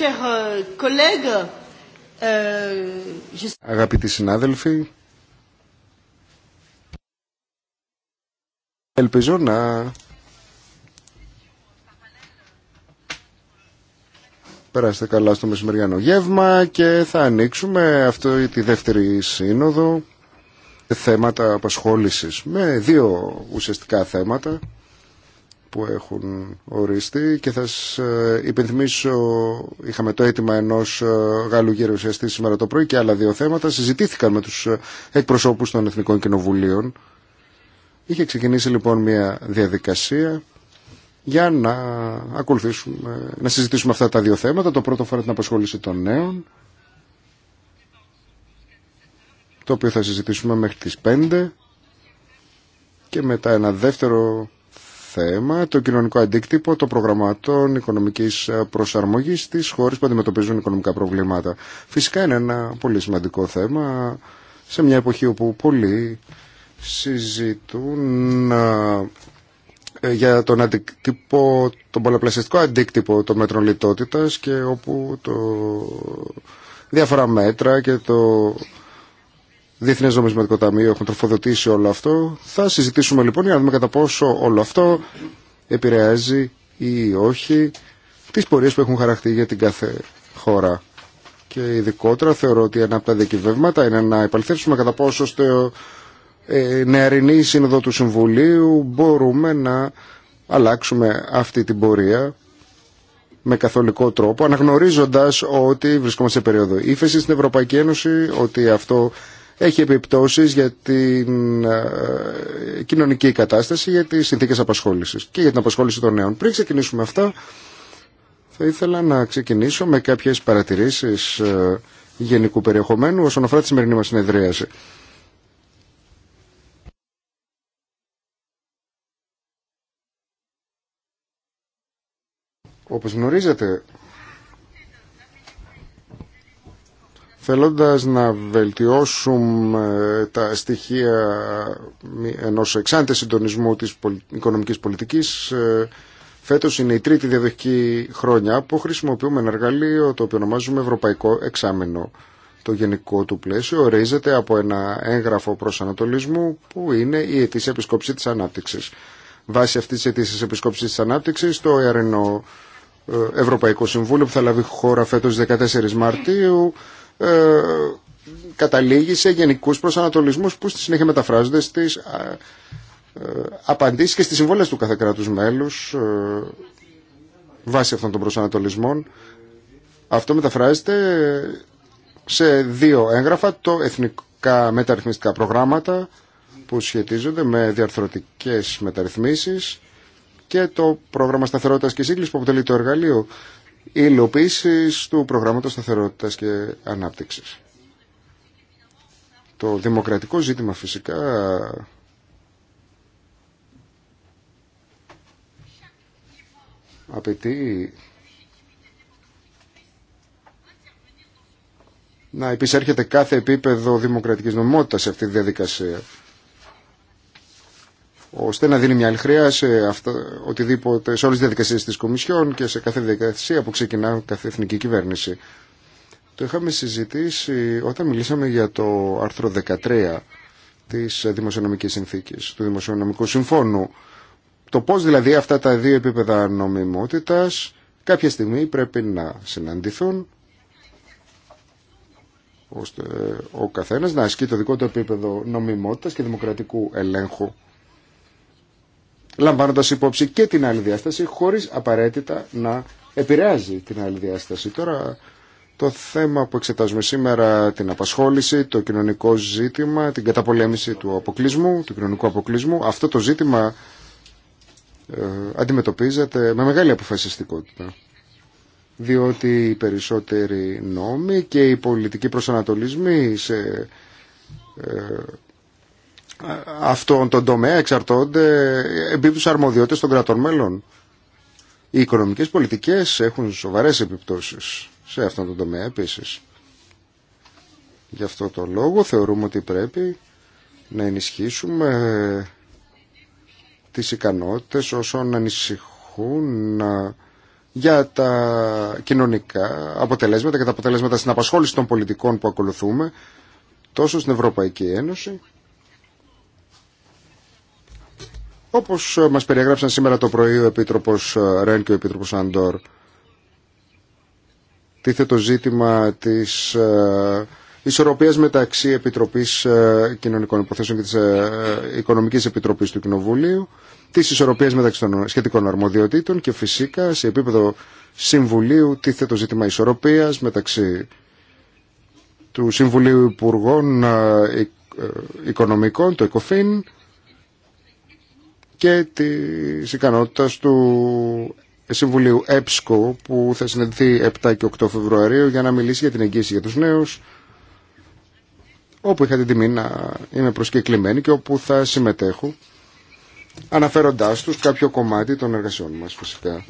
Euh, euh, Αγαπητοί συνάδελφοι, ελπίζω να περάσετε καλά στο μεσημεριανό γεύμα και θα ανοίξουμε αυτό τη δεύτερη σύνοδο θέματα απασχόλησης με δύο ουσιαστικά θέματα που έχουν οριστεί και θα σας ε, υπενθυμίσω, είχαμε το αίτημα ενός ε, Γάλλου γερουσιαστή σήμερα το πρωί και άλλα δύο θέματα, συζητήθηκαν με τους ε, εκπροσώπους των Εθνικών Κοινοβουλίων. Είχε ξεκινήσει λοιπόν μια διαδικασία για να ακολουθήσουμε, να συζητήσουμε αυτά τα δύο θέματα. Το πρώτο φορά την απασχόληση των νέων, το οποίο θα συζητήσουμε μέχρι τις 5 και μετά ένα δεύτερο θέμα, το κοινωνικό αντίκτυπο των προγραμμάτων οικονομικής ε, προσαρμογής στις χώρες που αντιμετωπίζουν οικονομικά προβλήματα. Φυσικά είναι ένα πολύ σημαντικό θέμα σε μια εποχή όπου πολλοί συζητούν ε, ε, για τον αντίκτυπο, τον πολλαπλασιαστικό αντίκτυπο των μέτρων λιτότητας και όπου το διάφορα μέτρα και το Διεθνές Νομισματικό Ταμείο έχουν τροφοδοτήσει όλο αυτό. Θα συζητήσουμε λοιπόν για να δούμε κατά πόσο όλο αυτό επηρεάζει ή όχι τις πορείες που έχουν χαραχτεί για την κάθε χώρα. Και ειδικότερα θεωρώ ότι ένα από τα διακυβεύματα είναι να επαληθεύσουμε κατά πόσο στο ε, νεαρινή σύνοδο του Συμβουλίου μπορούμε να αλλάξουμε αυτή την πορεία με καθολικό τρόπο, αναγνωρίζοντας ότι βρισκόμαστε σε περίοδο ύφεση στην Ευρωπαϊκή Ένωση, ότι αυτό έχει επιπτώσεις για την ε, κοινωνική κατάσταση, για τις συνθήκες απασχόλησης και για την απασχόληση των νέων. Πριν ξεκινήσουμε αυτά, θα ήθελα να ξεκινήσω με κάποιες παρατηρήσεις ε, γενικού περιεχομένου όσον αφορά τη σημερινή μας συνεδρίαση. Όπως γνωρίζετε, Θέλοντας να βελτιώσουμε τα στοιχεία ενός εξάντε συντονισμού της οικονομικής πολιτικής, ε, φέτος είναι η τρίτη διαδοχική χρόνια που χρησιμοποιούμε ένα εργαλείο το οποίο ονομάζουμε Ευρωπαϊκό Εξάμενο. Το γενικό του πλαίσιο ορίζεται από ένα έγγραφο προσανατολισμού που είναι η αιτήσια επισκόψη της ανάπτυξης. Βάσει αυτής της αιτήσιας επισκόψης της ανάπτυξης, το ΕΡΕΝΟ ε, Ευρωπαϊκό Συμβούλιο που θα λάβει χώρα φέτος 14 Μαρτίου ε, καταλήγει σε γενικούς προσανατολισμούς που στη συνέχεια μεταφράζονται στις ε, ε, απαντήσεις και στις συμβόλες του κάθε κράτους μέλους βάσει αυτών των προσανατολισμών. Αυτό μεταφράζεται σε δύο έγγραφα, το εθνικά μεταρρυθμιστικά προγράμματα που σχετίζονται με διαρθρωτικές μεταρρυθμίσεις και το πρόγραμμα σταθερότητας και σύγκλησης που αποτελεί το εργαλείο υλοποίηση του προγράμματος σταθερότητας και ανάπτυξης. Το δημοκρατικό ζήτημα φυσικά απαιτεί να επισέρχεται κάθε επίπεδο δημοκρατικής νομιμότητας σε αυτή τη διαδικασία ώστε να δίνει μια άλλη χρειά σε, αυτά, οτιδήποτε, σε όλες τις διαδικασίες της Κομισιόν και σε κάθε διαδικασία που ξεκινά κάθε εθνική κυβέρνηση. Το είχαμε συζητήσει όταν μιλήσαμε για το άρθρο 13 της Δημοσιονομικής Συνθήκης, του Δημοσιονομικού Συμφώνου. Το πώς δηλαδή αυτά τα δύο επίπεδα νομιμότητας κάποια στιγμή πρέπει να συναντηθούν ώστε ο καθένας να ασκεί το δικό του επίπεδο νομιμότητας και δημοκρατικού ελέγχου λαμβάνοντας υπόψη και την άλλη διάσταση χωρίς απαραίτητα να επηρεάζει την άλλη διάσταση. Τώρα το θέμα που εξετάζουμε σήμερα, την απασχόληση, το κοινωνικό ζήτημα, την καταπολέμηση του αποκλεισμού, του κοινωνικού αποκλεισμού, αυτό το ζήτημα ε, αντιμετωπίζεται με μεγάλη αποφασιστικότητα. Διότι οι περισσότεροι νόμοι και οι πολιτικοί προσανατολισμοί σε ε, αυτόν τον τομέα εξαρτώνται επίπτωση αρμοδιότητες των κρατών μέλων. Οι οικονομικές πολιτικές έχουν σοβαρές επιπτώσεις σε αυτόν τον τομέα επίσης. Γι' αυτό το λόγο θεωρούμε ότι πρέπει να ενισχύσουμε τις ικανότητες όσων ανησυχούν για τα κοινωνικά αποτελέσματα και τα αποτελέσματα στην απασχόληση των πολιτικών που ακολουθούμε τόσο στην Ευρωπαϊκή Ένωση όπως ε, μας περιέγραψαν σήμερα το πρωί ο Επίτροπος ε, Ρεν και ο Επίτροπος Αντόρ. Τίθε το ζήτημα της ε, ισορροπίας μεταξύ Επιτροπής Κοινωνικών Υποθέσεων και της Οικονομικής Επιτροπής του Κοινοβουλίου, της ισορροπίας μεταξύ των σχετικών αρμοδιοτήτων και φυσικά σε επίπεδο Συμβουλίου τίθε το ζήτημα ισορροπίας μεταξύ του Συμβουλίου Υπουργών Οικονομικών, το ΕΚΟΦΗΝ, και τη ικανότητα του Συμβουλίου ΕΠΣΚΟ που θα συναντηθεί 7 και 8 Φεβρουαρίου για να μιλήσει για την εγγύηση για τους νέους όπου είχα την τιμή να είμαι προσκεκλημένη και όπου θα συμμετέχω αναφέροντάς τους κάποιο κομμάτι των εργασιών μας φυσικά.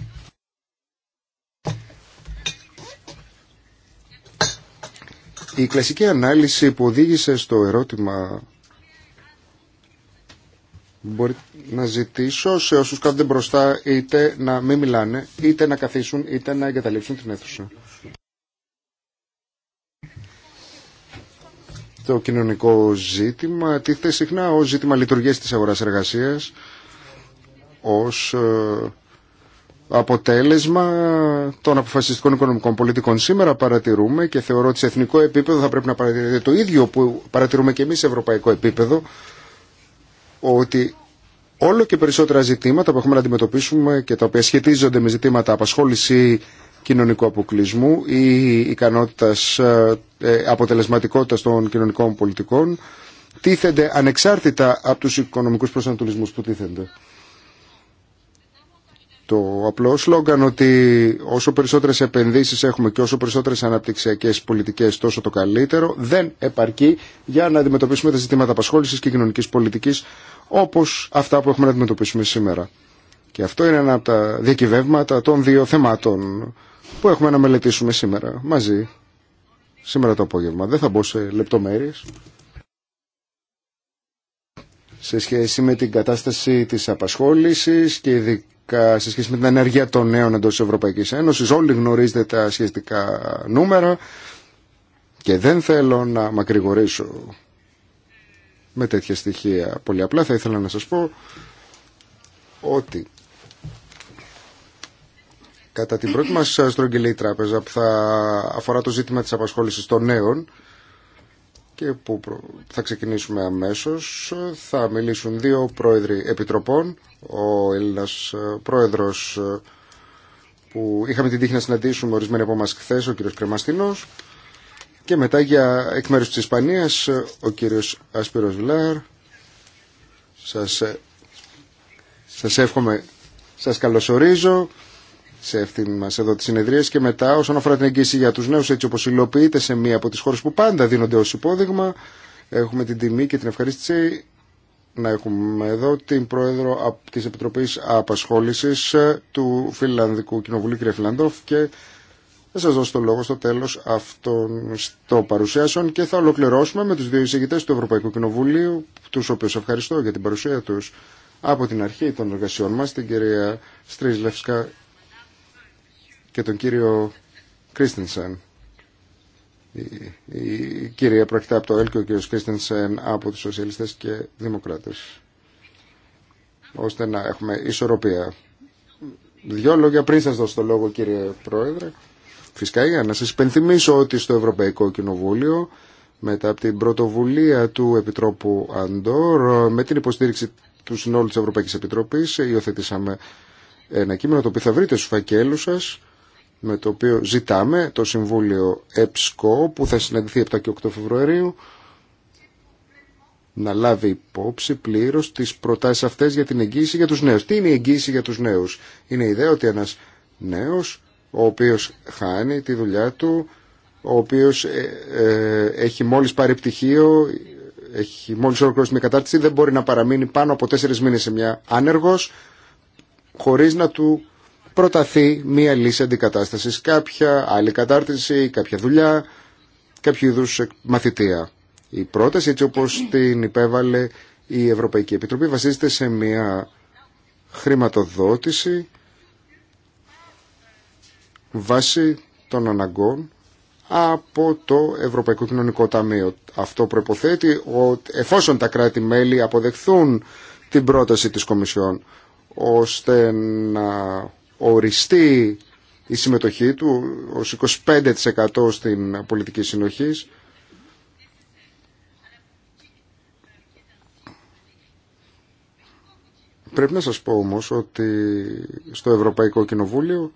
Η κλασική ανάλυση που οδήγησε στο ερώτημα Μπορεί να ζητήσω σε όσους κάθονται μπροστά είτε να μην μιλάνε, είτε να καθίσουν, είτε να εγκαταλείψουν την αίθουσα. Το κοινωνικό ζήτημα τίθεται συχνά ως ζήτημα λειτουργίας της αγοράς εργασίας, ως ε, αποτέλεσμα των αποφασιστικών οικονομικών πολιτικών. Σήμερα παρατηρούμε και θεωρώ ότι σε εθνικό επίπεδο θα πρέπει να παρατηρείται το ίδιο που παρατηρούμε και εμείς σε ευρωπαϊκό επίπεδο, ότι όλο και περισσότερα ζητήματα που έχουμε να αντιμετωπίσουμε και τα οποία σχετίζονται με ζητήματα απασχόληση κοινωνικού αποκλεισμού ή ικανότητας ε, ε, αποτελεσματικότητας των κοινωνικών πολιτικών τίθενται ανεξάρτητα από τους οικονομικούς προσανατολισμούς που τίθενται. Το απλό σλόγγαν ότι όσο περισσότερες επενδύσεις έχουμε και όσο περισσότερες αναπτυξιακές πολιτικές τόσο το καλύτερο δεν επαρκεί για να αντιμετωπίσουμε τα ζητήματα απασχόλησης και κοινωνικής πολιτικής όπως αυτά που έχουμε να αντιμετωπίσουμε σήμερα. Και αυτό είναι ένα από τα διακυβεύματα των δύο θεμάτων που έχουμε να μελετήσουμε σήμερα μαζί, σήμερα το απόγευμα. Δεν θα μπω σε λεπτομέρειες σε σχέση με την κατάσταση της απασχόλησης και σε σχέση με την ενέργεια των νέων εντός της Ευρωπαϊκής Ένωσης. Όλοι γνωρίζετε τα σχετικά νούμερα και δεν θέλω να μακρηγορήσω με τέτοια στοιχεία. Πολύ απλά θα ήθελα να σας πω ότι κατά την πρώτη μας στρογγυλή τράπεζα που θα αφορά το ζήτημα της απασχόλησης των νέων και που θα ξεκινήσουμε αμέσως. Θα μιλήσουν δύο πρόεδροι επιτροπών. Ο Έλληνας ε, πρόεδρος ε, που είχαμε την τύχη να συναντήσουμε ορισμένοι από μας χθε, ο κύριος Κρεμαστινός. Και μετά για εκ μέρους της Ισπανίας, ε, ο κύριος Άσπυρος Βλάρ, Σας, σας εύχομαι, σας καλωσορίζω σε ευθύνη μα εδώ τη συνεδρία και μετά όσον αφορά την εγγύηση για του νέου, έτσι όπω υλοποιείται σε μία από τι χώρε που πάντα δίνονται ω υπόδειγμα, έχουμε την τιμή και την ευχαρίστηση να έχουμε εδώ την πρόεδρο τη Επιτροπή Απασχόληση ε, του Φιλανδικού Κοινοβουλίου, κ. Φιλανδόφ, και θα σα δώσω το λόγο στο τέλο αυτών των παρουσιάσεων και θα ολοκληρώσουμε με του δύο εισηγητέ του Ευρωπαϊκού Κοινοβουλίου, του οποίου ευχαριστώ για την παρουσία του από την αρχή των εργασιών μας, την κυρία Στρίσλευσκα και τον κύριο Κρίστινσεν. Η, η κυρία πρόκειται από το Έλκο και ο κύριο Κρίστινσεν από τους Σοσιαλιστές και Δημοκράτες. Ώστε να έχουμε ισορροπία. Δυο λόγια πριν σας δώσω το λόγο κύριε Πρόεδρε. Φυσικά για να σας υπενθυμίσω ότι στο Ευρωπαϊκό Κοινοβούλιο μετά από την πρωτοβουλία του Επιτρόπου Αντόρ με την υποστήριξη του συνόλου της Ευρωπαϊκής Επιτροπής υιοθετήσαμε ένα κείμενο το οποίο θα βρείτε στους φακέλους σας με το οποίο ζητάμε το Συμβούλιο ΕΠΣΚΟ που θα συναντηθεί 7 και 8 Φεβρουαρίου να λάβει υπόψη πλήρω τι προτάσει αυτέ για την εγγύηση για του νέου. Τι είναι η εγγύηση για του νέου, Είναι η ιδέα ότι ένα νέο, ο οποίο χάνει τη δουλειά του, ο οποίο ε, ε, έχει μόλι πάρει πτυχίο, έχει μόλι ολοκληρώσει την κατάρτιση, δεν μπορεί να παραμείνει πάνω από τέσσερι μήνε σε μια άνεργο, χωρί να του προταθεί μία λύση αντικατάσταση κάποια άλλη κατάρτιση, κάποια δουλειά, κάποιο είδου μαθητεία. Η πρόταση έτσι όπω την υπέβαλε η Ευρωπαϊκή Επιτροπή βασίζεται σε μία χρηματοδότηση βάσει των αναγκών από το Ευρωπαϊκό Κοινωνικό Ταμείο. Αυτό προποθέτει ότι εφόσον τα κράτη-μέλη αποδεχθούν την πρόταση της Κομισιόν ώστε να οριστεί η συμμετοχή του ως 25% στην πολιτική συνοχής. Πρέπει να σας πω όμως ότι στο Ευρωπαϊκό Κοινοβούλιο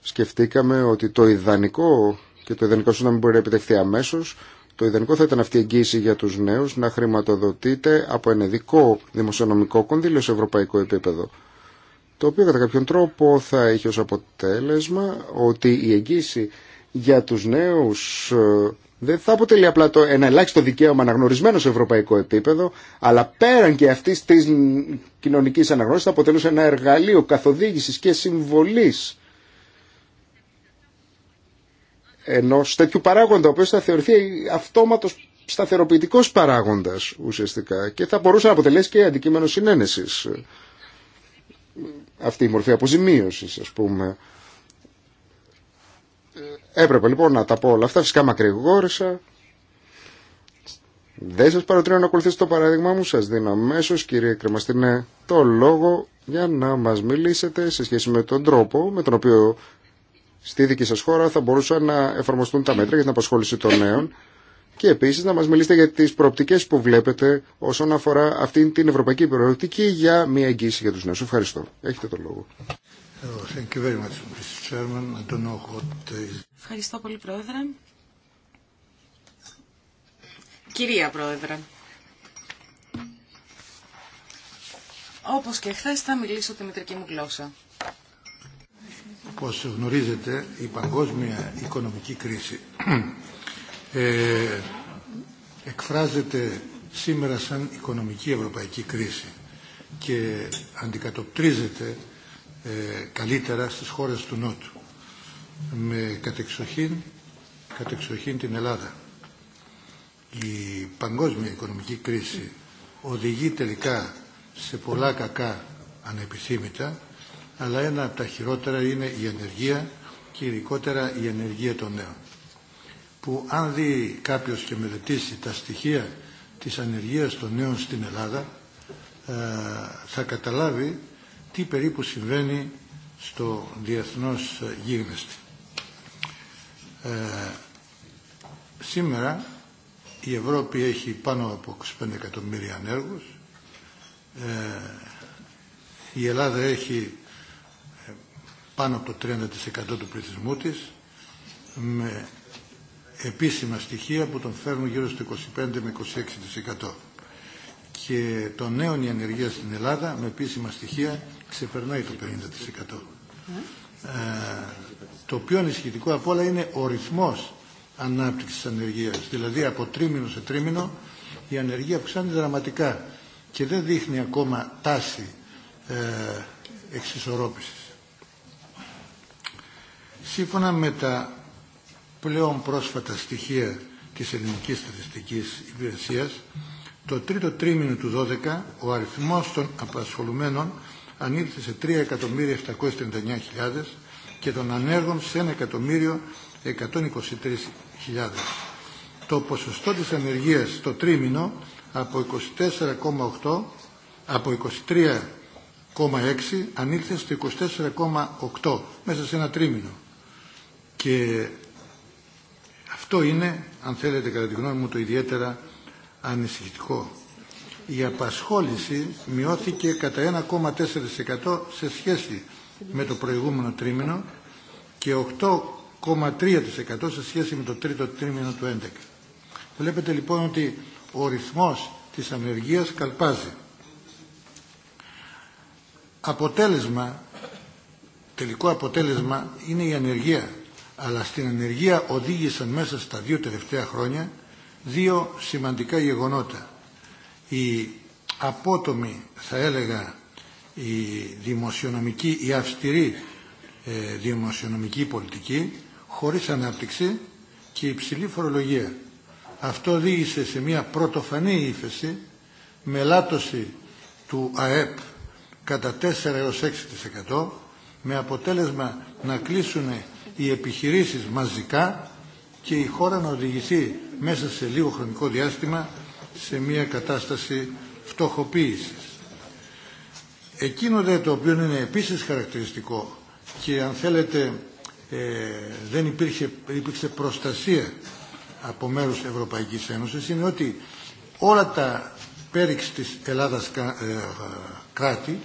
σκεφτήκαμε ότι το ιδανικό και το ιδανικό σου μπορεί να επιτευχθεί αμέσως το ιδανικό θα ήταν αυτή η εγγύηση για τους νέους να χρηματοδοτείται από ένα ειδικό δημοσιονομικό κονδύλιο σε ευρωπαϊκό επίπεδο το οποίο κατά κάποιον τρόπο θα έχει ως αποτέλεσμα ότι η εγγύηση για τους νέους ε, δεν θα αποτελεί απλά το, ένα ελάχιστο δικαίωμα αναγνωρισμένο σε ευρωπαϊκό επίπεδο, αλλά πέραν και αυτής της κοινωνικής αναγνώρισης θα αποτελούσε ένα εργαλείο καθοδήγησης και συμβολής ενό τέτοιου παράγοντα, ο οποίο θα θεωρηθεί αυτόματο σταθεροποιητικό παράγοντα ουσιαστικά και θα μπορούσε να αποτελέσει και αντικείμενο συνένεση αυτή η μορφή αποζημίωσης ας πούμε. Ε, έπρεπε λοιπόν να τα πω όλα αυτά, φυσικά μακρηγόρησα. Δεν σας παροτρύνω να ακολουθήσετε το παράδειγμα μου, σας δίνω αμέσω, κύριε Κρεμαστίνε το λόγο για να μας μιλήσετε σε σχέση με τον τρόπο με τον οποίο στη δική σας χώρα θα μπορούσαν να εφαρμοστούν τα μέτρα για την απασχόληση των νέων και επίσης να μας μιλήσετε για τις προοπτικές που βλέπετε όσον αφορά αυτή την ευρωπαϊκή προοπτική για μια εγγύηση για τους νέους. Ευχαριστώ. Έχετε το λόγο. Oh, Ευχαριστώ πολύ Πρόεδρε. Κυρία Πρόεδρε. Όπως και χθε θα μιλήσω τη μητρική μου γλώσσα. Όπως γνωρίζετε, η παγκόσμια οικονομική κρίση ε, εκφράζεται σήμερα σαν οικονομική ευρωπαϊκή κρίση και αντικατοπτρίζεται ε, καλύτερα στις χώρες του Νότου με κατεξοχήν, κατεξοχήν την Ελλάδα. Η παγκόσμια οικονομική κρίση οδηγεί τελικά σε πολλά κακά ανεπιθύμητα αλλά ένα από τα χειρότερα είναι η ενεργεία και ειδικότερα η ενεργεία των νέων που αν δει κάποιος και μελετήσει τα στοιχεία της ανεργίας των νέων στην Ελλάδα ε, θα καταλάβει τι περίπου συμβαίνει στο διεθνώς γίγνεστη. Ε, σήμερα η Ευρώπη έχει πάνω από 25 εκατομμύρια ανέργους. Ε, η Ελλάδα έχει πάνω από το 30% του πληθυσμού της με επίσημα στοιχεία που τον φέρνουν γύρω στο 25 με 26%. Και το νέο η ανεργία στην Ελλάδα με επίσημα στοιχεία ξεπερνάει το 50%. Ε, το πιο ανησυχητικό απ' όλα είναι ο ρυθμός ανάπτυξης της ανεργίας. Δηλαδή από τρίμηνο σε τρίμηνο η ανεργία αυξάνεται δραματικά και δεν δείχνει ακόμα τάση ε, εξισορρόπησης. Σύμφωνα με τα πλέον πρόσφατα στοιχεία της Ελληνικής Στατιστικής Υπηρεσίας, το τρίτο τρίμηνο του 12 ο αριθμός των απασχολουμένων ανήλθε σε 3.739.000 και των ανέργων σε 1.123.000. Το ποσοστό της ανεργίας το τρίμηνο από 24,8 από 23,6 ανήλθε στο 24,8 μέσα σε ένα τρίμηνο. Και αυτό είναι, αν θέλετε κατά τη γνώμη μου, το ιδιαίτερα ανησυχητικό. Η απασχόληση μειώθηκε κατά 1,4% σε σχέση με το προηγούμενο τρίμηνο και 8,3% σε σχέση με το τρίτο τρίμηνο του 2011. Βλέπετε λοιπόν ότι ο ρυθμός της ανεργίας καλπάζει. Αποτέλεσμα, τελικό αποτέλεσμα είναι η ανεργία αλλά στην ενεργεία οδήγησαν μέσα στα δύο τελευταία χρόνια δύο σημαντικά γεγονότα. Η απότομη, θα έλεγα, η δημοσιονομική, η αυστηρή ε, δημοσιονομική πολιτική χωρίς ανάπτυξη και υψηλή φορολογία. Αυτό οδήγησε σε μια πρωτοφανή ύφεση με λάτωση του ΑΕΠ κατά 4 έως 6% με αποτέλεσμα να κλείσουν οι επιχειρήσεις μαζικά και η χώρα να οδηγηθεί μέσα σε λίγο χρονικό διάστημα σε μια κατάσταση φτωχοποίησης. Εκείνο δε το οποίο είναι επίσης χαρακτηριστικό και αν θέλετε ε, δεν υπήρχε, υπήρξε προστασία από μέρους Ευρωπαϊκής Ένωσης είναι ότι όλα τα πέριξ της Ελλάδας ε, κράτη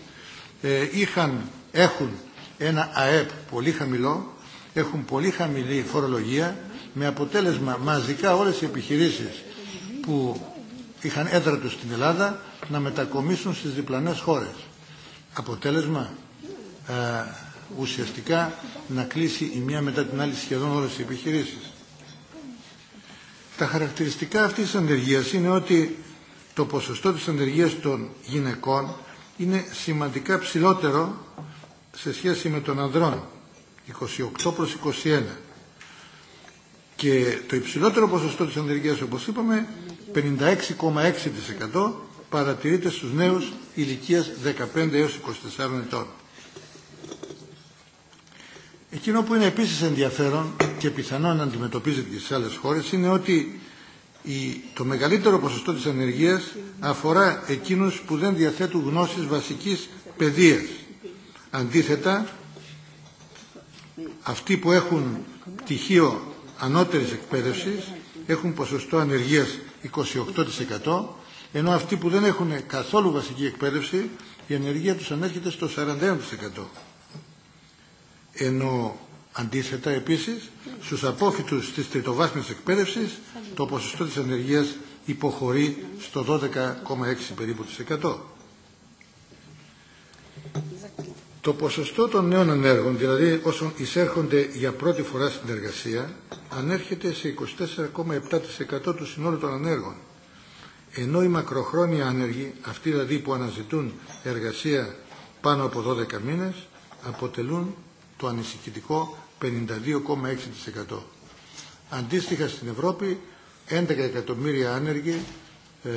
ε, είχαν, έχουν ένα ΑΕΠ πολύ χαμηλό έχουν πολύ χαμηλή φορολογία με αποτέλεσμα μαζικά όλες οι επιχειρήσεις που είχαν έδρα τους στην Ελλάδα να μετακομίσουν στις διπλανές χώρες. Αποτέλεσμα ε, ουσιαστικά να κλείσει η μία μετά την άλλη σχεδόν όλες οι επιχειρήσεις. Τα χαρακτηριστικά αυτής της ανεργίας είναι ότι το ποσοστό της ανεργίας των γυναικών είναι σημαντικά ψηλότερο σε σχέση με τον ανδρών. 28 προς 21. Και το υψηλότερο ποσοστό της ανεργίας, όπως είπαμε, 56,6% παρατηρείται στους νέους ηλικίας 15 έως 24 ετών. Εκείνο που είναι επίσης ενδιαφέρον και πιθανόν να αντιμετωπίζεται και στις άλλες χώρες είναι ότι η, το μεγαλύτερο ποσοστό της ανεργίας αφορά εκείνους που δεν διαθέτουν γνώσεις βασικής παιδείας. Αντίθετα, αυτοί που έχουν πτυχίο ανώτερης εκπαίδευσης έχουν ποσοστό ανεργίας 28% ενώ αυτοί που δεν έχουν καθόλου βασική εκπαίδευση η ανεργία τους ανέρχεται στο 41%. Ενώ αντίθετα επίσης στους απόφοιτους της τριτοβάθμιας εκπαίδευσης το ποσοστό της ανεργίας υποχωρεί στο 12,6 περίπου το ποσοστό των νέων ανέργων, δηλαδή όσων εισέρχονται για πρώτη φορά στην εργασία, ανέρχεται σε 24,7% του συνόλου των ανέργων. Ενώ οι μακροχρόνια άνεργοι, αυτοί δηλαδή που αναζητούν εργασία πάνω από 12 μήνες, αποτελούν το ανησυχητικό 52,6%. Αντίστοιχα στην Ευρώπη, 11 εκατομμύρια άνεργοι ε,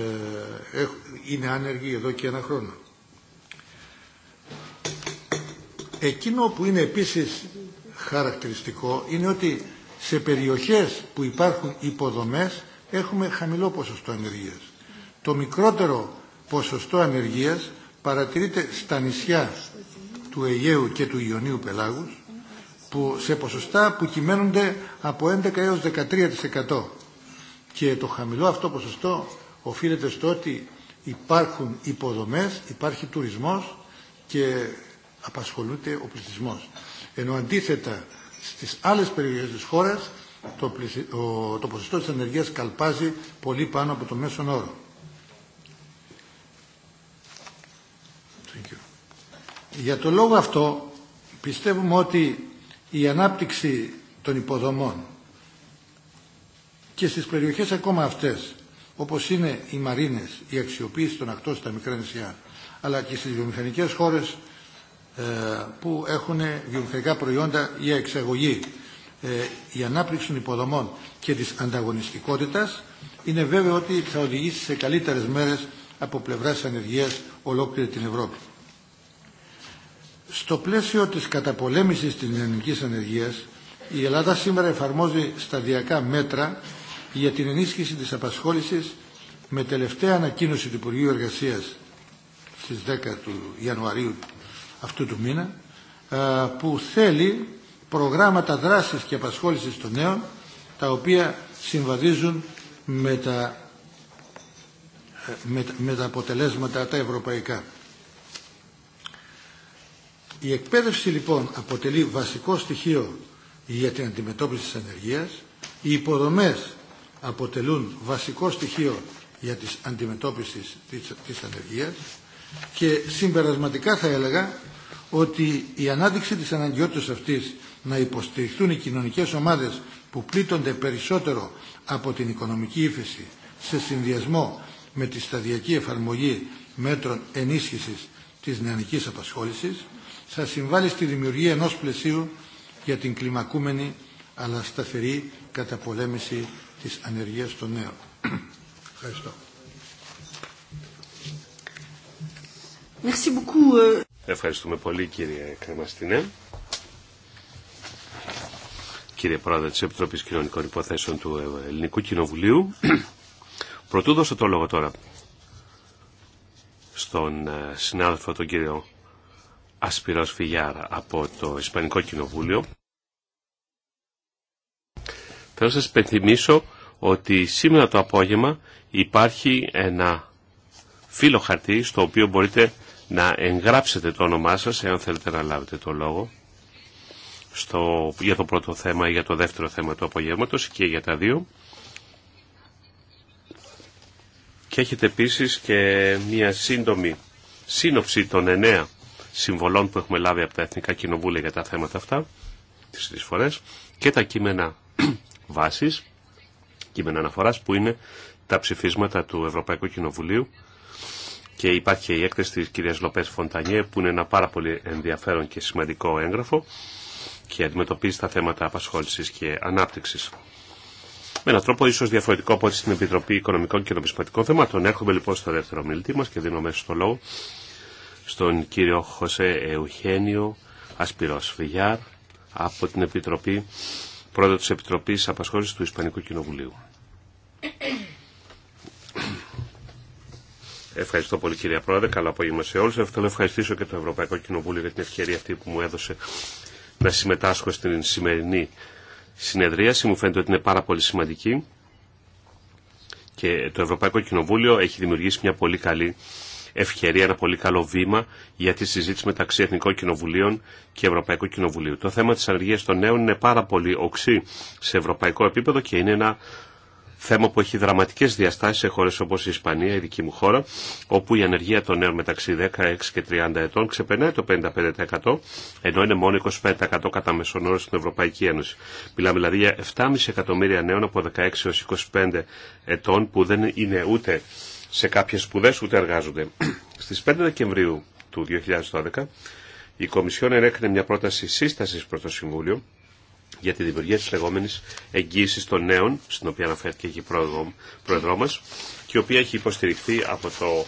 είναι άνεργοι εδώ και ένα χρόνο. Εκείνο που είναι επίσης χαρακτηριστικό είναι ότι σε περιοχές που υπάρχουν υποδομές έχουμε χαμηλό ποσοστό ανεργίας. Το μικρότερο ποσοστό ανεργίας παρατηρείται στα νησιά του Αιγαίου και του Ιωνίου Πελάγους που σε ποσοστά που κυμαίνονται από 11 έως 13%. Και το χαμηλό αυτό ποσοστό οφείλεται στο ότι υπάρχουν υποδομές, υπάρχει τουρισμός και απασχολούνται ο πληθυσμός. Ενώ αντίθετα στις άλλες περιοχές της χώρας το, πληθυ... ποσοστό της ανεργίας καλπάζει πολύ πάνω από το μέσον όρο. Για το λόγο αυτό πιστεύουμε ότι η ανάπτυξη των υποδομών και στις περιοχές ακόμα αυτές όπως είναι οι μαρίνες, η αξιοποίηση των ακτών στα μικρά νησιά αλλά και στις βιομηχανικές χώρες ε, που έχουν βιομηχανικά προϊόντα για εξαγωγή. Ε, η ανάπτυξη των υποδομών και της ανταγωνιστικότητας είναι βέβαιο ότι θα οδηγήσει σε καλύτερες μέρες από πλευράς ανεργίας ολόκληρη την Ευρώπη. Στο πλαίσιο της καταπολέμησης της ελληνικής ανεργίας, η Ελλάδα σήμερα εφαρμόζει σταδιακά μέτρα για την ενίσχυση της απασχόλησης με τελευταία ανακοίνωση του Υπουργείου Εργασίας στις 10 του Ιανουαρίου αυτού του μήνα ε, που θέλει προγράμματα δράσης και απασχόλησης των νέων τα οποία συμβαδίζουν ε, με τα, με, τα αποτελέσματα τα ευρωπαϊκά. Η εκπαίδευση λοιπόν αποτελεί βασικό στοιχείο για την αντιμετώπιση της ανεργίας. Οι υποδομές αποτελούν βασικό στοιχείο για την αντιμετώπιση της, της ανεργίας και συμπερασματικά θα έλεγα ότι η ανάδειξη της αναγκαιότητας αυτής να υποστηριχθούν οι κοινωνικές ομάδες που πλήττονται περισσότερο από την οικονομική ύφεση σε συνδυασμό με τη σταδιακή εφαρμογή μέτρων ενίσχυσης της νεανικής απασχόλησης θα συμβάλλει στη δημιουργία ενός πλαισίου για την κλιμακούμενη αλλά σταθερή καταπολέμηση της ανεργίας των νέων. Ευχαριστώ. Euh. Ευχαριστούμε πολύ κύριε Κρεμαστινέ. Κύριε Πρόεδρε της Επιτροπής Κοινωνικών Υποθέσεων του Ελληνικού Κοινοβουλίου. Πρωτού δώσω το λόγο τώρα στον ε, συνάδελφο τον κύριο Ασπυρός Φιγιάρα από το Ισπανικό Κοινοβούλιο. Θέλω να σας υπενθυμίσω ότι σήμερα το απόγευμα υπάρχει ένα φύλλο χαρτί στο οποίο μπορείτε να εγγράψετε το όνομά σας, εάν θέλετε να λάβετε το λόγο, στο, για το πρώτο θέμα ή για το δεύτερο θέμα του απογεύματος και για τα δύο. Και έχετε επίσης και μία σύντομη σύνοψη των εννέα συμβολών που έχουμε λάβει από τα Εθνικά Κοινοβούλια για τα θέματα αυτά, τις τρεις φορές, και τα κείμενα βάσης, κείμενα αναφοράς, που είναι τα ψηφίσματα του Ευρωπαϊκού Κοινοβουλίου και υπάρχει και η έκθεση της κυρίας Λοπές Φοντανιέ που είναι ένα πάρα πολύ ενδιαφέρον και σημαντικό έγγραφο και αντιμετωπίζει τα θέματα απασχόλησης και ανάπτυξης. Με έναν τρόπο ίσως διαφορετικό από ό,τι στην Επιτροπή Οικονομικών και Νομισματικών Θεμάτων. Έρχομαι λοιπόν στο δεύτερο μιλητή μας και δίνω μέσα στο λόγο στον κύριο Χωσέ Εουχένιο Ασπυρός Φιγιάρ από την Επιτροπή, πρόεδρο της Επιτροπής Απασχόλησης του Ισπανικού Κοινοβουλίου. Ευχαριστώ πολύ κυρία Πρόεδρε. Καλό απόγευμα σε όλους. Θέλω να ευχαριστήσω και το Ευρωπαϊκό Κοινοβούλιο για την ευκαιρία αυτή που μου έδωσε να συμμετάσχω στην σημερινή συνεδρίαση. Μου φαίνεται ότι είναι πάρα πολύ σημαντική και το Ευρωπαϊκό Κοινοβούλιο έχει δημιουργήσει μια πολύ καλή ευκαιρία, ένα πολύ καλό βήμα για τη συζήτηση μεταξύ Εθνικών Κοινοβουλίων και Ευρωπαϊκού Κοινοβουλίου. Το θέμα της ανεργίας των νέων είναι πάρα πολύ οξύ σε ευρωπαϊκό επίπεδο και είναι ένα θέμα που έχει δραματικές διαστάσεις σε χώρε όπως η Ισπανία, η δική μου χώρα, όπου η ανεργία των νέων μεταξύ 16 και 30 ετών ξεπερνάει το 55%, ενώ είναι μόνο 25% κατά μέσον όρο στην Ευρωπαϊκή Ένωση. Μιλάμε δηλαδή για 7,5 εκατομμύρια νέων από 16 έως 25 ετών που δεν είναι ούτε σε κάποιες σπουδέ ούτε εργάζονται. Στι 5 Δεκεμβρίου του 2012 η Κομισιόν ενέκρινε μια πρόταση σύσταση προ το Συμβούλιο για τη δημιουργία της λεγόμενης εγγύησης των νέων, στην οποία αναφέρθηκε και η πρόεδρό μας, και η οποία έχει υποστηριχθεί από το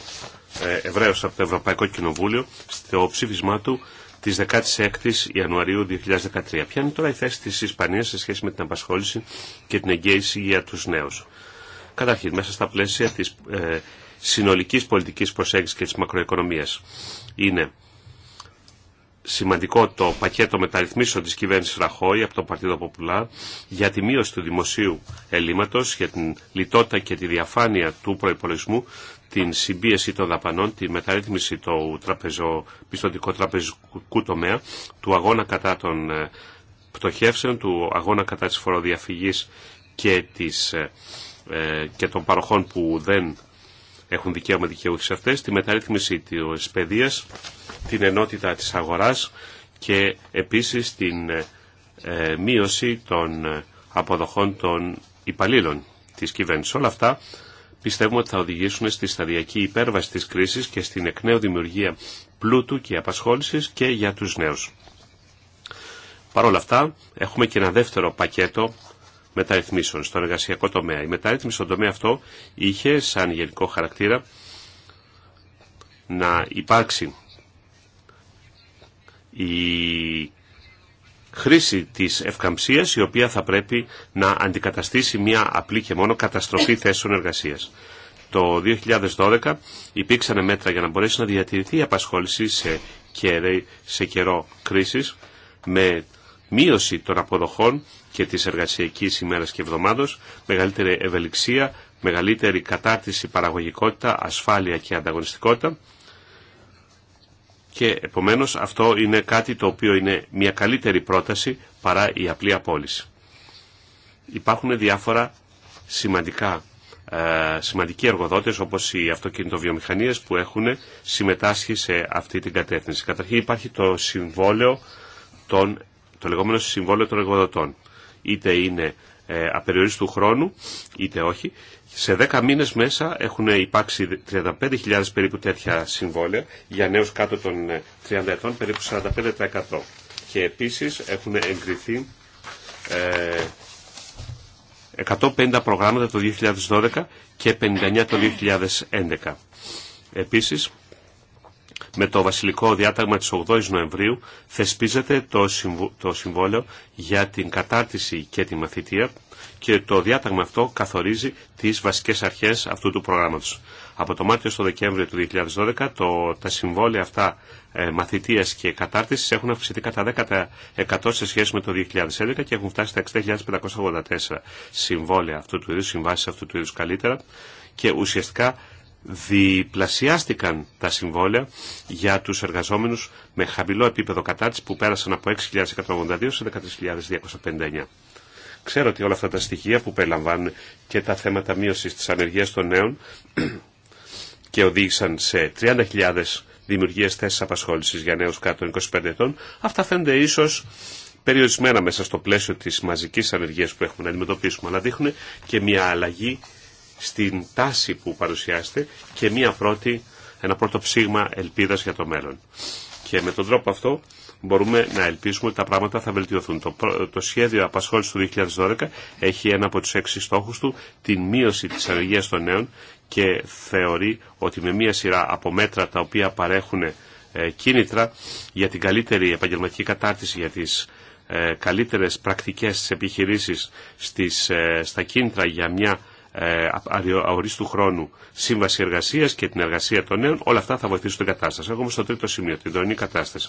Εβραίο, από το Ευρωπαϊκό Κοινοβούλιο στο ψήφισμά του τη 16η Ιανουαρίου 2013. Ποια είναι τώρα η θέση τη Ισπανία σε σχέση με την απασχόληση και την εγγύηση για του νέου. Καταρχήν, μέσα στα πλαίσια τη ε, συνολική πολιτική προσέγγιση και τη μακροοικονομία, είναι σημαντικό το πακέτο μεταρρυθμίσεων της κυβέρνησης Ραχώη από το Παρτίδο Ποπουλά για τη μείωση του δημοσίου ελλείμματος, για την λιτότητα και τη διαφάνεια του προϋπολογισμού, την συμπίεση των δαπανών, τη μεταρρύθμιση του τραπεζο, πιστοτικού τραπεζικού τομέα, του αγώνα κατά των ε, πτωχεύσεων, του αγώνα κατά της φοροδιαφυγής και, της, ε, ε, και των παροχών που δεν έχουν δικαίωμα δικαιούχοι σε αυτές, τη μεταρρύθμιση της παιδεία, την ενότητα της αγοράς και επίσης την ε, μείωση των ε, αποδοχών των υπαλλήλων της κυβέρνηση. Όλα αυτά πιστεύουμε ότι θα οδηγήσουν στη σταδιακή υπέρβαση της κρίσης και στην εκ νέου δημιουργία πλούτου και απασχόλησης και για τους νέους. Παρ' όλα αυτά, έχουμε και ένα δεύτερο πακέτο μεταρρυθμίσεων στον εργασιακό τομέα. Η μεταρρύθμιση στον τομέα αυτό είχε σαν γενικό χαρακτήρα να υπάρξει η χρήση της ευκαμψίας η οποία θα πρέπει να αντικαταστήσει μια απλή και μόνο καταστροφή θέσεων εργασίας. Το 2012 υπήρξαν μέτρα για να μπορέσει να διατηρηθεί η απασχόληση σε, σε καιρό κρίσης με μείωση των αποδοχών και της εργασιακής ημέρας και εβδομάδος, μεγαλύτερη ευελιξία, μεγαλύτερη κατάρτιση, παραγωγικότητα, ασφάλεια και ανταγωνιστικότητα. Και επομένως αυτό είναι κάτι το οποίο είναι μια καλύτερη πρόταση παρά η απλή απόλυση. Υπάρχουν διάφορα σημαντικά ε, σημαντικοί εργοδότες όπως οι αυτοκινητοβιομηχανίες που έχουν συμμετάσχει σε αυτή την κατεύθυνση. Καταρχήν υπάρχει το συμβόλαιο των, το λεγόμενο συμβόλαιο των εργοδοτών είτε είναι ε, απεριορίστου χρόνου, είτε όχι. Σε 10 μήνες μέσα έχουν υπάρξει 35.000 περίπου τέτοια συμβόλαια για νέους κάτω των 30 ε, ετών, περίπου 45%. Και επίσης έχουν εγκριθεί ε, 150 προγράμματα το 2012 και 59 το 2011. Επίσης, με το βασιλικό διάταγμα της 8ης Νοεμβρίου θεσπίζεται το, το συμβόλαιο για την κατάρτιση και τη μαθητεία και το διάταγμα αυτό καθορίζει τις βασικές αρχές αυτού του προγράμματος. Από το Μάρτιο στο Δεκέμβριο του 2012 το, τα συμβόλαια αυτά ε, μαθητείας και κατάρτισης έχουν αυξηθεί κατά 10% σε σχέση με το 2011 και έχουν φτάσει στα 6.584 συμβόλαια αυτού του είδους, συμβάσεις αυτού του είδους καλύτερα και ουσιαστικά διπλασιάστηκαν τα συμβόλαια για τους εργαζόμενους με χαμηλό επίπεδο κατάρτιση που πέρασαν από 6.182 σε 13.259. Ξέρω ότι όλα αυτά τα στοιχεία που περιλαμβάνουν και τα θέματα μείωσης της ανεργίας των νέων και οδήγησαν σε 30.000 δημιουργίες θέσεις απασχόλησης για νέους κάτω των 25 ετών, αυτά φαίνονται ίσως περιορισμένα μέσα στο πλαίσιο της μαζικής ανεργίας που έχουμε να αντιμετωπίσουμε, αλλά δείχνουν και μια αλλαγή στην τάση που παρουσιάζεται και μια πρώτη, ένα πρώτο ψήγμα ελπίδας για το μέλλον. Και με τον τρόπο αυτό μπορούμε να ελπίσουμε ότι τα πράγματα θα βελτιωθούν. Το, σχέδιο απασχόλησης του 2012 έχει ένα από τους έξι στόχους του, την μείωση της ανεργίας των νέων και θεωρεί ότι με μια σειρά από μέτρα τα οποία παρέχουν ε, κίνητρα για την καλύτερη επαγγελματική κατάρτιση για τις ε, καλύτερες πρακτικές επιχειρήσεις στις, ε, στα κίνητρα για μια ε, αορίστου χρόνου σύμβαση εργασία και την εργασία των νέων, όλα αυτά θα βοηθήσουν την κατάσταση. Έχουμε στο τρίτο σημείο, την δονή κατάσταση.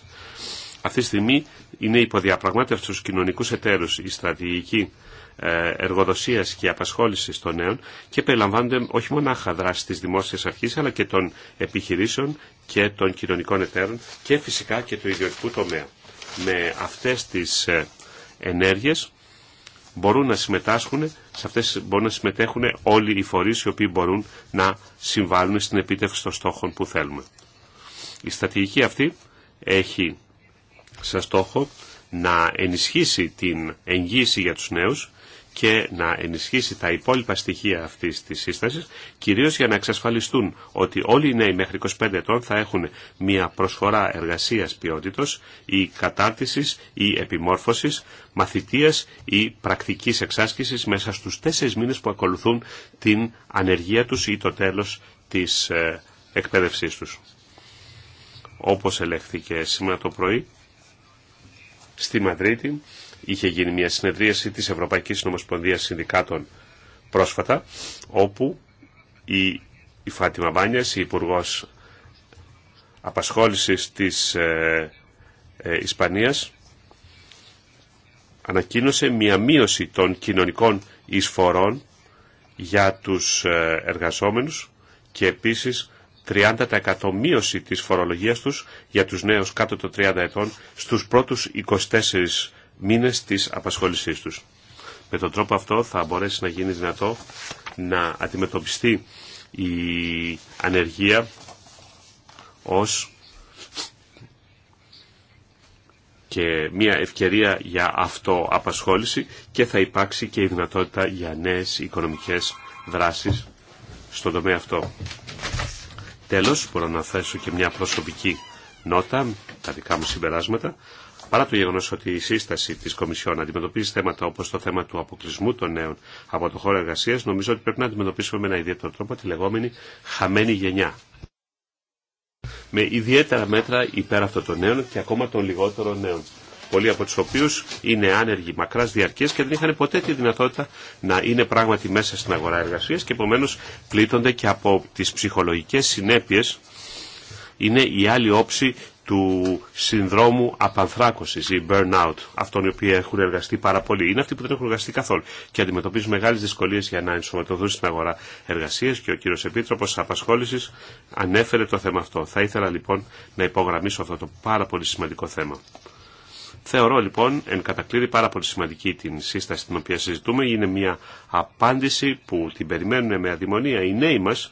Αυτή τη στιγμή είναι υποδιαπραγμάτευση στους κοινωνικού εταίρους η στρατηγική ε, εργοδοσία και απασχόληση των νέων και περιλαμβάνονται όχι μονάχα δράση τη δημόσια αρχή, αλλά και των επιχειρήσεων και των κοινωνικών εταίρων και φυσικά και του ιδιωτικού τομέα. Με αυτέ τι ε, ενέργειες μπορούν να συμμετάσχουν, σε αυτές μπορούν να συμμετέχουν όλοι οι φορείς οι οποίοι μπορούν να συμβάλλουν στην επίτευξη των στόχων που θέλουμε. Η στρατηγική αυτή έχει σαν στόχο να ενισχύσει την εγγύηση για τους νέους και να ενισχύσει τα υπόλοιπα στοιχεία αυτή τη σύσταση, κυρίω για να εξασφαλιστούν ότι όλοι οι νέοι μέχρι 25 ετών θα έχουν μια προσφορά εργασία ποιότητα ή κατάρτιση ή επιμόρφωση, μαθητεία ή πρακτική εξάσκηση μέσα στου τέσσερι μήνε που ακολουθούν την ανεργία του ή το τέλο τη ε, εκπαίδευσή του. Όπω ελέγχθηκε σήμερα το πρωί, στη Μαδρίτη είχε γίνει μια συνεδρίαση της Ευρωπαϊκής Νομοσπονδίας Συνδικάτων πρόσφατα, όπου η, η Φάτιμα Μπάνιας, η υπουργό Απασχόλησης της ε, ε, Ισπανίας, ανακοίνωσε μια μείωση των κοινωνικών εισφορών για τους ε, εργαζόμενους και επίσης 30% μείωση της φορολογίας τους για τους νέους κάτω των 30 ετών στους πρώτους 24 μήνες της απασχόλησής τους. Με τον τρόπο αυτό θα μπορέσει να γίνει δυνατό να αντιμετωπιστεί η ανεργία ως και μια ευκαιρία για αυτοαπασχόληση και θα υπάρξει και η δυνατότητα για νέες οικονομικές δράσεις στον τομέα αυτό. Τέλος, μπορώ να θέσω και μια προσωπική νότα, τα δικά μου συμπεράσματα. Παρά το γεγονό ότι η σύσταση τη Κομισιόν αντιμετωπίζει θέματα όπω το θέμα του αποκλεισμού των νέων από το χώρο εργασία, νομίζω ότι πρέπει να αντιμετωπίσουμε με ένα ιδιαίτερο τρόπο τη λεγόμενη χαμένη γενιά. Με ιδιαίτερα μέτρα υπέρ αυτών των νέων και ακόμα των λιγότερων νέων. Πολλοί από του οποίου είναι άνεργοι μακρά διαρκεία και δεν είχαν ποτέ τη δυνατότητα να είναι πράγματι μέσα στην αγορά εργασία και επομένω πλήττονται και από τι ψυχολογικέ συνέπειε είναι η άλλη όψη του συνδρόμου απανθράκωσης ή burnout, αυτών οι οποίοι έχουν εργαστεί πάρα πολύ. Είναι αυτοί που δεν έχουν εργαστεί καθόλου και αντιμετωπίζουν μεγάλες δυσκολίες για να ενσωματωθούν στην αγορά εργασίας και ο κύριος Επίτροπος Απασχόλησης ανέφερε το θέμα αυτό. Θα ήθελα λοιπόν να υπογραμμίσω αυτό το πάρα πολύ σημαντικό θέμα. Θεωρώ λοιπόν εν κατακλείδη πάρα πολύ σημαντική την σύσταση την οποία συζητούμε. Είναι μια απάντηση που την περιμένουν με αδημονία οι νέοι μας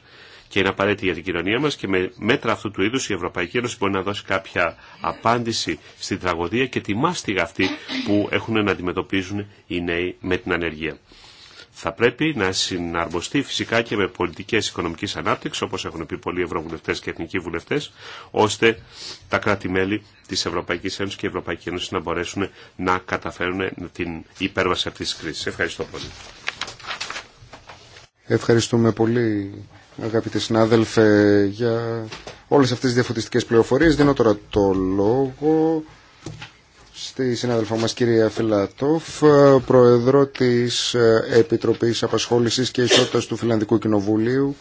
και είναι απαραίτητη για την κοινωνία μας και με μέτρα αυτού του είδους η Ευρωπαϊκή Ένωση μπορεί να δώσει κάποια απάντηση στην τραγωδία και τη μάστιγα αυτή που έχουν να αντιμετωπίζουν οι νέοι με την ανεργία. Θα πρέπει να συναρμοστεί φυσικά και με πολιτικέ οικονομική ανάπτυξη, όπω έχουν πει πολλοί ευρωβουλευτέ και εθνικοί βουλευτέ, ώστε τα κράτη-μέλη τη Ευρωπαϊκή Ένωση και η Ευρωπαϊκή Ένωση να μπορέσουν να καταφέρουν την υπέρβαση αυτή τη κρίση. Ευχαριστώ Ευχαριστούμε πολύ αγαπητοί συνάδελφε, για όλες αυτές τις διαφωτιστικές πληροφορίες. Δίνω τώρα το λόγο στη συνάδελφα μας κυρία Φιλατόφ, Πρόεδρο της ε, Επιτροπής Απασχόλησης και Ισότητας του Φιλανδικού Κοινοβουλίου,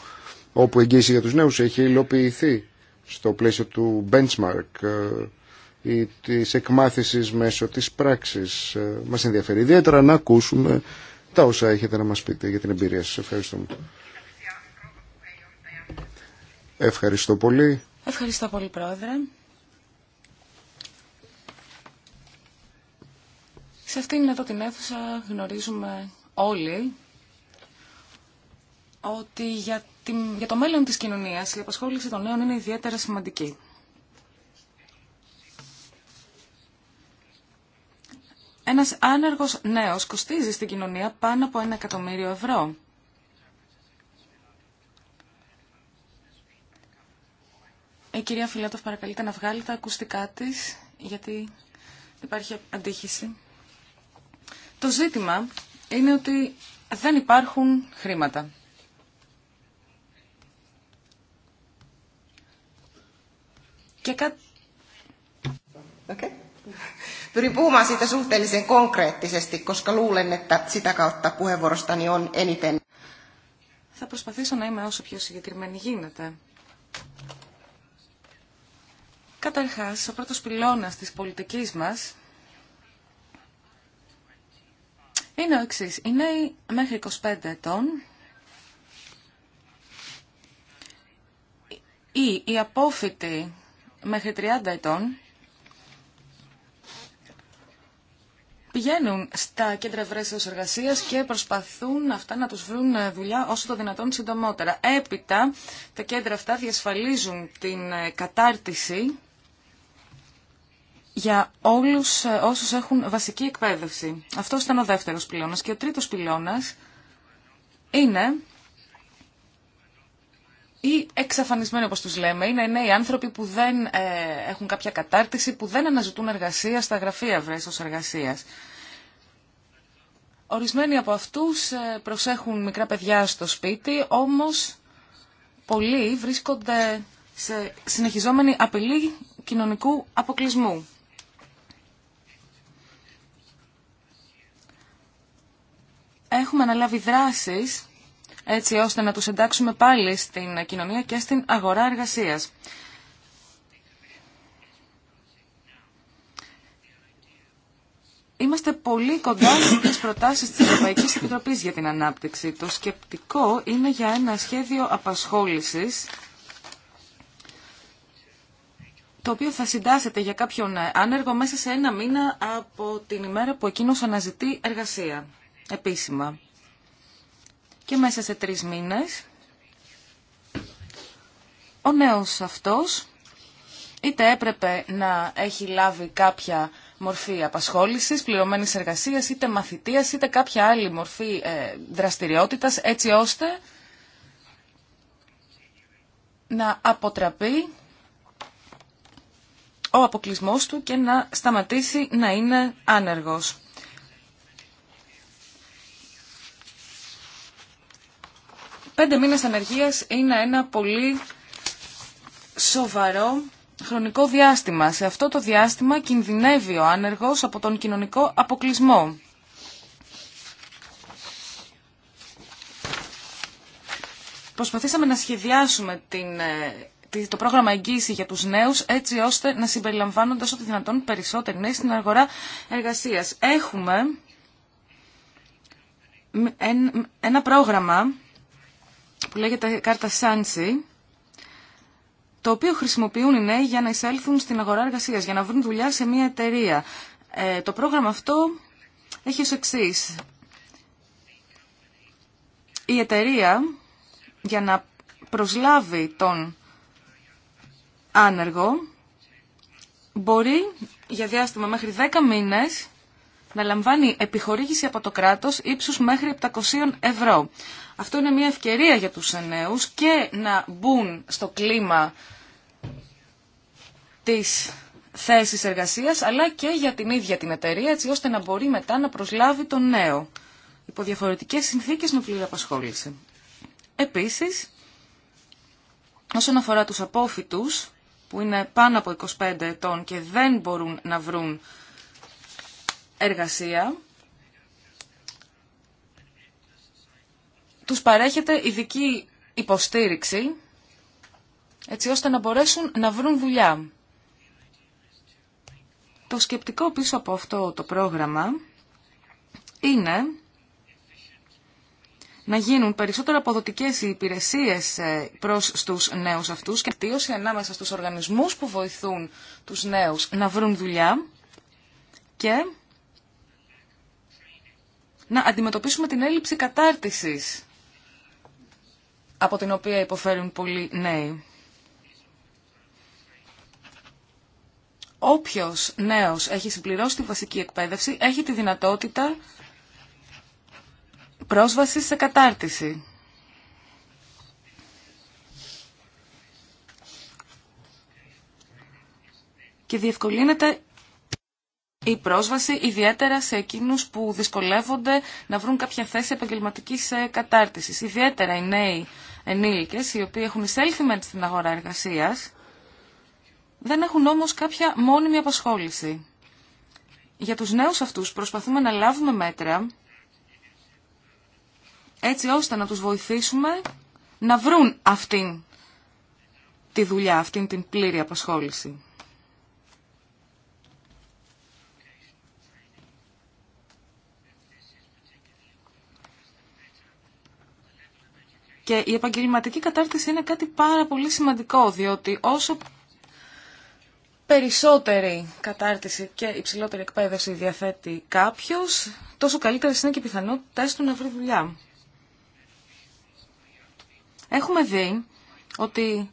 όπου εγγύηση για τους νέους έχει υλοποιηθεί στο πλαίσιο του benchmark ε, ή της εκμάθησης μέσω της πράξης. Ε, μας ενδιαφέρει ιδιαίτερα να ακούσουμε τα όσα έχετε να μας πείτε για την εμπειρία σας. Ευχαριστούμε. Ευχαριστώ πολύ. Ευχαριστώ πολύ, Πρόεδρε. Σε αυτήν εδώ την αίθουσα γνωρίζουμε όλοι ότι για, την, για το μέλλον της κοινωνίας η απασχόληση των νέων είναι ιδιαίτερα σημαντική. Ένας άνεργος νέος κοστίζει στην κοινωνία πάνω από ένα εκατομμύριο ευρώ. Η ε, κυρία Φιλάτοφ παρακαλείται να βγάλει τα ακουστικά της, γιατί υπάρχει αντίχηση. Το ζήτημα είναι ότι δεν υπάρχουν χρήματα. Και κα... okay. Pyrin puhumaan siitä suhteellisen konkreettisesti, koska luulen, että sitä kautta puheenvuorostani on eniten. Θα προσπαθήσω να είμαι όσο πιο συγκεκριμένη γίνεται. Καταρχάς, ο πρώτος πυλώνας της πολιτικής μας είναι ο εξής. Οι νέοι μέχρι 25 ετών ή οι απόφοιτοι μέχρι 30 ετών πηγαίνουν στα κέντρα βρέσεως εργασίας και προσπαθούν αυτά να τους βρουν ε, δουλειά όσο το δυνατόν συντομότερα. Έπειτα τα κέντρα αυτά διασφαλίζουν την ε, κατάρτιση για όλους ε, όσους έχουν βασική εκπαίδευση. Αυτό ήταν ο δεύτερο πυλώνας. Και ο τρίτο πυλώνας είναι ή εξαφανισμένοι όπως τους λέμε. Είναι νέοι άνθρωποι που δεν ε, έχουν κάποια κατάρτιση, που δεν αναζητούν εργασία στα γραφεία βρέσος εργασία. Ορισμένοι από αυτούς ε, προσέχουν μικρά παιδιά στο σπίτι, όμως πολλοί βρίσκονται σε συνεχιζόμενη απειλή κοινωνικού αποκλεισμού. έχουμε αναλάβει δράσεις έτσι ώστε να τους εντάξουμε πάλι στην κοινωνία και στην αγορά εργασίας. Είμαστε πολύ κοντά στις προτάσεις της Ευρωπαϊκής Επιτροπής για την Ανάπτυξη. Το σκεπτικό είναι για ένα σχέδιο απασχόλησης το οποίο θα συντάσσεται για κάποιον άνεργο μέσα σε ένα μήνα από την ημέρα που εκείνος αναζητεί εργασία επίσημα. Και μέσα σε τρεις μήνες ο νέος αυτός είτε έπρεπε να έχει λάβει κάποια μορφή απασχόλησης, πληρωμένης εργασίας, είτε μαθητείας, είτε κάποια άλλη μορφή ε, δραστηριότητας, έτσι ώστε να αποτραπεί ο αποκλεισμός του και να σταματήσει να είναι άνεργος. Πέντε μήνες ανεργίας είναι ένα πολύ σοβαρό χρονικό διάστημα. Σε αυτό το διάστημα κινδυνεύει ο άνεργος από τον κοινωνικό αποκλεισμό. Προσπαθήσαμε να σχεδιάσουμε την, ε, το πρόγραμμα εγγύηση για τους νέους έτσι ώστε να συμπεριλαμβάνονται όσο δυνατόν περισσότεροι νέοι στην αγορά εργασίας. Έχουμε ένα πρόγραμμα που λέγεται κάρτα Σάντσι», το οποίο χρησιμοποιούν οι νέοι για να εισέλθουν στην αγορά εργασία, για να βρουν δουλειά σε μια εταιρεία. Ε, το πρόγραμμα αυτό έχει ως εξή. Η εταιρεία για να προσλάβει τον άνεργο μπορεί για διάστημα μέχρι 10 μήνες να λαμβάνει επιχορήγηση από το κράτος ύψους μέχρι 700 ευρώ. Αυτό είναι μια ευκαιρία για τους νέους και να μπουν στο κλίμα της θέσης εργασίας, αλλά και για την ίδια την εταιρεία, έτσι ώστε να μπορεί μετά να προσλάβει τον νέο υπό διαφορετικές συνθήκες με πλήρη απασχόληση. Επίσης, όσον αφορά τους απόφοιτους, που είναι πάνω από 25 ετών και δεν μπορούν να βρουν εργασία, τους παρέχεται ειδική υποστήριξη έτσι ώστε να μπορέσουν να βρουν δουλειά. Το σκεπτικό πίσω από αυτό το πρόγραμμα είναι να γίνουν περισσότερο αποδοτικές οι υπηρεσίες ε, προς τους νέους αυτούς και αυτοίωση ανάμεσα στους οργανισμούς που βοηθούν τους νέους να βρουν δουλειά και να αντιμετωπίσουμε την έλλειψη κατάρτισης από την οποία υποφέρουν πολλοί νέοι. Όποιος νέος έχει συμπληρώσει τη βασική εκπαίδευση έχει τη δυνατότητα πρόσβαση σε κατάρτιση. Και διευκολύνεται η πρόσβαση ιδιαίτερα σε εκείνους που δυσκολεύονται να βρουν κάποια θέση επαγγελματικής ε, κατάρτισης. Ιδιαίτερα οι νέοι ενήλικες οι οποίοι έχουν εισέλθει μεν στην αγορά εργασίας, δεν έχουν όμως κάποια μόνιμη απασχόληση. Για τους νέους αυτούς προσπαθούμε να λάβουμε μέτρα έτσι ώστε να τους βοηθήσουμε να βρουν αυτήν τη δουλειά, αυτήν την πλήρη απασχόληση. Και η επαγγελματική κατάρτιση είναι κάτι πάρα πολύ σημαντικό, διότι όσο περισσότερη κατάρτιση και υψηλότερη εκπαίδευση διαθέτει κάποιος, τόσο καλύτερες είναι και οι πιθανότητες του να βρει δουλειά. Έχουμε δει ότι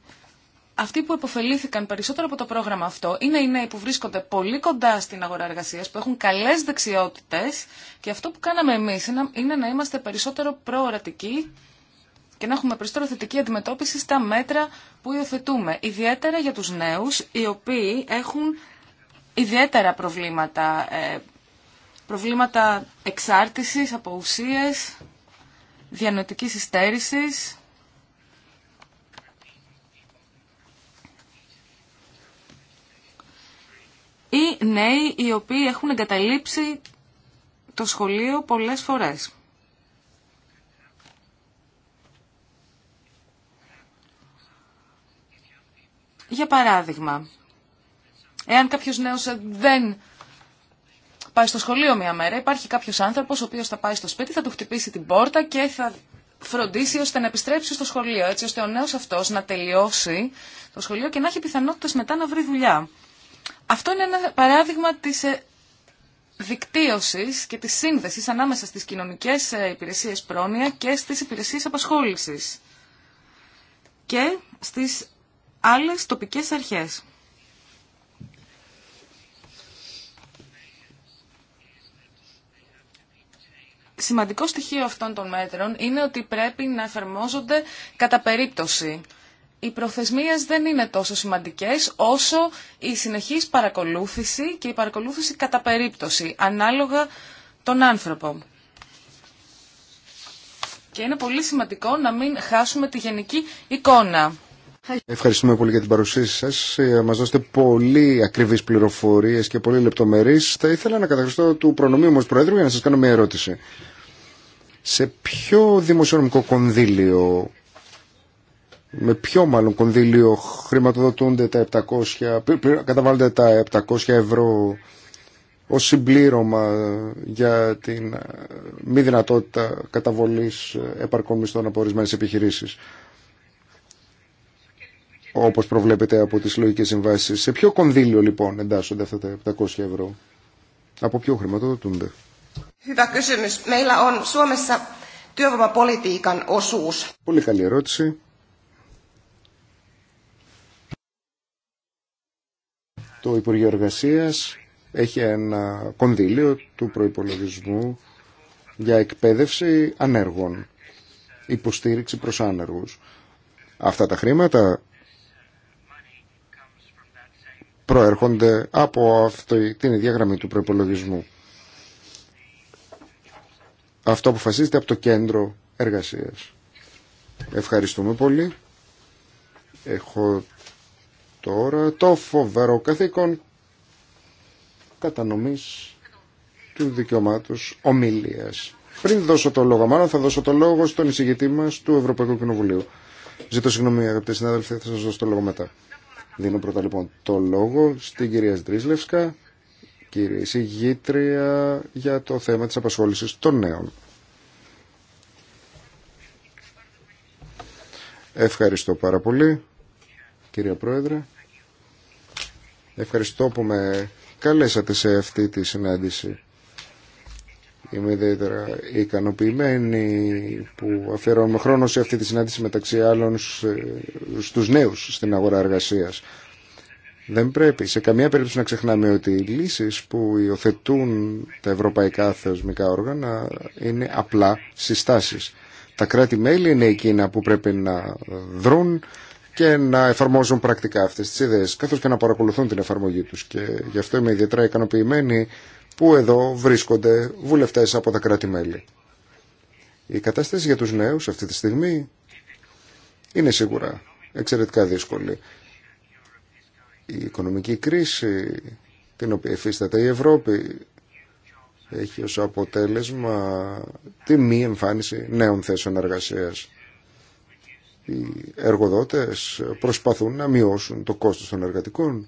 αυτοί που επωφελήθηκαν περισσότερο από το πρόγραμμα αυτό είναι οι νέοι που βρίσκονται πολύ κοντά στην αγορά εργασία, που έχουν καλέ δεξιότητε και αυτό που κάναμε εμεί είναι να είμαστε περισσότερο προορατικοί και να έχουμε περισσότερο θετική αντιμετώπιση στα μέτρα που υιοθετούμε. Ιδιαίτερα για τους νέους, οι οποίοι έχουν ιδιαίτερα προβλήματα, ε, προβλήματα εξάρτησης, από ουσίες, διανοητικής υστέρησης. Ή νέοι οι οποίοι έχουν εγκαταλείψει το σχολείο πολλές φορές. Για παράδειγμα, εάν κάποιος νέος δεν πάει στο σχολείο μία μέρα, υπάρχει κάποιος άνθρωπος ο οποίος θα πάει στο σπίτι, θα του χτυπήσει την πόρτα και θα φροντίσει ώστε να επιστρέψει στο σχολείο, έτσι ώστε ο νέος αυτός να τελειώσει το σχολείο και να έχει πιθανότητες μετά να βρει δουλειά. Αυτό είναι ένα παράδειγμα της ε, δικτύωσης και της σύνδεσης ανάμεσα στις κοινωνικές ε, υπηρεσίες πρόνοια και στις υπηρεσίες απασχόλησης και στις άλλες τοπικές αρχές. Σημαντικό στοιχείο αυτών των μέτρων είναι ότι πρέπει να εφαρμόζονται κατά περίπτωση. Οι προθεσμίες δεν είναι τόσο σημαντικές όσο η συνεχής παρακολούθηση και η παρακολούθηση κατά περίπτωση, ανάλογα τον άνθρωπο. Και είναι πολύ σημαντικό να μην χάσουμε τη γενική εικόνα. Ευχαριστούμε πολύ για την παρουσία σας. Ε, μας δώσετε πολύ ακριβείς πληροφορίες και πολύ λεπτομερείς. Θα ήθελα να καταχρηστώ του προνομίου μας Προέδρου για να σα κάνω μια ερώτηση. Σε ποιο δημοσιονομικό κονδύλιο, με ποιο μάλλον κονδύλιο χρηματοδοτούνται τα 700, καταβάλλονται τα 700 ευρώ ω συμπλήρωμα για τη ε, μη δυνατότητα καταβολή ε, επαρκών μισθών από ορισμένε επιχειρήσεις όπως προβλέπετε από τις λογικές συμβάσεις. Σε ποιο κονδύλιο λοιπόν εντάσσονται αυτά τα 700 ευρώ, από ποιο χρηματοδοτούνται. Πολύ καλή ερώτηση. Το Υπουργείο Εργασία έχει ένα κονδύλιο του προϋπολογισμού για εκπαίδευση ανέργων, υποστήριξη προς άνεργους. Αυτά τα χρήματα προέρχονται από αυτή την ίδια γραμμή του προπολογισμού. Αυτό αποφασίζεται από το κέντρο εργασίας. Ευχαριστούμε πολύ. Έχω τώρα το φοβερό καθήκον κατανομής του δικαιωμάτους ομιλίας. Πριν δώσω το λόγο, μάλλον θα δώσω το λόγο στον εισηγητή μας του Ευρωπαϊκού Κοινοβουλίου. Ζητώ συγγνώμη αγαπητοί συνάδελφοι, θα σας δώσω το λόγο μετά. Δίνω πρώτα λοιπόν το λόγο στην κυρία Σδρίσλευσκα, κυρία εισηγήτρια για το θέμα της απασχόλησης των νέων. Ευχαριστώ πάρα πολύ, κυρία Πρόεδρε. Ευχαριστώ που με καλέσατε σε αυτή τη συνάντηση. Είμαι ιδιαίτερα ικανοποιημένη που αφιερώνουμε χρόνο σε αυτή τη συνάντηση μεταξύ άλλων στους νέους στην αγορά εργασίας. Δεν πρέπει σε καμία περίπτωση να ξεχνάμε ότι οι λύσεις που υιοθετούν τα ευρωπαϊκά θεσμικά όργανα είναι απλά συστάσεις. Τα κράτη-μέλη είναι εκείνα που πρέπει να δρουν και να εφαρμόζουν πρακτικά αυτές τις ιδέες, καθώς και να παρακολουθούν την εφαρμογή τους. Και γι' αυτό είμαι ιδιαίτερα ικανοποιημένη που εδώ βρίσκονται βουλευτές από τα κράτη-μέλη. Η κατάσταση για τους νέους αυτή τη στιγμή είναι σίγουρα εξαιρετικά δύσκολη. Η οικονομική κρίση την οποία εφίσταται η Ευρώπη έχει ως αποτέλεσμα τη μη εμφάνιση νέων θέσεων εργασίας. Οι εργοδότες προσπαθούν να μειώσουν το κόστος των εργατικών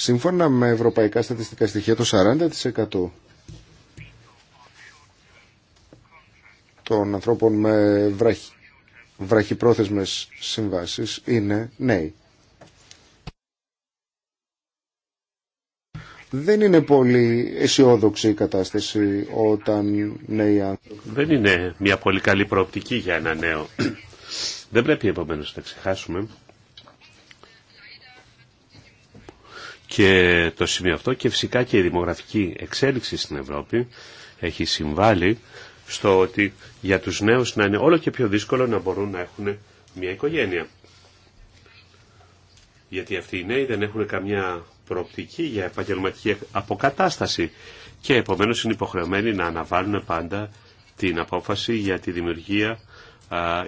Σύμφωνα με ευρωπαϊκά στατιστικά στοιχεία, το 40% των ανθρώπων με βραχυ... βραχυπρόθεσμες συμβάσεις είναι νέοι. Δεν είναι πολύ αισιόδοξη η κατάσταση όταν νέοι άνθρωποι... Δεν είναι μια πολύ καλή προοπτική για ένα νέο. Δεν πρέπει επομένως να ξεχάσουμε και το σημείο αυτό και φυσικά και η δημογραφική εξέλιξη στην Ευρώπη έχει συμβάλει στο ότι για τους νέους να είναι όλο και πιο δύσκολο να μπορούν να έχουν μια οικογένεια. Γιατί αυτοί οι νέοι δεν έχουν καμιά προοπτική για επαγγελματική αποκατάσταση και επομένως είναι υποχρεωμένοι να αναβάλουν πάντα την απόφαση για τη δημιουργία α,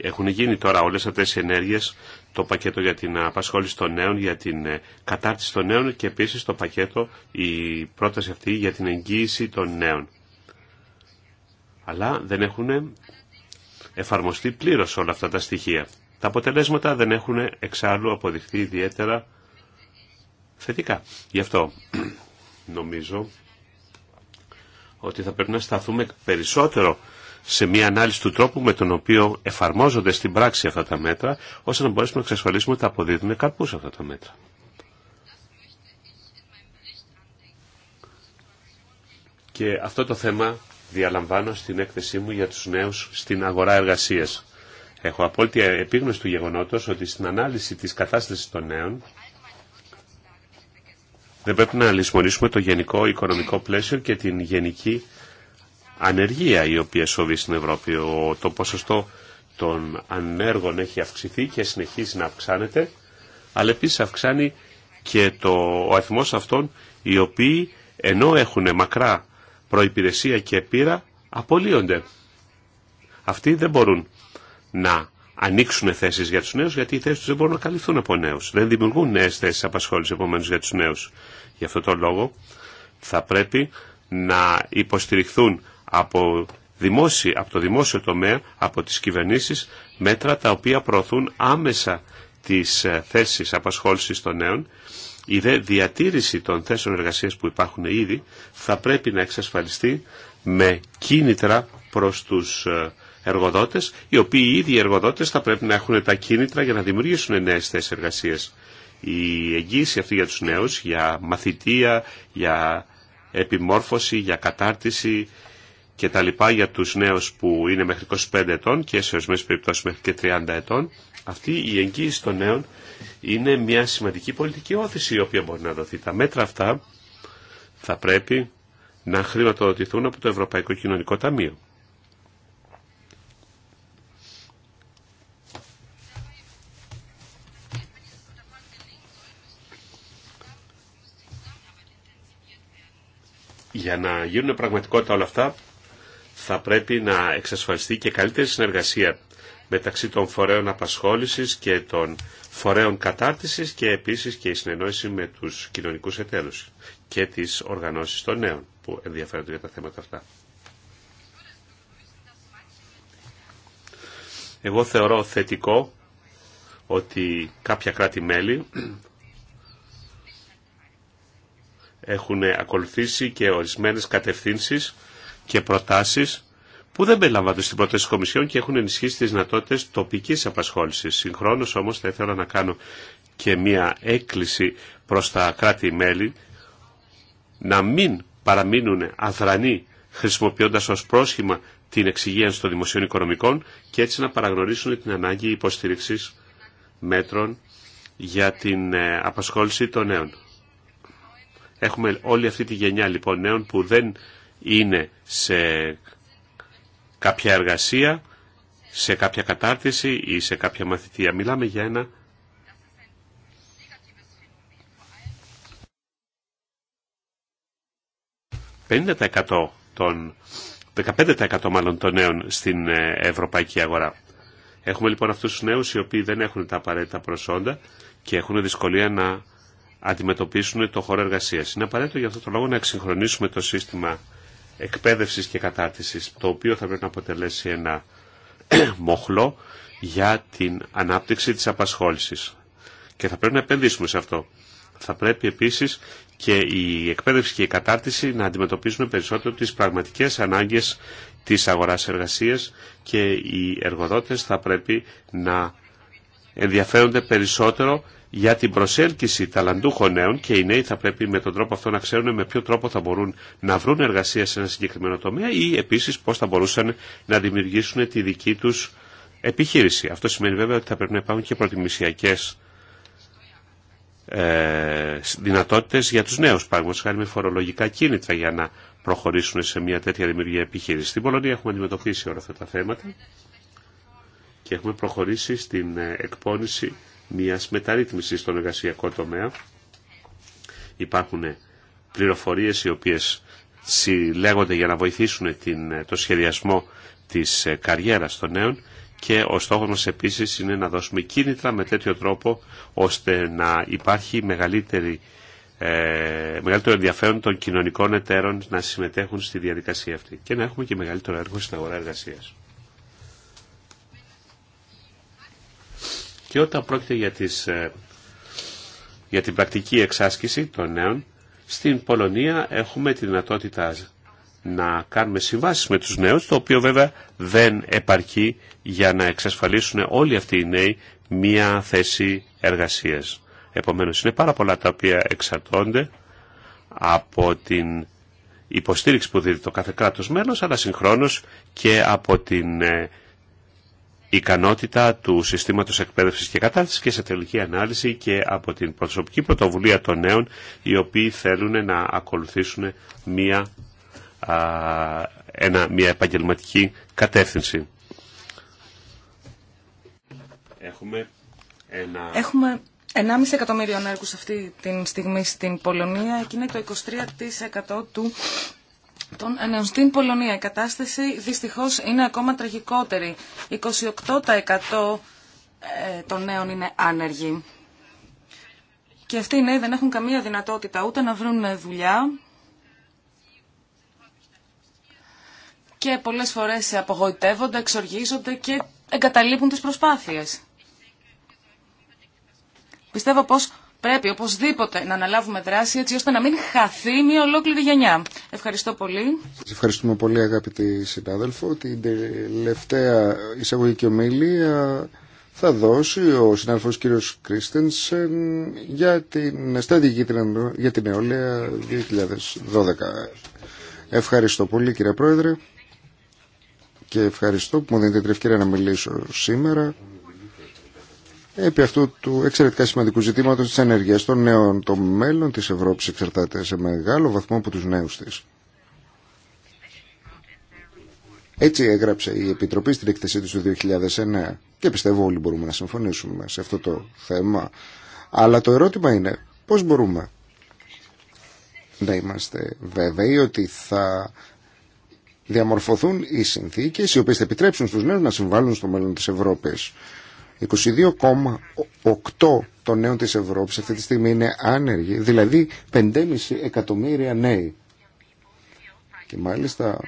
Έχουν γίνει τώρα όλες αυτές οι ενέργειες το πακέτο για την απασχόληση των νέων, για την ε, κατάρτιση των νέων και επίσης το πακέτο, η πρόταση αυτή για την εγγύηση των νέων. Αλλά δεν έχουν εφαρμοστεί πλήρως όλα αυτά τα στοιχεία. Τα αποτελέσματα δεν έχουν εξάλλου αποδειχθεί ιδιαίτερα θετικά. Γι' αυτό νομίζω ότι θα πρέπει να σταθούμε περισσότερο σε μια ανάλυση του τρόπου με τον οποίο εφαρμόζονται στην πράξη αυτά τα μέτρα, ώστε να μπορέσουμε να εξασφαλίσουμε ότι αποδίδουν καρπούς αυτά τα μέτρα. Και αυτό το θέμα διαλαμβάνω στην έκθεσή μου για τους νέους στην αγορά εργασίας. Έχω απόλυτη επίγνωση του γεγονότος ότι στην ανάλυση της κατάστασης των νέων δεν πρέπει να λησμονήσουμε το γενικό οικονομικό πλαίσιο και την γενική ανεργία η οποία σοβεί στην Ευρώπη. το ποσοστό των ανέργων έχει αυξηθεί και συνεχίζει να αυξάνεται, αλλά επίσης αυξάνει και το, ο αριθμός αυτών οι οποίοι ενώ έχουν μακρά προϋπηρεσία και πείρα απολύονται. Αυτοί δεν μπορούν να ανοίξουν θέσεις για τους νέους γιατί οι θέσεις τους δεν μπορούν να καλυφθούν από νέους. Δεν δημιουργούν νέες θέσεις απασχόλησης επομένως για τους νέους. Γι' αυτό το λόγο θα πρέπει να υποστηριχθούν από, δημόσιο, από το δημόσιο τομέα, από τις κυβερνήσεις, μέτρα τα οποία προωθούν άμεσα τις ε, θέσεις απασχόλησης των νέων. Η δε διατήρηση των θέσεων εργασίας που υπάρχουν ήδη θα πρέπει να εξασφαλιστεί με κίνητρα προς τους ε, εργοδότες, οι οποίοι ήδη οι εργοδότες θα πρέπει να έχουν τα κίνητρα για να δημιουργήσουν νέες θέσεις εργασίας. Η εγγύηση αυτή για τους νέους, για μαθητεία, για επιμόρφωση, για κατάρτιση, και τα λοιπά για τους νέους που είναι μέχρι 25 ετών και σε ορισμένες περιπτώσεις μέχρι και 30 ετών. Αυτή η εγγύηση των νέων είναι μια σημαντική πολιτική όθηση η οποία μπορεί να δοθεί. Τα μέτρα αυτά θα πρέπει να χρηματοδοτηθούν από το Ευρωπαϊκό Κοινωνικό Ταμείο. Για να γίνουν πραγματικότητα όλα αυτά θα πρέπει να εξασφαλιστεί και καλύτερη συνεργασία μεταξύ των φορέων απασχόλησης και των φορέων κατάρτισης και επίσης και η συνεννόηση με τους κοινωνικούς εταίρους και τις οργανώσεις των νέων που ενδιαφέρονται για τα θέματα αυτά. Εγώ θεωρώ θετικό ότι κάποια κράτη-μέλη έχουν ακολουθήσει και ορισμένες κατευθύνσεις και προτάσει που δεν περιλαμβάνονται στην πρόταση τη Κομισιόν και έχουν ενισχύσει τι δυνατότητε τοπική απασχόληση. Συγχρόνω όμω θα ήθελα να κάνω και μία έκκληση προ τα κράτη-μέλη να μην παραμείνουν αδρανοί χρησιμοποιώντα ω πρόσχημα την εξυγίανση των δημοσίων οικονομικών και έτσι να παραγνωρίσουν την ανάγκη υποστήριξης μέτρων για την ε, απασχόληση των νέων. Έχουμε όλη αυτή τη γενιά λοιπόν νέων που δεν είναι σε κάποια εργασία, σε κάποια κατάρτιση ή σε κάποια μαθητεία. Μιλάμε για ένα των 15% μάλλον των νέων στην ε, ευρωπαϊκή αγορά. Έχουμε λοιπόν αυτούς τους νέους οι οποίοι δεν έχουν τα απαραίτητα προσόντα και έχουν δυσκολία να αντιμετωπίσουν το χώρο εργασίας. Είναι απαραίτητο για αυτό το λόγο να εξυγχρονίσουμε το σύστημα εκπαίδευσης και κατάρτισης, το οποίο θα πρέπει να αποτελέσει ένα μοχλό για την ανάπτυξη της απασχόλησης. Και θα πρέπει να επενδύσουμε σε αυτό. Θα πρέπει επίσης και η εκπαίδευση και η κατάρτιση να αντιμετωπίσουμε περισσότερο τις πραγματικές ανάγκες της αγοράς εργασίας και οι εργοδότες θα πρέπει να ενδιαφέρονται περισσότερο για την προσέλκυση ταλαντούχων νέων και οι νέοι θα πρέπει με τον τρόπο αυτό να ξέρουν με ποιο τρόπο θα μπορούν να βρουν εργασία σε ένα συγκεκριμένο τομέα ή επίσης πώς θα μπορούσαν να δημιουργήσουν τη δική τους επιχείρηση. Αυτό σημαίνει βέβαια ότι θα πρέπει να υπάρχουν και προτιμησιακές ε, δυνατότητες για τους νέους παραδείγματο χάρη με φορολογικά κίνητρα για να προχωρήσουν σε μια τέτοια δημιουργία επιχείρηση. Στην Πολωνία έχουμε αντιμετωπίσει όλα αυτά τα θέματα και έχουμε προχωρήσει στην ε, εκπόνηση μιας μεταρρύθμισης στον εργασιακό τομέα. Υπάρχουν πληροφορίες οι οποίες συλλέγονται για να βοηθήσουν την, το σχεδιασμό της καριέρας των νέων και ο στόχος μας επίσης είναι να δώσουμε κίνητρα με τέτοιο τρόπο ώστε να υπάρχει μεγαλύτερη, ε, μεγαλύτερο ενδιαφέρον των κοινωνικών εταίρων να συμμετέχουν στη διαδικασία αυτή και να έχουμε και μεγαλύτερο έργο στην αγορά εργασίας. Και όταν πρόκειται για, τις, ε, για την πρακτική εξάσκηση των νέων, στην Πολωνία έχουμε τη δυνατότητα να κάνουμε συμβάσεις με τους νέους, το οποίο βέβαια δεν επαρκεί για να εξασφαλίσουν όλοι αυτοί οι νέοι μία θέση εργασίας. Επομένως είναι πάρα πολλά τα οποία εξαρτώνται από την υποστήριξη που δίνει το κάθε κράτος μέλος, αλλά συγχρόνως και από την ε, ικανότητα του συστήματος εκπαίδευσης και κατάρτισης και σε τελική ανάλυση και από την προσωπική πρωτοβουλία των νέων οι οποίοι θέλουν να ακολουθήσουν μια, ένα, μια επαγγελματική κατεύθυνση. Έχουμε ένα... Έχουμε 1,5 εκατομμύριο ανέργους αυτή τη στιγμή στην Πολωνία και είναι το 23% του τον ε, ναι, στην Πολωνία. Η κατάσταση δυστυχώς είναι ακόμα τραγικότερη. 28% ε, των νέων είναι άνεργοι. Και αυτοί οι νέοι δεν έχουν καμία δυνατότητα ούτε να βρουν ε, δουλειά και πολλές φορές απογοητεύονται, εξοργίζονται και εγκαταλείπουν τις προσπάθειες. Πιστεύω πως πρέπει οπωσδήποτε να αναλάβουμε δράση έτσι ώστε να μην χαθεί μια ολόκληρη γενιά. Ευχαριστώ πολύ. Σας ευχαριστούμε πολύ αγαπητοί συνάδελφο. Την τελευταία εισαγωγική ομίλια θα δώσει ο συνάδελφος κύριος Κρίστενσεν για την στρατηγική για την νεολαία 2012. Ευχαριστώ πολύ κύριε Πρόεδρε και ευχαριστώ που μου δίνετε την ευκαιρία να μιλήσω σήμερα επί αυτού του εξαιρετικά σημαντικού ζητήματος της ενέργειας των νέων. Το μέλλον της Ευρώπης εξαρτάται σε μεγάλο βαθμό από τους νέους της. Έτσι έγραψε η Επιτροπή στην εκθεσή της του 2009 και πιστεύω όλοι μπορούμε να συμφωνήσουμε σε αυτό το θέμα. Αλλά το ερώτημα είναι πώς μπορούμε να είμαστε βέβαιοι ότι θα διαμορφωθούν οι συνθήκες οι οποίες θα επιτρέψουν στους νέους να συμβάλλουν στο μέλλον της Ευρώπης. 22,8 των νέων της Ευρώπης αυτή τη στιγμή είναι άνεργοι, δηλαδή 5,5 εκατομμύρια νέοι. Και μάλιστα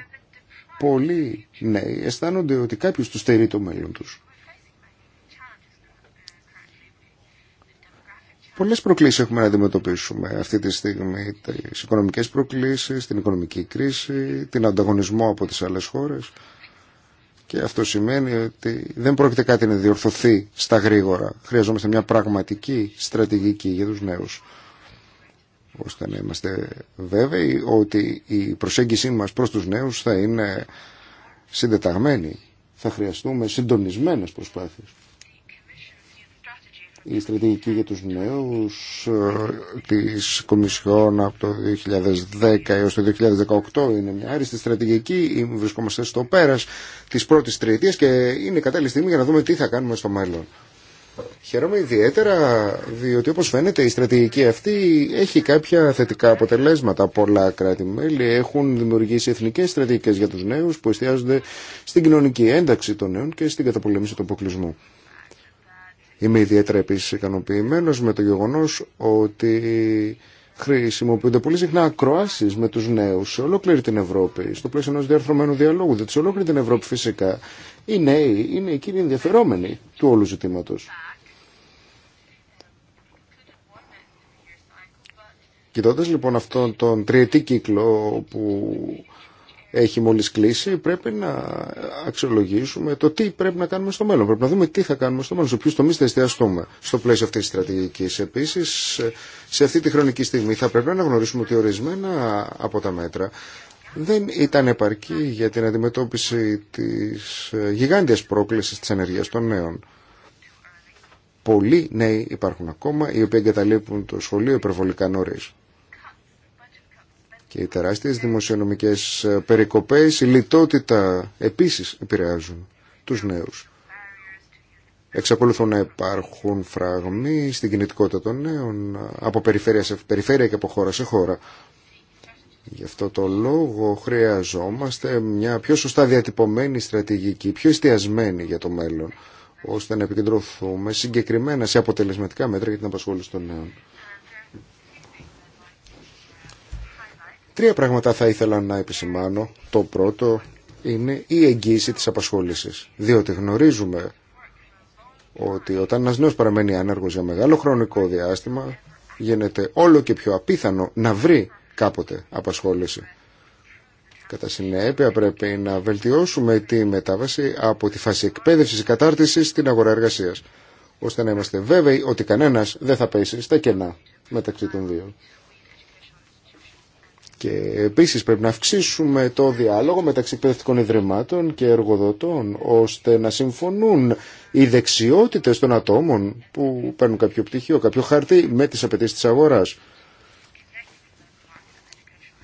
πολλοί νέοι αισθάνονται ότι κάποιος τους στερεί το μέλλον τους. Πολλές προκλήσεις έχουμε να αντιμετωπίσουμε αυτή τη στιγμή. Τις οικονομικές προκλήσεις, την οικονομική κρίση, την ανταγωνισμό από τις άλλες χώρες. Και αυτό σημαίνει ότι δεν πρόκειται κάτι να διορθωθεί στα γρήγορα. Χρειαζόμαστε μια πραγματική στρατηγική για τους νέους. Ώστε να είμαστε βέβαιοι ότι η προσέγγιση μας προς τους νέους θα είναι συντεταγμένη. Θα χρειαστούμε συντονισμένες προσπάθειες η στρατηγική για τους νέους ε, της Κομισιόν από το 2010 έως το 2018 είναι μια άριστη στρατηγική. Βρισκόμαστε στο πέρας της πρώτης τριετίας και είναι κατάλληλη στιγμή για να δούμε τι θα κάνουμε στο μέλλον. Χαίρομαι ιδιαίτερα διότι όπως φαίνεται η στρατηγική αυτή έχει κάποια θετικά αποτελέσματα. Πολλά κράτη-μέλη έχουν δημιουργήσει εθνικές στρατηγικές για τους νέους που εστιάζονται στην κοινωνική ένταξη των νέων και στην καταπολέμηση του αποκλεισμού. Είμαι ιδιαίτερα επίση ικανοποιημένο με το γεγονός ότι χρησιμοποιούνται πολύ συχνά ακροάσει με του νέου σε ολόκληρη την Ευρώπη, στο πλαίσιο ενό διαρθρωμένου διαλόγου. Δεν σε ολόκληρη την Ευρώπη φυσικά. Οι νέοι είναι εκείνοι ενδιαφερόμενοι του όλου ζητήματο. Κοιτώντα λοιπόν αυτόν τον τριετή κύκλο που έχει μόλις κλείσει, πρέπει να αξιολογήσουμε το τι πρέπει να κάνουμε στο μέλλον. Πρέπει να δούμε τι θα κάνουμε στο μέλλον, σε ποιους τομείς θα εστιαστούμε στο πλαίσιο αυτής της στρατηγικής. Επίσης, σε αυτή τη χρονική στιγμή θα πρέπει να γνωρίσουμε ότι ορισμένα από τα μέτρα δεν ήταν επαρκή για την αντιμετώπιση της γιγάντιας πρόκλησης της ενεργείας των νέων. Πολλοί νέοι υπάρχουν ακόμα, οι οποίοι εγκαταλείπουν το σχολείο υπερβολικά νωρίς και οι τεράστιες δημοσιονομικές ε, περικοπές, η λιτότητα επίσης επηρεάζουν τους νέους. Εξακολουθούν να υπάρχουν φραγμοί στην κινητικότητα των νέων από περιφέρεια σε περιφέρεια και από χώρα σε χώρα. Γι' αυτό το λόγο χρειαζόμαστε μια πιο σωστά διατυπωμένη στρατηγική, πιο εστιασμένη για το μέλλον, ώστε να επικεντρωθούμε συγκεκριμένα σε αποτελεσματικά μέτρα για την απασχόληση των νέων. Τρία πράγματα θα ήθελα να επισημάνω. Το πρώτο είναι η εγγύηση της απασχόλησης. Διότι γνωρίζουμε ότι όταν ένας νέος παραμένει άνεργος για μεγάλο χρονικό διάστημα γίνεται όλο και πιο απίθανο να βρει κάποτε απασχόληση. Κατά συνέπεια πρέπει να βελτιώσουμε τη μετάβαση από τη φάση εκπαίδευσης και κατάρτισης στην αγορά εργασίας ώστε να είμαστε βέβαιοι ότι κανένας δεν θα πέσει στα κενά μεταξύ των δύο. Και επίσης πρέπει να αυξήσουμε το διάλογο μεταξύ εκπαιδευτικών ιδρυμάτων και εργοδοτών ώστε να συμφωνούν οι δεξιότητες των ατόμων που παίρνουν κάποιο πτυχίο, κάποιο χαρτί με τις απαιτήσει της αγοράς.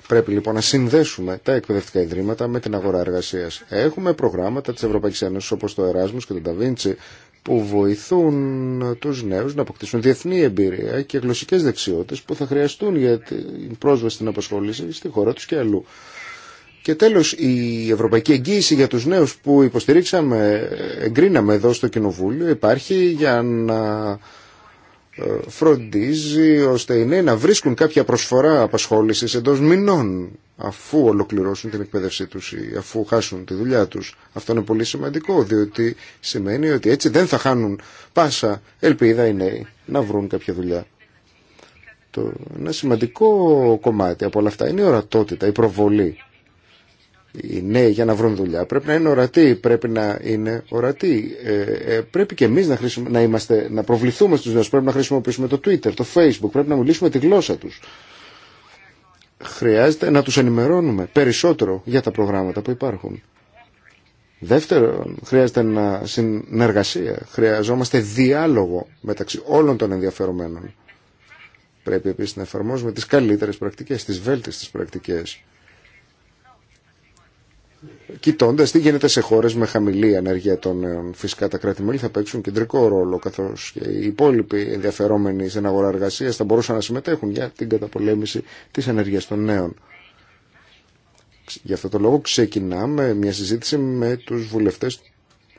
Πρέπει λοιπόν να συνδέσουμε τα εκπαιδευτικά ιδρύματα με την αγορά εργασία. Έχουμε προγράμματα τη Ευρωπαϊκή Ένωση όπω το Εράσμο και το Νταβίντσι που βοηθούν τους νέους να αποκτήσουν διεθνή εμπειρία και γλωσσικές δεξιότητες που θα χρειαστούν για την πρόσβαση στην απασχόληση στη χώρα τους και αλλού. Και τέλος, η Ευρωπαϊκή Εγγύηση για τους νέους που υποστηρίξαμε, εγκρίναμε εδώ στο Κοινοβούλιο, υπάρχει για να ε, φροντίζει ώστε οι νέοι να βρίσκουν κάποια προσφορά απασχόλησης εντός μηνών αφού ολοκληρώσουν την εκπαίδευσή τους ή αφού χάσουν τη δουλειά τους. Αυτό είναι πολύ σημαντικό διότι σημαίνει ότι έτσι δεν θα χάνουν πάσα ελπίδα οι νέοι να βρουν κάποια δουλειά. Το, ένα σημαντικό κομμάτι από όλα αυτά είναι η ορατότητα, η προβολή οι νέοι για να βρουν δουλειά πρέπει να είναι ορατοί, πρέπει να είναι ορατοί. Ε, ε, πρέπει και εμεί να, να, να προβληθούμε στου νέου. πρέπει να χρησιμοποιήσουμε το Twitter, το Facebook, πρέπει να μιλήσουμε τη γλώσσα του. Χρειάζεται να του ενημερώνουμε περισσότερο για τα προγράμματα που υπάρχουν. Δεύτερον, χρειάζεται να συνεργασία, χρειαζόμαστε διάλογο μεταξύ όλων των ενδιαφερομένων. Πρέπει επίσης να εφαρμόζουμε τις καλύτερες πρακτικές, τις βέλτιστες πρακτικέ κοιτώντα τι γίνεται σε χώρε με χαμηλή ανεργία των νέων. Ε, φυσικά τα κράτη-μέλη θα παίξουν κεντρικό ρόλο, καθώ και οι υπόλοιποι ενδιαφερόμενοι στην αγορά εργασία θα μπορούσαν να συμμετέχουν για την καταπολέμηση τη ανεργία των νέων. Γι' αυτό το λόγο ξεκινάμε μια συζήτηση με τους βουλευτές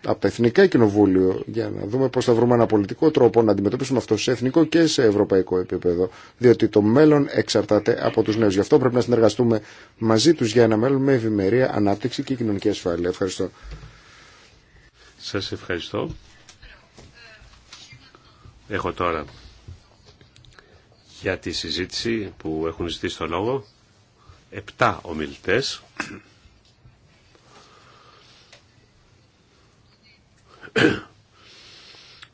από το Εθνικά Κοινοβούλιο για να δούμε πώς θα βρούμε ένα πολιτικό τρόπο να αντιμετωπίσουμε αυτό σε εθνικό και σε ευρωπαϊκό επίπεδο διότι το μέλλον εξαρτάται από τους νέους. Γι' αυτό πρέπει να συνεργαστούμε μαζί τους για ένα μέλλον με ευημερία, ανάπτυξη και κοινωνική ασφάλεια. Ευχαριστώ. Σας ευχαριστώ. Έχω τώρα για τη συζήτηση που έχουν ζητήσει το λόγο επτά ομιλητές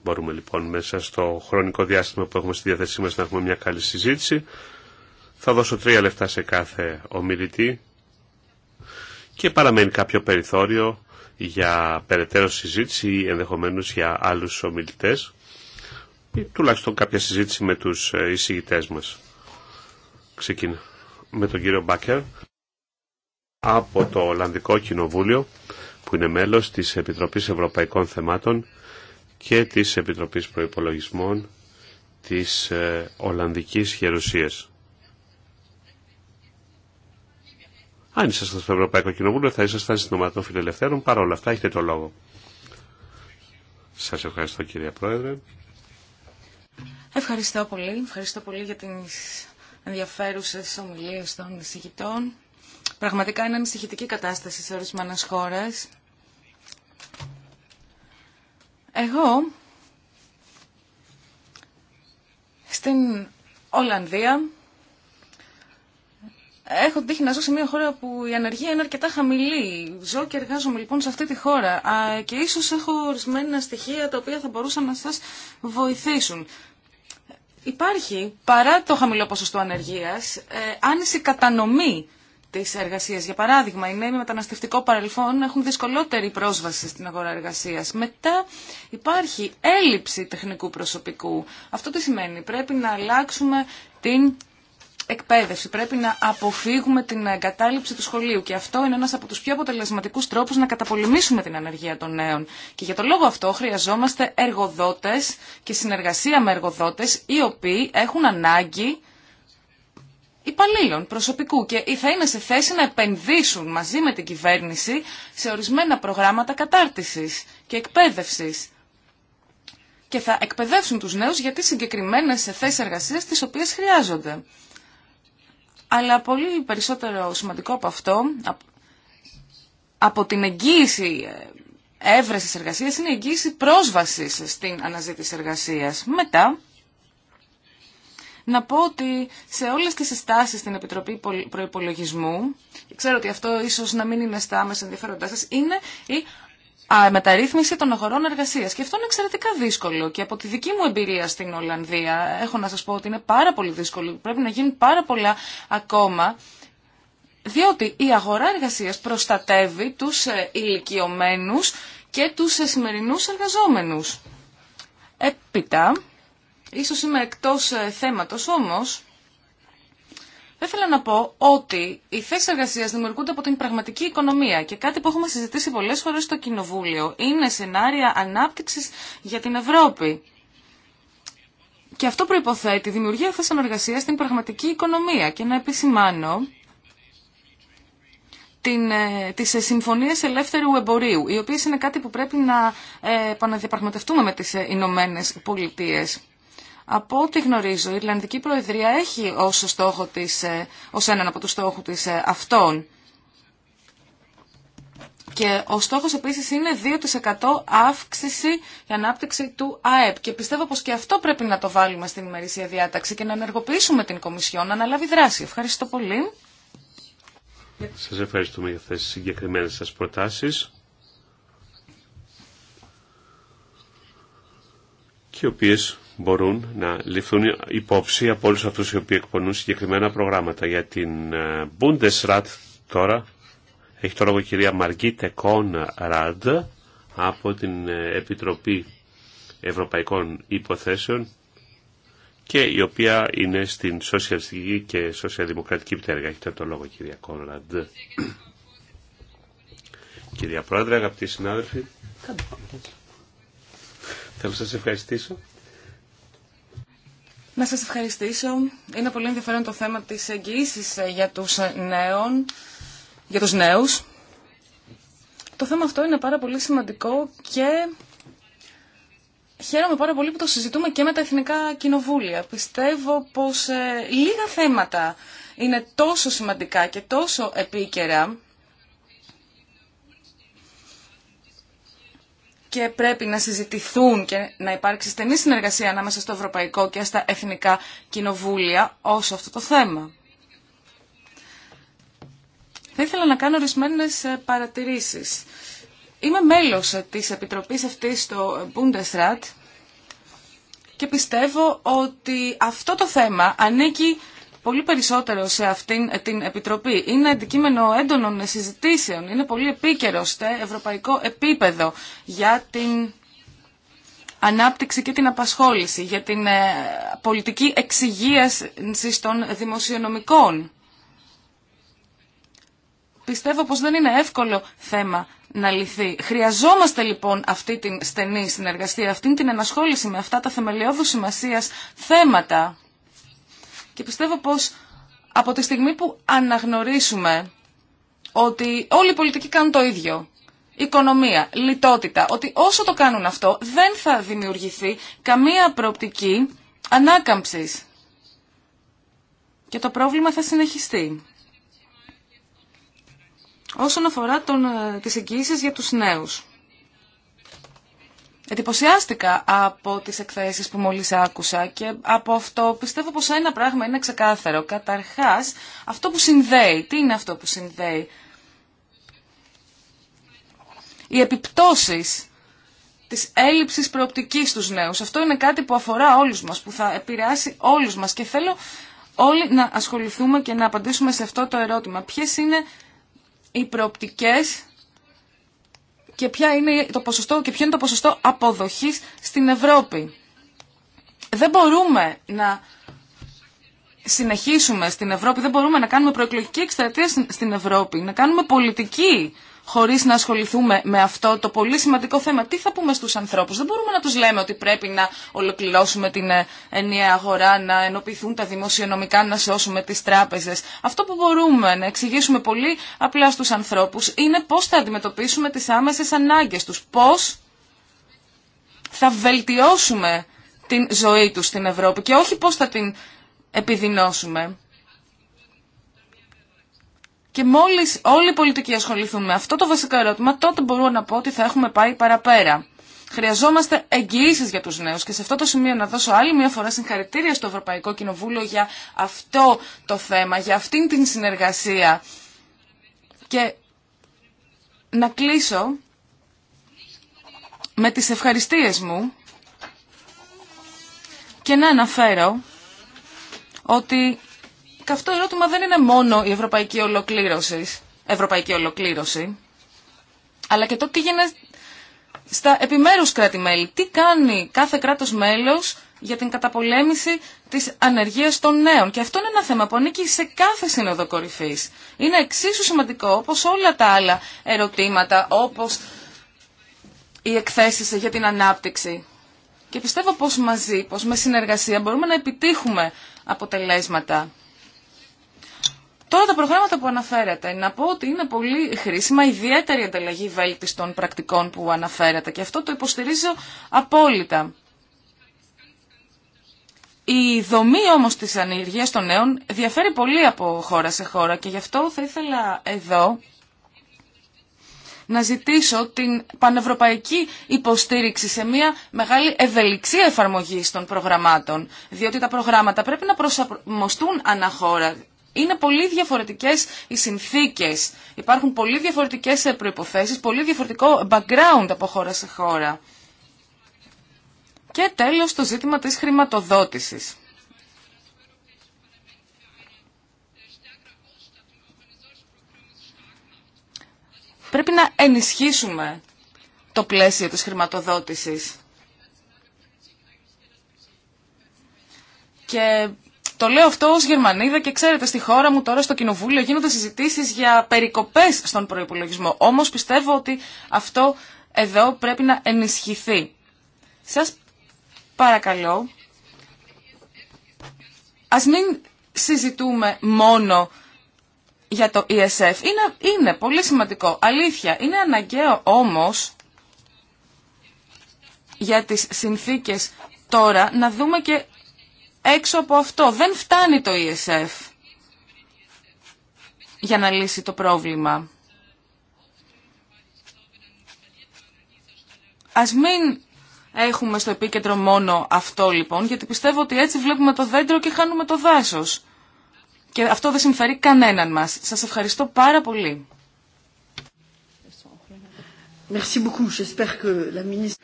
Μπορούμε λοιπόν μέσα στο χρονικό διάστημα που έχουμε στη διάθεσή μας να έχουμε μια καλή συζήτηση. Θα δώσω τρία λεφτά σε κάθε ομιλητή και παραμένει κάποιο περιθώριο για περαιτέρω συζήτηση ή ενδεχομένως για άλλους ομιλητές ή τουλάχιστον κάποια συζήτηση με τους ε, εισηγητές μας. Ξεκινά με τον κύριο Μπάκερ από το Ολλανδικό Κοινοβούλιο που είναι μέλος της Επιτροπής Ευρωπαϊκών Θεμάτων και της Επιτροπής Προϋπολογισμών της ε, Ολλανδικής Γερουσίας. Αν ήσασταν στο Ευρωπαϊκό Κοινοβούλιο θα ήσασταν στην Ομάδα των Φιλελευθέρων, παρόλα αυτά έχετε το λόγο. Σας ευχαριστώ κύριε Πρόεδρε. Ευχαριστώ πολύ. Ευχαριστώ πολύ για τις ενδιαφέρουσες ομιλίες των εισηγητών. Πραγματικά είναι ανησυχητική κατάσταση σε ορισμένε χώρες. Εγώ στην Ολλανδία έχω τύχει να ζω σε μια χώρα που η ανεργία είναι αρκετά χαμηλή. Ζω και εργάζομαι λοιπόν σε αυτή τη χώρα και ίσως έχω ορισμένα στοιχεία τα οποία θα μπορούσαν να σας βοηθήσουν. Υπάρχει, παρά το χαμηλό ποσοστό ανεργίας, ε, άνεση κατανομή τη εργασίας. Για παράδειγμα, οι νέοι με μεταναστευτικό παρελθόν έχουν δυσκολότερη πρόσβαση στην αγορά εργασία. Μετά υπάρχει έλλειψη τεχνικού προσωπικού. Αυτό τι σημαίνει. Πρέπει να αλλάξουμε την εκπαίδευση. Πρέπει να αποφύγουμε την εγκατάλειψη του σχολείου. Και αυτό είναι ένα από του πιο αποτελεσματικού τρόπου να καταπολεμήσουμε την ανεργία των νέων. Και για τον λόγο αυτό χρειαζόμαστε εργοδότε και συνεργασία με εργοδότε οι οποίοι έχουν ανάγκη υπαλλήλων, προσωπικού και θα είναι σε θέση να επενδύσουν μαζί με την κυβέρνηση σε ορισμένα προγράμματα κατάρτισης και εκπαίδευσης. Και θα εκπαιδεύσουν τους νέους για τις συγκεκριμένες θέσεις εργασίας τις οποίες χρειάζονται. Αλλά πολύ περισσότερο σημαντικό από αυτό, από την εγγύηση ε, έβρεσης εργασίας, είναι η εγγύηση πρόσβασης στην αναζήτηση εργασίας. Μετά, να πω ότι σε όλες τις συστάσεις στην Επιτροπή Προϋπολογισμού, ξέρω ότι αυτό ίσως να μην είναι στα άμεσα ενδιαφέροντά σας, είναι η μεταρρύθμιση των αγορών εργασίας. Και αυτό είναι εξαιρετικά δύσκολο και από τη δική μου εμπειρία στην Ολλανδία έχω να σας πω ότι είναι πάρα πολύ δύσκολο, πρέπει να γίνουν πάρα πολλά ακόμα διότι η αγορά εργασίας προστατεύει τους ε, ηλικιωμένους και τους ε, σημερινούς εργαζόμενους. Έπειτα, Ίσως είμαι εκτός ε, θέματος, όμως δεν θέλω να πω ότι οι θέσει εργασία δημιουργούνται από την πραγματική οικονομία και κάτι που έχουμε συζητήσει πολλέ φορέ στο Κοινοβούλιο είναι σενάρια ανάπτυξη για την Ευρώπη. Και αυτό προποθέτει δημιουργία θέσεων εργασία στην πραγματική οικονομία. Και να επισημάνω την, ε, τις ε, συμφωνίες ελεύθερου εμπορίου, οι οποίες είναι κάτι που πρέπει να ε, επαναδιαπραγματευτούμε με τις ε, Ηνωμένε Πολιτείες. Από ό,τι γνωρίζω, η Ιρλανδική Προεδρία έχει ως, στόχο της, ε, ως έναν από τους στόχους της ε, αυτών Και ο στόχος επίσης είναι 2% αύξηση για ανάπτυξη του ΑΕΠ. Και πιστεύω πως και αυτό πρέπει να το βάλουμε στην ημερήσια διάταξη και να ενεργοποιήσουμε την Κομισιόν να αναλάβει δράση. Ευχαριστώ πολύ. Σας ευχαριστούμε για αυτές τις συγκεκριμένες σας προτάσεις. Και οποίες μπορούν να ληφθούν υπόψη από όλους αυτούς οι οποίοι εκπονούν συγκεκριμένα προγράμματα. Για την ε, Bundesrat τώρα έχει το λόγο η κυρία Μαργίτε Κον από την ε, Επιτροπή Ευρωπαϊκών Υποθέσεων και η οποία είναι στην Σοσιαλιστική και Σοσιαλδημοκρατική Πτέρυγα. Έχετε το λόγο κυρία Κόνραντ. κυρία Πρόεδρε, αγαπητοί συνάδελφοι, θέλω να σας ευχαριστήσω να σας ευχαριστήσω. Είναι πολύ ενδιαφέρον το θέμα της εγγύησης ε, για τους, ε, νέων, για τους νέους. Το θέμα αυτό είναι πάρα πολύ σημαντικό και χαίρομαι πάρα πολύ που το συζητούμε και με τα Εθνικά Κοινοβούλια. Πιστεύω πως ε, λίγα θέματα είναι τόσο σημαντικά και τόσο επίκαιρα και πρέπει να συζητηθούν και να υπάρξει στενή συνεργασία ανάμεσα στο Ευρωπαϊκό και στα Εθνικά Κοινοβούλια όσο αυτό το θέμα. Θα ήθελα να κάνω ορισμένε ε, παρατηρήσεις. Είμαι μέλος ε, της Επιτροπής αυτής στο Bundesrat και πιστεύω ότι αυτό το θέμα ανήκει πολύ περισσότερο σε αυτήν ε, την Επιτροπή. Είναι αντικείμενο έντονων συζητήσεων, είναι πολύ επίκαιρο σε ευρωπαϊκό επίπεδο για την ανάπτυξη και την απασχόληση, για την ε, πολιτική εξυγίαση των δημοσιονομικών. Πιστεύω πως δεν είναι εύκολο θέμα να λυθεί. Χρειαζόμαστε λοιπόν αυτή την στενή συνεργασία, αυτή την ενασχόληση με αυτά τα θεμελιώδους σημασίας θέματα. Και πιστεύω πως από τη στιγμή που αναγνωρίσουμε ότι όλοι οι πολιτικοί κάνουν το ίδιο, οικονομία, λιτότητα, ότι όσο το κάνουν αυτό δεν θα δημιουργηθεί καμία προοπτική ανάκαμψης. Και το πρόβλημα θα συνεχιστεί. Όσον αφορά τον, ε, τις εγγύησεις για τους νέους εντυπωσιάστηκα από τις εκθέσεις που μόλις άκουσα και από αυτό πιστεύω πως ένα πράγμα είναι ξεκάθαρο. Καταρχάς, αυτό που συνδέει. Τι είναι αυτό που συνδέει. Οι επιπτώσεις της έλλειψης προοπτικής στους νέους. Αυτό είναι κάτι που αφορά όλους μας, που θα επηρεάσει όλους μας και θέλω όλοι να ασχοληθούμε και να απαντήσουμε σε αυτό το ερώτημα. Ποιες είναι οι προοπτικές και, ποια είναι το ποσοστό, και ποιο είναι το ποσοστό αποδοχής στην Ευρώπη. Δεν μπορούμε να συνεχίσουμε στην Ευρώπη, δεν μπορούμε να κάνουμε προεκλογική εκστρατεία στην Ευρώπη, να κάνουμε πολιτική χωρίς να ασχοληθούμε με αυτό το πολύ σημαντικό θέμα. Τι θα πούμε στους ανθρώπους. Δεν μπορούμε να τους λέμε ότι πρέπει να ολοκληρώσουμε την ε, ενιαία αγορά, να ενοποιηθούν τα δημοσιονομικά, να σώσουμε τις τράπεζες. Αυτό που μπορούμε να εξηγήσουμε πολύ απλά στους ανθρώπους είναι πώς θα αντιμετωπίσουμε τις άμεσες ανάγκες τους. Πώς θα βελτιώσουμε την ζωή τους στην Ευρώπη και όχι πώς θα την επιδεινώσουμε. Και μόλις όλοι οι πολιτικοί ασχοληθούν με αυτό το βασικό ερώτημα, τότε μπορώ να πω ότι θα έχουμε πάει παραπέρα. Χρειαζόμαστε εγγυήσει για του νέου και σε αυτό το σημείο να δώσω άλλη μια φορά συγχαρητήρια στο Ευρωπαϊκό Κοινοβούλιο για αυτό το θέμα, για αυτήν την συνεργασία. Και να κλείσω με τις ευχαριστίες μου και να αναφέρω ότι και αυτό ερώτημα δεν είναι μόνο η ευρωπαϊκή ολοκλήρωση, ευρωπαϊκή ολοκλήρωση αλλά και το τι γίνεται στα επιμέρους κράτη-μέλη. Τι κάνει κάθε κράτος μέλος για την καταπολέμηση της ανεργίας των νέων. Και αυτό είναι ένα θέμα που ανήκει σε κάθε σύνοδο κορυφής. Είναι εξίσου σημαντικό όπως όλα τα άλλα ερωτήματα, όπως οι εκθέσεις για την ανάπτυξη. Και πιστεύω πως μαζί, πως με συνεργασία μπορούμε να επιτύχουμε αποτελέσματα. Τώρα τα προγράμματα που αναφέρετε, να πω ότι είναι πολύ χρήσιμα, ιδιαίτερη ανταλλαγή βέλτιστων πρακτικών που αναφέρατε και αυτό το υποστηρίζω απόλυτα. Η δομή όμως της ανεργίας των νέων διαφέρει πολύ από χώρα σε χώρα και γι' αυτό θα ήθελα εδώ να ζητήσω την πανευρωπαϊκή υποστήριξη σε μια μεγάλη ευελιξία εφαρμογής των προγραμμάτων, διότι τα προγράμματα πρέπει να προσαρμοστούν αναχώρα είναι πολύ διαφορετικές οι συνθήκες. Υπάρχουν πολύ διαφορετικές ε, προποθέσει, πολύ διαφορετικό background από χώρα σε χώρα. Και τέλος το ζήτημα της χρηματοδότησης. Πρέπει να ενισχύσουμε το πλαίσιο της χρηματοδότησης. Και το λέω αυτό ω Γερμανίδα και ξέρετε στη χώρα μου τώρα στο Κοινοβούλιο γίνονται συζητήσεις για περικοπές στον προϋπολογισμό. Όμως πιστεύω ότι αυτό εδώ πρέπει να ενισχυθεί. Σας παρακαλώ, ας μην συζητούμε μόνο για το ESF. Είναι, είναι πολύ σημαντικό, αλήθεια. Είναι αναγκαίο όμως για τις συνθήκες τώρα να δούμε και έξω από αυτό. Δεν φτάνει το ESF για να λύσει το πρόβλημα. Ας μην έχουμε στο επίκεντρο μόνο αυτό λοιπόν, γιατί πιστεύω ότι έτσι βλέπουμε το δέντρο και χάνουμε το δάσος. Και αυτό δεν συμφέρει κανέναν μας. Σας ευχαριστώ πάρα πολύ.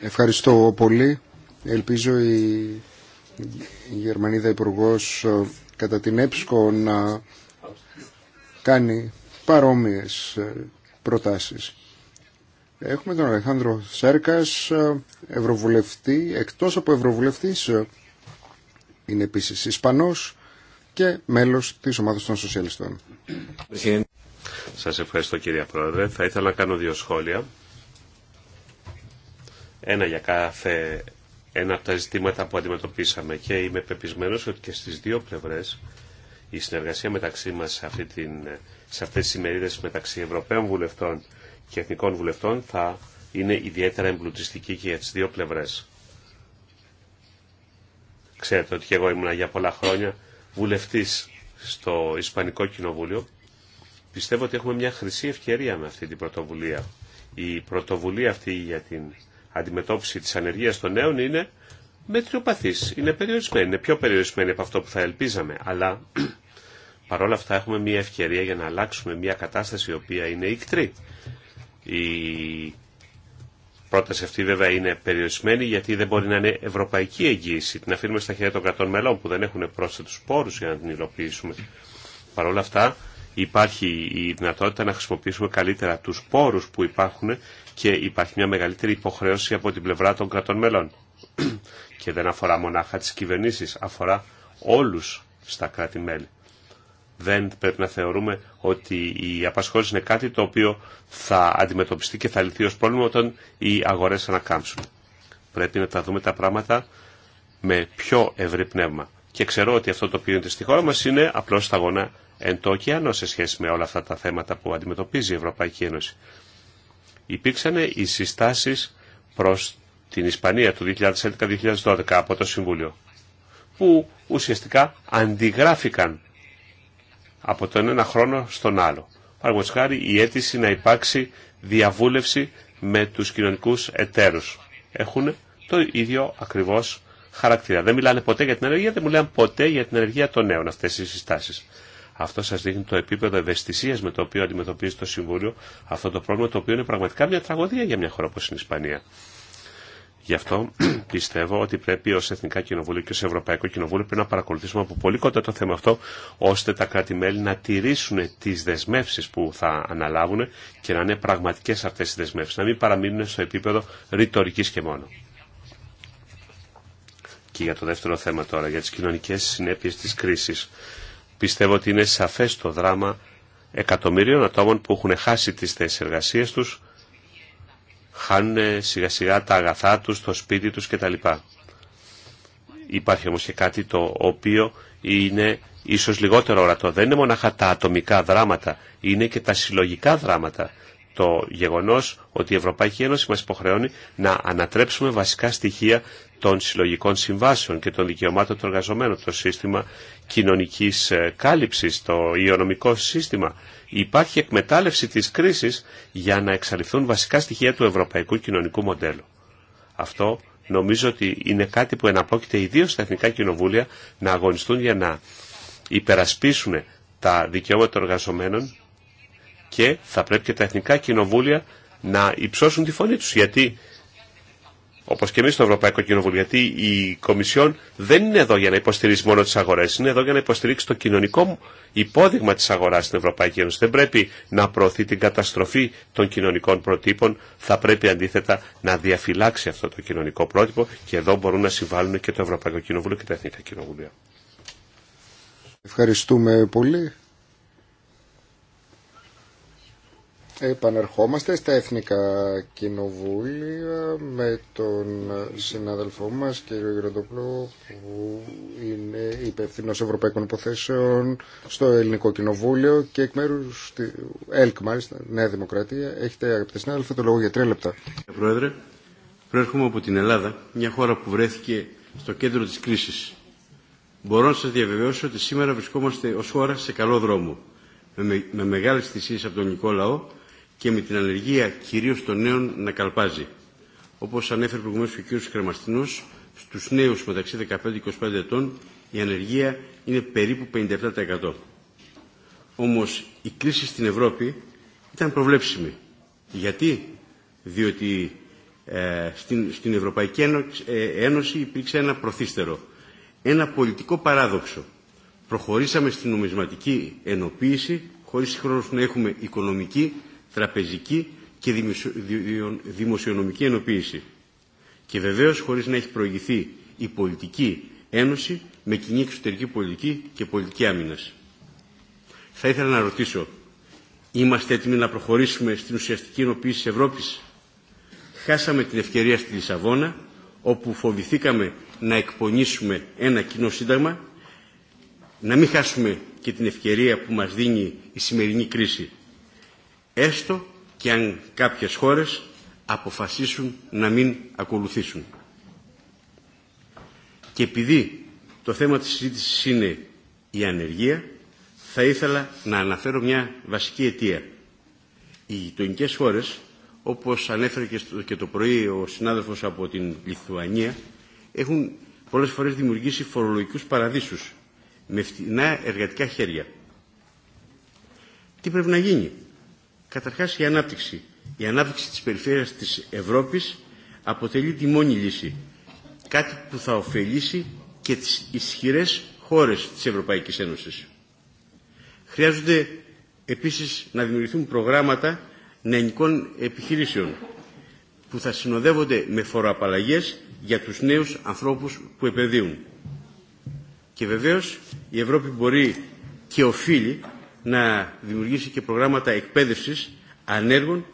Ευχαριστώ πολύ. Ελπίζω η η Γερμανίδα υπουργό ε, κατά την ΕΠΣΚΟ να κάνει παρόμοιες ε, προτάσεις. Έχουμε τον Αλεχάνδρο Σέρκας, ε, ευρωβουλευτή, εκτός από ευρωβουλευτής, είναι επίσης Ισπανός και μέλος της ομάδας των Σοσιαλιστών. Σας ευχαριστώ κύριε Πρόεδρε. Θα ήθελα να κάνω δύο σχόλια. Ένα για κάθε ένα από τα ζητήματα που αντιμετωπίσαμε και είμαι πεπισμένος ότι και στις δύο πλευρές η συνεργασία μεταξύ μας σε, αυτή την, σε αυτές τις ημερίδες μεταξύ Ευρωπαίων βουλευτών και Εθνικών βουλευτών θα είναι ιδιαίτερα εμπλουτιστική και για τις δύο πλευρές. Ξέρετε ότι και εγώ ήμουνα για πολλά χρόνια βουλευτής στο Ισπανικό Κοινοβούλιο. Πιστεύω ότι έχουμε μια χρυσή ευκαιρία με αυτή την πρωτοβουλία. Η πρωτοβουλία αυτή για την αντιμετώπιση της ανεργίας των νέων είναι μετριοπαθής, είναι περιορισμένη, είναι πιο περιορισμένη από αυτό που θα ελπίζαμε. Αλλά παρόλα αυτά έχουμε μια ευκαιρία για να αλλάξουμε μια κατάσταση η οποία είναι ικτρή. Η πρόταση αυτή βέβαια είναι περιορισμένη γιατί δεν μπορεί να είναι ευρωπαϊκή εγγύηση. Την αφήνουμε στα χέρια των κρατών μελών που δεν έχουν πρόσθετους πόρους για να την υλοποιήσουμε. Παρ' όλα αυτά υπάρχει η δυνατότητα να χρησιμοποιήσουμε καλύτερα τους πόρους που υπάρχουν και υπάρχει μια μεγαλύτερη υποχρέωση από την πλευρά των κρατών μελών. και δεν αφορά μονάχα τις κυβερνήσεις, αφορά όλους στα κράτη-μέλη. Δεν πρέπει να θεωρούμε ότι η απασχόληση είναι κάτι το οποίο θα αντιμετωπιστεί και θα λυθεί ως πρόβλημα όταν οι αγορές ανακάμψουν. Πρέπει να τα δούμε τα πράγματα με πιο ευρύ πνεύμα. Και ξέρω ότι αυτό το οποίο είναι στη χώρα μας είναι απλώς σταγόνα εν το ωκεανό σε σχέση με όλα αυτά τα θέματα που αντιμετωπίζει η Ευρωπαϊκή Ένωση υπήρξαν οι συστάσεις προς την Ισπανία του 2011-2012 από το Συμβούλιο, που ουσιαστικά αντιγράφηκαν από τον ένα χρόνο στον άλλο. Παραγωγή χάρη η αίτηση να υπάρξει διαβούλευση με τους κοινωνικούς εταίρους. Έχουν το ίδιο ακριβώς χαρακτήρα. Δεν μιλάνε ποτέ για την ενεργεία, δεν μιλάνε ποτέ για την ενεργεία των νέων αυτές οι συστάσεις. Αυτό σα δείχνει το επίπεδο ευαισθησία με το οποίο αντιμετωπίζει το Συμβούλιο αυτό το πρόβλημα το οποίο είναι πραγματικά μια τραγωδία για μια χώρα όπω είναι η Ισπανία. Γι' αυτό πιστεύω ότι πρέπει ω Εθνικά Κοινοβούλια και ω Ευρωπαϊκό Κοινοβούλιο πρέπει να παρακολουθήσουμε από πολύ κοντά το θέμα αυτό, ώστε τα κράτη-μέλη να τηρήσουν τι δεσμεύσει που θα αναλάβουν και να είναι πραγματικέ αυτέ οι δεσμεύσει, να μην παραμείνουν στο επίπεδο ρητορική και μόνο. Και για το δεύτερο θέμα τώρα, για τι κοινωνικέ συνέπειε τη κρίση. Πιστεύω ότι είναι σαφές το δράμα εκατομμυρίων ατόμων που έχουν χάσει τις θέσεις εργασίες τους, χάνουν σιγά σιγά τα αγαθά τους, το σπίτι τους κτλ. Υπάρχει όμως και κάτι το οποίο είναι ίσως λιγότερο ορατό. Δεν είναι μονάχα τα ατομικά δράματα, είναι και τα συλλογικά δράματα. Το γεγονός ότι η Ευρωπαϊκή Ένωση μας υποχρεώνει να ανατρέψουμε βασικά στοιχεία των συλλογικών συμβάσεων και των δικαιωμάτων των εργαζομένων, το σύστημα κοινωνικής ε, κάλυψης, το υγειονομικό σύστημα. Υπάρχει εκμετάλλευση της κρίσης για να εξαλειφθούν βασικά στοιχεία του ευρωπαϊκού κοινωνικού μοντέλου. Αυτό νομίζω ότι είναι κάτι που εναπόκειται ιδίως στα εθνικά κοινοβούλια να αγωνιστούν για να υπερασπίσουν τα δικαιώματα των εργαζομένων και θα πρέπει και τα εθνικά κοινοβούλια να υψώσουν τη φωνή τους γιατί όπως και εμείς στο Ευρωπαϊκό Κοινοβούλιο, γιατί η Κομισιόν δεν είναι εδώ για να υποστηρίξει μόνο τις αγορές, είναι εδώ για να υποστηρίξει το κοινωνικό υπόδειγμα της αγοράς στην Ευρωπαϊκή Ένωση. Δεν πρέπει να προωθεί την καταστροφή των κοινωνικών προτύπων, θα πρέπει αντίθετα να διαφυλάξει αυτό το κοινωνικό πρότυπο και εδώ μπορούν να συμβάλλουν και το Ευρωπαϊκό Κοινοβούλιο και τα Εθνικά Κοινοβούλια. Ευχαριστούμε πολύ. Επανερχόμαστε στα Εθνικά Κοινοβούλια με τον συνάδελφό μας κύριο Γεροντοπλό που είναι υπεύθυνο Ευρωπαϊκών Υποθέσεων στο Ελληνικό Κοινοβούλιο και εκ μέρου του ΕΛΚ μάλιστα, Νέα Δημοκρατία. Έχετε αγαπητέ συνάδελφε το λόγο για τρία λεπτά. Κύριε Πρόεδρε, προέρχομαι από την Ελλάδα, μια χώρα που βρέθηκε στο κέντρο της κρίσης. Μπορώ να σας διαβεβαιώσω ότι σήμερα βρισκόμαστε ως χώρα σε καλό δρόμο με μεγάλες θυσίες από τον ελληνικό λαό και με την ανεργία κυρίως των νέων να καλπάζει. Όπως ανέφερε προηγουμένως και ο κ. Κρεμαστινός, στους νέους μεταξύ 15-25 ετών η ανεργία είναι περίπου 57%. Όμως η κρίση στην Ευρώπη ήταν προβλέψιμη. Γιατί? Διότι ε, στην, στην Ευρωπαϊκή ε, Ένωση υπήρξε ένα προθύστερο, ένα πολιτικό παράδοξο. Προχωρήσαμε στην νομισματική ενοποίηση χωρίς χρόνος να έχουμε οικονομική τραπεζική και δημοσιονομική ενοποίηση. Και βεβαίως χωρίς να έχει προηγηθεί η πολιτική ένωση με κοινή εξωτερική πολιτική και πολιτική άμυνας. Θα ήθελα να ρωτήσω, είμαστε έτοιμοι να προχωρήσουμε στην ουσιαστική ενοποίηση της Ευρώπης. Χάσαμε την ευκαιρία στη Λισαβόνα, όπου φοβηθήκαμε να εκπονήσουμε ένα κοινό σύνταγμα, να μην χάσουμε και την ευκαιρία που μας δίνει η σημερινή κρίση έστω και αν κάποιες χώρες αποφασίσουν να μην ακολουθήσουν. Και επειδή το θέμα της συζήτησης είναι η ανεργία, θα ήθελα να αναφέρω μια βασική αιτία. Οι γειτονικέ χώρες, όπως ανέφερε και το πρωί ο συνάδελφος από την Λιθουανία, έχουν πολλές φορές δημιουργήσει φορολογικούς παραδείσους με φτηνά εργατικά χέρια. Τι πρέπει να γίνει. Καταρχάς η ανάπτυξη. Η ανάπτυξη της περιφέρειας της Ευρώπης αποτελεί τη μόνη λύση. Κάτι που θα ωφελήσει και τις ισχυρές χώρες της Ευρωπαϊκής Ένωσης. Χρειάζονται επίσης να δημιουργηθούν προγράμματα νεανικών επιχειρήσεων που θα συνοδεύονται με φοροαπαλλαγές για τους νέους ανθρώπους που επενδύουν. Και βεβαίως η Ευρώπη μπορεί και οφείλει να δημιουργήσει και προγράμματα εκπαίδευσης ανέργων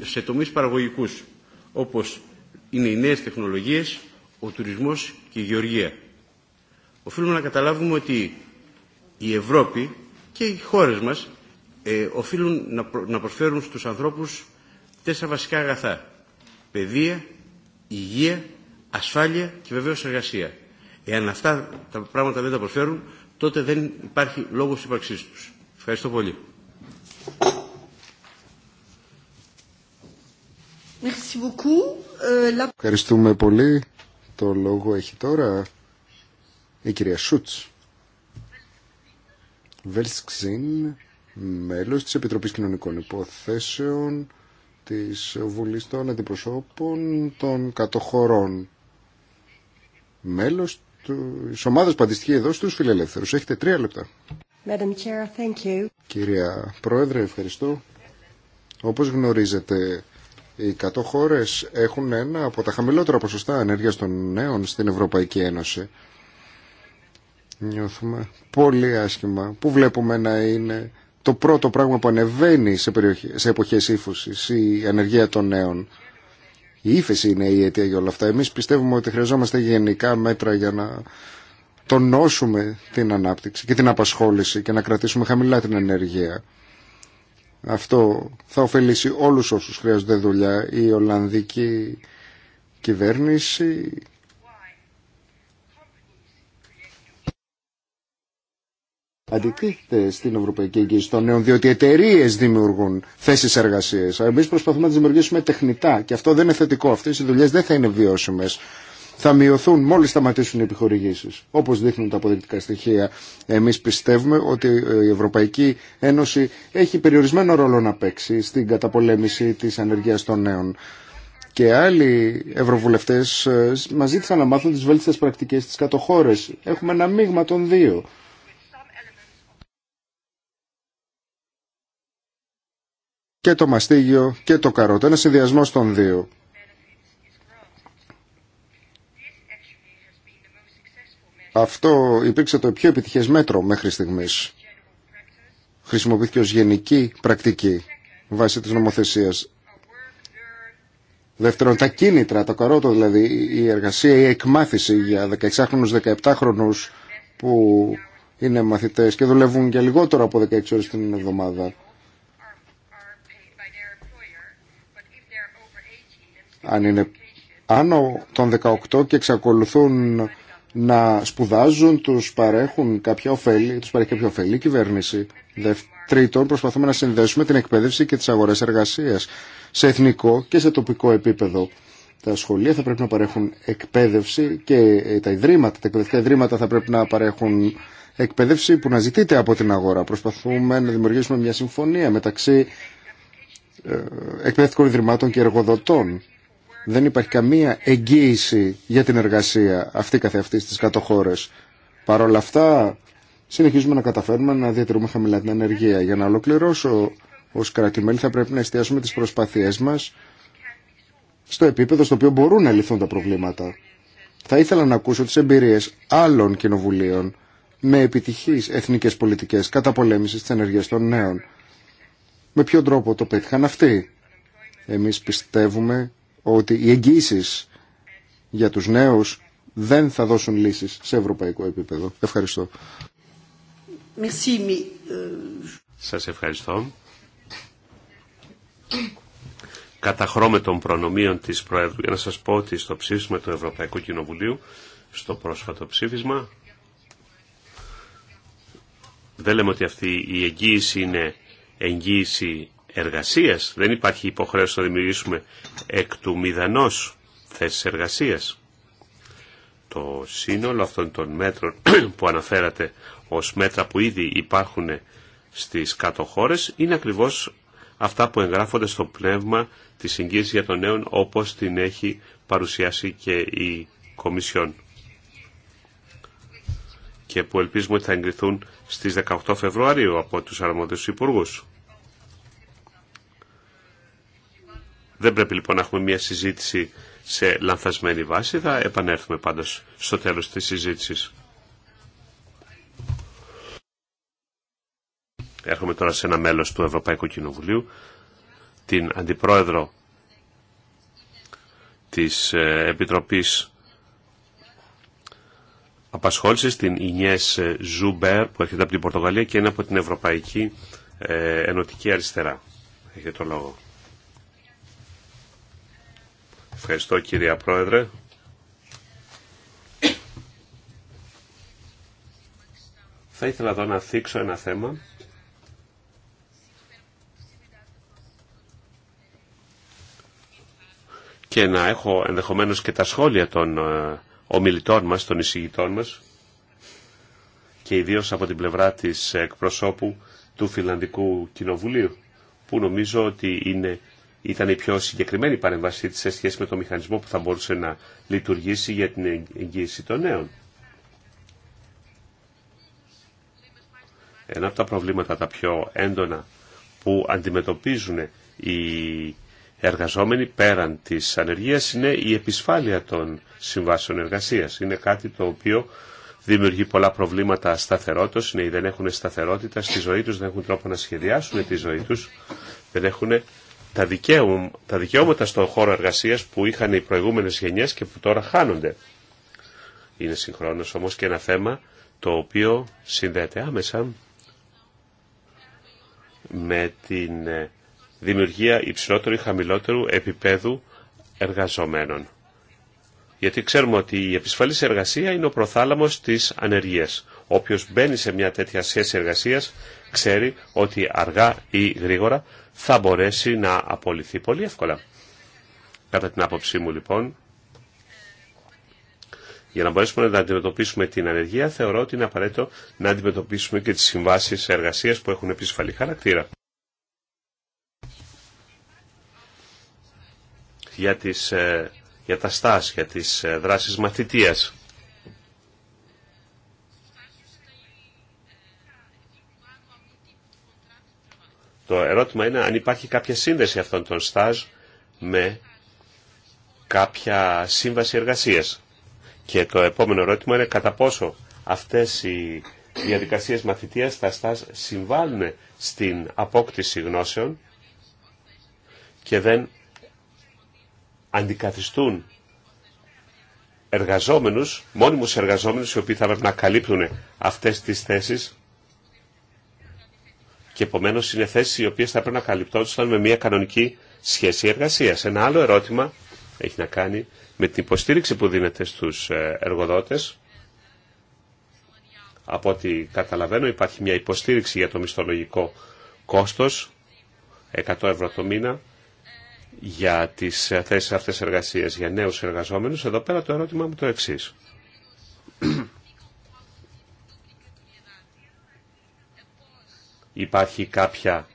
σε τομείς παραγωγικούς, όπως είναι οι νέες τεχνολογίες, ο τουρισμός και η γεωργία. Οφείλουμε να καταλάβουμε ότι η Ευρώπη και οι χώρες μας ε, οφείλουν να προσφέρουν στους ανθρώπους τέσσερα βασικά αγαθά. Παιδεία, υγεία, ασφάλεια και βεβαίως εργασία. Εάν αυτά τα πράγματα δεν τα προσφέρουν, τότε δεν υπάρχει λόγος ύπαρξής τους. Ευχαριστώ πολύ. Euh, Ευχαριστούμε πολύ. Το λόγο έχει τώρα η κυρία Σούτς. Βελσκζίν, μέλος της Επιτροπής Κοινωνικών Υποθέσεων της Βουλή των Αντιπροσώπων των Κατοχωρών. Μέλος της ομάδας που εδώ στους φιλελεύθερους. Έχετε τρία λεπτά. Κύριε Κυρία Πρόεδρε, ευχαριστώ. Όπως γνωρίζετε, οι 100 χώρες έχουν ένα από τα χαμηλότερα ποσοστά ενέργειας των νέων στην Ευρωπαϊκή Ένωση. Νιώθουμε πολύ άσχημα που βλέπουμε να είναι το πρώτο πράγμα που ανεβαίνει σε, περιοχή, σε εποχές η ανεργία των νέων. Η ύφεση είναι η αιτία για όλα αυτά. Εμείς πιστεύουμε ότι χρειαζόμαστε γενικά μέτρα για να τονώσουμε την ανάπτυξη και την απασχόληση και να κρατήσουμε χαμηλά την ενεργεία. Αυτό θα ωφελήσει όλους όσους χρειάζονται δουλειά. Η Ολλανδική κυβέρνηση αντιτίθεται στην Ευρωπαϊκή Εγγύηση των Νέων, διότι εταιρείε δημιουργούν θέσει εργασία. Εμεί προσπαθούμε να τι δημιουργήσουμε τεχνητά και αυτό δεν είναι θετικό. Αυτέ οι δουλειέ δεν θα είναι βιώσιμε θα μειωθούν μόλις σταματήσουν οι επιχορηγήσεις. Όπως δείχνουν τα αποδεικτικά στοιχεία, εμείς πιστεύουμε ότι ε, η Ευρωπαϊκή Ένωση έχει περιορισμένο ρόλο να παίξει στην καταπολέμηση της ανεργίας των νέων. Και άλλοι ευρωβουλευτές ε, μας ζήτησαν να μάθουν τις βέλτιστες πρακτικές στις κατοχώρες. Έχουμε ένα μείγμα των δύο. και το μαστίγιο και το καρότο. Ένα συνδυασμό των δύο. Αυτό υπήρξε το πιο επιτυχές μέτρο μέχρι στιγμής. Χρησιμοποιήθηκε ως γενική πρακτική βάσει της νομοθεσίας. Δεύτερον, τα κίνητρα, το καρότο δηλαδή, η εργασία, η εκμάθηση για 16χρονους, 17χρονους που είναι μαθητές και δουλεύουν για λιγότερο από 16 ώρες την εβδομάδα. Αν είναι άνω των 18 και εξακολουθούν να σπουδάζουν, τους παρέχουν κάποια ωφέλη, του παρέχει κάποια ωφέλη η κυβέρνηση. Τρίτον, προσπαθούμε να συνδέσουμε την εκπαίδευση και τις αγορές εργασία σε εθνικό και σε τοπικό επίπεδο. Τα σχολεία θα πρέπει να παρέχουν εκπαίδευση και ε, τα ιδρύματα, τα εκπαιδευτικά ιδρύματα θα πρέπει να παρέχουν εκπαίδευση που να ζητείται από την αγορά. Προσπαθούμε να δημιουργήσουμε μια συμφωνία μεταξύ ε, εκπαιδευτικών ιδρυμάτων και εργοδοτών δεν υπάρχει καμία εγγύηση για την εργασία αυτή αυτή στις κάτω Παρ' όλα αυτά συνεχίζουμε να καταφέρουμε να διατηρούμε χαμηλά την ανεργία. Για να ολοκληρώσω ως κρατημέλη θα πρέπει να εστιάσουμε τις προσπάθειές μας στο επίπεδο στο οποίο μπορούν να λυθούν τα προβλήματα. Θα ήθελα να ακούσω τις εμπειρίες άλλων κοινοβουλίων με επιτυχείς εθνικές πολιτικές καταπολέμησης της ενεργείας των νέων. Με ποιο τρόπο το πέτυχαν αυτοί. Εμείς πιστεύουμε ότι οι εγγύσει για τους νέους δεν θα δώσουν λύσεις σε ευρωπαϊκό επίπεδο. Ευχαριστώ. Ε, σας ευχαριστώ. με των προνομίων της Προέδρου για να σας πω ότι στο ψήφισμα του Ευρωπαϊκού Κοινοβουλίου, στο πρόσφατο ψήφισμα, δεν λέμε ότι αυτή η εγγύηση είναι εγγύηση εργασίας. Δεν υπάρχει υποχρέωση να δημιουργήσουμε εκ του μηδανός θέσεις εργασίας. Το σύνολο αυτών των μέτρων που αναφέρατε ως μέτρα που ήδη υπάρχουν στις κάτω χώρες είναι ακριβώς αυτά που εγγράφονται στο πνεύμα της εγγύησης για τον νέον όπως την έχει παρουσιάσει και η Κομισιόν και που ελπίζουμε ότι θα εγκριθούν στις 18 Φεβρουαρίου από τους αρμόδιους υπουργούς. Δεν πρέπει λοιπόν να έχουμε μια συζήτηση σε λανθασμένη βάση. Θα επανέλθουμε πάντως στο τέλος της συζήτησης. Έρχομαι τώρα σε ένα μέλος του Ευρωπαϊκού Κοινοβουλίου, την Αντιπρόεδρο της ε, Επιτροπής Απασχόλησης, την Ινιές Ζουμπέρ, που έρχεται από την Πορτογαλία και είναι από την Ευρωπαϊκή ε, Ενωτική Αριστερά. Έχετε το λόγο. Ευχαριστώ κυρία Πρόεδρε. Θα ήθελα εδώ να θίξω ένα θέμα. και να έχω ενδεχομένως και τα σχόλια των ε, ομιλητών μας, των εισηγητών μας και ιδίως από την πλευρά της εκπροσώπου του Φιλανδικού Κοινοβουλίου που νομίζω ότι είναι ήταν η πιο συγκεκριμένη παρέμβασή της σε σχέση με το μηχανισμό που θα μπορούσε να λειτουργήσει για την εγγύηση των νέων. Ένα από τα προβλήματα τα πιο έντονα που αντιμετωπίζουν οι εργαζόμενοι πέραν της ανεργίας είναι η επισφάλεια των συμβάσεων εργασίας. Είναι κάτι το οποίο δημιουργεί πολλά προβλήματα σταθερότητας, είναι, δεν έχουν σταθερότητα στη ζωή τους, δεν έχουν τρόπο να σχεδιάσουν τη ζωή τους, δεν έχουν τα, τα δικαιώματα στον χώρο εργασίας που είχαν οι προηγούμενες γενιές και που τώρα χάνονται. Είναι συγχρόνως όμως και ένα θέμα το οποίο συνδέεται άμεσα με την ε, δημιουργία υψηλότερου ή χαμηλότερου επίπεδου εργαζομένων. Γιατί ξέρουμε ότι η επισφαλής εργασία είναι ο προθάλαμος της ανεργίας. Όποιος μπαίνει σε μια τέτοια σχέση εργασίας ξέρει ότι αργά ή γρήγορα θα μπορέσει να απολυθεί πολύ εύκολα. Κατά την άποψή μου λοιπόν, για να μπορέσουμε να αντιμετωπίσουμε την ανεργία, θεωρώ ότι είναι απαραίτητο να αντιμετωπίσουμε και τις συμβάσεις εργασίας που έχουν επισφαλή χαρακτήρα. Για, τις, ε, για τα στάσια για τις ε, δράσεις μαθητείας. Το ερώτημα είναι αν υπάρχει κάποια σύνδεση αυτών των στάζ με κάποια σύμβαση εργασίας. Και το επόμενο ερώτημα είναι κατά πόσο αυτές οι διαδικασίες μαθητείας, τα στάζ συμβάλλουν στην απόκτηση γνώσεων και δεν αντικαθιστούν εργαζόμενους, μόνιμους εργαζόμενους οι οποίοι θα πρέπει να καλύπτουν αυτές τις θέσεις και επομένω είναι θέσει οι οποίε θα πρέπει να καλυπτόντουσαν με μια κανονική σχέση εργασία. Ένα άλλο ερώτημα έχει να κάνει με την υποστήριξη που δίνεται στου ε, εργοδότε. Από ό,τι καταλαβαίνω υπάρχει μια υποστήριξη για το μισθολογικό κόστος 100 ευρώ το μήνα για τις ε, θέσει αυτές εργασία για νέους εργαζόμενου. Εδώ πέρα το ερώτημα μου το εξή. Υπάρχει κάποια,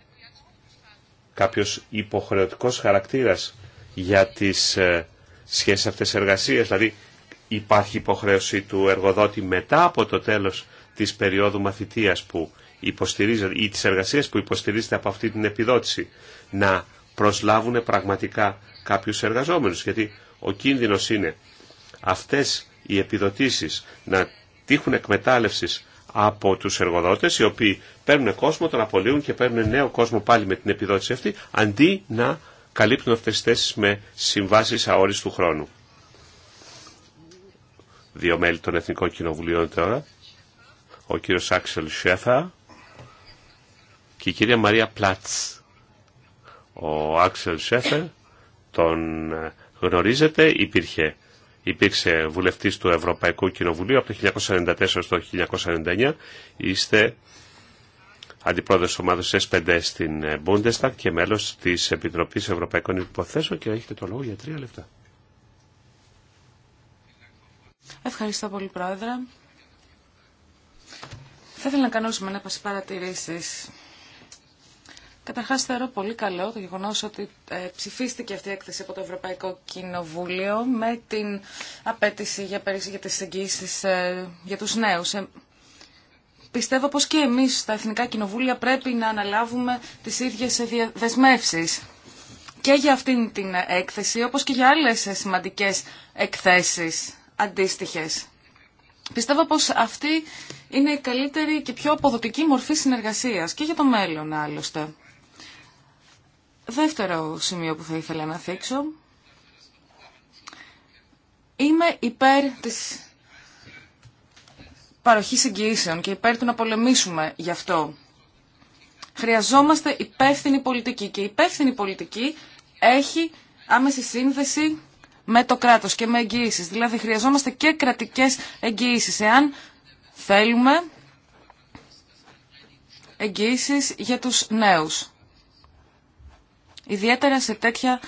κάποιος υποχρεωτικός χαρακτήρας για τις ε, σχέσεις αυτές εργασίες, δηλαδή υπάρχει υποχρέωση του εργοδότη μετά από το τέλος της περίοδου μαθητείας που υποστηρίζεται ή της εργασίας που υποστηρίζεται από αυτή την επιδότηση να προσλάβουν πραγματικά κάποιους εργαζόμενους γιατί ο κίνδυνος είναι αυτές οι επιδοτήσεις να τύχουν εκμετάλλευσης από τους εργοδότες οι οποίοι παίρνουν κόσμο, τον απολύουν και παίρνουν νέο κόσμο πάλι με την επιδότηση αυτή αντί να καλύπτουν αυτές τις θέσεις με συμβάσεις αόριστου χρόνου. Δύο μέλη των Εθνικών Κοινοβουλίων τώρα, ο κύριος Άξελ Σέφα και η κυρία Μαρία Πλάτς. Ο Άξελ Σέφερ τον γνωρίζετε, υπήρχε υπήρξε βουλευτής του Ευρωπαϊκού Κοινοβουλίου από το 1994 στο 1999. Είστε αντιπρόεδρος ομάδος S5 στην ε, Bundestag και μέλος της Επιτροπής Ευρωπαϊκών Υποθέσεων και έχετε το λόγο για τρία λεπτά. Ευχαριστώ πολύ, Πρόεδρε. Θα ήθελα να κάνω ορισμένε παρατηρήσει Καταρχά, θεωρώ πολύ καλό το γεγονό ότι ε, ψηφίστηκε αυτή η έκθεση από το Ευρωπαϊκό Κοινοβούλιο με την απέτηση για, για τι εγγύσει ε, για του νέου. Ε, πιστεύω πω και εμεί στα Εθνικά Κοινοβούλια πρέπει να αναλάβουμε τι ίδιε δεσμεύσει. Και για αυτήν την έκθεση, όπως και για άλλες σημαντικέ εκθέσει αντίστοιχε. Πιστεύω πως αυτή είναι η καλύτερη και πιο αποδοτική μορφή συνεργασίας και για το μέλλον άλλωστε. Δεύτερο σημείο που θα ήθελα να θίξω. Είμαι υπέρ της παροχής εγγυήσεων και υπέρ του να πολεμήσουμε γι' αυτό. Χρειαζόμαστε υπεύθυνη πολιτική και η υπεύθυνη πολιτική έχει άμεση σύνδεση με το κράτος και με εγγυήσεις. Δηλαδή χρειαζόμαστε και κρατικές εγγυήσεις εάν θέλουμε εγγυήσεις για τους νέους. Ιδιαίτερα σε τέτοια,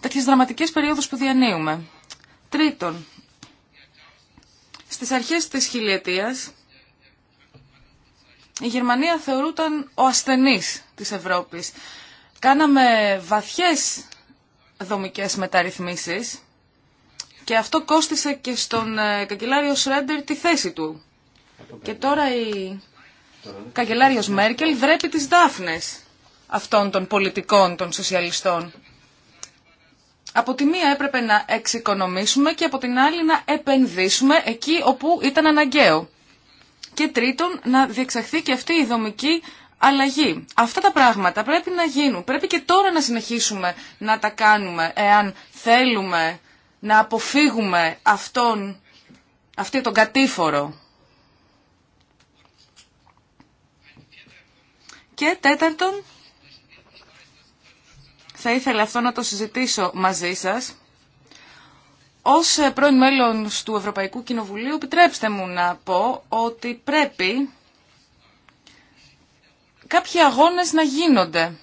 τέτοιες δραματικές περίοδους που διανύουμε. Τρίτον, στις αρχές της χιλιετίας η Γερμανία θεωρούταν ο ασθενής της Ευρώπης. Κάναμε βαθιές δομικές μεταρρυθμίσεις και αυτό κόστισε και στον ε, καγκελάριο Σρέντερ τη θέση του. Και τώρα η καγκελάριος ναι. Μέρκελ βρέπει τις Δάφνες αυτών των πολιτικών των σοσιαλιστών. Από τη μία έπρεπε να εξοικονομήσουμε και από την άλλη να επενδύσουμε εκεί όπου ήταν αναγκαίο. Και τρίτον, να διεξαχθεί και αυτή η δομική αλλαγή. Αυτά τα πράγματα πρέπει να γίνουν. Πρέπει και τώρα να συνεχίσουμε να τα κάνουμε, εάν θέλουμε να αποφύγουμε αυτόν, αυτή τον κατήφορο. Και τέταρτον, θα ήθελα αυτό να το συζητήσω μαζί σας. Ως πρώην μέλλον του Ευρωπαϊκού Κοινοβουλίου, επιτρέψτε μου να πω ότι πρέπει κάποιοι αγώνες να γίνονται,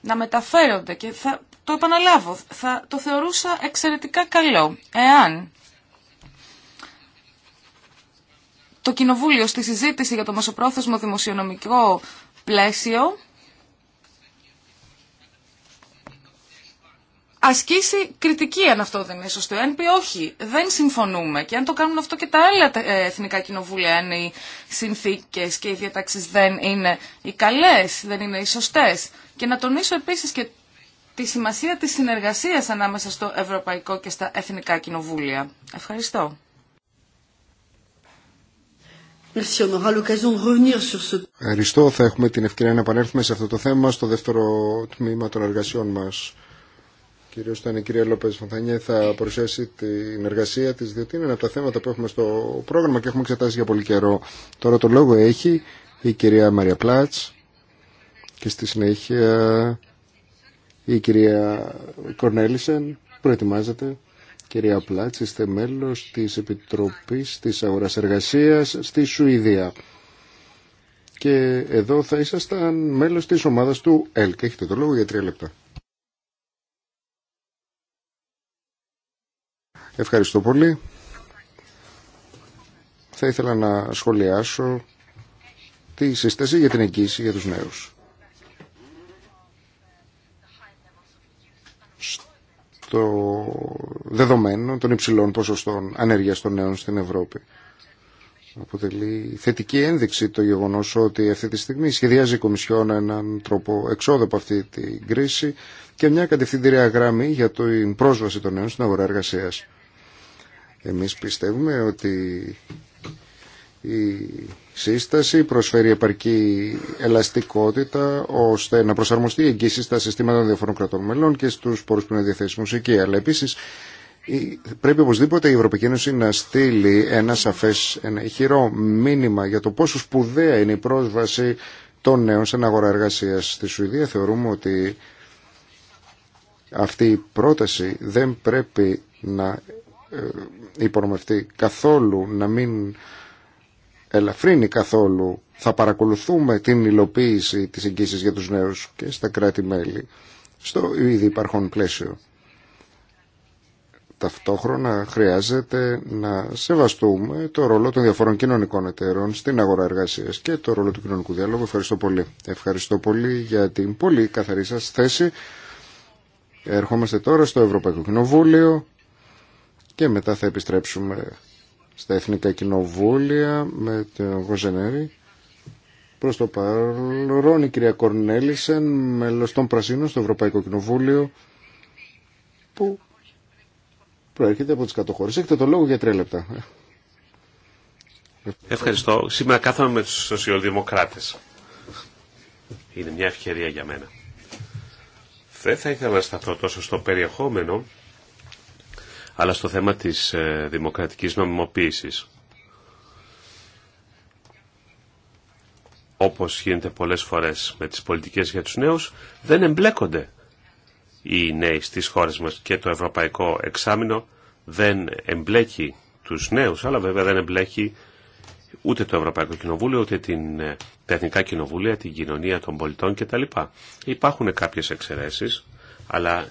να μεταφέρονται και θα το επαναλάβω, θα το θεωρούσα εξαιρετικά καλό, εάν το Κοινοβούλιο στη συζήτηση για το μεσοπρόθεσμο δημοσιονομικό πλαίσιο ασκήσει κριτική αν αυτό δεν είναι σωστό. Αν πει όχι, δεν συμφωνούμε και αν το κάνουν αυτό και τα άλλα ε, εθνικά κοινοβούλια, αν οι συνθήκε και οι διατάξει δεν είναι οι καλές, δεν είναι οι σωστέ, Και να τονίσω επίσης και τη σημασία της συνεργασίας ανάμεσα στο Ευρωπαϊκό και στα Εθνικά Κοινοβούλια. Ευχαριστώ. Ευχαριστώ. Θα έχουμε την ευκαιρία να επανέλθουμε σε αυτό το θέμα στο δεύτερο τμήμα των εργασιών μας κυρίως όταν η κυρία Λόπε Φανθανιέ θα παρουσιάσει την εργασία της, διότι είναι ένα από τα θέματα που έχουμε στο πρόγραμμα και έχουμε εξετάσει για πολύ καιρό. Τώρα το λόγο έχει η κυρία Μαρία Πλάτς και στη συνέχεια η κυρία Κορνέλισεν προετοιμάζεται. Κυρία Πλάτς, είστε μέλο τη Επιτροπής τη Αγορά Εργασία στη Σουηδία. Και εδώ θα ήσασταν μέλος της ομάδας του ΕΛΚ. Έχετε το λόγο για τρία λεπτά. Ευχαριστώ πολύ. Θα ήθελα να σχολιάσω τη σύσταση για την εγγύηση για τους νέους. Στο δεδομένο των υψηλών ποσοστών ανέργειας των νέων στην Ευρώπη. Αποτελεί θετική ένδειξη το γεγονός ότι αυτή τη στιγμή σχεδιάζει η Κομισιόν έναν τρόπο εξόδου από αυτή την κρίση και μια κατευθυντήρια γραμμή για την πρόσβαση των νέων στην αγορά εργασίας. Εμείς πιστεύουμε ότι η σύσταση προσφέρει επαρκή ελαστικότητα ώστε να προσαρμοστεί εγγύηση στα συστήματα των διαφορών κρατών μελών και στους πόρους που είναι διαθέσιμους εκεί. Αλλά επίσης πρέπει οπωσδήποτε η Ευρωπαϊκή Ένωση να στείλει ένα σαφές, ένα ηχηρό μήνυμα για το πόσο σπουδαία είναι η πρόσβαση των νέων στην αγορά εργασίας. Στη Σουηδία θεωρούμε ότι αυτή η πρόταση δεν πρέπει να ε, υπονομευτεί καθόλου, να μην ελαφρύνει καθόλου. Θα παρακολουθούμε την υλοποίηση της εγγύησης για τους νέους και στα κράτη-μέλη στο ήδη υπαρχόν πλαίσιο. Ταυτόχρονα χρειάζεται να σεβαστούμε το ρόλο των διαφορών κοινωνικών εταιρών στην αγορά εργασίας και το ρόλο του κοινωνικού διάλογου. Ευχαριστώ πολύ. Ευχαριστώ πολύ για την πολύ καθαρή σας θέση. Ερχόμαστε τώρα στο Ευρωπαϊκό Κοινοβούλιο και μετά θα επιστρέψουμε στα Εθνικά Κοινοβούλια με τον Γοζενέρη. Προς το παρόν η κυρία Κορνέλισεν, μέλος των Πρασίνων στο Ευρωπαϊκό Κοινοβούλιο, που προέρχεται από τις κατοχώρες. Έχετε το λόγο για τρία λεπτά. Ευχαριστώ. Σήμερα κάθομαι με τους σοσιαλδημοκράτες. Είναι μια ευκαιρία για μένα. Δεν θα ήθελα να σταθώ τόσο στο περιεχόμενο αλλά στο θέμα της ε, δημοκρατικής νομιμοποίησης. Όπως γίνεται πολλές φορές με τις πολιτικές για τους νέους, δεν εμπλέκονται οι νέοι στις χώρες μας και το ευρωπαϊκό εξάμεινο δεν εμπλέκει τους νέους, αλλά βέβαια δεν εμπλέκει ούτε το Ευρωπαϊκό Κοινοβούλιο, ούτε την, ε, Τεχνικά Κοινοβούλια, την κοινωνία των πολιτών κτλ. Υπάρχουν κάποιες εξαιρέσεις, αλλά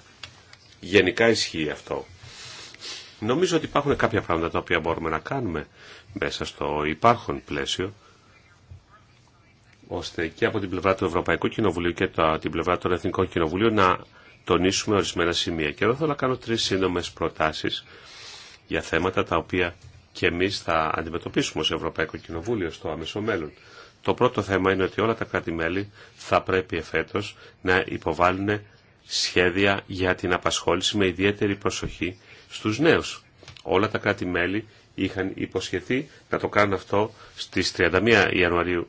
γενικά ισχύει αυτό. Νομίζω ότι υπάρχουν κάποια πράγματα τα οποία μπορούμε να κάνουμε μέσα στο υπάρχον πλαίσιο, ώστε και από την πλευρά του Ευρωπαϊκού Κοινοβουλίου και την πλευρά του Εθνικών Κοινοβουλίων να τονίσουμε ορισμένα σημεία. Και εδώ θέλω να κάνω τρεις σύντομε προτάσεις για θέματα τα οποία και εμείς θα αντιμετωπίσουμε ως Ευρωπαϊκό Κοινοβούλιο στο άμεσο μέλλον. Το πρώτο θέμα είναι ότι όλα τα κράτη-μέλη θα πρέπει εφέτος να υποβάλουν σχέδια για την απασχόληση με ιδιαίτερη προσοχή στους νέους. Όλα τα κράτη-μέλη είχαν υποσχεθεί να το κάνουν αυτό στις 31 Ιανουαρίου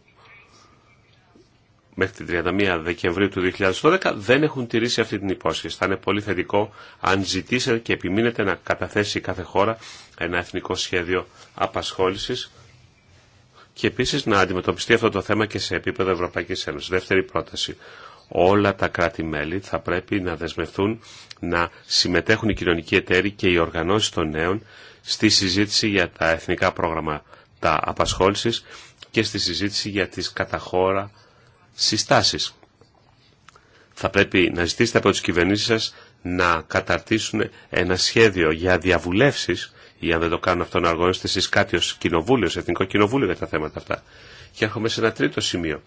μέχρι την 31 Δεκεμβρίου του 2012 δεν έχουν τηρήσει αυτή την υπόσχεση. Θα είναι πολύ θετικό αν ζητήσετε και επιμείνετε να καταθέσει κάθε χώρα ένα εθνικό σχέδιο απασχόλησης και επίσης να αντιμετωπιστεί αυτό το θέμα και σε επίπεδο Ευρωπαϊκής Ένωσης. Δεύτερη πρόταση όλα τα κράτη-μέλη θα πρέπει να δεσμευτούν να συμμετέχουν οι κοινωνικοί εταίροι και οι οργανώσεις των νέων στη συζήτηση για τα εθνικά πρόγραμμα τα απασχόλησης και στη συζήτηση για τις καταχώρα συστάσεις. Θα πρέπει να ζητήσετε από τις κυβερνήσεις σας να καταρτήσουν ένα σχέδιο για διαβουλεύσεις ή αν δεν το κάνουν αυτό να αργώνεστε εσείς κάτι κοινοβούλιο, εθνικό κοινοβούλιο για τα θέματα αυτά. Και έρχομαι σε ένα τρίτο σημείο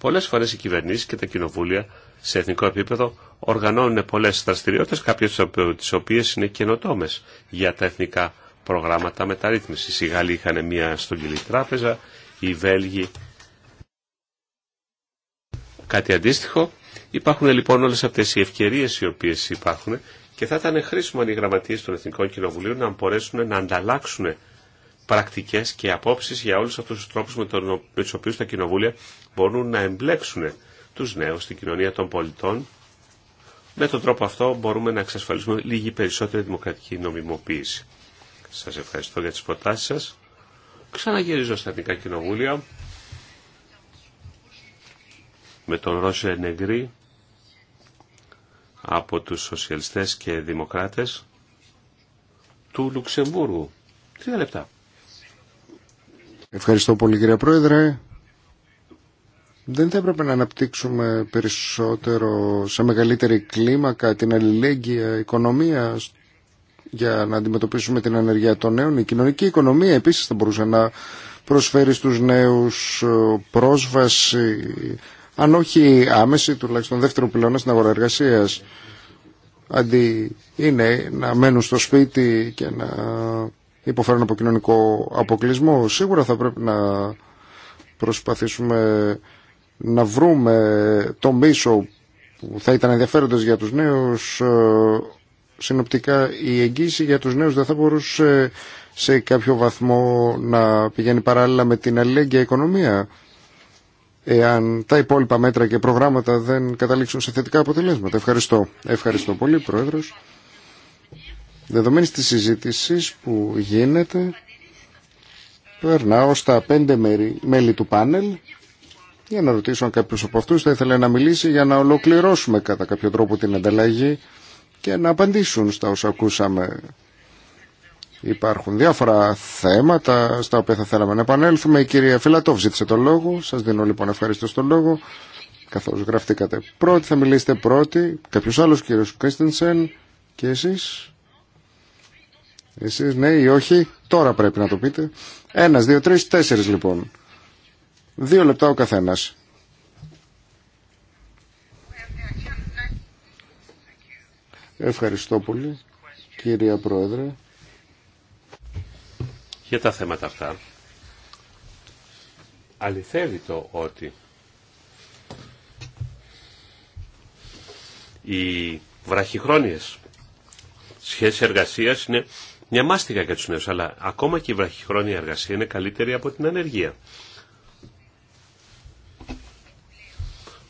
Πολλές φορές οι κυβερνήσεις και τα κοινοβούλια σε εθνικό επίπεδο οργανώνουν πολλές δραστηριότητες, κάποιες τις οποίες είναι καινοτόμε για τα εθνικά προγράμματα μεταρρύθμισης. Οι Γάλλοι είχαν μια στογγυλή τράπεζα, οι Βέλγοι κάτι αντίστοιχο. Υπάρχουν λοιπόν όλες αυτές οι ευκαιρίες οι οποίες υπάρχουν και θα ήταν χρήσιμο αν οι γραμματείες των Εθνικών Κοινοβουλίων να μπορέσουν να ανταλλάξουν πρακτικές και απόψεις για όλους αυτούς τους τρόπους με, τον, με τους οποίους τα κοινοβούλια μπορούν να εμπλέξουν τους νέους στην κοινωνία των πολιτών. Με τον τρόπο αυτό μπορούμε να εξασφαλίσουμε λίγη περισσότερη δημοκρατική νομιμοποίηση. Σας ευχαριστώ για τις προτάσεις σας. Ξαναγυρίζω στα Εθνικά Κοινοβούλια με τον Ρώσο Ενεγκρή από τους σοσιαλιστές και δημοκράτες του Λουξεμβούργου. Τρία λεπτά. Ευχαριστώ πολύ κύριε Πρόεδρε. Δεν θα έπρεπε να αναπτύξουμε περισσότερο σε μεγαλύτερη κλίμακα την αλληλέγγυα οικονομία για να αντιμετωπίσουμε την ανεργία των νέων. Η κοινωνική οικονομία επίσης θα μπορούσε να προσφέρει στους νέους πρόσβαση, αν όχι άμεση, τουλάχιστον δεύτερο πυλώνα στην αγορά εργασίας. Αντί είναι να μένουν στο σπίτι και να υποφέρουν από κοινωνικό αποκλεισμό. Σίγουρα θα πρέπει να προσπαθήσουμε να βρούμε το μίσο που θα ήταν ενδιαφέροντες για τους νέους ε, συνοπτικά η εγγύηση για τους νέους δεν θα μπορούσε σε κάποιο βαθμό να πηγαίνει παράλληλα με την αλληλέγγυα οικονομία εάν τα υπόλοιπα μέτρα και προγράμματα δεν καταλήξουν σε θετικά αποτελέσματα. Ευχαριστώ. Ευχαριστώ πολύ, Πρόεδρος δεδομένη τη συζήτηση που γίνεται, περνάω στα πέντε μέλη του πάνελ για να ρωτήσω αν κάποιος από αυτού. θα ήθελε να μιλήσει για να ολοκληρώσουμε κατά κάποιο τρόπο την ανταλλαγή και να απαντήσουν στα όσα ακούσαμε. Υπάρχουν διάφορα θέματα στα οποία θα θέλαμε να επανέλθουμε. Η κυρία Φιλατόβ ζήτησε το λόγο. Σα δίνω λοιπόν ευχαριστώ το λόγο. Καθώ γραφτήκατε πρώτοι, θα μιλήσετε πρώτοι. κάποιο άλλο κύριο Κρίστενσεν και εσείς. Εσείς ναι ή όχι, τώρα πρέπει να το πείτε. Ένας, δύο, τρεις, τέσσερις λοιπόν. Δύο λεπτά ο καθένας. Ευχαριστώ πολύ, κυρία Πρόεδρε. Για τα θέματα αυτά, αληθεύει το ότι οι βραχυχρόνιες σχέσεις εργασίας είναι μια μάστιγα για τους νέους, αλλά ακόμα και η βραχυχρόνια εργασία είναι καλύτερη από την ανεργία.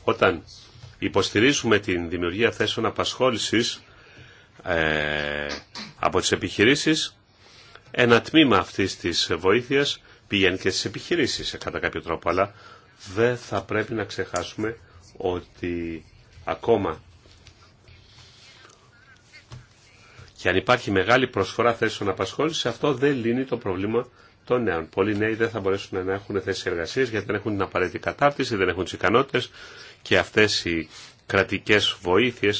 Όταν υποστηρίζουμε την δημιουργία θέσεων απασχόλησης ε, από τις επιχειρήσεις, ένα τμήμα αυτής της βοήθειας πηγαίνει και στις επιχειρήσεις κατά κάποιο τρόπο, αλλά δεν θα πρέπει να ξεχάσουμε ότι ακόμα Και αν υπάρχει μεγάλη προσφορά θέσεων απασχόληση, αυτό δεν λύνει το πρόβλημα των νέων. Πολλοί νέοι δεν θα μπορέσουν να έχουν θέσει εργασία γιατί δεν έχουν την απαραίτητη κατάρτιση, δεν έχουν τι ικανότητε και αυτέ οι κρατικέ βοήθειε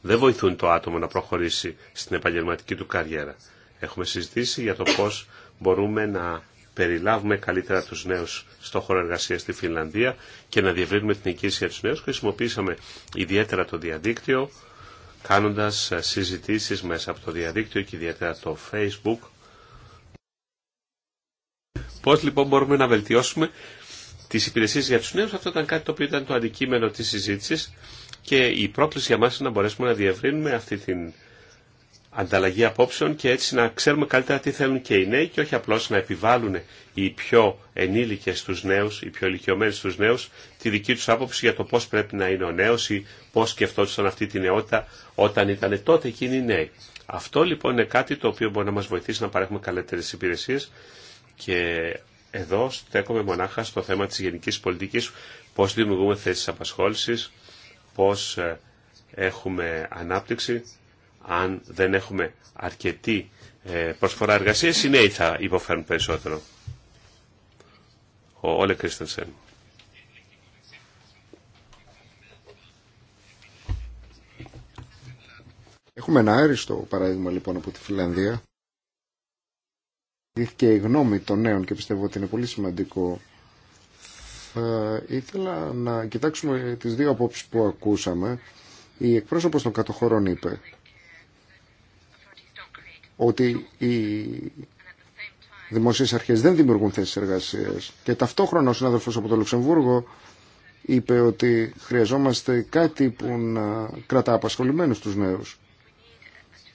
δεν βοηθούν το άτομο να προχωρήσει στην επαγγελματική του καριέρα. Έχουμε συζητήσει για το πώ μπορούμε να περιλάβουμε καλύτερα του νέου στο χώρο εργασία στη Φινλανδία και να διευρύνουμε την οικίσια του νέου. Χρησιμοποίησαμε ιδιαίτερα το διαδίκτυο κάνοντας ε, συζητήσεις μέσα από το διαδίκτυο και ιδιαίτερα το facebook. Πώς λοιπόν μπορούμε να βελτιώσουμε τις υπηρεσίες για τους νέους, αυτό ήταν κάτι το οποίο ήταν το αντικείμενο της συζήτησης και η πρόκληση για μας είναι να μπορέσουμε να διευρύνουμε αυτή την ανταλλαγή απόψεων και έτσι να ξέρουμε καλύτερα τι θέλουν και οι νέοι και όχι απλώς να επιβάλλουν οι πιο ενήλικες στους νέους, οι πιο ηλικιωμένοι στους νέους, τη δική τους άποψη για το πώς πρέπει να είναι ο νέος ή πώς σκεφτόντουσαν αυτή τη νεότητα όταν ήταν τότε εκείνοι οι νέοι. Αυτό λοιπόν είναι κάτι το οποίο μπορεί να μας βοηθήσει να παρέχουμε καλύτερες υπηρεσίες και εδώ στέκομαι μονάχα στο θέμα της γενικής πολιτικής, πώς δημιουργούμε θέσεις απασχόλησης, πώς ε, έχουμε ανάπτυξη αν δεν έχουμε αρκετή ε, προσφορά εργασία οι νέοι θα υποφέρουν περισσότερο. Ο Όλε Κρίστενσεν. Έχουμε ένα άριστο παράδειγμα λοιπόν από τη Φιλανδία. Δείχθηκε η γνώμη των νέων και πιστεύω ότι είναι πολύ σημαντικό. ήθελα να κοιτάξουμε τις δύο απόψεις που ακούσαμε. Η εκπρόσωπος των κατοχωρών είπε ότι οι δημοσίες αρχές δεν δημιουργούν θέσεις εργασίας και ταυτόχρονα ο συνάδελφος από το Λουξεμβούργο είπε ότι χρειαζόμαστε κάτι που να κρατά απασχολημένους τους νέους.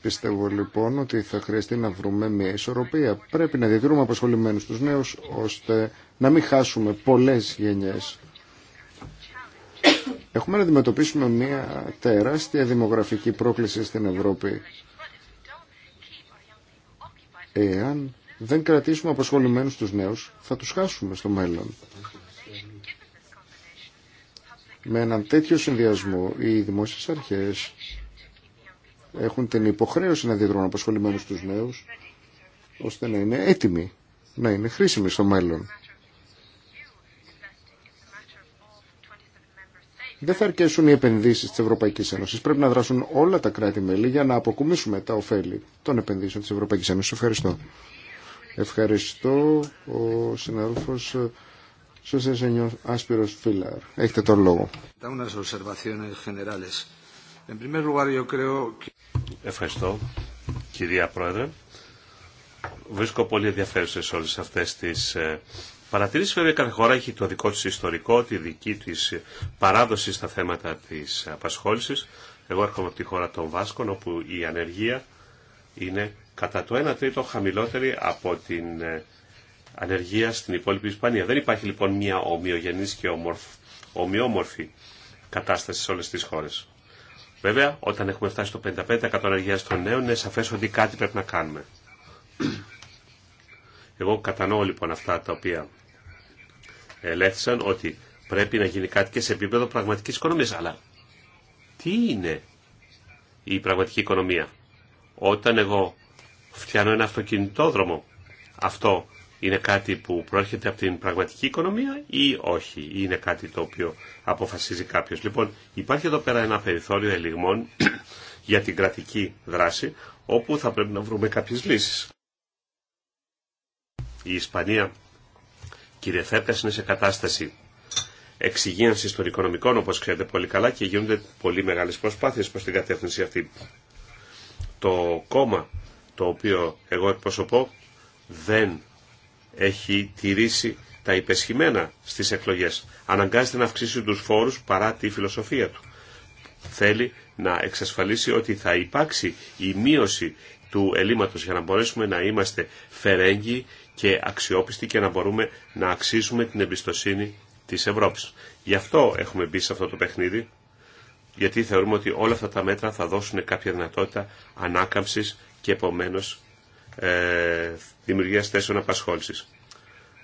Πιστεύω λοιπόν ότι θα χρειαστεί να βρούμε μια ισορροπία. Πρέπει να διατηρούμε απασχολημένους τους νέους ώστε να μην χάσουμε πολλές γενιές. Έχουμε να αντιμετωπίσουμε μια τεράστια δημογραφική πρόκληση στην Ευρώπη Εάν δεν κρατήσουμε απασχολημένους τους νέους, θα τους χάσουμε στο μέλλον. Με έναν τέτοιο συνδυασμό, οι δημόσιες αρχές έχουν την υποχρέωση να διδρούν απασχολημένους τους νέους, ώστε να είναι έτοιμοι, να είναι χρήσιμοι στο μέλλον. δεν θα αρκέσουν οι επενδύσει τη Ευρωπαϊκή Ένωση. Πρέπει να δράσουν όλα τα κράτη-μέλη για να αποκομίσουμε τα ωφέλη των επενδύσεων τη Ευρωπαϊκή Ένωση. Ευχαριστώ. Ευχαριστώ ο συνάδελφο ε, Άσπυρο Φίλαρ. Έχετε τον λόγο. Ευχαριστώ, κυρία Πρόεδρε. Βρίσκω πολύ ενδιαφέρουσε όλε αυτέ τι ε, παρατηρήσει. Βέβαια κάθε χώρα έχει το δικό της ιστορικό, τη δική της παράδοση στα θέματα της απασχόλησης. Εγώ έρχομαι από τη χώρα των Βάσκων όπου η ανεργία είναι κατά το 1 τρίτο χαμηλότερη από την ε, ανεργία στην υπόλοιπη Ισπανία. Δεν υπάρχει λοιπόν μια ομοιογενής και ομοιόμορφη κατάσταση σε όλες τις χώρες. Βέβαια, όταν έχουμε φτάσει στο 55% ανεργία των νέων, είναι σαφές ότι κάτι πρέπει να κάνουμε. Εγώ κατανοώ λοιπόν αυτά τα οποία ελέγχθησαν ότι πρέπει να γίνει κάτι και σε επίπεδο πραγματικής οικονομίας. Αλλά τι είναι η πραγματική οικονομία. Όταν εγώ φτιάνω ένα αυτοκινητόδρομο, αυτό είναι κάτι που προέρχεται από την πραγματική οικονομία ή όχι, ή είναι κάτι το οποίο αποφασίζει κάποιος. Λοιπόν, υπάρχει εδώ πέρα ένα περιθώριο ελιγμών για την κρατική δράση, όπου θα πρέπει να βρούμε κάποιες λύσεις. Η Ισπανία, κύριε Θέπε, είναι σε κατάσταση εξυγίανσης των οικονομικών, όπω ξέρετε πολύ καλά, και γίνονται πολύ μεγάλες προσπάθειε προ την κατεύθυνση αυτή. Το κόμμα το οποίο εγώ εκπροσωπώ δεν έχει τηρήσει τα υπεσχημένα στις εκλογές. Αναγκάζεται να αυξήσει τους φόρους παρά τη φιλοσοφία του. Θέλει να εξασφαλίσει ότι θα υπάρξει η μείωση του ελλείμματος για να μπορέσουμε να είμαστε φερέγγοι και αξιόπιστη και να μπορούμε να αξίζουμε την εμπιστοσύνη της Ευρώπης. Γι' αυτό έχουμε μπει σε αυτό το παιχνίδι, γιατί θεωρούμε ότι όλα αυτά τα μέτρα θα δώσουν κάποια δυνατότητα ανάκαμψης και επομένως ε, δημιουργίας θέσεων απασχόλησης.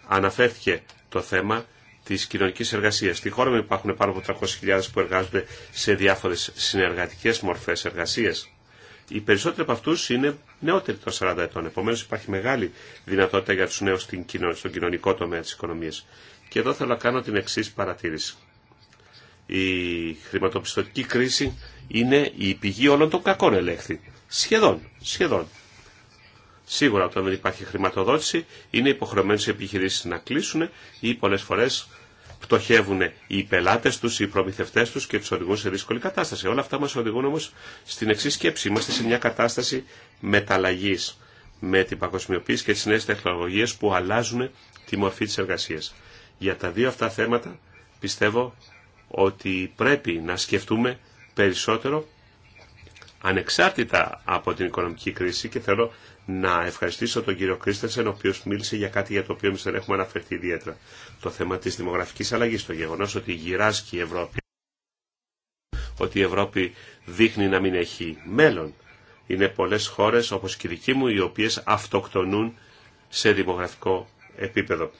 Αναφέρθηκε το θέμα της κοινωνικής εργασίας. Στη χώρα μου υπάρχουν πάνω από 300.000 που εργάζονται σε διάφορες συνεργατικές μορφές εργασίας. Οι περισσότεροι από αυτούς είναι νεότεροι των 40 ετών. Επομένως υπάρχει μεγάλη δυνατότητα για τους νέους στον κοινωνικό τομέα της οικονομίας. Και εδώ θέλω να κάνω την εξή παρατήρηση. Η χρηματοπιστωτική κρίση είναι η πηγή όλων των κακών ελέγχθη. Σχεδόν, σχεδόν. Σίγουρα όταν δεν υπάρχει χρηματοδότηση είναι υποχρεωμένε οι επιχειρήσει να κλείσουν ή πολλέ φορέ πτωχεύουν οι πελάτε του, οι προμηθευτέ του και του οδηγούν σε δύσκολη κατάσταση. Όλα αυτά μα οδηγούν όμω στην εξή σκέψη. Είμαστε σε μια κατάσταση μεταλλαγή με την παγκοσμιοποίηση και τι νέε τεχνολογίε που αλλάζουν τη μορφή τη εργασία. Για τα δύο αυτά θέματα πιστεύω ότι πρέπει να σκεφτούμε περισσότερο ανεξάρτητα από την οικονομική κρίση και θέλω να ευχαριστήσω τον κύριο Κρίστερσεν, ο οποίο μίλησε για κάτι για το οποίο εμεί δεν έχουμε αναφερθεί ιδιαίτερα. Το θέμα τη δημογραφική αλλαγή, το γεγονό ότι γυράσκει η Ευρώπη, ότι η Ευρώπη δείχνει να μην έχει μέλλον. Είναι πολλέ χώρε, όπω και η δική μου, οι οποίε αυτοκτονούν σε δημογραφικό επίπεδο.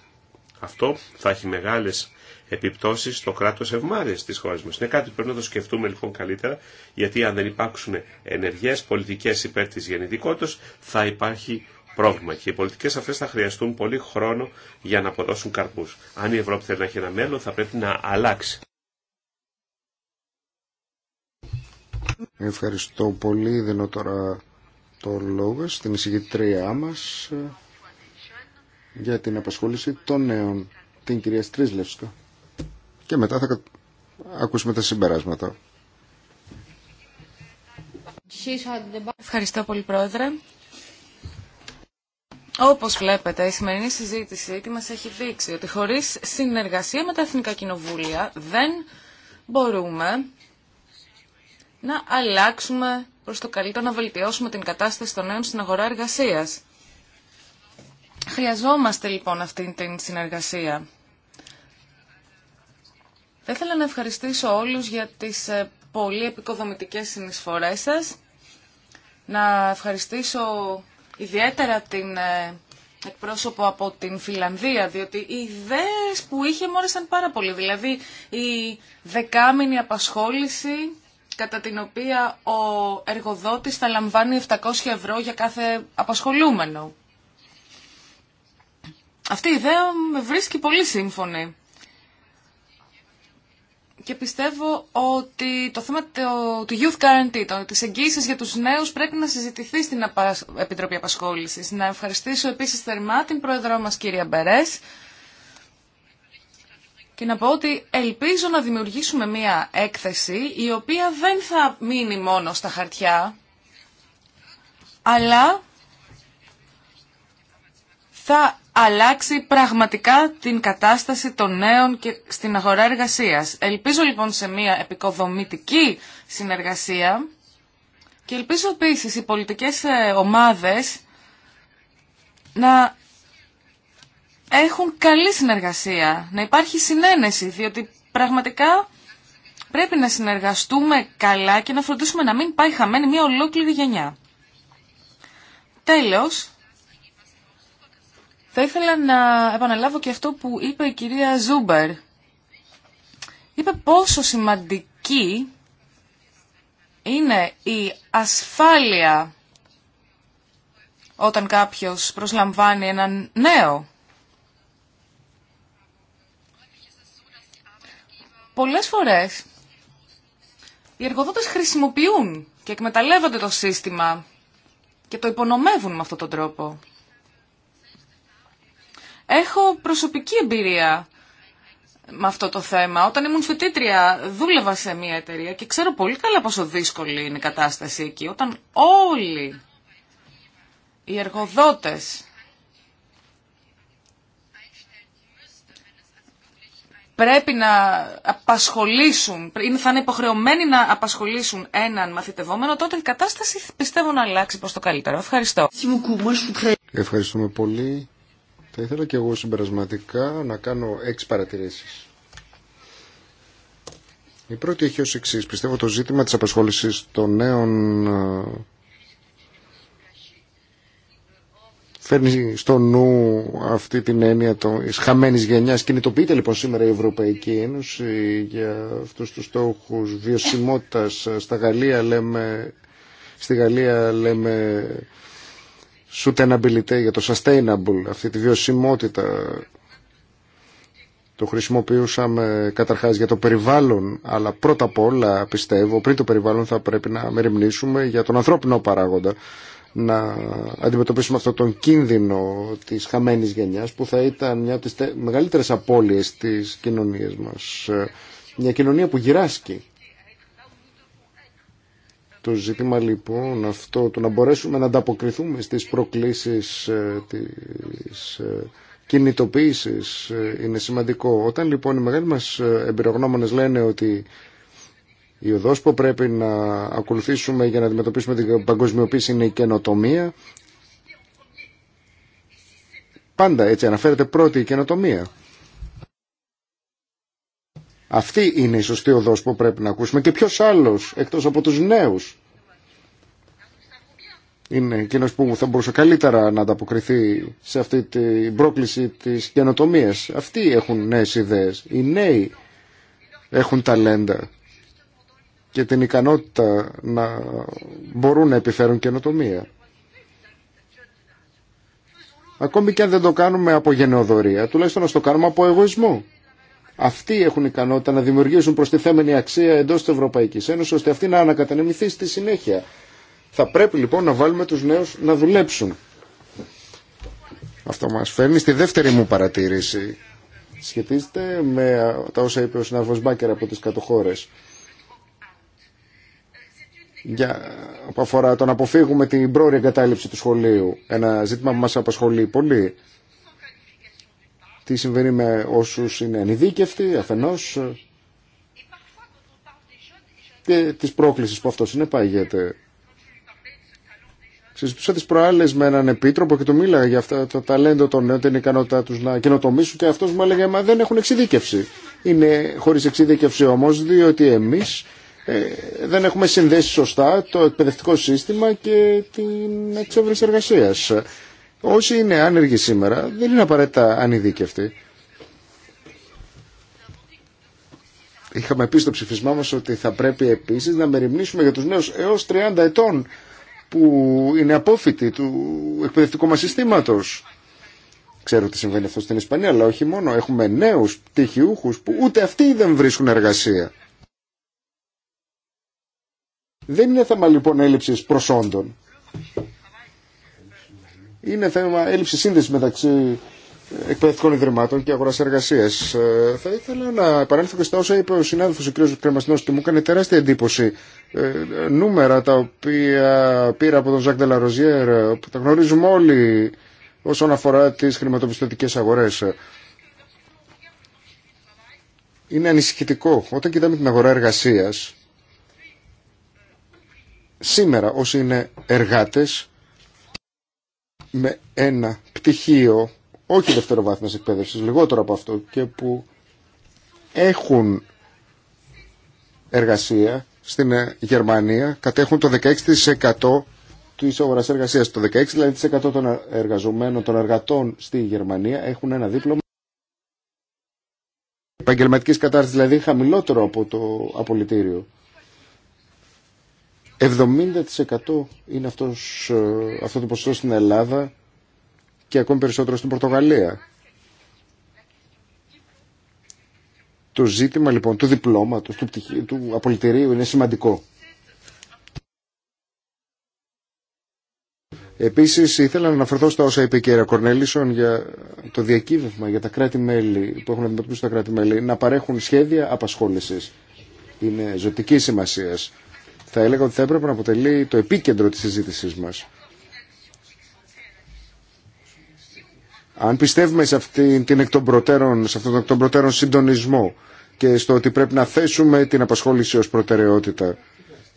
Αυτό θα έχει μεγάλες Επιπτώσει στο κράτο ευμάρειας τη χώρα μα. Είναι κάτι που πρέπει να το σκεφτούμε λοιπόν καλύτερα, γιατί αν δεν υπάρξουν ενεργέ πολιτικέ υπέρ τη γεννητικότητα, θα υπάρχει πρόβλημα. Και οι πολιτικέ αυτέ θα χρειαστούν πολύ χρόνο για να αποδώσουν καρπούς. Αν η Ευρώπη θέλει να έχει ένα μέλλον, θα πρέπει να αλλάξει. Ευχαριστώ πολύ. Δίνω τώρα το λόγο στην εισηγητριά μας ε, για την απασχόληση των νέων, την κυρία Στρίσλευσκα και μετά θα ακούσουμε τα συμπεράσματα. Ευχαριστώ πολύ Πρόεδρε. Όπως βλέπετε, η σημερινή συζήτηση τι μας έχει δείξει ότι χωρίς συνεργασία με τα Εθνικά Κοινοβούλια δεν μπορούμε να αλλάξουμε προς το καλύτερο να βελτιώσουμε την κατάσταση των νέων στην αγορά εργασίας. Χρειαζόμαστε λοιπόν αυτή την συνεργασία. Θα ήθελα να ευχαριστήσω όλους για τις ε, πολύ επικοδομητικές συνεισφορές σας. Να ευχαριστήσω ιδιαίτερα την ε, εκπρόσωπο από την Φιλανδία, διότι οι ιδέες που είχε μου πάρα πολύ. Δηλαδή η δεκάμινη απασχόληση κατά την οποία ο εργοδότης θα λαμβάνει 700 ευρώ για κάθε απασχολούμενο. Αυτή η ιδέα με βρίσκει πολύ σύμφωνη και πιστεύω ότι το θέμα του Youth Guarantee, το, της εγγύησης για τους νέους, πρέπει να συζητηθεί στην Επιτροπή Απασχόλησης. Να ευχαριστήσω επίσης θερμά την Πρόεδρό μας κυρία Μπερές και να πω ότι ελπίζω να δημιουργήσουμε μία έκθεση η οποία δεν θα μείνει μόνο στα χαρτιά, αλλά θα αλλάξει πραγματικά την κατάσταση των νέων και στην αγορά εργασίας. Ελπίζω λοιπόν σε μια επικοδομητική συνεργασία και ελπίζω επίσης οι πολιτικές ε, ομάδες να έχουν καλή συνεργασία, να υπάρχει συνένεση, διότι πραγματικά πρέπει να συνεργαστούμε καλά και να φροντίσουμε να μην πάει χαμένη μια ολόκληρη γενιά. Τέλος, θα ήθελα να επαναλάβω και αυτό που είπε η κυρία Ζούμπερ. Είπε πόσο σημαντική είναι η ασφάλεια όταν κάποιος προσλαμβάνει έναν νέο. Πολλές φορές οι εργοδότες χρησιμοποιούν και εκμεταλλεύονται το σύστημα και το υπονομεύουν με αυτόν τον τρόπο. Έχω προσωπική εμπειρία με αυτό το θέμα. Όταν ήμουν φοιτήτρια δούλευα σε μια εταιρεία και ξέρω πολύ καλά πόσο δύσκολη είναι η κατάσταση εκεί. Όταν όλοι οι εργοδότες πρέπει να απασχολήσουν, θα είναι υποχρεωμένοι να απασχολήσουν έναν μαθητευόμενο, τότε η κατάσταση πιστεύω να αλλάξει προς το καλύτερο. Ευχαριστώ. Ευχαριστούμε πολύ. Θα ήθελα και εγώ συμπερασματικά να κάνω έξι παρατηρήσει. Η πρώτη έχει ως εξή. Πιστεύω το ζήτημα της απασχόλησης των νέων ε, φέρνει στο νου αυτή την έννοια της χαμένης γενιάς. Κινητοποιείται λοιπόν σήμερα η Ευρωπαϊκή Ένωση για αυτούς τους στόχους βιωσιμότητας. Ε, Γαλλία λέμε, στη Γαλλία λέμε sustainability, για το sustainable, αυτή τη βιωσιμότητα. Το χρησιμοποιούσαμε καταρχάς για το περιβάλλον, αλλά πρώτα απ' όλα πιστεύω πριν το περιβάλλον θα πρέπει να μεριμνήσουμε για τον ανθρώπινο παράγοντα να αντιμετωπίσουμε αυτόν τον κίνδυνο της χαμένης γενιάς που θα ήταν μια από τις μεγαλύτερες απώλειες της κοινωνίας μας. Ε, μια κοινωνία που γυράσκει το ζήτημα λοιπόν αυτό, το να μπορέσουμε να ανταποκριθούμε στις προκλήσεις ε, της ε, κινητοποίησης ε, είναι σημαντικό. Όταν λοιπόν οι μεγάλοι μας εμπειρογνώμονες λένε ότι η οδός που πρέπει να ακολουθήσουμε για να αντιμετωπίσουμε την παγκοσμιοποίηση είναι η καινοτομία, πάντα έτσι αναφέρεται πρώτη η καινοτομία. Αυτή είναι η σωστή οδός που πρέπει να ακούσουμε και ποιος άλλος εκτός από τους νέους είναι εκείνος που θα μπορούσε καλύτερα να ανταποκριθεί σε αυτή την πρόκληση της καινοτομία. Αυτοί έχουν νέες ιδέες. Οι νέοι έχουν ταλέντα και την ικανότητα να μπορούν να επιφέρουν καινοτομία. Ακόμη και αν δεν το κάνουμε από γενεοδορία, τουλάχιστον να το κάνουμε από εγωισμό. Αυτοί έχουν ικανότητα να δημιουργήσουν προστιθέμενη αξία εντός της Ευρωπαϊκής Ένωσης, ώστε αυτή να ανακατανεμηθεί στη συνέχεια. Θα πρέπει λοιπόν να βάλουμε τους νέους να δουλέψουν. Αυτό μας φέρνει στη δεύτερη μου παρατήρηση. Σχετίζεται με τα όσα είπε ο συνάδελφος Μπάκερ από τις κατοχώρες για, αφορά το να αποφύγουμε την πρόορια εγκατάλειψη του σχολείου. Ένα ζήτημα που μας απασχολεί πολύ τι συμβαίνει με όσους είναι ανειδίκευτοι αφενός και της πρόκλησης που αυτός είναι πάγεται. Συζητούσα τις προάλλες με έναν επίτροπο και του μίλαγα για αυτά το ταλέντο των νέων, την ικανότητά τους να καινοτομήσουν και αυτός μου έλεγε «Μα δεν έχουν εξειδίκευση». Είναι χωρίς εξειδίκευση όμως διότι εμείς ε, δεν έχουμε συνδέσει σωστά το εκπαιδευτικό σύστημα και την εξέβριση εργασίας. Όσοι είναι άνεργοι σήμερα δεν είναι απαραίτητα ανειδίκευτοι. Είχαμε πει στο ψηφισμά μας ότι θα πρέπει επίσης να μεριμνήσουμε για τους νέους έως 30 ετών που είναι απόφοιτοι του εκπαιδευτικού μας συστήματος. Ξέρω ότι συμβαίνει αυτό στην Ισπανία, αλλά όχι μόνο. Έχουμε νέους πτυχιούχους που ούτε αυτοί δεν βρίσκουν εργασία. Δεν είναι θέμα λοιπόν έλλειψης προσόντων είναι θέμα έλλειψη σύνδεση μεταξύ ε, εκπαιδευτικών ιδρυμάτων και αγορά εργασία. Ε, θα ήθελα να επανέλθω και στα όσα είπε ο συνάδελφο ο κ. Κρεμαστινό και μου έκανε τεράστια εντύπωση. Ε, νούμερα τα οποία πήρα από τον Ζακ Ντελαροζιέρ, που τα γνωρίζουμε όλοι όσον αφορά τι χρηματοπιστωτικέ αγορέ. Είναι ανησυχητικό. Όταν κοιτάμε την αγορά εργασία, σήμερα όσοι είναι εργάτες με ένα πτυχίο όχι δευτεροβάθμιας εκπαίδευσης, λιγότερο από αυτό και που έχουν εργασία στην ε, Γερμανία κατέχουν το 16% του εισόδου εργασίας. Το 16% δηλαδή των εργαζομένων, των εργατών στη Γερμανία έχουν ένα δίπλωμα επαγγελματική κατάρτιση, δηλαδή χαμηλότερο από το απολυτήριο. 70% είναι αυτός, ε, αυτό το ποσοστό στην Ελλάδα και ακόμη περισσότερο στην Πορτογαλία. Το ζήτημα λοιπόν του διπλώματος, του, του απολυτηρίου είναι σημαντικό. Επίσης ήθελα να αναφερθώ στα όσα είπε η κυρία Κορνέλισον για το διακύβευμα για τα κράτη-μέλη που έχουν αντιμετωπίσει τα κράτη-μέλη να παρέχουν σχέδια απασχόλησης. Είναι ζωτική σημασίας θα έλεγα ότι θα έπρεπε να αποτελεί το επίκεντρο της συζήτησή μας. Αν πιστεύουμε σε, αυτή, την εκ σε αυτόν τον εκ των προτέρων συντονισμό και στο ότι πρέπει να θέσουμε την απασχόληση ως προτεραιότητα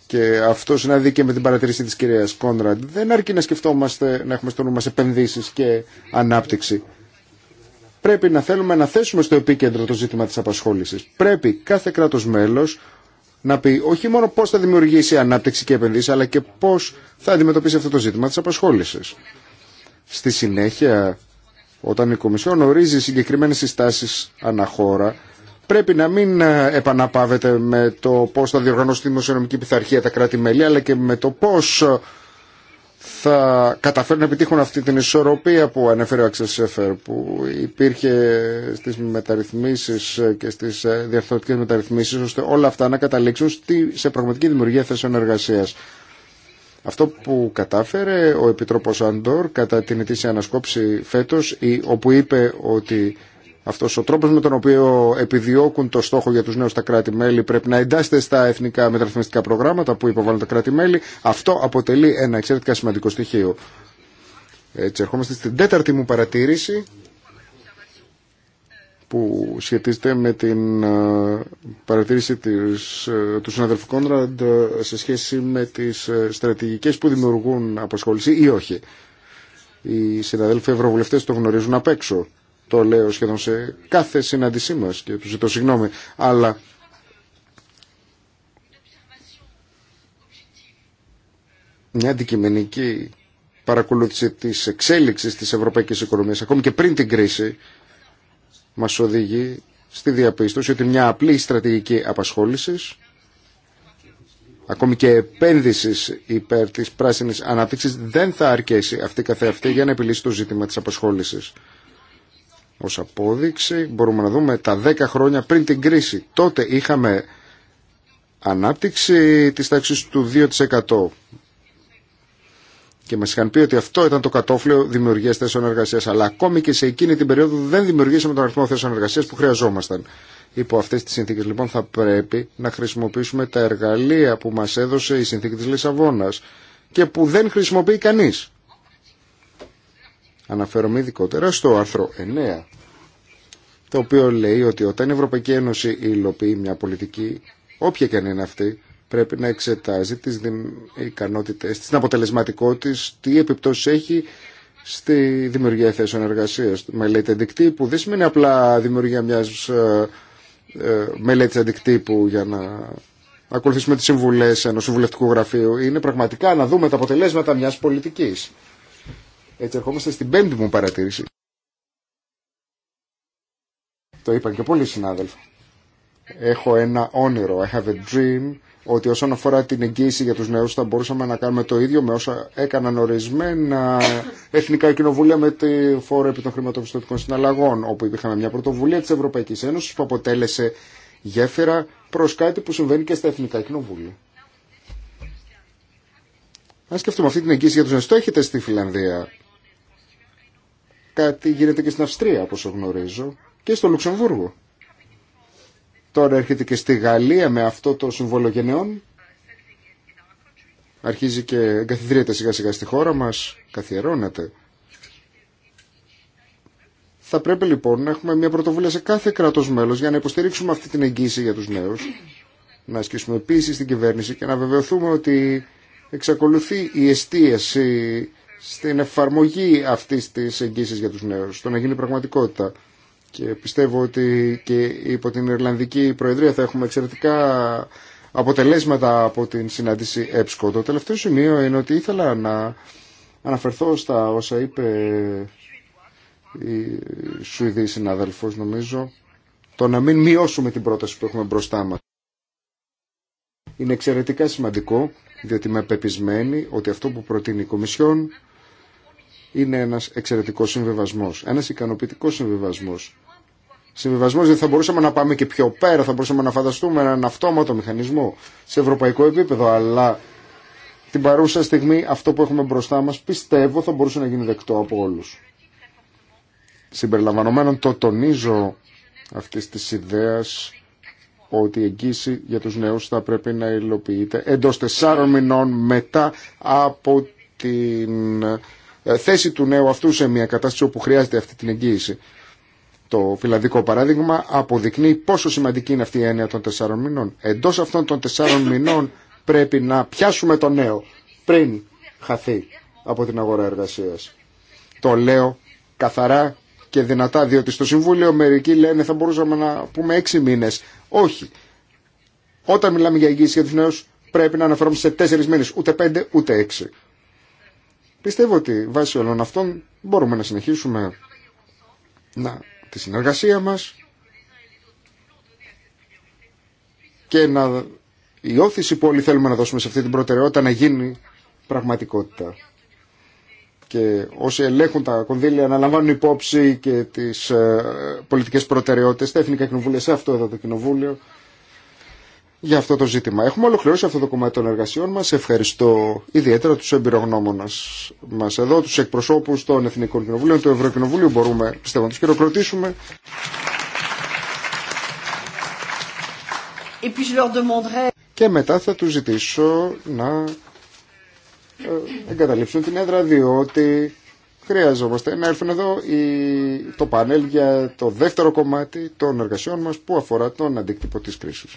και αυτό συνάδει και με την παρατηρήση της κυρίας Κόντρα δεν αρκεί να σκεφτόμαστε να έχουμε στο νου μας επενδύσεις και ανάπτυξη. Πρέπει να θέλουμε να θέσουμε στο επίκεντρο το ζήτημα της απασχόλησης. Πρέπει κάθε κράτος μέλος να πει όχι μόνο πώς θα δημιουργήσει ανάπτυξη και επενδύσεις, αλλά και πώς θα αντιμετωπίσει αυτό το ζήτημα της απασχόλησης. Στη συνέχεια, όταν η Κομισιόν ορίζει συγκεκριμένες συστάσεις αναχώρα, πρέπει να μην ε, επαναπάβεται με το πώς θα διοργανώσει τη δημοσιονομική πειθαρχία τα κράτη-μέλη, αλλά και με το πώς ε, θα καταφέρουν να επιτύχουν αυτή την ισορροπία που ανέφερε ο Αξεσέφερ που υπήρχε στις μεταρρυθμίσεις και στις διαρθρωτικές μεταρρυθμίσεις ώστε όλα αυτά να καταλήξουν σε πραγματική δημιουργία θέσεων εργασίας. Αυτό που κατάφερε ο Επιτρόπος Αντόρ κατά την ετήσια ανασκόψη φέτος όπου είπε ότι αυτό ο τρόπο με τον οποίο επιδιώκουν το στόχο για του νέου στα κράτη-μέλη πρέπει να εντάσσεται στα εθνικά μεταρρυθμιστικά προγράμματα που υποβάλλουν τα κράτη-μέλη. Αυτό αποτελεί ένα εξαιρετικά σημαντικό στοιχείο. Έτσι, ερχόμαστε στην τέταρτη μου παρατήρηση που σχετίζεται με την ε, παρατήρηση της, ε, του συναδελφού Κόντραντ ε, σε σχέση με τις στρατηγικές που δημιουργούν απασχόληση ή όχι. Οι συναδέλφοι ευρωβουλευτές το γνωρίζουν απ' έξω. Το λέω σχεδόν σε κάθε συνάντησή μας και του ζητώ συγγνώμη. Αλλά μια αντικειμενική παρακολούθηση της εξέλιξης της ευρωπαϊκής οικονομίας, ακόμη και πριν την κρίση, μας οδηγεί στη διαπίστωση ότι μια απλή στρατηγική απασχόλησης, ακόμη και επένδυσης υπέρ της πράσινης ανάπτυξης, δεν θα αρκέσει αυτή καθεαυτή για να επιλύσει το ζήτημα της απασχόλησης. Ως απόδειξη μπορούμε να δούμε τα 10 χρόνια πριν την κρίση. Τότε είχαμε ανάπτυξη της τάξης του 2%. Και μα είχαν πει ότι αυτό ήταν το κατόφλιο δημιουργία θέσεων εργασία. Αλλά ακόμη και σε εκείνη την περίοδο δεν δημιουργήσαμε τον αριθμό θέσεων εργασία που χρειαζόμασταν. Υπό αυτέ τι συνθήκε λοιπόν θα πρέπει να χρησιμοποιήσουμε τα εργαλεία που μα έδωσε η συνθήκη τη Λισαβόνα και που δεν χρησιμοποιεί κανεί. Αναφέρομαι ειδικότερα στο άρθρο 9, το οποίο λέει ότι όταν η Ευρωπαϊκή Ένωση υλοποιεί μια πολιτική, όποια και αν είναι αυτή, πρέπει να εξετάζει τις ικανότητες, την αποτελεσματικότητα, τι επιπτώσεις έχει στη δημιουργία θέσεων εργασίας. Μελέτη αντικτύπου δεν σημαίνει απλά δημιουργία μιας ε, ε, μελέτης αντικτύπου για να ακολουθήσουμε τις συμβουλές ενός συμβουλευτικού γραφείου. Είναι πραγματικά να δούμε τα αποτελέσματα μιας πολιτικής. Έτσι ερχόμαστε στην πέμπτη μου παρατήρηση. Το είπαν και πολλοί συνάδελφοι. Έχω ένα όνειρο, I have a dream, ότι όσον αφορά την εγγύηση για τους νέους θα μπορούσαμε να κάνουμε το ίδιο με όσα έκαναν ορισμένα εθνικά κοινοβούλια με τη φόρο επί των χρηματοπιστωτικών συναλλαγών, όπου υπήρχαν μια πρωτοβουλία της Ευρωπαϊκής Ένωσης που αποτέλεσε γέφυρα προς κάτι που συμβαίνει και στα εθνικά κοινοβούλια. Να σκεφτούμε αυτή την εγγύηση για τους νέους, το έχετε στη Φιλανδία. Κάτι γίνεται και στην Αυστρία, όπως γνωρίζω, και στο Λουξεμβούργο. Τώρα έρχεται και στη Γαλλία με αυτό το Συμβόλο Γενναιών. Αρχίζει και εγκαθιδρύεται σιγά σιγά στη χώρα μας, καθιερώνεται. Θα πρέπει λοιπόν να έχουμε μια πρωτοβουλία σε κάθε κράτος μέλος για να υποστηρίξουμε αυτή την εγγύηση για τους νέους. Να ασκήσουμε επίση την κυβέρνηση και να βεβαιωθούμε ότι εξακολουθεί η εστίαση στην εφαρμογή αυτή τη εγγύηση για του νέου, στο να γίνει πραγματικότητα. Και πιστεύω ότι και υπό την Ιρλανδική Προεδρία θα έχουμε εξαιρετικά αποτελέσματα από την συνάντηση ΕΠΣΚΟ. Το τελευταίο σημείο είναι ότι ήθελα να αναφερθώ στα όσα είπε η Σουηδή συνάδελφος νομίζω το να μην μειώσουμε την πρόταση που έχουμε μπροστά μας. Είναι εξαιρετικά σημαντικό διότι είμαι πεπισμένη ότι αυτό που προτείνει η Κομισιόν είναι ένας εξαιρετικός συμβιβασμός, ένας ικανοποιητικός συμβιβασμός. Συμβιβασμός δεν θα μπορούσαμε να πάμε και πιο πέρα, θα μπορούσαμε να φανταστούμε έναν αυτόματο μηχανισμό σε ευρωπαϊκό επίπεδο, αλλά την παρούσα στιγμή αυτό που έχουμε μπροστά μας πιστεύω θα μπορούσε να γίνει δεκτό από όλους. Συμπεριλαμβανομένων το τονίζω αυτής της ιδέας ότι η εγγύηση για τους νέους θα πρέπει να υλοποιείται εντός τεσσάρων μηνών μετά από την ε, θέση του νέου αυτού σε μια κατάσταση όπου χρειάζεται αυτή την εγγύηση. Το φιλανδικό παράδειγμα αποδεικνύει πόσο σημαντική είναι αυτή η έννοια των τεσσάρων μηνών. Εντό αυτών των τεσσάρων μηνών πρέπει να πιάσουμε το νέο πριν χαθεί από την αγορά εργασία. Το λέω καθαρά και δυνατά, διότι στο Συμβούλιο μερικοί λένε θα μπορούσαμε να πούμε έξι μήνε. Όχι. Όταν μιλάμε για εγγύηση για του νέου, πρέπει να αναφερόμαστε σε τέσσερι μήνε, ούτε πέντε ούτε έξι. Πιστεύω ότι βάσει όλων αυτών μπορούμε να συνεχίσουμε να, τη συνεργασία μας και να, η όθηση που όλοι θέλουμε να δώσουμε σε αυτή την προτεραιότητα να γίνει πραγματικότητα. Και όσοι ελέγχουν τα κονδύλια να λαμβάνουν υπόψη και τις ε, πολιτικές προτεραιότητες, τα Εθνικά Κοινοβούλια σε αυτό εδώ το Κοινοβούλιο για αυτό το ζήτημα. Έχουμε ολοκληρώσει αυτό το κομμάτι των εργασιών μας. Ευχαριστώ ιδιαίτερα τους εμπειρογνώμονες μας εδώ, τους εκπροσώπους των Εθνικών Κοινοβουλίων, του Ευρωκοινοβουλίου μπορούμε πιστεύω να τους χειροκροτήσουμε. Και μετά θα τους ζητήσω να ε, εγκαταλείψουν την έδρα διότι χρειαζόμαστε να έρθουν εδώ το πάνελ για το δεύτερο κομμάτι των εργασιών μας που αφορά τον αντίκτυπο της κρίσης.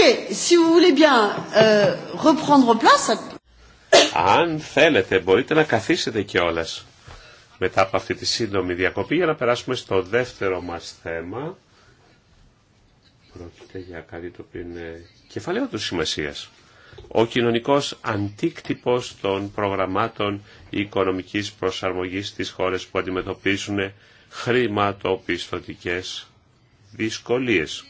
Euh, Αν θέλετε μπορείτε να καθίσετε κιόλα μετά από αυτή τη σύντομη διακοπή για να περάσουμε στο δεύτερο μας θέμα. Πρόκειται για κάτι το οποίο είναι κεφαλαίο του σημασίας. Ο κοινωνικός αντίκτυπος των προγραμμάτων οικονομικής προσαρμογής στις χώρες που αντιμετωπίζουν χρηματοπιστωτικές δυσκολίες.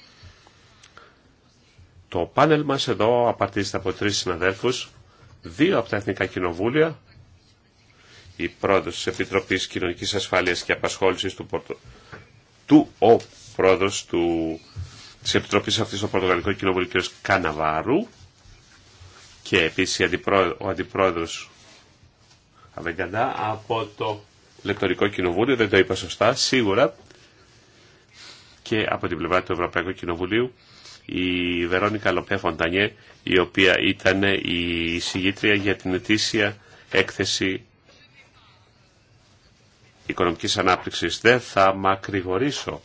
Το πάνελ μας εδώ απαρτίζεται από τρεις συναδέλφους, δύο από τα Εθνικά Κοινοβούλια, η πρόεδρος της Επιτροπής Κοινωνικής Ασφάλειας και Απασχόλησης του, Πορτο... του ο πρόεδρος του... της Επιτροπής αυτής στο Πορτογαλικό Κοινοβούλιο, κ. Καναβάρου, και επίσης ο αντιπρόεδρος Αβεγκαντά από το λεκτορικό Κοινοβούλιο, δεν το είπα σωστά, σίγουρα, και από την πλευρά του Ευρωπαϊκού Κοινοβουλίου, η Βερόνικα Λοπέ Φοντανιέ, η οποία ήταν η συγγήτρια για την ετήσια έκθεση οικονομικής ανάπτυξης. Δεν θα μακρηγορήσω.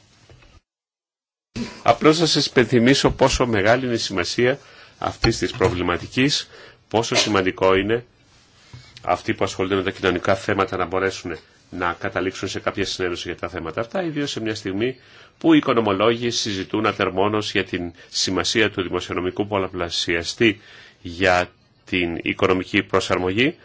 Απλώς θα σας πενθυμίσω πόσο μεγάλη είναι η σημασία αυτής της προβληματικής, πόσο σημαντικό είναι αυτοί που ασχολούνται με τα κοινωνικά θέματα να μπορέσουν να καταλήξουν σε κάποια συνένωση για τα θέματα αυτά, ιδίω σε μια στιγμή που οι οικονομολόγοι συζητούν ατερμόνως για την σημασία του δημοσιονομικού πολλαπλασιαστή για την οικονομική προσαρμογή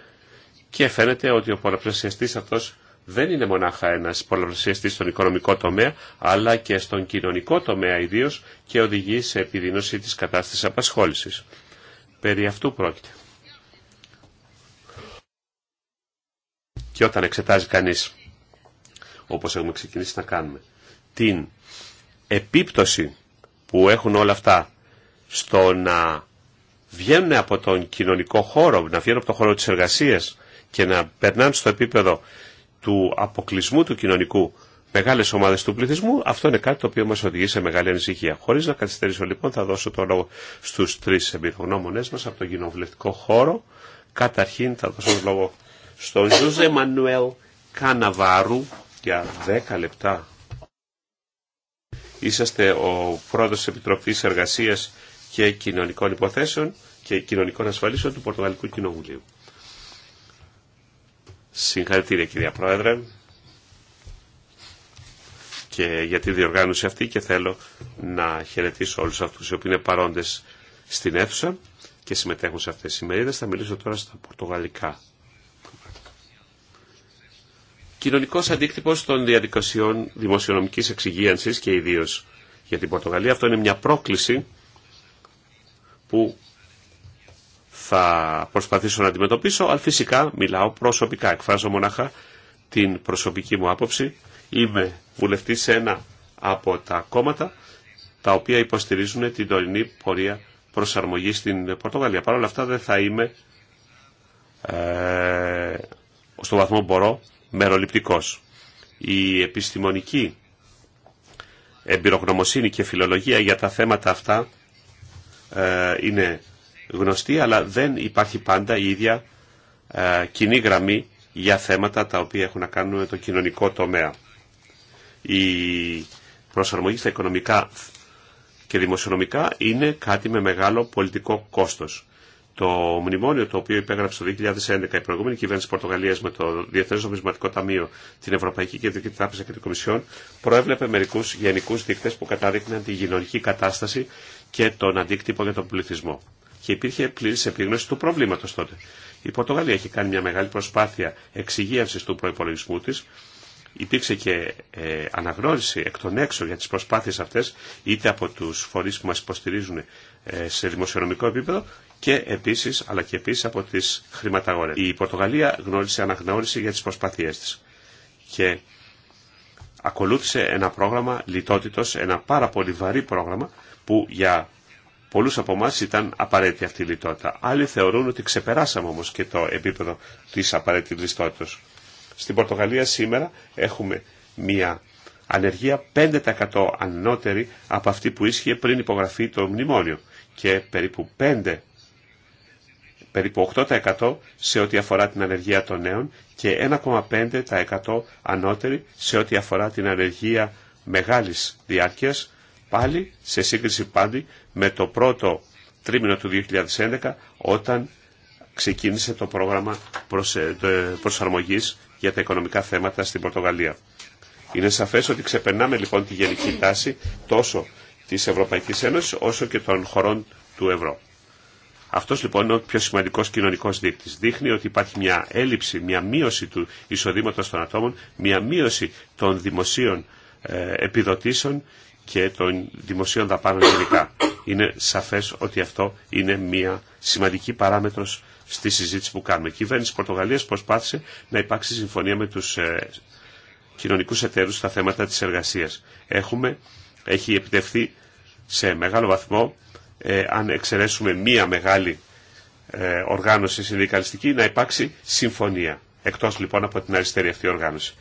και φαίνεται ότι ο πολλαπλασιαστής αυτός δεν είναι μονάχα ένας πολλαπλασιαστής στον οικονομικό τομέα, αλλά και στον κοινωνικό τομέα ιδίω και οδηγεί σε επιδείνωση της κατάστασης απασχόλησης. Περί αυτού πρόκειται. και όταν εξετάζει κανείς, όπως έχουμε ξεκινήσει να κάνουμε, την επίπτωση που έχουν όλα αυτά στο να βγαίνουν από τον κοινωνικό χώρο, να βγαίνουν από τον χώρο της εργασίας και να περνάνε στο επίπεδο του αποκλεισμού του κοινωνικού μεγάλε ομάδε του πληθυσμού, αυτό είναι κάτι το οποίο μα οδηγεί σε μεγάλη ανησυχία. Χωρί να καθυστερήσω λοιπόν, θα δώσω το λόγο στου τρει εμπειρογνώμονέ μα από τον κοινοβουλευτικό χώρο. Καταρχήν θα δώσω το λόγο στον Ζουζε Μανουέλ Καναβάρου για 10 λεπτά. Είσαστε ο πρόεδρος της Επιτροπής Εργασίας και Κοινωνικών Υποθέσεων και Κοινωνικών Ασφαλίσεων του Πορτογαλικού Κοινοβουλίου. Συγχαρητήρια κυρία Πρόεδρε και για τη διοργάνωση αυτή και θέλω να χαιρετήσω όλους αυτούς οι οποίοι είναι παρόντες στην αίθουσα και συμμετέχουν σε αυτές τις ημερίδες. Θα μιλήσω τώρα στα πορτογαλικά κοινωνικός αντίκτυπος των διαδικασιών δημοσιονομικής εξυγίανσης και ιδίως για την Πορτογαλία. Αυτό είναι μια πρόκληση που θα προσπαθήσω να αντιμετωπίσω, αλλά φυσικά μιλάω προσωπικά, εκφράζω μονάχα την προσωπική μου άποψη. Είμαι βουλευτή σε ένα από τα κόμματα τα οποία υποστηρίζουν την τωρινή πορεία προσαρμογής στην Πορτογαλία. Παρ' όλα αυτά δεν θα είμαι ε, στο βαθμό μπορώ μεροληπτικός. Η επιστημονική εμπειρογνωμοσύνη και φιλολογία για τα θέματα αυτά ε, είναι γνωστή, αλλά δεν υπάρχει πάντα η ίδια ε, κοινή γραμμή για θέματα τα οποία έχουν να κάνουν με το κοινωνικό τομέα. Η προσαρμογή στα οικονομικά και δημοσιονομικά είναι κάτι με μεγάλο πολιτικό κόστος. Το μνημόνιο το οποίο υπέγραψε το 2011 η προηγούμενη κυβέρνηση Πορτογαλία με το Διεθνέ Νομισματικό Ταμείο, την Ευρωπαϊκή Κεντρική Τράπεζα και την Κομισιόν προέβλεπε μερικού γενικού δείκτε που κατάδειχναν τη γενική κατάσταση και τον αντίκτυπο για τον πληθυσμό. Και υπήρχε πλήρη επίγνωση του προβλήματο τότε. Η Πορτογαλία έχει κάνει μια μεγάλη προσπάθεια εξυγίανση του προπολογισμού τη. Υπήρξε και ε, αναγνώριση εκ των έξω για τι προσπάθειε αυτέ, είτε από του φορεί που μα υποστηρίζουν ε, σε δημοσιονομικό επίπεδο, και επίσης, αλλά και επίσης από τις χρηματαγορές. Η Πορτογαλία γνώρισε αναγνώριση για τις προσπάθειές της και ακολούθησε ένα πρόγραμμα λιτότητος, ένα πάρα πολύ βαρύ πρόγραμμα που για πολλούς από εμά ήταν απαραίτητη αυτή η λιτότητα. Άλλοι θεωρούν ότι ξεπεράσαμε όμως και το επίπεδο της απαραίτητης λιτότητας. Στην Πορτογαλία σήμερα έχουμε μια ανεργία 5% ανώτερη από αυτή που ίσχυε πριν υπογραφεί το μνημόνιο και περίπου περίπου 8% σε ό,τι αφορά την ανεργία των νέων και 1,5% ανώτερη σε ό,τι αφορά την ανεργία μεγάλης διάρκειας, πάλι σε σύγκριση πάντη με το πρώτο τρίμηνο του 2011 όταν ξεκίνησε το πρόγραμμα προσαρμογής για τα οικονομικά θέματα στην Πορτογαλία. Είναι σαφές ότι ξεπερνάμε λοιπόν τη γενική τάση τόσο της Ευρωπαϊκής Ένωσης όσο και των χωρών του ευρώ. Αυτό λοιπόν είναι ο πιο σημαντικό κοινωνικό δείκτη. Δείχνει ότι υπάρχει μια έλλειψη, μια μείωση του εισοδήματο των ατόμων, μια μείωση των δημοσίων ε, επιδοτήσεων και των δημοσίων δαπάνων γενικά. Είναι σαφέ ότι αυτό είναι μια σημαντική παράμετρο στη συζήτηση που κάνουμε. Η κυβέρνηση Πορτογαλίας προσπάθησε να υπάρξει συμφωνία με τους ε, κοινωνικού εταίρους στα θέματα τη εργασία. έχει επιτευχθεί σε μεγάλο βαθμό ε, αν εξαιρέσουμε μία μεγάλη ε, οργάνωση συνδικαλιστική, να υπάρξει συμφωνία. Εκτός λοιπόν από την αριστερή αυτή οργάνωση.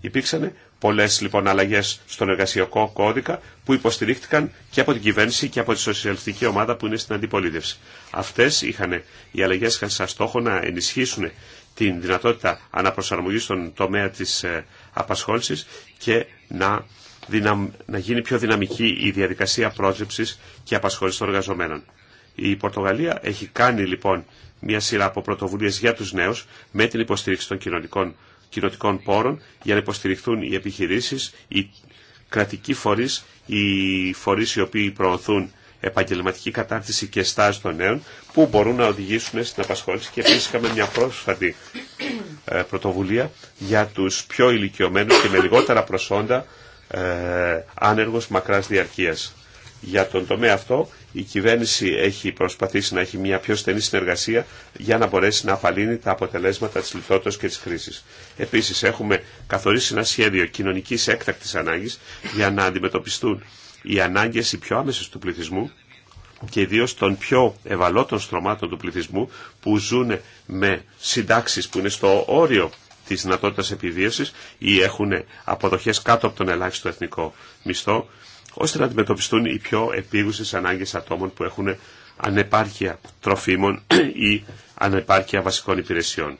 Υπήρξαν πολλές λοιπόν αλλαγές στον εργασιακό κώδικα που υποστηρίχτηκαν και από την κυβέρνηση και από τη σοσιαλιστική ομάδα που είναι στην αντιπολίτευση. Αυτές είχαν, οι αλλαγές είχαν σαν στόχο να ενισχύσουν την δυνατότητα αναπροσαρμογής στον τομέα της ε, απασχόλησης και να δυναμ... να γίνει πιο δυναμική η διαδικασία πρόσληψης και απασχόλησης των εργαζομένων. Η Πορτογαλία έχει κάνει λοιπόν μια σειρά από πρωτοβουλίε για του νέου με την υποστήριξη των κοινωνικών, κοινωτικών πόρων για να υποστηριχθούν οι επιχειρήσει, οι κρατικοί φορεί, οι φορεί οι οποίοι προωθούν επαγγελματική κατάρτιση και στάση των νέων που μπορούν να οδηγήσουν στην απασχόληση και επίση είχαμε μια πρόσφατη ε, πρωτοβουλία για του πιο ηλικιωμένου και με λιγότερα προσόντα ε, άνεργος μακράς διαρκείας. Για τον τομέα αυτό η κυβέρνηση έχει προσπαθήσει να έχει μια πιο στενή συνεργασία για να μπορέσει να απαλύνει τα αποτελέσματα της λιτότητας και της κρίσης. Επίσης έχουμε καθορίσει ένα σχέδιο κοινωνικής έκτακτης ανάγκης για να αντιμετωπιστούν οι ανάγκες οι πιο άμεσες του πληθυσμού και ιδίω των πιο ευαλώτων στρωμάτων του πληθυσμού που ζουν με συντάξεις που είναι στο όριο τη δυνατότητα επιβίωσης ή έχουν αποδοχέ κάτω από τον ελάχιστο εθνικό μισθό, ώστε να αντιμετωπιστούν οι πιο επίγουσε ανάγκε ατόμων που έχουν ανεπάρκεια τροφίμων ή ανεπάρκεια βασικών υπηρεσιών.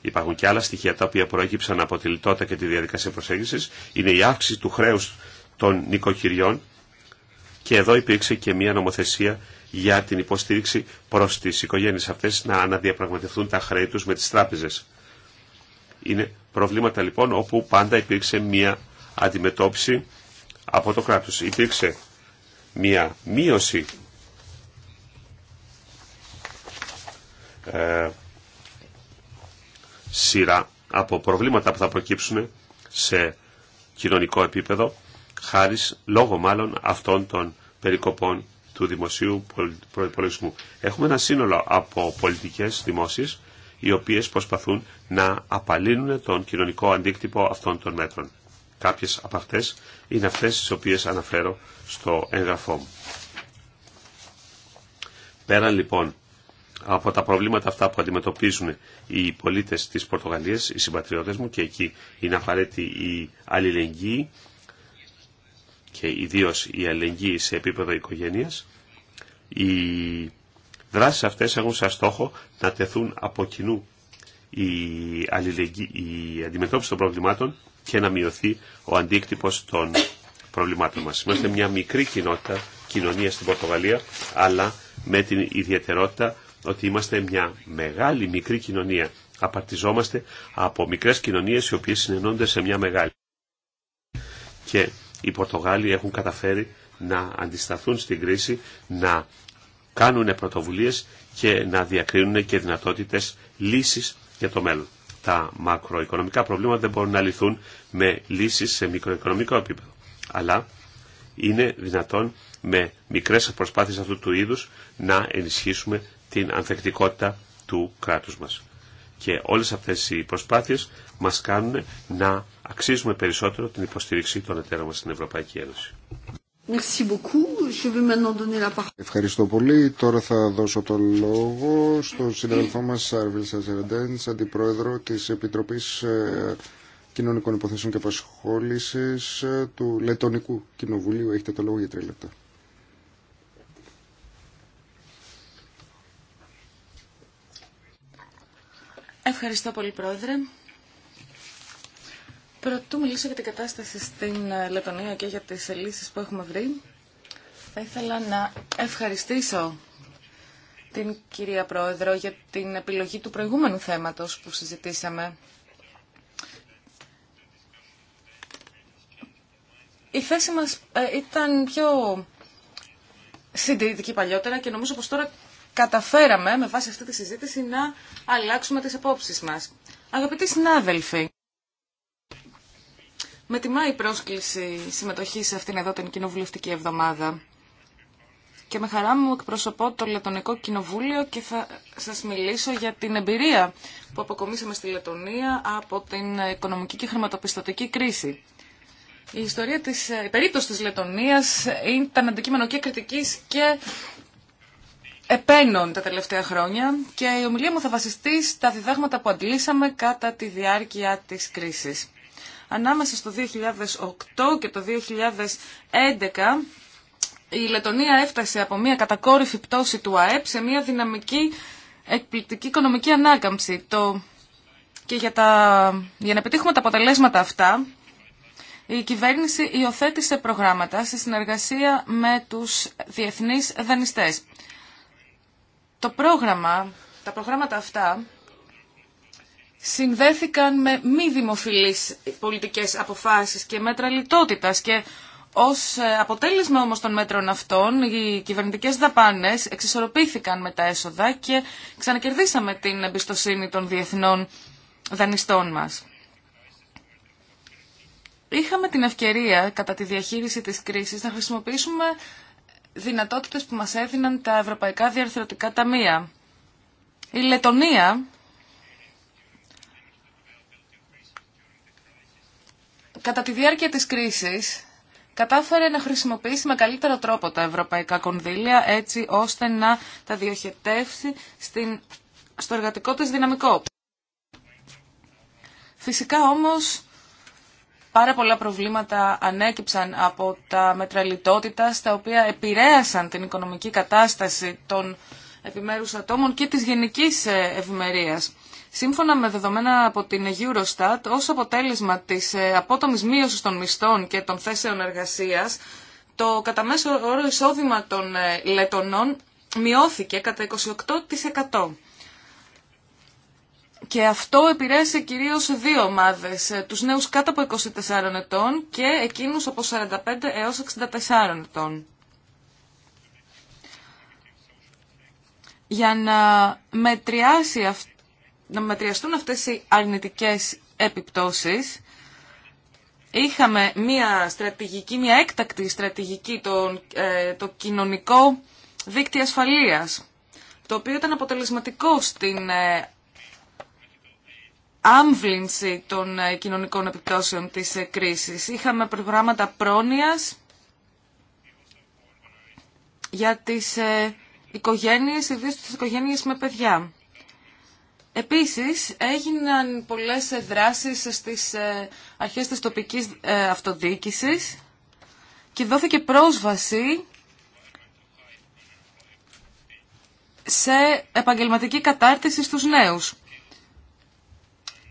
Υπάρχουν και άλλα στοιχεία τα οποία προέκυψαν από τη λιτότητα και τη διαδικασία προσέγγιση, Είναι η αύξηση του χρέου των νοικοκυριών και εδώ υπήρξε και μια νομοθεσία για την υποστήριξη προς τις οικογένειες αυτές να αναδιαπραγματευτούν τα χρέη του με τις τράπεζες. Είναι προβλήματα λοιπόν όπου πάντα υπήρξε μία αντιμετώπιση από το κράτος. Υπήρξε μία μείωση ε, σειρά από προβλήματα που θα προκύψουν σε κοινωνικό επίπεδο χάρη λόγω μάλλον αυτών των περικοπών του δημοσίου προϋπολογισμού. Έχουμε ένα σύνολο από πολιτικές δημόσιες οι οποίες προσπαθούν να απαλύνουν τον κοινωνικό αντίκτυπο αυτών των μέτρων. Κάποιες από αυτές είναι αυτές τις οποίες αναφέρω στο έγγραφό μου. Πέραν λοιπόν από τα προβλήματα αυτά που αντιμετωπίζουν οι πολίτες της Πορτογαλίας, οι συμπατριώτες μου και εκεί είναι απαραίτητη η αλληλεγγύη και ιδίως η αλληλεγγύη σε επίπεδο οικογένειας, η δράσεις αυτές έχουν σαν στόχο να τεθούν από κοινού η, η αντιμετώπιση των προβλημάτων και να μειωθεί ο αντίκτυπος των προβλημάτων μας. Είμαστε μια μικρή κοινότητα, κοινωνία στην Πορτογαλία, αλλά με την ιδιαιτερότητα ότι είμαστε μια μεγάλη μικρή κοινωνία. Απαρτιζόμαστε από μικρές κοινωνίες οι οποίες συνενώνται σε μια μεγάλη. Και οι Πορτογάλοι έχουν καταφέρει να αντισταθούν στην κρίση, να κάνουν πρωτοβουλίες και να διακρίνουν και δυνατότητες λύσεις για το μέλλον. Τα μακροοικονομικά προβλήματα δεν μπορούν να λυθούν με λύσεις σε μικροοικονομικό επίπεδο. Αλλά είναι δυνατόν με μικρές προσπάθειες αυτού του είδους να ενισχύσουμε την ανθεκτικότητα του κράτους μας. Και όλες αυτές οι προσπάθειες μας κάνουν να αξίζουμε περισσότερο την υποστήριξη των εταίρων μας στην Ευρωπαϊκή Ένωση. Ευχαριστώ πολύ. Τώρα θα δώσω το λόγο στον συναδελφό μα Σάρβιλ Σαζερντέν, αντιπρόεδρο τη Επιτροπή ε, Κοινωνικών Υποθέσεων και Απασχόληση ε, του Λετωνικού Κοινοβουλίου. Έχετε το λόγο για τρία λεπτά. Ευχαριστώ πολύ, Πρόεδρε. Πρωτού μιλήσω για την κατάσταση στην ε, Λετωνία και για τις λύσεις που έχουμε βρει, θα ήθελα να ευχαριστήσω την κυρία Πρόεδρο για την επιλογή του προηγούμενου θέματος που συζητήσαμε. Η θέση μας ε, ήταν πιο συντηρητική παλιότερα και νομίζω πως τώρα καταφέραμε με βάση αυτή τη συζήτηση να αλλάξουμε τις απόψεις μας. Αγαπητοί συνάδελφοι, με τιμά η πρόσκληση συμμετοχή σε αυτήν εδώ την κοινοβουλευτική εβδομάδα. Και με χαρά μου εκπροσωπώ το Λετωνικό Κοινοβούλιο και θα σας μιλήσω για την εμπειρία που αποκομίσαμε στη Λετωνία από την οικονομική και χρηματοπιστωτική κρίση. Η ιστορία της, η περίπτωση της Λετωνίας ήταν αντικείμενο και κριτικής και επένων τα τελευταία χρόνια και η ομιλία μου θα βασιστεί στα διδάγματα που αντλήσαμε κατά τη διάρκεια της κρίσης. Ανάμεσα στο 2008 και το 2011 η Λετωνία έφτασε από μια κατακόρυφη πτώση του ΑΕΠ σε μια δυναμική εκπληκτική οικονομική ανάκαμψη. Το... Και για, τα... για να πετύχουμε τα αποτελέσματα αυτά, η κυβέρνηση υιοθέτησε προγράμματα σε συνεργασία με τους διεθνείς δανειστές. Το πρόγραμμα, τα προγράμματα αυτά συνδέθηκαν με μη δημοφιλείς πολιτικές αποφάσεις και μέτρα λιτότητας και ως ε, αποτέλεσμα όμως των μέτρων αυτών οι κυβερνητικές δαπάνες εξισορροπήθηκαν με τα έσοδα και ξανακερδίσαμε την εμπιστοσύνη των διεθνών δανειστών μας. Είχαμε την ευκαιρία κατά τη διαχείριση της κρίσης να χρησιμοποιήσουμε δυνατότητες που μας έδιναν τα Ευρωπαϊκά Διαρθρωτικά Ταμεία. Η Λετωνία κατά τη διάρκεια της κρίσης κατάφερε να χρησιμοποιήσει με καλύτερο τρόπο τα ευρωπαϊκά κονδύλια έτσι ώστε να τα διοχετεύσει στην, στο εργατικό της δυναμικό. Φυσικά όμως πάρα πολλά προβλήματα ανέκυψαν από τα μετραλιτότητα τα οποία επηρέασαν την οικονομική κατάσταση των επιμέρους ατόμων και της γενικής ε, ευημερίας. Σύμφωνα με δεδομένα από την Eurostat, ως αποτέλεσμα της ε, απότομης μείωσης των μισθών και των θέσεων εργασίας, το κατά μέσο όρο εισόδημα των ε, Λετωνών μειώθηκε κατά 28%. Και αυτό επηρέασε κυρίως δύο ομάδες, ε, τους νέους κάτω από 24 ετών και εκείνους από 45 έως 64 ετών. Για να μετριάσει αυτό να μετριαστούν αυτές οι αρνητικές επιπτώσεις, είχαμε μια στρατηγική, μια έκτακτη στρατηγική, το, ε, το κοινωνικό δίκτυο ασφαλείας, το οποίο ήταν αποτελεσματικό στην ε, άμβλυνση των ε, κοινωνικών επιπτώσεων της ε, κρίσης. Είχαμε προγράμματα πρόνοιας για τις ε, οικογένειες, ιδίως τις οικογένειες με παιδιά. Επίσης, έγιναν πολλές δράσεις στις ε, αρχές της τοπικής ε, αυτοδιοίκησης και δόθηκε πρόσβαση σε επαγγελματική κατάρτιση στους νέους.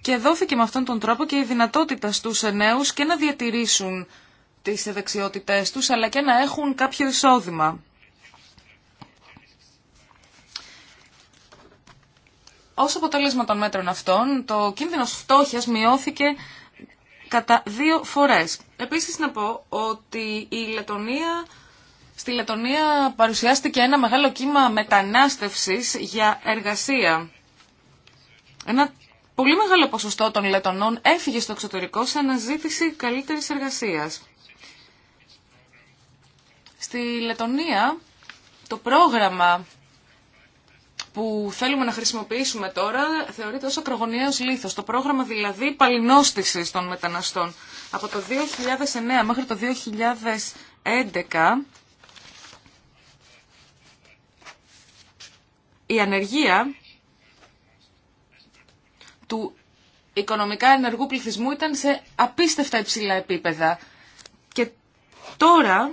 Και δόθηκε με αυτόν τον τρόπο και η δυνατότητα στους νέους και να διατηρήσουν τις δεξιότητές τους, αλλά και να έχουν κάποιο εισόδημα. Ω αποτέλεσμα των μέτρων αυτών, το κίνδυνος φτώχεια μειώθηκε κατά δύο φορές. Επίσης να πω ότι η στη Λετωνία παρουσιάστηκε ένα μεγάλο κύμα μετανάστευσης για εργασία. Ένα πολύ μεγάλο ποσοστό των Λετωνών έφυγε στο εξωτερικό σε αναζήτηση καλύτερης εργασίας. Στη Λετωνία το πρόγραμμα που θέλουμε να χρησιμοποιήσουμε τώρα θεωρείται ως ακρογωνιαίος λίθος. Το πρόγραμμα δηλαδή παλινόστησης των μεταναστών. Από το 2009 μέχρι το 2011 η ανεργία του οικονομικά ενεργού πληθυσμού ήταν σε απίστευτα υψηλά επίπεδα. Και τώρα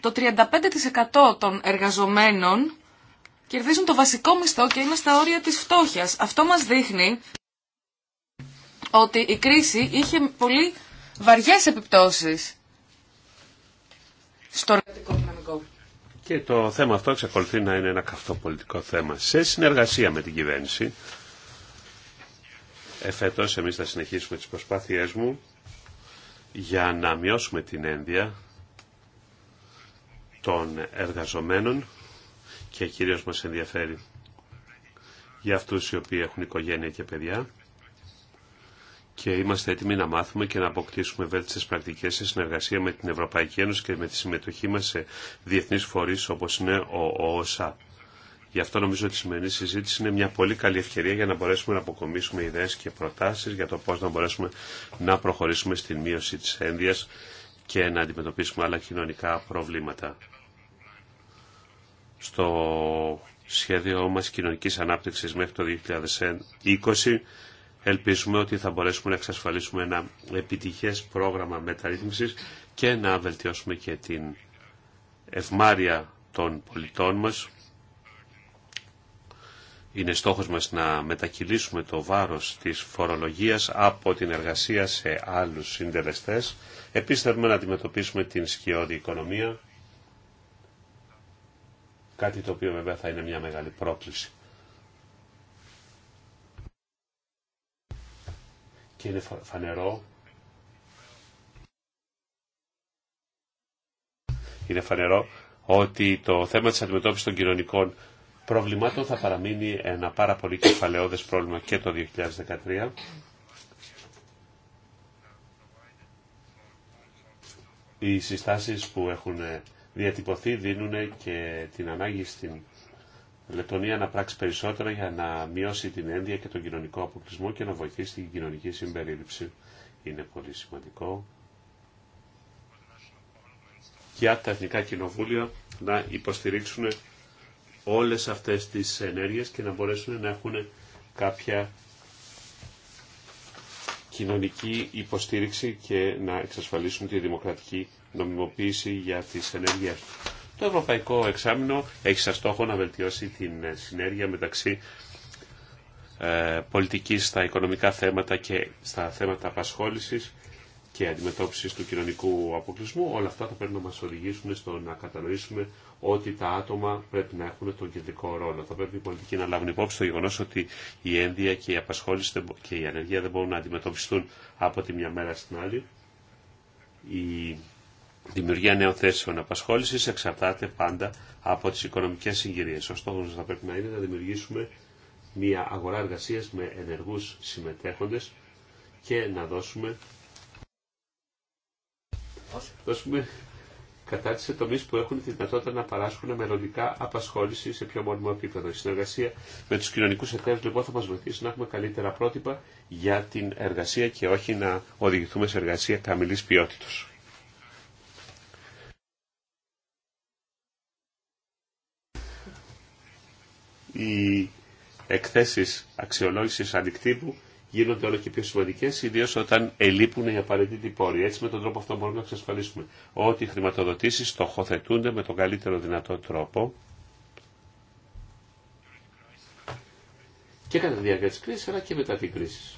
το 35% των εργαζομένων κερδίζουν το βασικό μισθό και είναι στα όρια της φτώχειας. Αυτό μας δείχνει ότι η κρίση είχε πολύ βαριές επιπτώσεις στο εργατικό δυναμικό. Και το θέμα αυτό εξακολουθεί να είναι ένα καυτό πολιτικό θέμα. Σε συνεργασία με την κυβέρνηση, εφέτος εμείς θα συνεχίσουμε τις προσπάθειές μου για να μειώσουμε την ένδια των εργαζομένων και κυρίως μας ενδιαφέρει για αυτούς οι οποίοι έχουν οικογένεια και παιδιά και είμαστε έτοιμοι να μάθουμε και να αποκτήσουμε βέλτιστες πρακτικές σε συνεργασία με την Ευρωπαϊκή Ένωση και με τη συμμετοχή μας σε διεθνείς φορείς όπως είναι ο ΟΣΑ. Γι' αυτό νομίζω ότι η σημερινή συζήτηση είναι μια πολύ καλή ευκαιρία για να μπορέσουμε να αποκομίσουμε ιδέες και προτάσεις για το πώς να μπορέσουμε να προχωρήσουμε στην μείωση της ένδυας και να αντιμετωπίσουμε άλλα κοινωνικά προβλήματα στο σχέδιό μας κοινωνικής ανάπτυξης μέχρι το 2020 ελπίζουμε ότι θα μπορέσουμε να εξασφαλίσουμε ένα επιτυχές πρόγραμμα μεταρρύθμισης και να βελτιώσουμε και την ευμάρεια των πολιτών μας. Είναι στόχος μας να μετακυλήσουμε το βάρος της φορολογίας από την εργασία σε άλλους συντελεστές. Επίσης θέλουμε να αντιμετωπίσουμε την σκιώδη οικονομία Κάτι το οποίο βέβαια θα είναι μια μεγάλη πρόκληση. Και είναι φανερό είναι φανερό ότι το θέμα της αντιμετώπισης των κοινωνικών προβλημάτων θα παραμείνει ένα πάρα πολύ κεφαλαιόδες πρόβλημα και το 2013. Οι συστάσεις που έχουν διατυπωθεί δίνουν και την ανάγκη στην Λετωνία να πράξει περισσότερα για να μειώσει την ένδια και τον κοινωνικό αποκλεισμό και να βοηθήσει την κοινωνική συμπερίληψη. Είναι πολύ σημαντικό για τα εθνικά κοινοβούλια να υποστηρίξουν όλες αυτές τις ενέργειες και να μπορέσουν να έχουν κάποια κοινωνική υποστήριξη και να εξασφαλίσουν τη δημοκρατική νομιμοποίηση για τις ενέργειές του. Το Ευρωπαϊκό Εξάμεινο έχει σαν στόχο να βελτιώσει την συνέργεια μεταξύ ε, πολιτικής στα οικονομικά θέματα και στα θέματα απασχόλησης και αντιμετώπισης του κοινωνικού αποκλεισμού. Όλα αυτά θα πρέπει να μας οδηγήσουν στο να κατανοήσουμε ότι τα άτομα πρέπει να έχουν τον κεντρικό ρόλο. Θα πρέπει οι πολιτικοί να λάβουν υπόψη το γεγονός ότι η ένδια και η απασχόληση και η ανεργία δεν μπορούν να αντιμετωπιστούν από τη μια μέρα στην άλλη. Η δημιουργία νέων θέσεων απασχόλησης εξαρτάται πάντα από τι οικονομικέ συγκυρίες. Ο στόχο μα θα πρέπει να είναι να δημιουργήσουμε μια αγορά εργασία με ενεργού συμμετέχοντε και να δώσουμε, δώσουμε κατά τις τομεί που έχουν τη δυνατότητα να παράσχουν μελλοντικά απασχόληση σε πιο μόνιμο επίπεδο. Η συνεργασία με του κοινωνικού εταίρου λοιπόν θα μα βοηθήσει να έχουμε καλύτερα πρότυπα για την εργασία και όχι να οδηγηθούμε σε εργασία χαμηλή ποιότητα. οι εκθέσεις αξιολόγησης αντικτύπου γίνονται όλο και πιο σημαντικέ, ιδίω όταν ελείπουν οι απαραίτητοι πόροι. Έτσι, με τον τρόπο αυτό μπορούμε να εξασφαλίσουμε ότι οι χρηματοδοτήσει στοχοθετούνται με τον καλύτερο δυνατό τρόπο. Και κατά τη διάρκεια τη κρίση, αλλά και μετά την κρίση.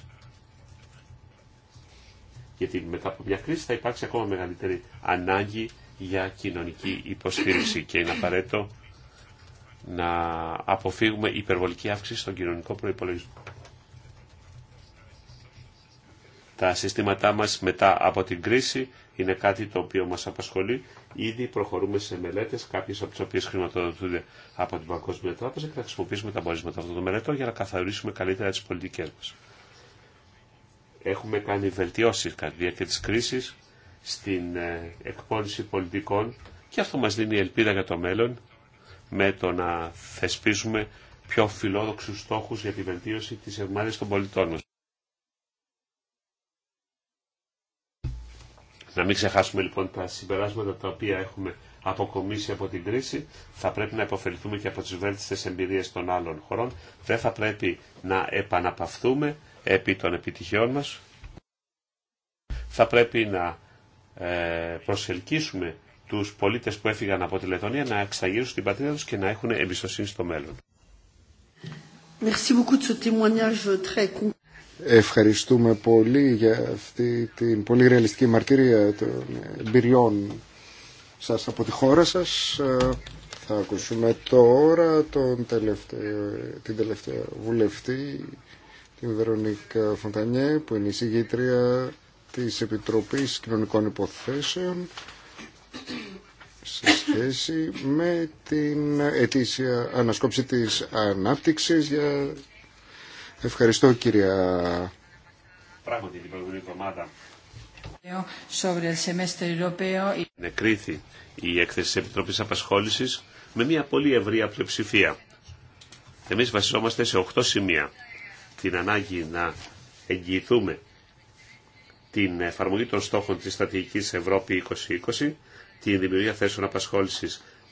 Γιατί μετά από μια κρίση θα υπάρξει ακόμα μεγαλύτερη ανάγκη για κοινωνική υποστήριξη και είναι απαραίτητο να αποφύγουμε υπερβολική αύξηση στον κοινωνικό προϋπολογισμό. Τα συστήματά μας μετά από την κρίση είναι κάτι το οποίο μας απασχολεί. Ήδη προχωρούμε σε μελέτες, κάποιες από τις οποίες χρηματοδοτούνται από την Παγκόσμια Τράπεζα και θα χρησιμοποιήσουμε τα πορίσματα αυτών των μελετών για να καθαρίσουμε καλύτερα τις πολιτικές μας. Έχουμε κάνει βελτιώσεις κατά τη διάρκεια της κρίσης στην ε, εκπόνηση πολιτικών και αυτό μας δίνει ελπίδα για το μέλλον με το να θεσπίσουμε πιο φιλόδοξους στόχους για τη βελτίωση της ευμάρειας των πολιτών μας. Να μην ξεχάσουμε λοιπόν τα συμπεράσματα τα οποία έχουμε αποκομίσει από την κρίση. Θα πρέπει να υποφεληθούμε και από τις βέλτιστες εμπειρίες των άλλων χωρών. Δεν θα πρέπει να επαναπαυθούμε επί των επιτυχιών μας. Θα πρέπει να ε, προσελκύσουμε τους πολίτες που έφυγαν από τη Λετωνία να εξαγείρουν την πατρίδα τους και να έχουν εμπιστοσύνη στο μέλλον. Ευχαριστούμε πολύ για αυτή την πολύ ρεαλιστική μαρτυρία των εμπειριών σας από τη χώρα σας. Ε, θα ακούσουμε τώρα τον τελευταίο, την τελευταία βουλευτή, την Βερονίκα Φοντανιέ, που είναι η συγγήτρια της Επιτροπής Κοινωνικών Υποθέσεων σε σχέση με την ετήσια ανασκόψη της ανάπτυξης για... Ευχαριστώ κυρία... Πράγματι την προηγούμενη εβδομάδα Νεκρίθη η έκθεση της Επιτροπής Απασχόλησης με μια πολύ ευρία πλειοψηφία. Εμείς βασιζόμαστε σε 8 σημεία. Την ανάγκη να εγγυηθούμε την εφαρμογή των στόχων της στρατηγικής Ευρώπη 2020, τη δημιουργία θέσεων απασχόληση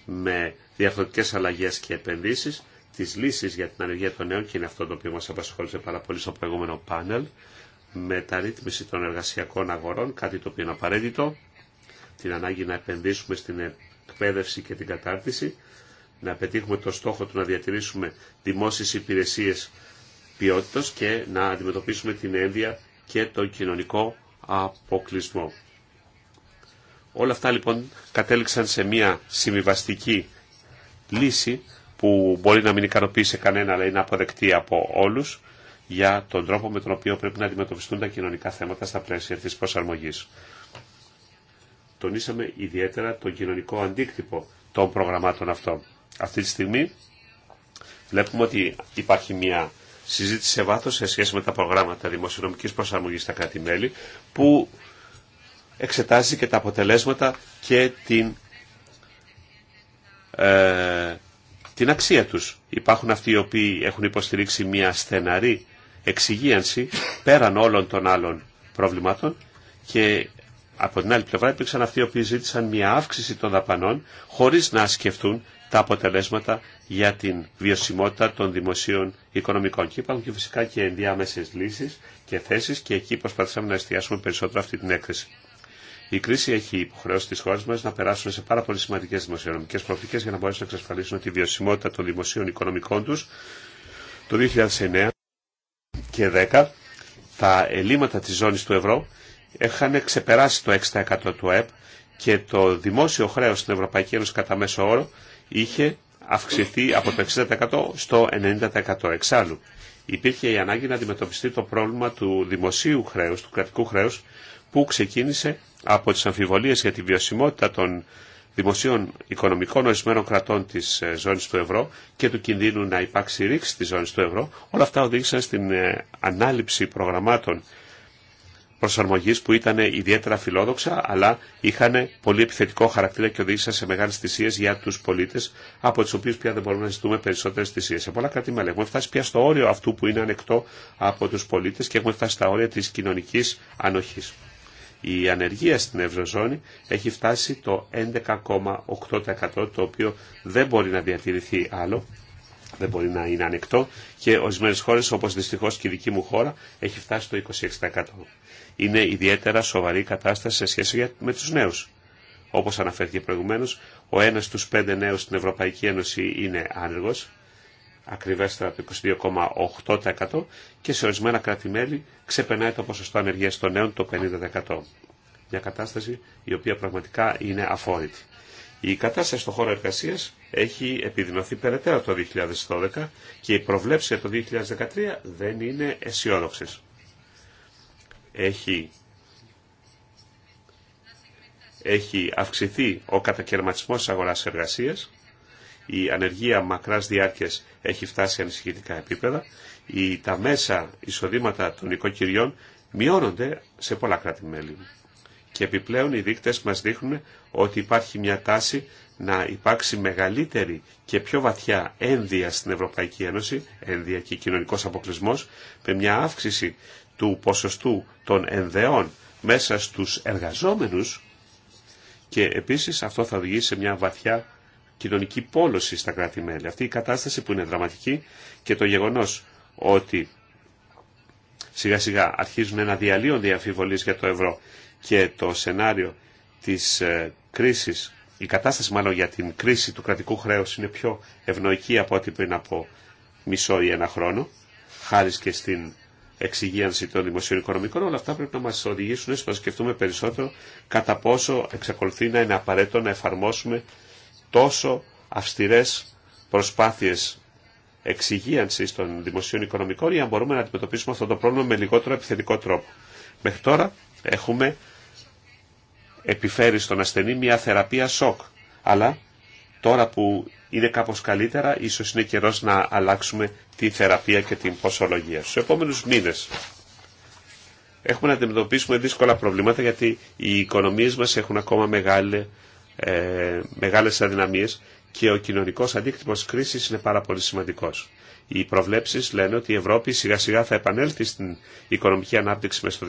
με διαφορετικές αλλαγέ και επενδύσει, τι λύσει για την ανεργία των νέων και είναι αυτό το οποίο μα απασχόλησε πάρα πολύ στο προηγούμενο πάνελ, μεταρρύθμιση των εργασιακών αγορών, κάτι το οποίο είναι απαραίτητο, την ανάγκη να επενδύσουμε στην εκπαίδευση και την κατάρτιση, να πετύχουμε το στόχο του να διατηρήσουμε δημόσιες υπηρεσίες ποιότητας και να αντιμετωπίσουμε την ένδια και τον κοινωνικό αποκλεισμό. Όλα αυτά λοιπόν κατέληξαν σε μια συμβιβαστική λύση που μπορεί να μην ικανοποιήσει κανένα αλλά είναι αποδεκτή από όλους για τον τρόπο με τον οποίο πρέπει να αντιμετωπιστούν τα κοινωνικά θέματα στα πλαίσια της προσαρμογής. Τονίσαμε ιδιαίτερα τον κοινωνικό αντίκτυπο των προγραμμάτων αυτών. Αυτή τη στιγμή βλέπουμε ότι υπάρχει μια συζήτηση σε βάθος σε σχέση με τα προγράμματα δημοσιονομικής προσαρμογής στα κράτη-μέλη που εξετάζει και τα αποτελέσματα και την, ε, την αξία τους. Υπάρχουν αυτοί οι οποίοι έχουν υποστηρίξει μια στεναρή εξυγίανση πέραν όλων των άλλων προβλημάτων και από την άλλη πλευρά υπήρξαν αυτοί οι οποίοι ζήτησαν μια αύξηση των δαπανών χωρίς να σκεφτούν τα αποτελέσματα για την βιωσιμότητα των δημοσίων οικονομικών. Και υπάρχουν και φυσικά και ενδιάμεσες λύσεις και θέσεις και εκεί προσπαθήσαμε να εστιάσουμε περισσότερο αυτή την έκθεση. Η κρίση έχει υποχρεώσει τι χώρε μα να περάσουν σε πάρα πολύ σημαντικέ δημοσιονομικέ προοπτικέ για να μπορέσουν να εξασφαλίσουν τη βιωσιμότητα των δημοσίων οικονομικών του. Το 2009 και 2010 τα ελλείμματα τη ζώνη του ευρώ είχαν ξεπεράσει το 6% του ΕΠ και το δημόσιο χρέο στην Ευρωπαϊκή Ένωση κατά μέσο όρο είχε αυξηθεί από το 60% στο 90%. Εξάλλου, υπήρχε η ανάγκη να αντιμετωπιστεί το πρόβλημα του δημοσίου χρέους, του κρατικού χρέους, που ξεκίνησε από τις αμφιβολίες για τη βιωσιμότητα των δημοσίων οικονομικών ορισμένων κρατών της ε, ζώνης του ευρώ και του κινδύνου να υπάρξει ρήξη τη ζώνη του ευρώ, όλα αυτά οδήγησαν στην ε, ανάληψη προγραμμάτων προσαρμογής που ήταν ιδιαίτερα φιλόδοξα, αλλά είχαν πολύ επιθετικό χαρακτήρα και οδήγησαν σε μεγάλες θυσίες για τους πολίτες από τους οποίους πια δεν μπορούμε να ζητούμε περισσότερε θυσίε. Σε πολλα κρατήματα έχουμε φτάσει πια στο όριο αυτού που είναι ανεκτό από του πολίτε και έχουμε φτάσει στα όρια τη κοινωνική ανοχή η ανεργία στην Ευρωζώνη έχει φτάσει το 11,8% το οποίο δεν μπορεί να διατηρηθεί άλλο, δεν μπορεί να είναι ανοιχτό και ορισμένε χώρε όπω δυστυχώ και η δική μου χώρα έχει φτάσει το 26%. Είναι ιδιαίτερα σοβαρή κατάσταση σε σχέση με του νέου. Όπω αναφέρθηκε προηγουμένω, ο ένα στου πέντε νέου στην Ευρωπαϊκή Ένωση είναι άνεργος ακριβέστερα το 22,8% και σε ορισμένα κράτη-μέλη ξεπερνάει το ποσοστό ανεργίας των νέων το 50%. Μια κατάσταση η οποία πραγματικά είναι αφόρητη. Η κατάσταση στον χώρο εργασία έχει επιδεινωθεί περαιτέρω το 2012 και η προβλέψει το 2013 δεν είναι αισιόδοξε. Έχει, έχει αυξηθεί ο κατακαιρματισμό τη αγορά εργασία η ανεργία μακράς διάρκειας έχει φτάσει ανησυχητικά επίπεδα, η, τα μέσα εισοδήματα των οικοκυριών μειώνονται σε πολλά κράτη-μέλη. Και επιπλέον οι δείκτες μας δείχνουν ότι υπάρχει μια τάση να υπάρξει μεγαλύτερη και πιο βαθιά ένδυα στην Ευρωπαϊκή Ένωση, ένδυα και κοινωνικός αποκλεισμός, με μια αύξηση του ποσοστού των ενδεών μέσα στους εργαζόμενους και επίσης αυτό θα οδηγήσει σε μια βαθιά κοινωνική πόλωση στα κράτη-μέλη. Αυτή η κατάσταση που είναι δραματική και το γεγονός ότι σιγά σιγά αρχίζουν να διαλύονται οι για το ευρώ και το σενάριο της ε, κρίσης, η κατάσταση μάλλον για την κρίση του κρατικού χρέους είναι πιο ευνοϊκή από ό,τι πριν από μισό ή ένα χρόνο, χάρη και στην εξυγίανση των δημοσίων οικονομικών, όλα αυτά πρέπει να μας οδηγήσουν στο να σκεφτούμε περισσότερο κατά πόσο εξακολουθεί να είναι απαραίτητο να εφαρμόσουμε τόσο αυστηρές προσπάθειες εξυγίανσης των δημοσίων οικονομικών για να μπορούμε να αντιμετωπίσουμε αυτό το πρόβλημα με λιγότερο επιθετικό τρόπο. Μέχρι τώρα έχουμε επιφέρει στον ασθενή μια θεραπεία σοκ, αλλά τώρα που είναι κάπως καλύτερα, ίσως είναι καιρός να αλλάξουμε τη θεραπεία και την ποσολογία. Στους επόμενους μήνες έχουμε να αντιμετωπίσουμε δύσκολα προβλήματα γιατί οι οικονομίες μας έχουν ακόμα μεγάλη ε, μεγάλες αδυναμίες και ο κοινωνικός αντίκτυπος κρίσης είναι πάρα πολύ σημαντικός. Οι προβλέψεις λένε ότι η Ευρώπη σιγά σιγά θα επανέλθει στην οικονομική ανάπτυξη μέσα στο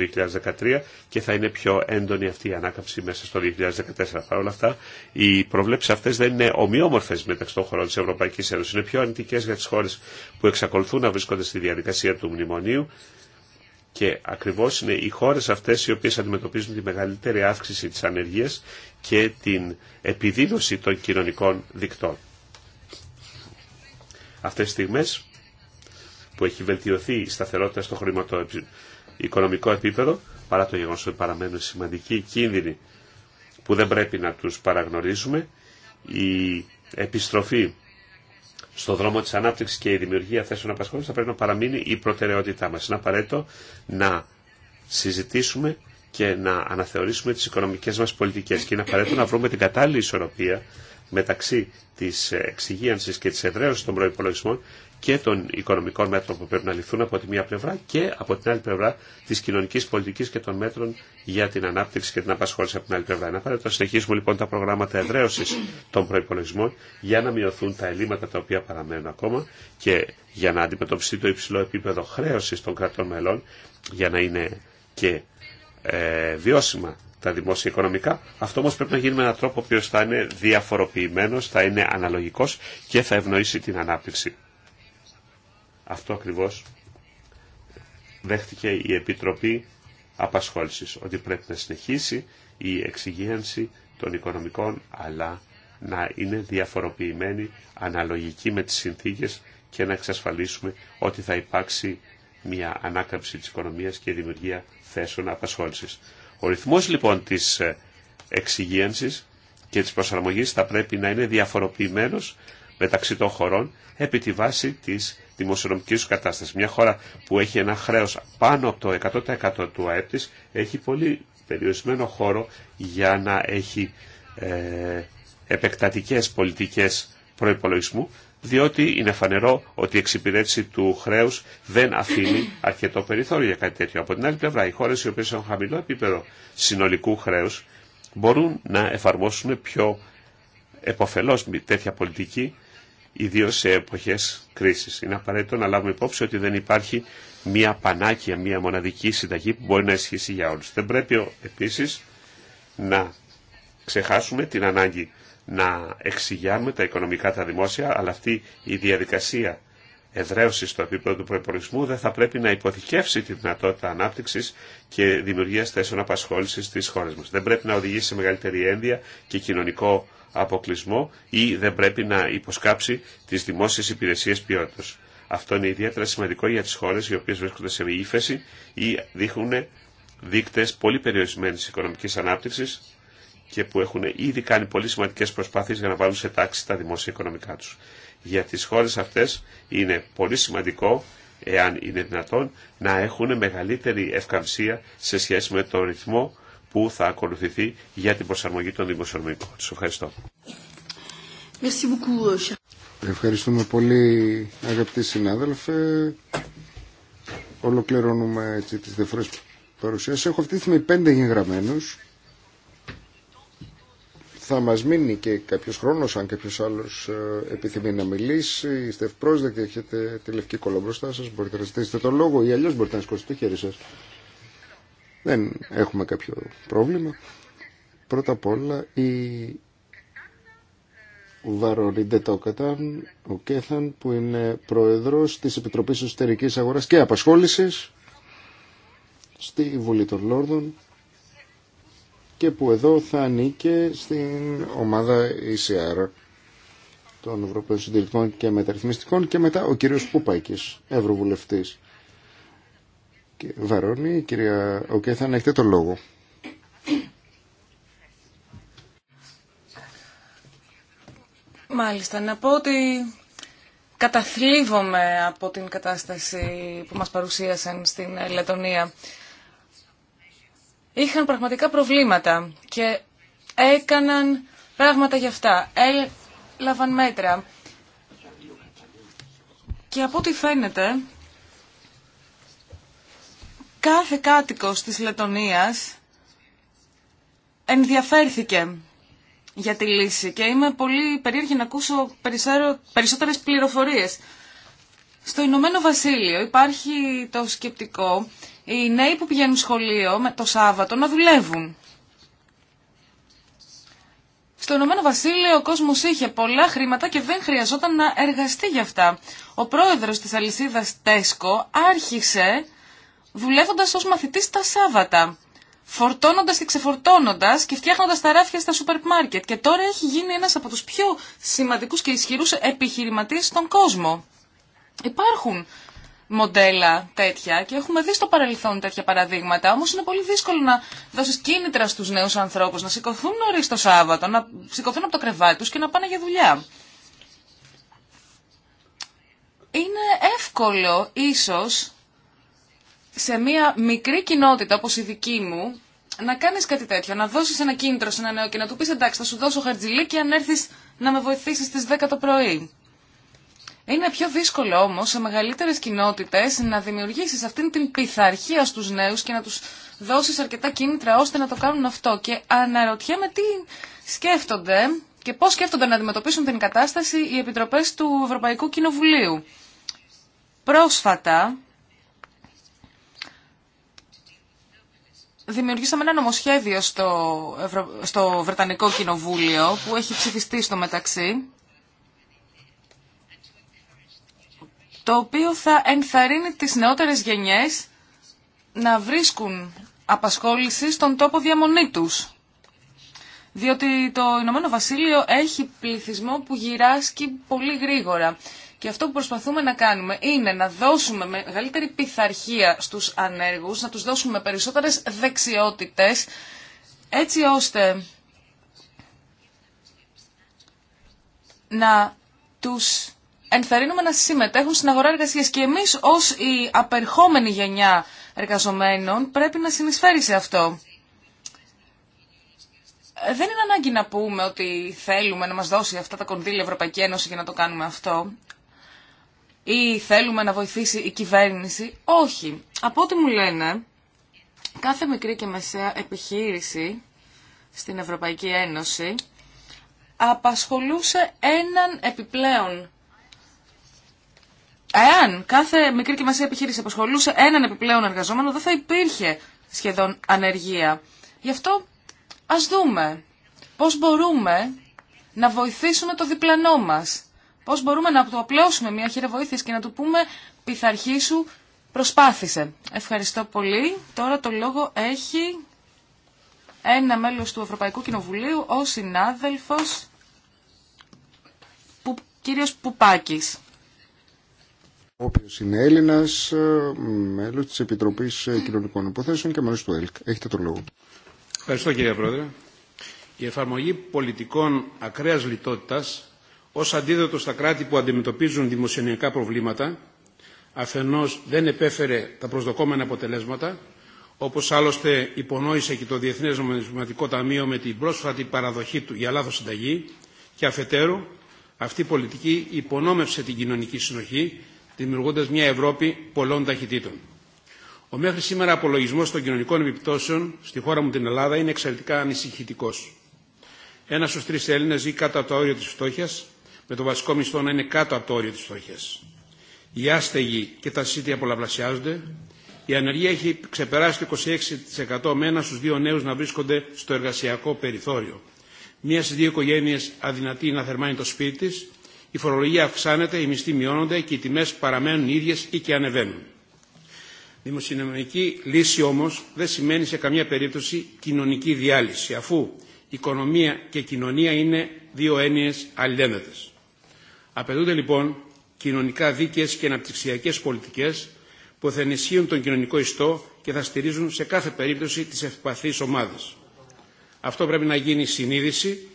2013 και θα είναι πιο έντονη αυτή η ανάκαμψη μέσα στο 2014. Παρ' όλα αυτά, οι προβλέψεις αυτές δεν είναι ομοιόμορφες μεταξύ των χωρών της Ευρωπαϊκής Ένωσης. Είναι πιο αντικές για τις χώρες που εξακολουθούν να βρίσκονται στη διαδικασία του μνημονίου και ακριβώς είναι οι χώρες αυτές οι οποίες αντιμετωπίζουν τη μεγαλύτερη αύξηση της ανεργίας και την επιδίδωση των κοινωνικών δικτών. Αυτές τις στιγμές που έχει βελτιωθεί η σταθερότητα στο χρηματοοικονομικό επίπεδο, παρά το γεγονός ότι παραμένουν σημαντικοί κίνδυνοι που δεν πρέπει να τους παραγνωρίζουμε, η επιστροφή στον δρόμο της ανάπτυξης και η δημιουργία θέσεων απασχόλησης θα πρέπει να παραμείνει η προτεραιότητά μας. Είναι απαραίτητο να συζητήσουμε και να αναθεωρήσουμε τις οικονομικές μας πολιτικές και είναι απαραίτητο να βρούμε την κατάλληλη ισορροπία μεταξύ της εξυγίανσης και της εδραίωσης των προϋπολογισμών και των οικονομικών μέτρων που πρέπει να ληφθούν από τη μία πλευρά και από την άλλη πλευρά τη κοινωνική πολιτική και των μέτρων για την ανάπτυξη και την απασχόληση από την άλλη πλευρά. Είναι απαραίτητο να συνεχίσουμε λοιπόν τα προγράμματα εδραίωση των προπολογισμών για να μειωθούν τα ελλείμματα τα οποία παραμένουν ακόμα και για να αντιμετωπιστεί το υψηλό επίπεδο χρέωση των κρατών μελών για να είναι και ε, βιώσιμα τα δημόσια οικονομικά. Αυτό όμω πρέπει να γίνει με έναν τρόπο ο οποίο θα είναι διαφοροποιημένο, θα είναι αναλογικό και θα ευνοήσει την ανάπτυξη. Αυτό ακριβώ δέχτηκε η Επιτροπή Απασχόλησης, ότι πρέπει να συνεχίσει η εξυγίανση των οικονομικών, αλλά να είναι διαφοροποιημένη, αναλογική με τι συνθήκε και να εξασφαλίσουμε ότι θα υπάρξει μια ανάκαμψη της οικονομίας και δημιουργία θέσεων απασχόλησης. Ο ρυθμός λοιπόν της ε, εξυγίανσης και της προσαρμογή θα πρέπει να είναι διαφοροποιημένος μεταξύ των χωρών επί τη βάση της δημοσιονομικής κατάστασης. Μια χώρα που έχει ένα χρέος πάνω από το 100% του ΑΕΠ έχει πολύ περιορισμένο χώρο για να έχει ε, επεκτατικές πολιτικές προϋπολογισμού διότι είναι φανερό ότι η εξυπηρέτηση του χρέους δεν αφήνει αρκετό περιθώριο για κάτι τέτοιο. Από την άλλη πλευρά, οι χώρε οι οποίε έχουν χαμηλό επίπεδο συνολικού χρέους μπορούν να εφαρμόσουν πιο εποφελώς τέτοια πολιτική, ιδίω σε εποχές κρίσης. Είναι απαραίτητο να λάβουμε υπόψη ότι δεν υπάρχει μία πανάκια, μία μοναδική συνταγή που μπορεί να ισχύσει για όλου. Δεν πρέπει επίση να ξεχάσουμε την ανάγκη να εξηγιάνουμε τα οικονομικά τα δημόσια, αλλά αυτή η διαδικασία εδραίωση στο επίπεδο του προπολογισμού δεν θα πρέπει να υποθηκεύσει τη δυνατότητα ανάπτυξη και δημιουργία θέσεων απασχόληση στι χώρε μα. Δεν πρέπει να οδηγήσει σε μεγαλύτερη ένδια και κοινωνικό αποκλεισμό ή δεν πρέπει να υποσκάψει τι δημόσιε υπηρεσίε ποιότητα. Αυτό είναι ιδιαίτερα σημαντικό για τι χώρε οι οποίε βρίσκονται σε ύφεση ή δείχνουν δείκτε πολύ περιορισμένη οικονομική ανάπτυξη και που έχουν ήδη κάνει πολύ σημαντικέ προσπάθειε για να βάλουν σε τάξη τα δημόσια οικονομικά του. Για τι χώρε αυτέ είναι πολύ σημαντικό, εάν είναι δυνατόν, να έχουν μεγαλύτερη ευκαμψία σε σχέση με τον ρυθμό που θα ακολουθηθεί για την προσαρμογή των δημοσιονομικών του. Ευχαριστώ. Euh, Ευχαριστούμε πολύ αγαπητοί συνάδελφε. Ολοκληρώνουμε έτσι τις διαφορές παρουσίες. Έχω αυτή τη στιγμή πέντε εγγεγραμμένους. Θα μας μείνει και κάποιος χρόνος, αν κάποιος άλλος ε, επιθυμεί να μιλήσει. Είστε ευπρόσδεκτοι, έχετε τη λευκή κόλλα μπροστά σας, μπορείτε να ζητήσετε τον λόγο ή αλλιώς μπορείτε να σηκώσετε το χέρι σας. Δεν έχουμε κάποιο πρόβλημα. Πρώτα απ' όλα η Βαρορίντε Κατάν, ο Κέθαν, που είναι πρόεδρος της Επιτροπής Εσωτερικής Αγοράς και Απασχόλησης στη Βουλή των Λόρδων και που εδώ θα ανήκε στην ομάδα ECR των Ευρωπαίων Συντηρητικών και Μεταρρυθμιστικών και μετά ο κύριος Πούπακης, Ευρωβουλευτής. Και Βαρώνη, κυρία Οκέθα, να έχετε το λόγο. Μάλιστα, να πω ότι καταθλίβομαι από την κατάσταση που μας παρουσίασαν στην Λετωνία είχαν πραγματικά προβλήματα και έκαναν πράγματα για αυτά, έλαβαν μέτρα. Και από ό,τι φαίνεται, κάθε κάτοικος της Λετωνίας ενδιαφέρθηκε για τη λύση και είμαι πολύ περίεργη να ακούσω περισσότερες πληροφορίες. Στο Ηνωμένο Βασίλειο υπάρχει το σκεπτικό οι νέοι που πηγαίνουν σχολείο με το Σάββατο να δουλεύουν. Στο Ηνωμένο Βασίλειο ο κόσμο είχε πολλά χρήματα και δεν χρειαζόταν να εργαστεί για αυτά. Ο πρόεδρο τη αλυσίδα Τέσκο άρχισε δουλεύοντα ω μαθητή τα Σάββατα. Φορτώνοντα και ξεφορτώνοντα και φτιάχνοντα τα ράφια στα σούπερ μάρκετ. Και τώρα έχει γίνει ένα από του πιο σημαντικού και ισχυρού επιχειρηματίε στον κόσμο. Υπάρχουν μοντέλα τέτοια και έχουμε δει στο παρελθόν τέτοια παραδείγματα. Όμω είναι πολύ δύσκολο να δώσει κίνητρα στου νέου ανθρώπου να σηκωθούν νωρί το Σάββατο, να σηκωθούν από το κρεβάτι του και να πάνε για δουλειά. Είναι εύκολο ίσως σε μια μικρή κοινότητα όπως η δική μου να κάνεις κάτι τέτοιο, να δώσεις ένα κίνητρο σε ένα νέο και να του πει, εντάξει θα σου δώσω και αν έρθει να με βοηθήσει στις 10 το πρωί. Είναι πιο δύσκολο όμως σε μεγαλύτερες κοινότητες να δημιουργήσεις αυτήν την πειθαρχία στους νέους και να τους δώσεις αρκετά κίνητρα ώστε να το κάνουν αυτό. Και αναρωτιέμαι τι σκέφτονται και πώς σκέφτονται να αντιμετωπίσουν την κατάσταση οι επιτροπές του Ευρωπαϊκού Κοινοβουλίου. Πρόσφατα δημιουργήσαμε ένα νομοσχέδιο στο, στο Βρετανικό Κοινοβούλιο που έχει ψηφιστεί στο μεταξύ το οποίο θα ενθαρρύνει τις νεότερες γενιές να βρίσκουν απασχόληση στον τόπο διαμονή τους. Διότι το Ηνωμένο Βασίλειο έχει πληθυσμό που γυράσκει πολύ γρήγορα. Και αυτό που προσπαθούμε να κάνουμε είναι να δώσουμε μεγαλύτερη πειθαρχία στους ανέργους, να τους δώσουμε περισσότερες δεξιότητες, έτσι ώστε να τους ενθαρρύνουμε να συμμετέχουν στην αγορά εργασία. και εμεί ω η απερχόμενη γενιά εργαζομένων πρέπει να συνεισφέρει σε αυτό. Ε, δεν είναι ανάγκη να πούμε ότι θέλουμε να μας δώσει αυτά τα κονδύλια Ευρωπαϊκή Ένωση για να το κάνουμε αυτό ή θέλουμε να βοηθήσει η κυβέρνηση. Όχι. Από ό,τι μου λένε, κάθε μικρή και μεσαία επιχείρηση στην Ευρωπαϊκή Ένωση απασχολούσε έναν επιπλέον Εάν κάθε μικρή και μεσαία επιχείρηση απασχολούσε έναν επιπλέον εργαζόμενο, δεν θα υπήρχε σχεδόν ανεργία. Γι' αυτό ας δούμε πώς μπορούμε να βοηθήσουμε το διπλανό μας. Πώς μπορούμε να του απλώσουμε μια χείρα βοήθειας και να του πούμε πειθαρχή σου προσπάθησε. Ευχαριστώ πολύ. Τώρα το λόγο έχει ένα μέλος του Ευρωπαϊκού Κοινοβουλίου, ο συνάδελφος που, κύριος Πουπάκης ο οποίος είναι Έλληνα, ε, μέλο τη επιτροπή ε, Κοινωνικών Υποθέσεων και μέλο του ΕΛΚ. Έχετε το λόγο. Ευχαριστώ κύριε Πρόεδρε. Η εφαρμογή πολιτικών ακραία λιτότητα ω αντίδοτο στα κράτη που αντιμετωπίζουν δημοσιονομικά προβλήματα αφενό δεν επέφερε τα προσδοκόμενα αποτελέσματα όπω άλλωστε υπονόησε και το Διεθνές Νομισματικό Ταμείο με την πρόσφατη παραδοχή του για λάθος συνταγή και αφετέρου αυτή η πολιτική υπονόμευσε την κοινωνική συνοχή δημιουργώντα μια Ευρώπη πολλών ταχυτήτων. Ο μέχρι σήμερα απολογισμό των κοινωνικών επιπτώσεων στη χώρα μου την Ελλάδα είναι εξαιρετικά ανησυχητικό. Ένα στου τρει Έλληνε ζει κάτω από το όριο τη φτώχεια, με το βασικό μισθό να είναι κάτω από το όριο τη φτώχεια. Οι άστεγοι και τα σύντια πολλαπλασιάζονται. Η ανεργία έχει ξεπεράσει το 26% με ένα στου δύο νέου να βρίσκονται στο εργασιακό περιθώριο. Μία στι δύο οικογένειε αδυνατεί να θερμάνει το σπίτι της, η φορολογία αυξάνεται, οι μισθοί μειώνονται και οι τιμές παραμένουν ίδιες ή και ανεβαίνουν. Δημοσιονομική λύση όμως δεν σημαίνει σε καμία περίπτωση κοινωνική διάλυση, αφού οικονομία και κοινωνία είναι δύο έννοιες αλληλένδετες. Απαιτούνται λοιπόν κοινωνικά δίκαιες και αναπτυξιακές πολιτικές που θα ενισχύουν τον κοινωνικό ιστό και θα στηρίζουν σε κάθε περίπτωση τις ευπαθείς ομάδες. Αυτό πρέπει να γίνει συνείδηση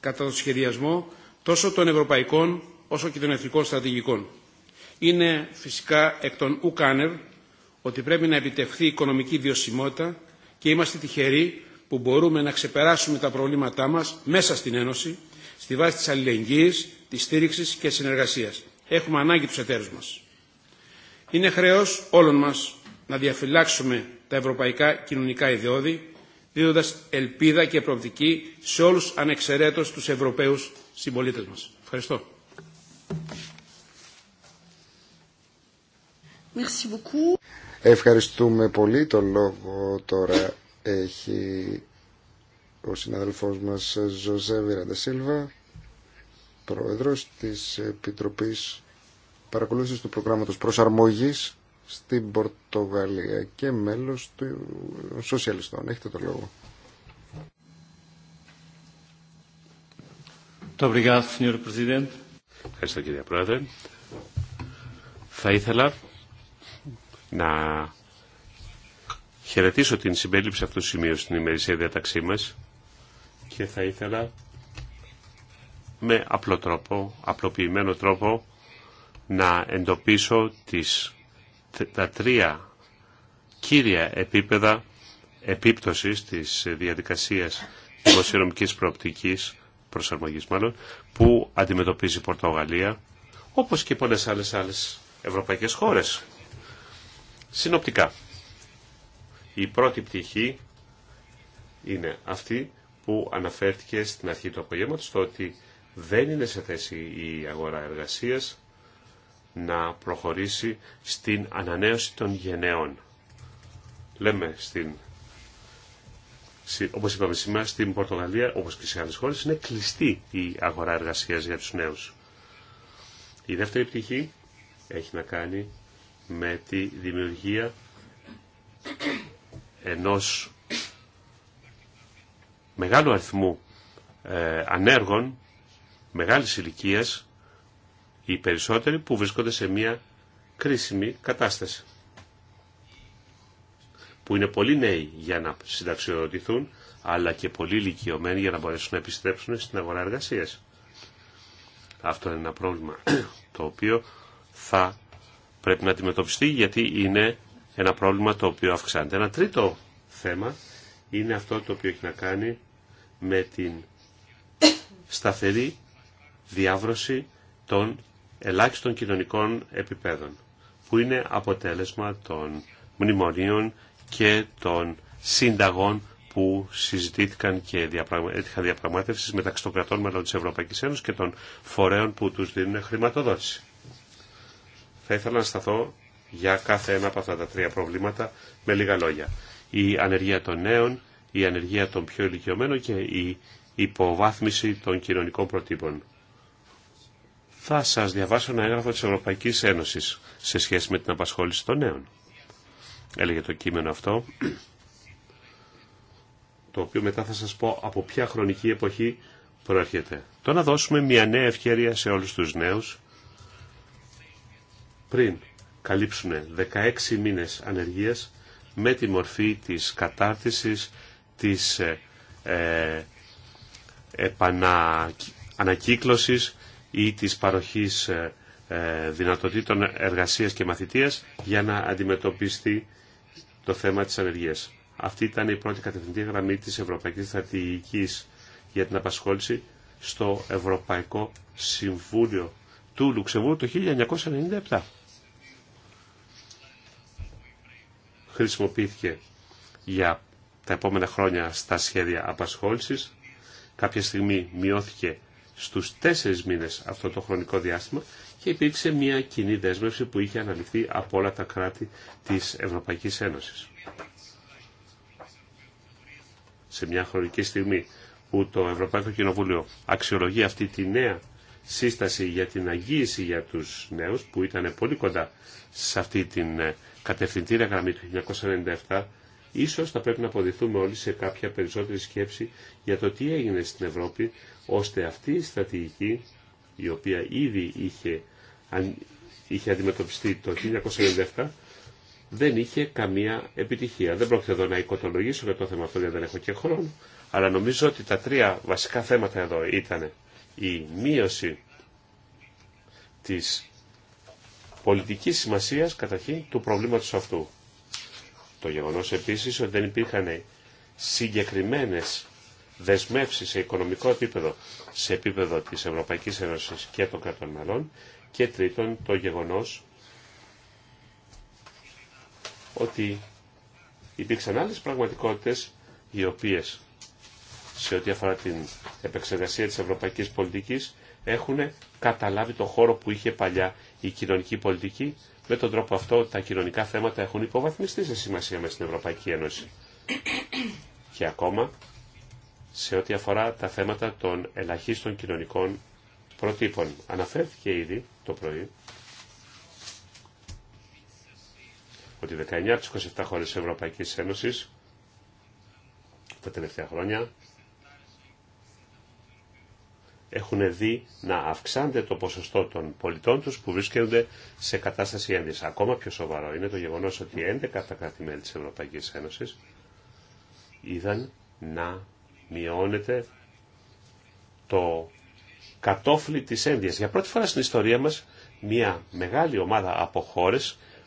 κατά το σχεδιασμό τόσο των ευρωπαϊκών όσο και των εθνικών στρατηγικών. Είναι φυσικά εκ των ουκάνευ ότι πρέπει να επιτευχθεί οικονομική βιωσιμότητα και είμαστε τυχεροί που μπορούμε να ξεπεράσουμε τα προβλήματά μας μέσα στην Ένωση στη βάση της αλληλεγγύης, της στήριξης και συνεργασίας. Έχουμε ανάγκη τους εταίρους μας. Είναι χρέος όλων μας να διαφυλάξουμε τα ευρωπαϊκά κοινωνικά ιδεώδη, δίδοντας ελπίδα και προοπτική σε όλους ανεξαιρέτως τους Ευρωπαίους Συμπολίτε μα. Ευχαριστώ. Ευχαριστούμε πολύ. Το λόγο τώρα έχει ο συναδελφός μας Ζωζέ Βιραντασίλβα, πρόεδρος της Επιτροπής Παρακολούθησης του Προγράμματος Προσαρμογής στην Πορτογαλία και μέλος του Σοσιαλιστών. Έχετε το λόγο. Ευχαριστώ κύριε Πρόεδρε. Θα ήθελα να χαιρετήσω την συμπέληψη αυτού του σημείου στην ημερησία διαταξή μας και θα ήθελα με απλό τρόπο, απλοποιημένο τρόπο να εντοπίσω τις, τα τρία κύρια επίπεδα επίπτωσης της διαδικασίας δημοσιονομικής προοπτικής προσαρμογής μάλλον, που αντιμετωπίζει η Πορτογαλία, όπως και πολλές άλλες άλλες ευρωπαϊκές χώρες. Συνοπτικά, η πρώτη πτυχή είναι αυτή που αναφέρθηκε στην αρχή του απογεύματος, το ότι δεν είναι σε θέση η αγορά εργασίας να προχωρήσει στην ανανέωση των γενναίων. Λέμε στην όπως είπαμε σήμερα, στην Πορτογαλία, όπως και σε άλλες χώρες, είναι κλειστή η αγορά εργασίας για τους νέους. Η δεύτερη πτυχή έχει να κάνει με τη δημιουργία ενός μεγάλου αριθμού ε, ανέργων μεγάλη ηλικία οι περισσότεροι που βρίσκονται σε μια κρίσιμη κατάσταση που είναι πολύ νέοι για να συνταξιοδοτηθούν, αλλά και πολύ ηλικιωμένοι για να μπορέσουν να επιστρέψουν στην αγορά εργασία. Αυτό είναι ένα πρόβλημα το οποίο θα πρέπει να αντιμετωπιστεί γιατί είναι ένα πρόβλημα το οποίο αυξάνεται. Ένα τρίτο θέμα είναι αυτό το οποίο έχει να κάνει με την σταθερή διάβρωση των ελάχιστων κοινωνικών επιπέδων που είναι αποτέλεσμα των μνημονίων και των συνταγών που συζητήθηκαν και έτυχαν διαπραγμάτευση μεταξύ των κρατών μελών της Ευρωπαϊκής Ένωσης και των φορέων που τους δίνουν χρηματοδότηση. Θα ήθελα να σταθώ για κάθε ένα από αυτά τα τρία προβλήματα με λίγα λόγια. Η ανεργία των νέων, η ανεργία των πιο ηλικιωμένων και η υποβάθμιση των κοινωνικών προτύπων. Θα σας διαβάσω ένα έγγραφο της Ευρωπαϊκής Ένωσης σε σχέση με την απασχόληση των νέων έλεγε το κείμενο αυτό, το οποίο μετά θα σας πω από ποια χρονική εποχή προέρχεται. Το να δώσουμε μια νέα ευκαιρία σε όλους τους νέους πριν καλύψουν 16 μήνες ανεργίας με τη μορφή της κατάρτισης, της ε, ε ανακύκλωσης ή της παροχής ε, ε, δυνατοτήτων εργασίας και μαθητείας για να αντιμετωπιστεί το θέμα της ανεργίας. Αυτή ήταν η πρώτη κατευθυντή γραμμή της Ευρωπαϊκής Στρατηγικής για την απασχόληση στο Ευρωπαϊκό Συμβούλιο του Λουξεμβούργου το 1997. Χρησιμοποιήθηκε για τα επόμενα χρόνια στα σχέδια απασχόλησης. Κάποια στιγμή μειώθηκε στους τέσσερις μήνες αυτό το χρονικό διάστημα και υπήρξε μια κοινή δέσμευση που είχε αναλυθεί από όλα τα κράτη της Ευρωπαϊκής Ένωσης. Σε μια χρονική στιγμή που το Ευρωπαϊκό Κοινοβούλιο αξιολογεί αυτή τη νέα σύσταση για την αγίηση για τους νέους που ήταν πολύ κοντά σε αυτή την ε, κατευθυντήρια γραμμή του 1997 ίσως θα πρέπει να αποδειθούμε όλοι σε κάποια περισσότερη σκέψη για το τι έγινε στην Ευρώπη ώστε αυτή η στρατηγική η οποία ήδη είχε αν είχε αντιμετωπιστεί το 1997, δεν είχε καμία επιτυχία. Δεν πρόκειται εδώ να οικοτολογήσω για το θέμα αυτό, γιατί δεν έχω και χρόνο, αλλά νομίζω ότι τα τρία βασικά θέματα εδώ ήταν η μείωση της πολιτικής σημασίας καταρχήν του προβλήματος αυτού. Το γεγονός επίσης ότι δεν υπήρχαν συγκεκριμένες δεσμεύσεις σε οικονομικό επίπεδο, σε επίπεδο της Ευρωπαϊκής Ένωσης και των κρατών μελών και τρίτον, το γεγονός ότι υπήρξαν άλλες πραγματικότητες οι οποίες σε ό,τι αφορά την επεξεργασία της ευρωπαϊκής πολιτικής έχουν καταλάβει το χώρο που είχε παλιά η κοινωνική πολιτική. Με τον τρόπο αυτό τα κοινωνικά θέματα έχουν υποβαθμιστεί σε σημασία μέσα στην Ευρωπαϊκή Ένωση. Και ακόμα σε ό,τι αφορά τα θέματα των ελαχίστων κοινωνικών προτύπων. Αναφέρθηκε ήδη το πρωί ότι 19 από 27 χώρες της Ευρωπαϊκής Ένωσης τα τελευταία χρόνια έχουν δει να αυξάνεται το ποσοστό των πολιτών τους που βρίσκονται σε κατάσταση ένδυση. Ακόμα πιο σοβαρό είναι το γεγονός ότι 11 από τα κράτη-μέλη της Ευρωπαϊκής Ένωσης είδαν να μειώνεται το κατόφλι της ένδυας. Για πρώτη φορά στην ιστορία μας μια μεγάλη ομάδα από χώρε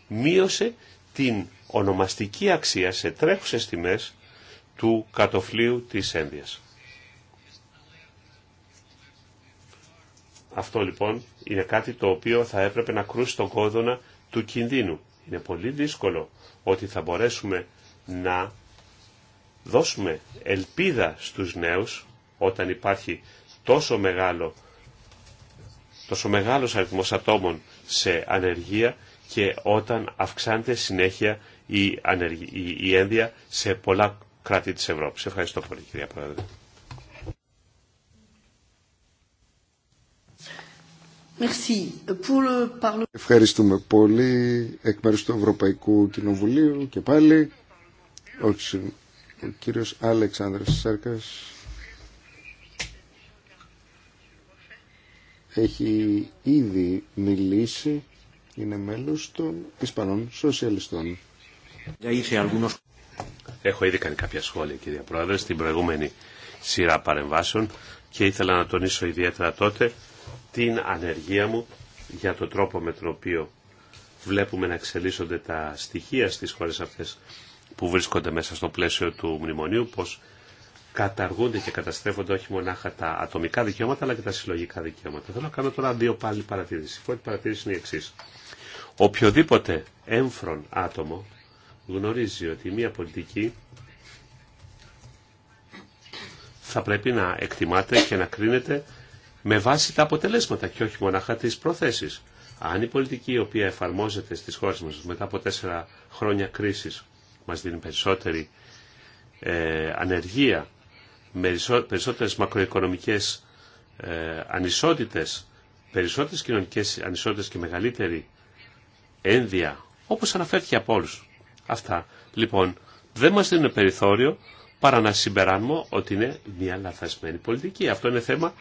μείωσε την ονομαστική αξία σε τρέχουσες τιμές του κατοφλίου της ένδυας. Αυτό λοιπόν είναι κάτι το οποίο θα έπρεπε να κρούσει τον κόδωνα του κινδύνου. Είναι πολύ δύσκολο ότι θα μπορέσουμε να δώσουμε ελπίδα στους νέους όταν υπάρχει τόσο μεγάλο τόσο μεγάλος αριθμός ατόμων σε ανεργία και όταν αυξάνεται συνέχεια η, ανεργία, η, ένδια σε πολλά κράτη της Ευρώπης. Ευχαριστώ πολύ κυρία Πρόεδρε. Ευχαριστούμε πολύ εκ μέρους του Ευρωπαϊκού Κοινοβουλίου και πάλι ο κύριος Αλεξάνδρας Σέρκας. έχει ήδη μιλήσει, είναι μέλος των Ισπανών Σοσιαλιστών. Έχω ήδη κάνει κάποια σχόλια κυρία Πρόεδρε στην προηγούμενη σειρά παρεμβάσεων και ήθελα να τονίσω ιδιαίτερα τότε την ανεργία μου για τον τρόπο με τον οποίο βλέπουμε να εξελίσσονται τα στοιχεία στις χώρες αυτές που βρίσκονται μέσα στο πλαίσιο του μνημονίου, πως καταργούνται και καταστρέφονται όχι μονάχα τα ατομικά δικαιώματα αλλά και τα συλλογικά δικαιώματα. Θέλω να κάνω τώρα δύο πάλι παρατηρήσει. Η πρώτη παρατήρηση είναι η εξή. Οποιοδήποτε έμφρον άτομο γνωρίζει ότι μια πολιτική θα πρέπει να εκτιμάται και να κρίνεται με βάση τα αποτελέσματα και όχι μονάχα τις προθέσεις. Αν η πολιτική η οποία εφαρμόζεται στις χώρες μας μετά από τέσσερα χρόνια κρίσης μας δίνει περισσότερη ε, ανεργία, περισσότερες μακροοικονομικές ε, ανισότητες, περισσότερες κοινωνικές ανισότητες και μεγαλύτερη ένδια, όπως αναφέρθηκε από όλους. Αυτά, λοιπόν, δεν μας δίνουν περιθώριο παρά να συμπεράνουμε ότι είναι μια λαθασμένη πολιτική. Αυτό είναι θέμα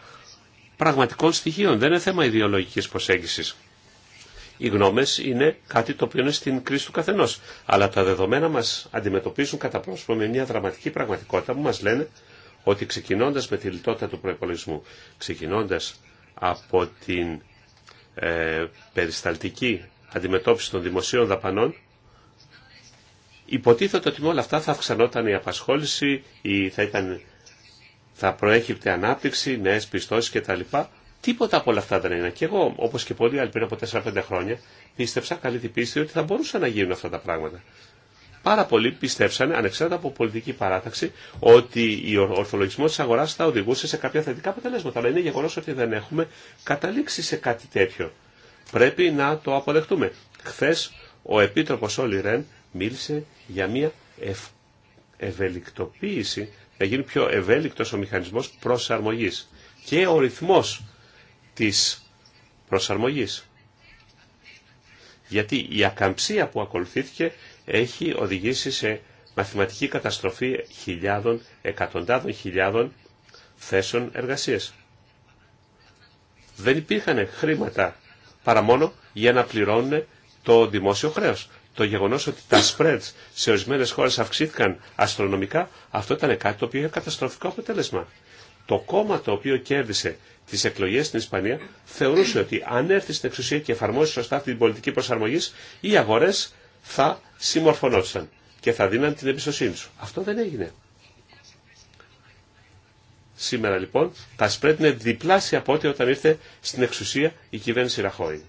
πραγματικών στοιχείων, δεν είναι θέμα ιδεολογικής προσέγγισης. Οι γνώμες είναι κάτι το οποίο είναι στην κρίση του καθενός. Αλλά τα δεδομένα μας αντιμετωπίζουν κατά πρόσωπο με μια δραματική πραγματικότητα που μας λένε ότι ξεκινώντας με τη λιτότητα του προϋπολογισμού, ξεκινώντας από την ε, περισταλτική αντιμετώπιση των δημοσίων δαπανών, υποτίθεται ότι με όλα αυτά θα αυξανόταν η απασχόληση, η, θα, ήταν, θα προέκυπτε ανάπτυξη, νέες πιστώσεις κτλ. Τίποτα από όλα αυτά δεν είναι. Και εγώ, όπως και πολλοί άλλοι πριν από 4-5 χρόνια, πίστεψα καλή την πίστη ότι θα μπορούσαν να γίνουν αυτά τα πράγματα. Πάρα πολλοί πιστέψανε, ανεξάρτητα από πολιτική παράταξη, ότι ο ορθολογισμό τη αγορά θα οδηγούσε σε κάποια θετικά αποτελέσματα. Αλλά είναι γεγονό ότι δεν έχουμε καταλήξει σε κάτι τέτοιο. Πρέπει να το αποδεχτούμε. Χθε ο Επίτροπο Όλη Ρεν μίλησε για μια ευελικτοποίηση, να γίνει πιο ευέλικτο ο μηχανισμό προσαρμογή και ο ρυθμό τη προσαρμογή. Γιατί η ακαμψία που ακολουθήθηκε έχει οδηγήσει σε μαθηματική καταστροφή χιλιάδων, εκατοντάδων χιλιάδων θέσεων εργασίας. Δεν υπήρχαν χρήματα παρά μόνο για να πληρώνουν το δημόσιο χρέος. Το γεγονός ότι τα spreads σε ορισμένες χώρες αυξήθηκαν αστρονομικά, αυτό ήταν κάτι το οποίο είχε καταστροφικό αποτέλεσμα. Το κόμμα το οποίο κέρδισε τις εκλογές στην Ισπανία θεωρούσε ότι αν έρθει στην εξουσία και εφαρμόσει σωστά αυτή την πολιτική προσαρμογή, οι αγορέ θα συμμορφωνόντουσαν και θα δίναν την εμπιστοσύνη σου. Αυτό δεν έγινε. Σήμερα λοιπόν θα πρέπει είναι διπλάσια από ό,τι όταν ήρθε στην εξουσία η κυβέρνηση Ραχώη.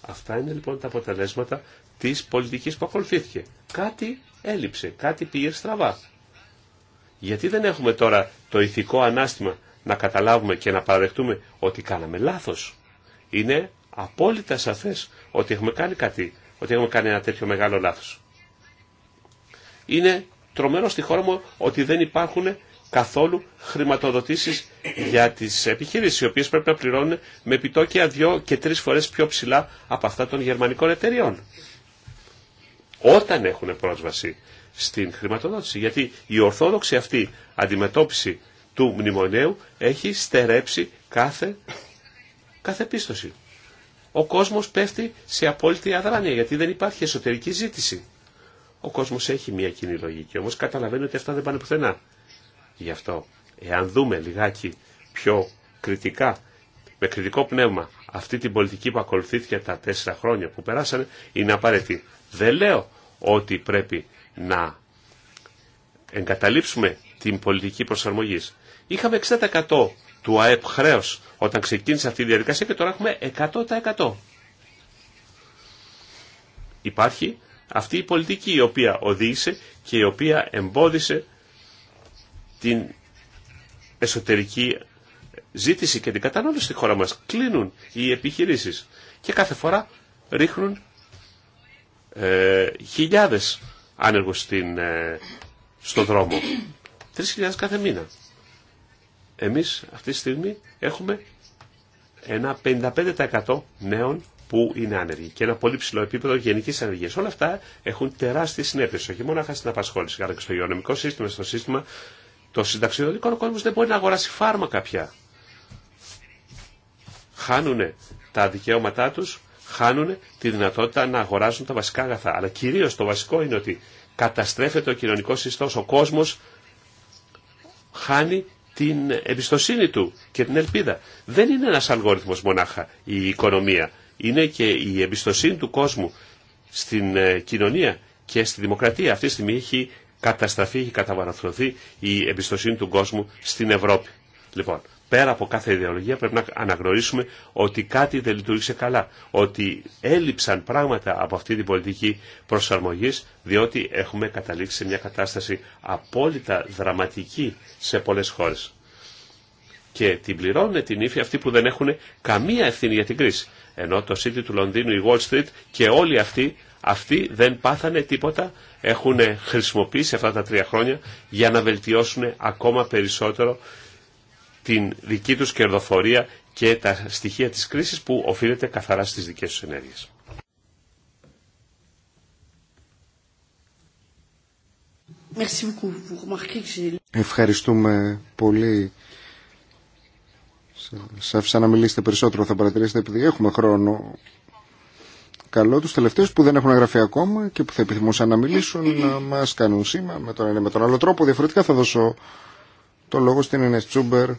Αυτά είναι λοιπόν τα αποτελέσματα της πολιτικής που ακολουθήθηκε. Κάτι έλειψε, κάτι πήγε στραβά. Γιατί δεν έχουμε τώρα το ηθικό ανάστημα να καταλάβουμε και να παραδεχτούμε ότι κάναμε λάθος. Είναι απόλυτα σαφές ότι έχουμε κάνει κάτι ότι έχουμε κάνει ένα τέτοιο μεγάλο λάθος. Είναι τρομερό στη χώρα μου ότι δεν υπάρχουν καθόλου χρηματοδοτήσεις για τις επιχειρήσεις, οι οποίες πρέπει να πληρώνουν με επιτόκια δυο και τρεις φορές πιο ψηλά από αυτά των γερμανικών εταιριών. Όταν έχουν πρόσβαση στην χρηματοδότηση. Γιατί η ορθόδοξη αυτή αντιμετώπιση του μνημονέου έχει στερέψει κάθε, κάθε πίστοση ο κόσμος πέφτει σε απόλυτη αδράνεια γιατί δεν υπάρχει εσωτερική ζήτηση. Ο κόσμος έχει μια κοινή λογική, όμως καταλαβαίνει ότι αυτά δεν πάνε πουθενά. Γι' αυτό, εάν δούμε λιγάκι πιο κριτικά, με κριτικό πνεύμα, αυτή την πολιτική που ακολουθήθηκε τα τέσσερα χρόνια που περάσανε, είναι απαραίτητη. Δεν λέω ότι πρέπει να εγκαταλείψουμε την πολιτική προσαρμογής. Είχαμε 60% του ΑΕΠ χρέο όταν ξεκίνησε αυτή η διαδικασία και τώρα έχουμε 100%. Υπάρχει αυτή η πολιτική η οποία οδήγησε και η οποία εμπόδισε την εσωτερική ζήτηση και την κατανόηση στη χώρα μας. Κλείνουν οι επιχειρήσεις και κάθε φορά ρίχνουν ε, χιλιάδες άνεργους στην, ε, στον δρόμο. Τρεις χιλιάδες κάθε μήνα. Εμείς αυτή τη στιγμή έχουμε ένα 55% νέων που είναι άνεργοι και ένα πολύ ψηλό επίπεδο γενική ανεργία. Όλα αυτά έχουν τεράστιε συνέπειε, όχι μόνο την απασχόληση, αλλά και στο υγειονομικό σύστημα, στο σύστημα. Το Ο κόσμο δεν μπορεί να αγοράσει φάρμακα πια. Χάνουν τα δικαιώματά του, χάνουν τη δυνατότητα να αγοράζουν τα βασικά αγαθά. Αλλά κυρίω το βασικό είναι ότι καταστρέφεται ο κοινωνικό σύστημα, ο κόσμο χάνει την εμπιστοσύνη του και την ελπίδα. Δεν είναι ένας αλγόριθμος μονάχα η οικονομία. Είναι και η εμπιστοσύνη του κόσμου στην ε, κοινωνία και στη δημοκρατία. Αυτή τη στιγμή έχει καταστραφεί, έχει καταβαραθρωθεί η εμπιστοσύνη του κόσμου στην Ευρώπη. Λοιπόν, πέρα από κάθε ιδεολογία πρέπει να αναγνωρίσουμε ότι κάτι δεν λειτουργήσε καλά. Ότι έλειψαν πράγματα από αυτή την πολιτική προσαρμογής διότι έχουμε καταλήξει σε μια κατάσταση απόλυτα δραματική σε πολλές χώρες. Και την πληρώνουν την ύφη αυτοί που δεν έχουν καμία ευθύνη για την κρίση. Ενώ το City του Λονδίνου, η Wall Street και όλοι αυτοί, αυτοί δεν πάθανε τίποτα, έχουν χρησιμοποιήσει αυτά τα τρία χρόνια για να βελτιώσουν ακόμα περισσότερο την δική τους κερδοφορία και τα στοιχεία της κρίσης που οφείλεται καθαρά στις δικές τους ενέργειες. Ευχαριστούμε πολύ. Σας άφησα να μιλήσετε περισσότερο, θα παρατηρήσετε επειδή έχουμε χρόνο. Καλό τους τελευταίους που δεν έχουν γραφεί ακόμα και που θα επιθυμούσαν να μιλήσουν να μας κάνουν σήμα με τον ένα με τον άλλο τρόπο. Διαφορετικά θα δώσω το λόγο στην Ένε Τσούμπερ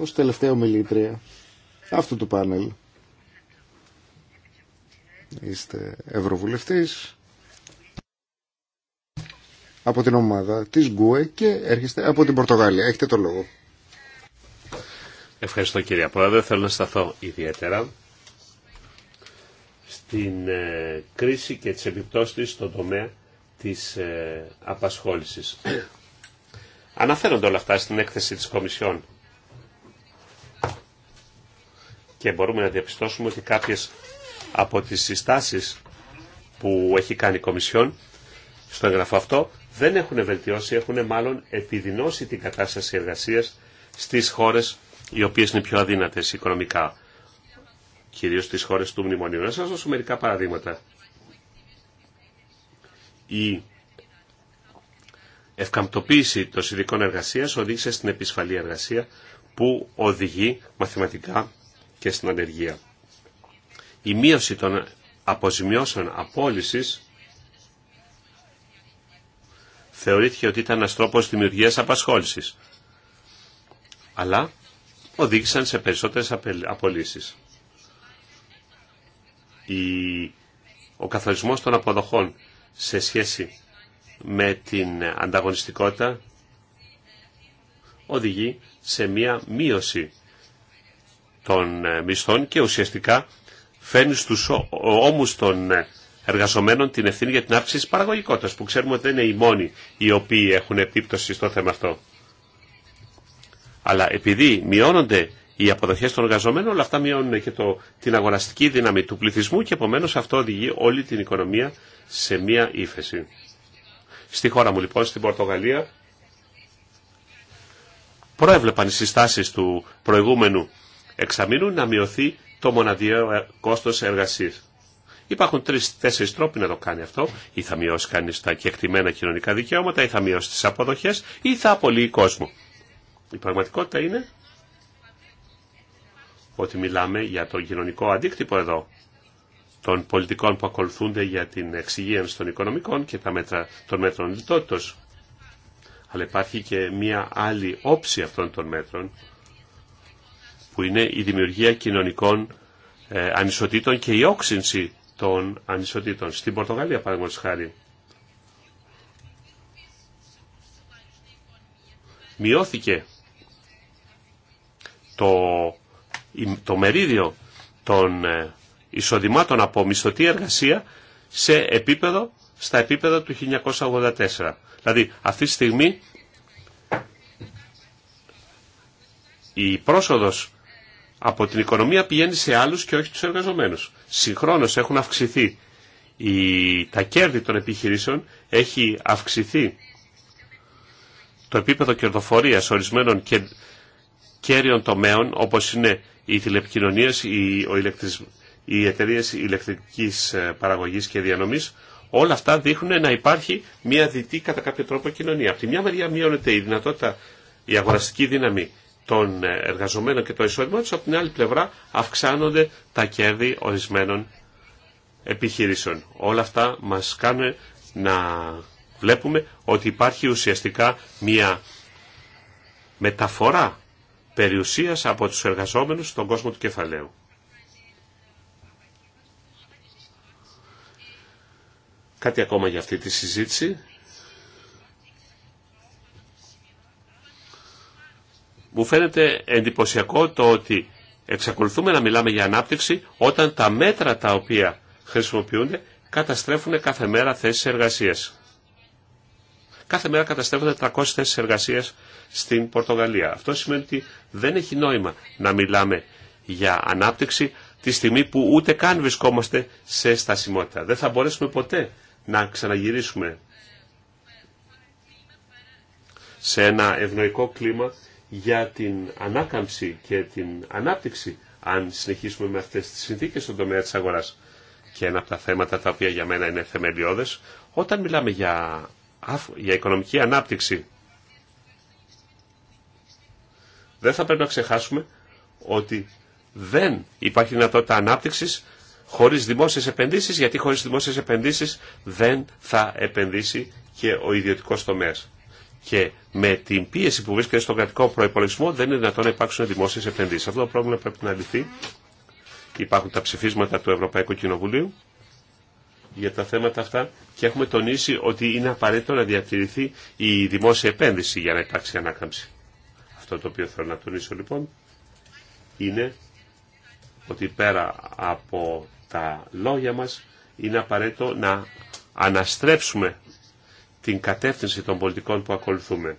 ως τελευταία ομιλήτρια αυτού του πάνελ. Είστε ευρωβουλευτής από την ομάδα της Γκουε και έρχεστε από την Πορτογαλία. Έχετε το λόγο. Ευχαριστώ κύριε Πρόεδρε. Θέλω να σταθώ ιδιαίτερα στην ε, κρίση και τις επιπτώσεις στον τομέα της ε, απασχόλησης. Αναφέρονται όλα αυτά στην έκθεση της Κομισιόν και μπορούμε να διαπιστώσουμε ότι κάποιες από τις συστάσεις που έχει κάνει η Κομισιόν στο εγγραφό αυτό δεν έχουν βελτιώσει, έχουν μάλλον επιδεινώσει την κατάσταση εργασίας στις χώρες οι οποίες είναι πιο αδύνατες οικονομικά, κυρίως στις χώρες του μνημονίου. Να σας δώσω μερικά παραδείγματα. Η ευκαμπτοποίηση των συνδικών εργασίας οδήγησε στην επισφαλή εργασία που οδηγεί μαθηματικά και στην ανεργία. Η μείωση των αποζημιώσεων απόλυσης θεωρήθηκε ότι ήταν ένας τρόπος δημιουργίας απασχόλησης. Αλλά οδήγησαν σε περισσότερες απολύσεις. Ο καθορισμός των αποδοχών σε σχέση με την ανταγωνιστικότητα οδηγεί σε μία μείωση των ε, μισθών και ουσιαστικά φέρνει στους ώμους των ε, εργαζομένων την ευθύνη για την αύξηση της παραγωγικότητας που ξέρουμε ότι δεν είναι οι μόνοι οι οποίοι έχουν επίπτωση στο θέμα αυτό. Αλλά επειδή μειώνονται οι αποδοχέ των εργαζομένων, όλα αυτά μειώνουν και το, την αγοραστική δύναμη του πληθυσμού και επομένω αυτό οδηγεί όλη την οικονομία σε μία ύφεση. Στη χώρα μου λοιπόν, στην Πορτογαλία, προέβλεπαν οι συστάσεις του προηγούμενου εξαμείνουν να μειωθεί το μοναδιαίο κόστος εργασίας. Υπάρχουν τρει-τέσσερι τρόποι να το κάνει αυτό. Ή θα μειώσει κανεί τα κεκτημένα κοινωνικά δικαιώματα, ή θα μειώσει τι αποδοχέ, ή θα απολύει κόσμο. Η πραγματικότητα είναι ότι μιλάμε για το κοινωνικό αντίκτυπο εδώ των πολιτικών που ακολουθούνται για την εξυγίανση των οικονομικών και τα μέτρα των μέτρων λιτότητος. Αλλά υπάρχει και μία άλλη όψη αυτών των μέτρων που είναι η δημιουργία κοινωνικών ε, ανισοτήτων και η όξυνση των ανισοτήτων. Στην Πορτογαλία, παραδείγματος χάρη, μειώθηκε το, το μερίδιο των ε, εισοδημάτων από μισθωτή εργασία σε επίπεδο, στα επίπεδα του 1984. Δηλαδή αυτή τη στιγμή η πρόσοδος από την οικονομία πηγαίνει σε άλλους και όχι τους εργαζομένους. Συγχρόνως έχουν αυξηθεί η, τα κέρδη των επιχειρήσεων, έχει αυξηθεί το επίπεδο κερδοφορίας ορισμένων και, κέριων τομέων όπως είναι η τηλεπικοινωνίες, οι, εταιρείε οι εταιρείες ηλεκτρικής ε, παραγωγής και διανομής, όλα αυτά δείχνουν να υπάρχει μια δυτή κατά κάποιο τρόπο κοινωνία. Από τη μια μεριά μειώνεται η δυνατότητα, η αγοραστική δύναμη των ε, εργαζομένων και το εισόδημά τους, από την άλλη πλευρά αυξάνονται τα κέρδη ορισμένων επιχειρήσεων. Όλα αυτά μας κάνουν να βλέπουμε ότι υπάρχει ουσιαστικά μια μεταφορά περιουσίας από τους εργαζόμενους στον κόσμο του κεφαλαίου. Κάτι ακόμα για αυτή τη συζήτηση. Μου φαίνεται εντυπωσιακό το ότι εξακολουθούμε να μιλάμε για ανάπτυξη όταν τα μέτρα τα οποία χρησιμοποιούνται καταστρέφουν κάθε μέρα θέσεις εργασίας. Κάθε μέρα καταστρέφονται 300 θέσεις εργασίας στην Πορτογαλία. Αυτό σημαίνει ότι δεν έχει νόημα να μιλάμε για ανάπτυξη τη στιγμή που ούτε καν βρισκόμαστε σε στασιμότητα. Δεν θα μπορέσουμε ποτέ να ξαναγυρίσουμε σε ένα ευνοϊκό κλίμα για την ανάκαμψη και την ανάπτυξη αν συνεχίσουμε με αυτές τις συνθήκες στον τομέα της αγοράς. Και ένα από τα θέματα τα οποία για μένα είναι θεμελιώδες, όταν μιλάμε για, για οικονομική ανάπτυξη, δεν θα πρέπει να ξεχάσουμε ότι δεν υπάρχει δυνατότητα ανάπτυξης χωρίς δημόσιες επενδύσεις, γιατί χωρίς δημόσιες επενδύσεις δεν θα επενδύσει και ο ιδιωτικός τομέας και με την πίεση που βρίσκεται στον κρατικό προπολογισμό δεν είναι δυνατόν να υπάρξουν δημόσιε επενδύσει. Αυτό το πρόβλημα πρέπει να λυθεί. Υπάρχουν τα ψηφίσματα του Ευρωπαϊκού Κοινοβουλίου για τα θέματα αυτά και έχουμε τονίσει ότι είναι απαραίτητο να διατηρηθεί η δημόσια επένδυση για να υπάρξει ανάκαμψη. Αυτό το οποίο θέλω να τονίσω λοιπόν είναι ότι πέρα από τα λόγια μας είναι απαραίτητο να αναστρέψουμε την κατεύθυνση των πολιτικών που ακολουθούμε.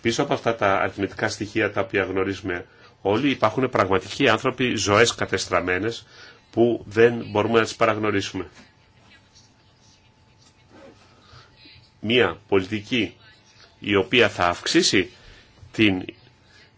Πίσω από αυτά τα αριθμητικά στοιχεία τα οποία γνωρίζουμε όλοι υπάρχουν πραγματικοί άνθρωποι, ζωές κατεστραμμένες που δεν μπορούμε να τις παραγνωρίσουμε. Μία πολιτική η οποία θα αυξήσει την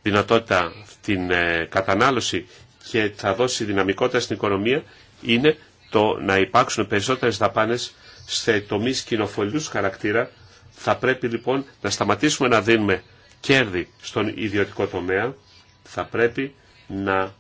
δυνατότητα, την ε, κατανάλωση και θα δώσει δυναμικότητα στην οικονομία είναι το να υπάρξουν περισσότερες δαπάνες σε τομείς κοινοφολιούς χαρακτήρα. Θα πρέπει λοιπόν να σταματήσουμε να δίνουμε κέρδη στον ιδιωτικό τομέα. Θα πρέπει να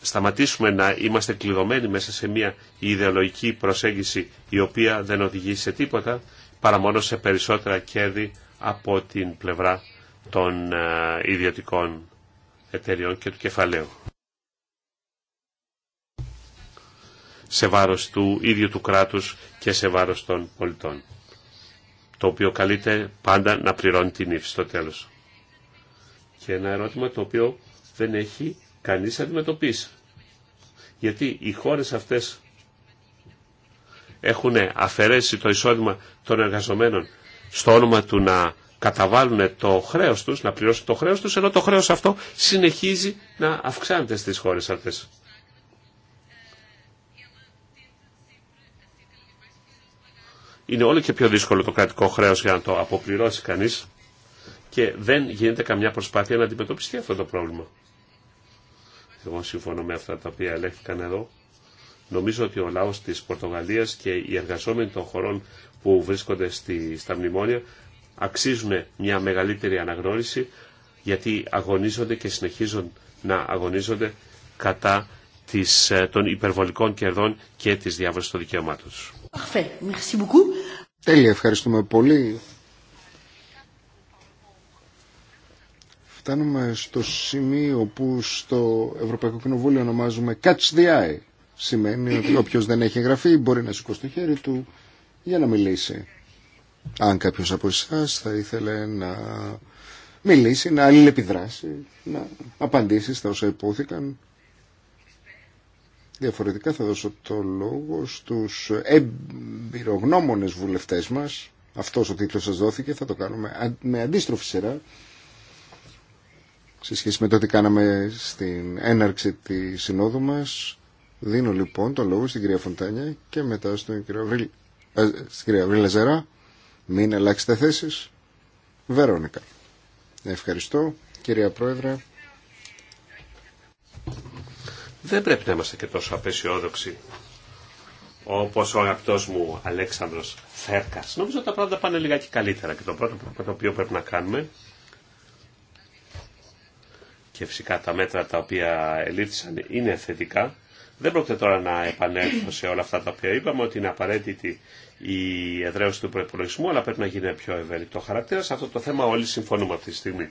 σταματήσουμε να είμαστε κλειδωμένοι μέσα σε μια ιδεολογική προσέγγιση η οποία δεν οδηγεί σε τίποτα παρά μόνο σε περισσότερα κέρδη από την πλευρά των ε, ιδιωτικών εταιριών και του κεφαλαίου. σε βάρος του ίδιου του κράτους και σε βάρος των πολιτών, το οποίο καλείται πάντα να πληρώνει την ύφη στο τέλος. Και ένα ερώτημα το οποίο δεν έχει κανείς αντιμετωπίσει. Γιατί οι χώρες αυτές έχουν αφαιρέσει το εισόδημα των εργαζομένων στο όνομα του να καταβάλουν το χρέος τους, να πληρώσουν το χρέος τους, ενώ το χρέος αυτό συνεχίζει να αυξάνεται στις χώρες αυτές. είναι όλο και πιο δύσκολο το κρατικό χρέος για να το αποπληρώσει κανείς και δεν γίνεται καμιά προσπάθεια να αντιμετωπιστεί αυτό το πρόβλημα. Εγώ συμφωνώ με αυτά τα οποία ελέγχθηκαν εδώ. Νομίζω ότι ο λαός της Πορτογαλίας και οι εργαζόμενοι των χωρών που βρίσκονται στη, στα μνημόνια αξίζουν μια μεγαλύτερη αναγνώριση γιατί αγωνίζονται και συνεχίζουν να αγωνίζονται κατά της, ε, των υπερβολικών κερδών και της διάβασης των δικαιωμάτων τους. Τέλεια, ευχαριστούμε πολύ. Φτάνουμε στο σημείο που στο Ευρωπαϊκό Κοινοβούλιο ονομάζουμε Catch the Eye. Σημαίνει ότι όποιος δεν έχει εγγραφεί μπορεί να σηκώσει το χέρι του για να μιλήσει. Αν κάποιος από εσά θα ήθελε να μιλήσει, να αλληλεπιδράσει, να απαντήσει στα όσα υπόθηκαν, Διαφορετικά θα δώσω το λόγο στους εμπειρογνώμονες βουλευτές μας. Αυτός ο τίτλος σας δόθηκε, θα το κάνουμε με αντίστροφη σειρά σε σχέση με το τι κάναμε στην έναρξη τη συνόδου μας. Δίνω λοιπόν το λόγο στην κυρία Φωντάνια και μετά στον κύριο ε, στην κυρία Ζερά. Μην αλλάξετε θέσεις. Βερόνικα. Ευχαριστώ κυρία Πρόεδρε. Δεν πρέπει να είμαστε και τόσο απεσιόδοξοι όπως ο αγαπητός μου Αλέξανδρος Φέρκας. Νομίζω ότι τα πράγματα πάνε λιγάκι καλύτερα και το πρώτο πράγμα το οποίο πρέπει να κάνουμε και φυσικά τα μέτρα τα οποία ελήφθησαν είναι θετικά. Δεν πρόκειται τώρα να επανέλθω σε όλα αυτά τα οποία είπαμε ότι είναι απαραίτητη η εδραίωση του προπολογισμού, αλλά πρέπει να γίνει πιο ευέλικτο χαρακτήρα. Σε αυτό το θέμα όλοι συμφωνούμε αυτή τη στιγμή.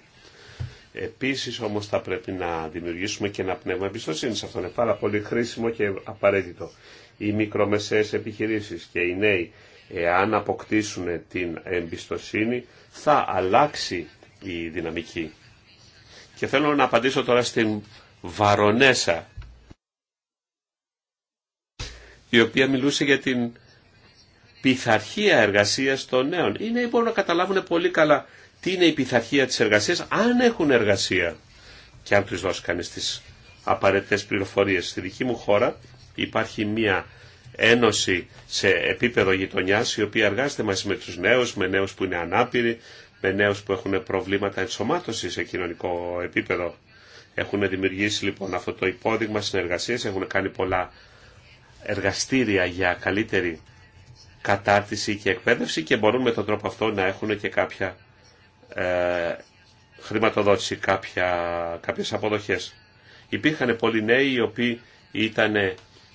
Επίσης όμως θα πρέπει να δημιουργήσουμε και ένα πνεύμα εμπιστοσύνη. Αυτό είναι πάρα πολύ χρήσιμο και απαραίτητο. Οι μικρομεσαίες επιχειρήσεις και οι νέοι εάν αποκτήσουν την εμπιστοσύνη θα αλλάξει η δυναμική. Και θέλω να απαντήσω τώρα στην Βαρονέσα η οποία μιλούσε για την πειθαρχία εργασίας των νέων. Οι νέοι μπορούν να καταλάβουν πολύ καλά τι είναι η πειθαρχία της εργασίας, αν έχουν εργασία και αν τους δώσει κανείς τις απαραίτητες πληροφορίες. Στη δική μου χώρα υπάρχει μια ένωση σε επίπεδο γειτονιά, η οποία εργάζεται μαζί με τους νέους, με νέους που είναι ανάπηροι, με νέους που έχουν προβλήματα ενσωμάτωση σε κοινωνικό επίπεδο. Έχουν δημιουργήσει λοιπόν αυτό το υπόδειγμα συνεργασίας, έχουν κάνει πολλά εργαστήρια για καλύτερη κατάρτιση και εκπαίδευση και μπορούν με τον τρόπο αυτό να έχουν και κάποια ε, χρηματοδότηση κάποια, κάποιες αποδοχές. Υπήρχαν πολλοί νέοι οι οποίοι ήταν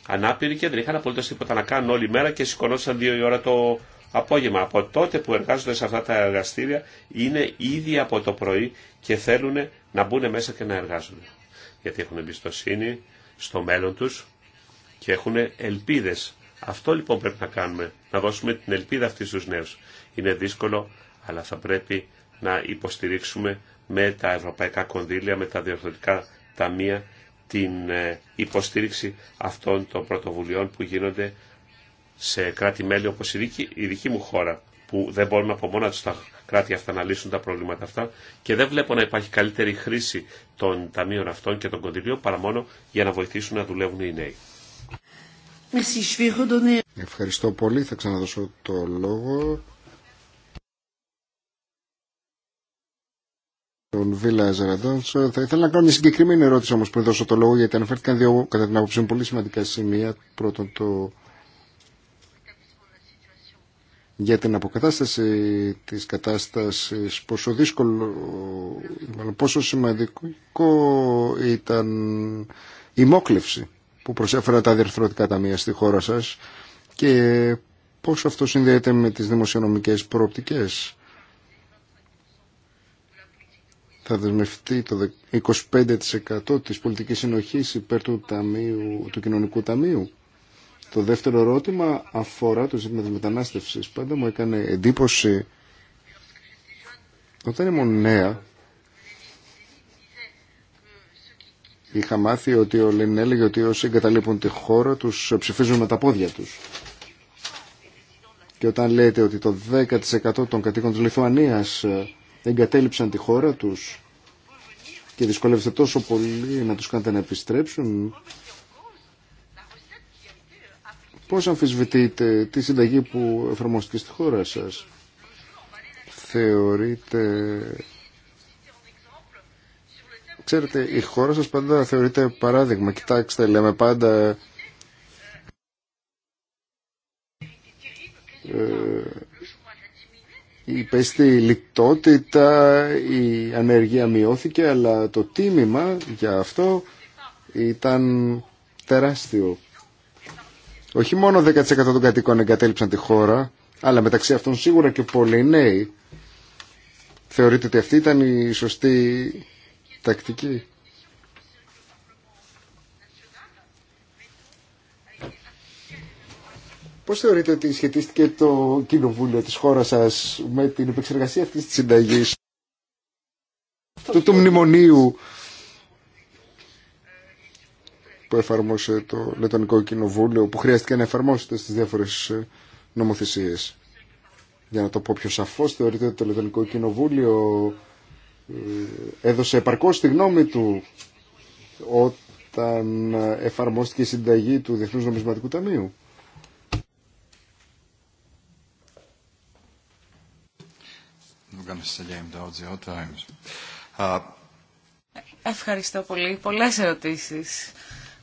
ανάπηροι και δεν είχαν απολύτω τίποτα να κάνουν όλη μέρα και σηκωνόταν δύο η ώρα το απόγευμα. Από τότε που εργάζονται σε αυτά τα εργαστήρια είναι ήδη από το πρωί και θέλουν να μπουν μέσα και να εργάζονται. Γιατί έχουν εμπιστοσύνη στο μέλλον τους και έχουν ελπίδες. Αυτό λοιπόν πρέπει να κάνουμε, να δώσουμε την ελπίδα αυτή στους νέους. Είναι δύσκολο, αλλά θα πρέπει να υποστηρίξουμε με τα ευρωπαϊκά κονδύλια, με τα διορθωτικά ταμεία την ε, υποστήριξη αυτών των πρωτοβουλειών που γίνονται σε κράτη-μέλη όπως η δική, η δική μου χώρα που δεν μπορούν από μόνα τους τα κράτη αυτά να λύσουν τα προβλήματα αυτά και δεν βλέπω να υπάρχει καλύτερη χρήση των ταμείων αυτών και των κονδυλίων παρά μόνο για να βοηθήσουν να δουλεύουν οι νέοι. Ευχαριστώ πολύ. Θα ξαναδώσω το λόγο τον Βίλα ε, Θα ήθελα να κάνω μια συγκεκριμένη ερώτηση όμως πριν δώσω το λόγο γιατί αναφέρθηκαν δύο κατά την άποψή μου πολύ σημαντικά σημεία. Πρώτον το για την αποκατάσταση της κατάστασης πόσο δύσκολο πόσο σημαντικό ήταν η μόκλευση που προσέφερα τα διερθρωτικά ταμεία στη χώρα σας και πόσο αυτό συνδέεται με τις δημοσιονομικές προοπτικές θα δεσμευτεί το 25% της πολιτικής συνοχής υπέρ του, ταμείου, του κοινωνικού ταμείου. Το δεύτερο ερώτημα αφορά το ζήτημα της μετανάστευσης. Πάντα μου έκανε εντύπωση όταν ήμουν νέα είχα μάθει ότι ο Λένιν έλεγε ότι όσοι εγκαταλείπουν τη χώρα τους ψηφίζουν με τα πόδια τους. Και όταν λέτε ότι το 10% των κατοίκων της Λιθουανίας ε, εγκατέλειψαν τη χώρα τους και δυσκολεύεται τόσο πολύ να τους κάνετε να επιστρέψουν. Πώς αμφισβητείτε τη συνταγή που εφαρμοστήκε στη χώρα σας. Θεωρείτε... Ξέρετε, η χώρα σας πάντα θεωρείται παράδειγμα. Κοιτάξτε, λέμε πάντα... Ε, η υπέστη λιτότητα, η ανεργία μειώθηκε, αλλά το τίμημα για αυτό ήταν τεράστιο. Όχι μόνο 10% των κατοίκων εγκατέλειψαν τη χώρα, αλλά μεταξύ αυτών σίγουρα και πολλοί νέοι. Θεωρείτε ότι αυτή ήταν η σωστή τακτική. Πώς θεωρείτε ότι σχετίστηκε το κοινοβούλιο της χώρας σας με την επεξεργασία αυτής της συνταγής του, του μνημονίου που εφαρμόσε το Λετωνικό Κοινοβούλιο που χρειάστηκε να εφαρμόσετε στις διάφορες νομοθεσίες. Για να το πω πιο σαφώς, θεωρείτε ότι το Λετωνικό Κοινοβούλιο ε, έδωσε επαρκώς τη γνώμη του όταν εφαρμόστηκε η συνταγή του Διεθνούς Νομισματικού Ταμείου. Ε, ευχαριστώ πολύ. Πολλέ ερωτήσει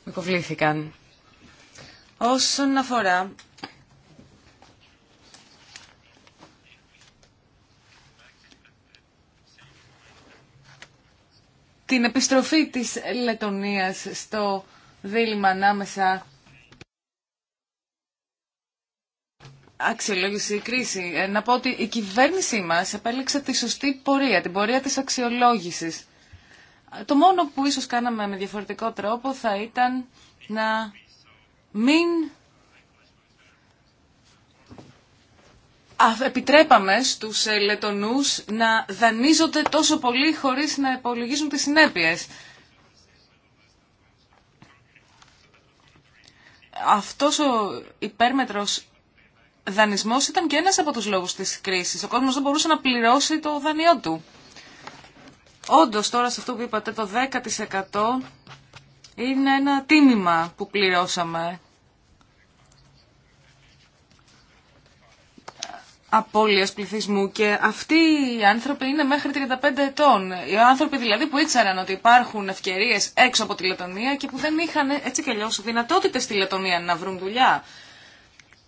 με κοβλήθηκαν. Όσον αφορά την επιστροφή της Λετωνίας στο δίλημα ανάμεσα αξιολόγηση ή κρίση. Ε, να πω ότι η κυβέρνησή μας επέλεξε τη σωστή πορεία, την πορεία της αξιολόγησης. Το μόνο που ίσως κάναμε με διαφορετικό τρόπο θα ήταν να μην επιτρέπαμε στους ε, λετονούς να δανείζονται τόσο πολύ χωρίς να υπολογίζουν τις συνέπειες. Αυτός ο υπέρμετρος δανεισμό ήταν και ένα από του λόγου τη κρίση. Ο κόσμο δεν μπορούσε να πληρώσει το δανειό του. Όντω τώρα σε αυτό που είπατε το 10% είναι ένα τίμημα που πληρώσαμε. Απόλυας πληθυσμού και αυτοί οι άνθρωποι είναι μέχρι 35 ετών. Οι άνθρωποι δηλαδή που ήξεραν ότι υπάρχουν ευκαιρίες έξω από τη Λετωνία και που δεν είχαν έτσι κι αλλιώς δυνατότητες στη Λετωνία να βρουν δουλειά.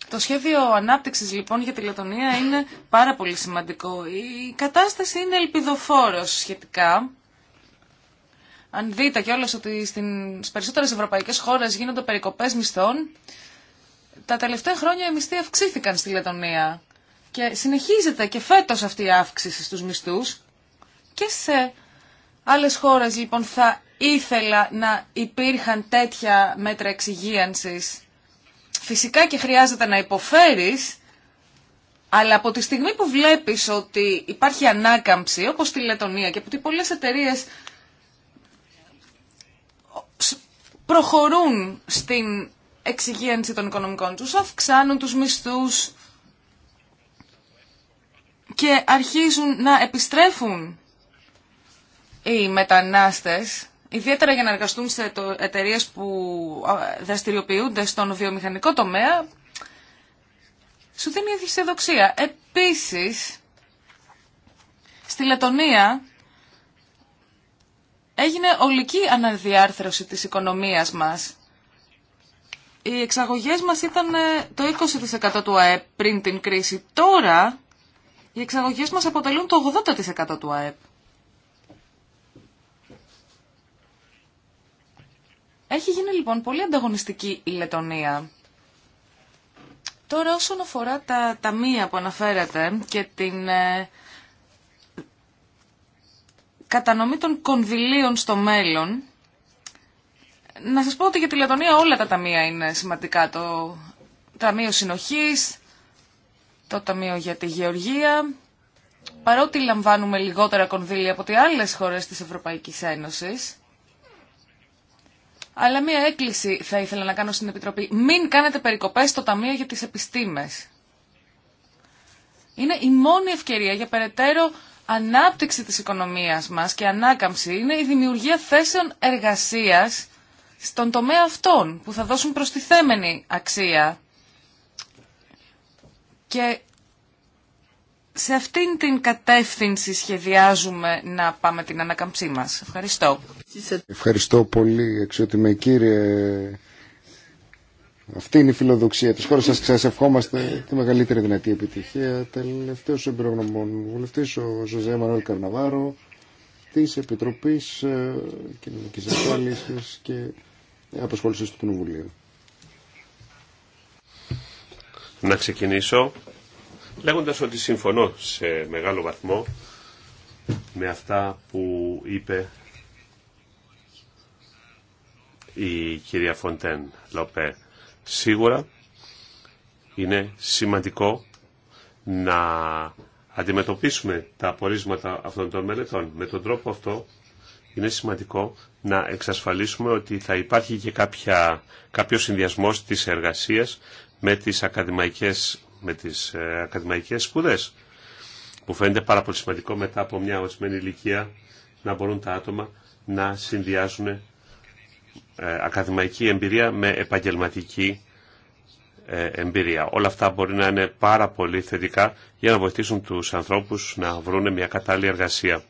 Το σχέδιο ανάπτυξης λοιπόν για τη Λετωνία είναι πάρα πολύ σημαντικό. Η κατάσταση είναι ελπιδοφόρος σχετικά. Αν δείτε κιόλας ότι στις περισσότερες ευρωπαϊκές χώρες γίνονται περικοπές μισθών, τα τελευταία χρόνια οι μισθοί αυξήθηκαν στη Λετωνία. Και συνεχίζεται και φέτος αυτή η αύξηση στους μισθούς. Και σε άλλες χώρες λοιπόν θα ήθελα να υπήρχαν τέτοια μέτρα εξυγίανσης Φυσικά και χρειάζεται να υποφέρεις, αλλά από τη στιγμή που βλέπεις ότι υπάρχει ανάκαμψη, όπως στη Λετωνία και ότι πολλές εταιρείε προχωρούν στην εξυγίανση των οικονομικών τους, αυξάνουν τους μισθούς και αρχίζουν να επιστρέφουν οι μετανάστες ιδιαίτερα για να εργαστούν σε εταιρείε που δραστηριοποιούνται στον βιομηχανικό τομέα, σου δίνει δυσεδοξία. Επίσης, στη Λετωνία έγινε ολική αναδιάρθρωση της οικονομίας μας. Οι εξαγωγές μας ήταν ε, το 20% του ΑΕΠ πριν την κρίση. Τώρα οι εξαγωγές μας αποτελούν το 80% του ΑΕΠ. Έχει γίνει λοιπόν πολύ ανταγωνιστική η Λετωνία. Τώρα όσον αφορά τα ταμεία που αναφέρατε και την ε, κατανομή των κονδυλίων στο μέλλον, να σας πω ότι για τη Λετωνία όλα τα ταμεία είναι σημαντικά. Το Ταμείο Συνοχής, το Ταμείο για τη Γεωργία, παρότι λαμβάνουμε λιγότερα κονδύλια από τι άλλες χώρες της Ευρωπαϊκής Ένωσης, αλλά μία έκκληση θα ήθελα να κάνω στην Επιτροπή. Μην κάνετε περικοπές στο Ταμείο για τις Επιστήμες. Είναι η μόνη ευκαιρία για περαιτέρω ανάπτυξη της οικονομίας μας και ανάκαμψη. Είναι η δημιουργία θέσεων εργασίας στον τομέα αυτών που θα δώσουν προστιθέμενη αξία και σε αυτήν την κατεύθυνση σχεδιάζουμε να πάμε την ανακαμψή μας. Ευχαριστώ. Ευχαριστώ πολύ, εξωτιμε κύριε. Αυτή είναι η φιλοδοξία της χώρας σας. Σας ευχόμαστε τη μεγαλύτερη δυνατή επιτυχία. Τελευταίος εμπειρογνωμών βουλευτής, ο Ζωζέ Μανώλη Καρναβάρο, της Επιτροπής ε, Κοινωνικής Ασφάλισης και Απασχόλησης του Κοινοβουλίου. Να ξεκινήσω λέγοντας ότι συμφωνώ σε μεγάλο βαθμό με αυτά που είπε η κυρία Φοντέν Λοπέ. Σίγουρα είναι σημαντικό να αντιμετωπίσουμε τα απορίσματα αυτών των μελετών. Με τον τρόπο αυτό είναι σημαντικό να εξασφαλίσουμε ότι θα υπάρχει και κάποια, κάποιο συνδυασμός της εργασίας με τις ακαδημαϊκές με τις ε, ακαδημαϊκές σπουδές. που φαίνεται πάρα πολύ σημαντικό μετά από μια ορισμένη ηλικία να μπορούν τα άτομα να συνδυάζουν ε, ακαδημαϊκή εμπειρία με επαγγελματική ε, εμπειρία. Όλα αυτά μπορεί να είναι πάρα πολύ θετικά για να βοηθήσουν τους ανθρώπους να βρουν μια κατάλληλη εργασία.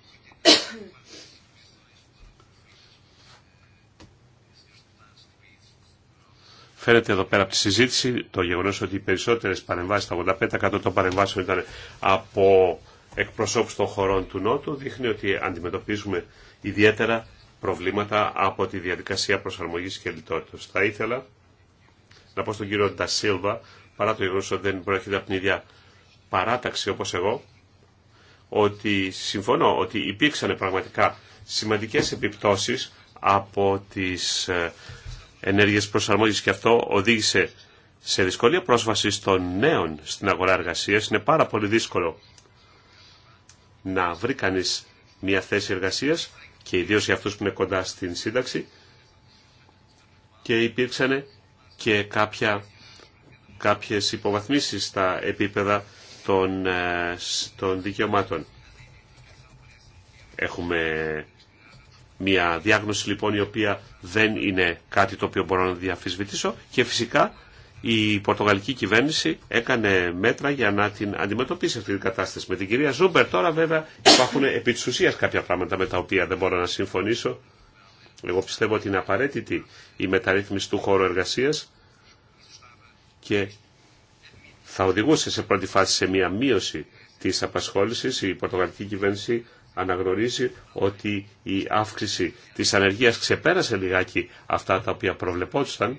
Φαίνεται εδώ πέρα από τη συζήτηση το γεγονό ότι οι περισσότερε παρεμβάσει, τα 85% των παρεμβάσεων ήταν από εκπροσώπου των χωρών του Νότου, δείχνει ότι αντιμετωπίζουμε ιδιαίτερα προβλήματα από τη διαδικασία προσαρμογή και λιτότητα. Θα ήθελα να πω στον κύριο Ντασίλβα, παρά το γεγονό ότι δεν προέρχεται από την ίδια παράταξη όπω εγώ, ότι συμφωνώ ότι υπήρξαν πραγματικά σημαντικές επιπτώσεις από τις ε, ενέργειες προσαρμογής και αυτό οδήγησε σε δυσκολία πρόσβαση των νέων στην αγορά εργασίας. Είναι πάρα πολύ δύσκολο να βρει κανείς μια θέση εργασίας και ιδίως για αυτούς που είναι κοντά στην σύνταξη και υπήρξαν και κάποια, κάποιες υποβαθμίσεις στα επίπεδα των, ε, των δικαιωμάτων. Έχουμε μια διάγνωση λοιπόν η οποία δεν είναι κάτι το οποίο μπορώ να διαφυσβητήσω και φυσικά η πορτογαλική κυβέρνηση έκανε μέτρα για να την αντιμετωπίσει αυτή την κατάσταση. Με την κυρία Ζούμπερ τώρα βέβαια υπάρχουν επί της ουσίας κάποια πράγματα με τα οποία δεν μπορώ να συμφωνήσω. Εγώ πιστεύω ότι είναι απαραίτητη η μεταρρύθμιση του χώρου εργασίας και θα οδηγούσε σε πρώτη φάση σε μια μείωση της απασχόλησης. Η πορτογαλική κυβέρνηση αναγνωρίζει ότι η αύξηση της ανεργίας ξεπέρασε λιγάκι αυτά τα οποία προβλεπόταν.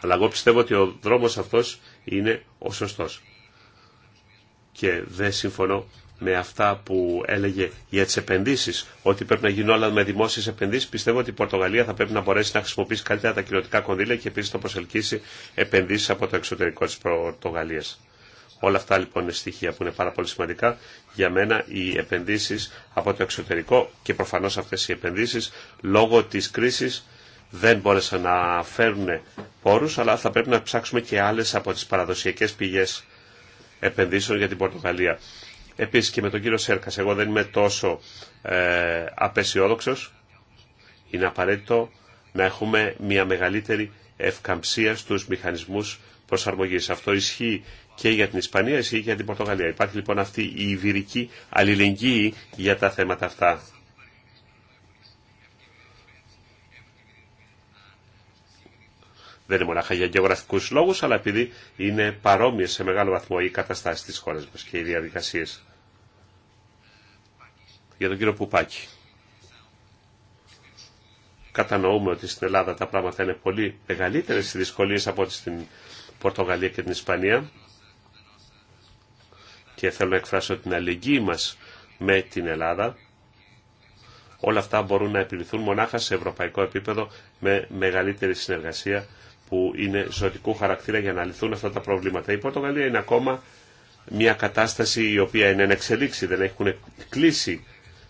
Αλλά εγώ πιστεύω ότι ο δρόμος αυτός είναι ο σωστός. Και δεν συμφωνώ με αυτά που έλεγε για τις επενδύσεις, ότι πρέπει να γίνουν όλα με δημόσιες επενδύσεις. Πιστεύω ότι η Πορτογαλία θα πρέπει να μπορέσει να χρησιμοποιήσει καλύτερα τα κοινωτικά κονδύλια και επίσης να προσελκύσει επενδύσεις από το εξωτερικό της Πορτογαλίας. Όλα αυτά λοιπόν είναι στοιχεία που είναι πάρα πολύ σημαντικά για μένα οι επενδύσεις από το εξωτερικό και προφανώς αυτές οι επενδύσεις λόγω της κρίσης δεν μπόρεσαν να φέρουν πόρους αλλά θα πρέπει να ψάξουμε και άλλες από τις παραδοσιακές πηγές επενδύσεων για την Πορτογαλία. Επίσης και με τον κύριο Σέρκας, εγώ δεν είμαι τόσο ε, απεσιόδοξος. Είναι απαραίτητο να έχουμε μια μεγαλύτερη ευκαμψία στους μηχανισμούς προσαρμογής. Αυτό ισχύει και για την Ισπανία και για την Πορτογαλία. Υπάρχει λοιπόν αυτή η ιβυρική αλληλεγγύη για τα θέματα αυτά. Δεν είναι μονάχα για γεωγραφικού λόγου, αλλά επειδή είναι παρόμοιε σε μεγάλο βαθμό οι καταστάσει τη χώρα μα και οι διαδικασίε. Για τον κύριο Πουπάκη. Κατανοούμε ότι στην Ελλάδα τα πράγματα είναι πολύ μεγαλύτερε οι δυσκολίε από ό,τι στην Πορτογαλία και την Ισπανία και θέλω να εκφράσω την αλληλεγγύη μας με την Ελλάδα, όλα αυτά μπορούν να επιληθούν μονάχα σε ευρωπαϊκό επίπεδο με μεγαλύτερη συνεργασία που είναι ζωτικού χαρακτήρα για να λυθούν αυτά τα προβλήματα. Η Πορτογαλία είναι ακόμα μια κατάσταση η οποία είναι εν εξελίξη, δεν έχουν κλείσει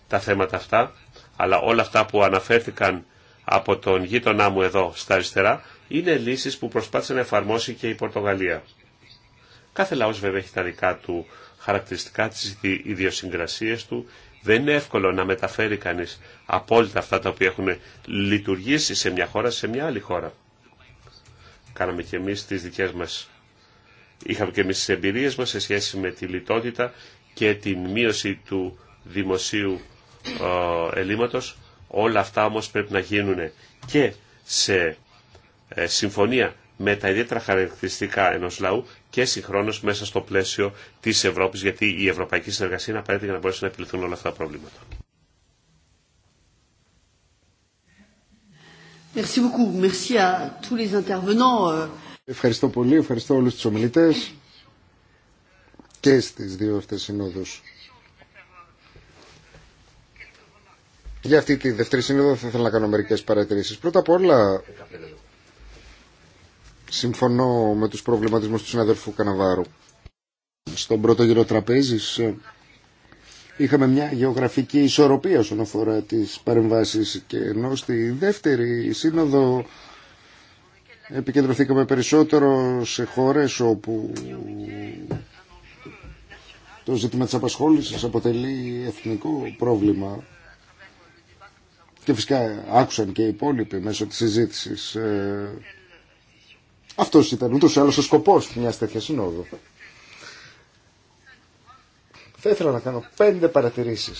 τα θέματα αυτά, αλλά όλα αυτά που αναφέρθηκαν από τον γείτονά μου εδώ στα αριστερά είναι λύσεις που προσπάθησε να εφαρμόσει και η Πορτογαλία. Κάθε λαός βέβαια έχει τα δικά του χαρακτηριστικά, τις ιδιοσυγκρασίες του. Δεν είναι εύκολο να μεταφέρει κανείς απόλυτα αυτά τα οποία έχουν λειτουργήσει σε μια χώρα σε μια άλλη χώρα. Κάναμε και τις δικές μας, είχαμε και εμείς τις εμπειρίες μας σε σχέση με τη λιτότητα και την μείωση του δημοσίου ε, ελλείμματος. Όλα αυτά όμως πρέπει να γίνουν και σε ε, συμφωνία με τα ιδιαίτερα χαρακτηριστικά ενός λαού και συγχρόνω μέσα στο πλαίσιο τη Ευρώπη, γιατί η ευρωπαϊκή συνεργασία είναι απαραίτητη για να μπορέσουν να επιληθούν όλα αυτά τα προβλήματα. Euh. Ευχαριστώ πολύ, ευχαριστώ όλους τους ομιλητές και στις δύο αυτές συνόδους. Για αυτή τη δεύτερη σύνοδο θα ήθελα να κάνω μερικές παρατηρήσεις. Πρώτα απ' όλα Συμφωνώ με τους προβληματισμούς του συναδελφού Καναβάρου. Στον πρώτο γύρο τραπέζης ε, είχαμε μια γεωγραφική ισορροπία όσον αφορά τις παρεμβάσεις και ενώ στη δεύτερη σύνοδο επικεντρωθήκαμε περισσότερο σε χώρες όπου το ζήτημα της απασχόλησης αποτελεί εθνικό πρόβλημα και φυσικά άκουσαν και οι υπόλοιποι μέσω της συζήτησης ε, αυτό ήταν ούτω ή άλλω ο σκοπό μια τέτοια συνόδου. Θα ήθελα να κάνω πέντε παρατηρήσει.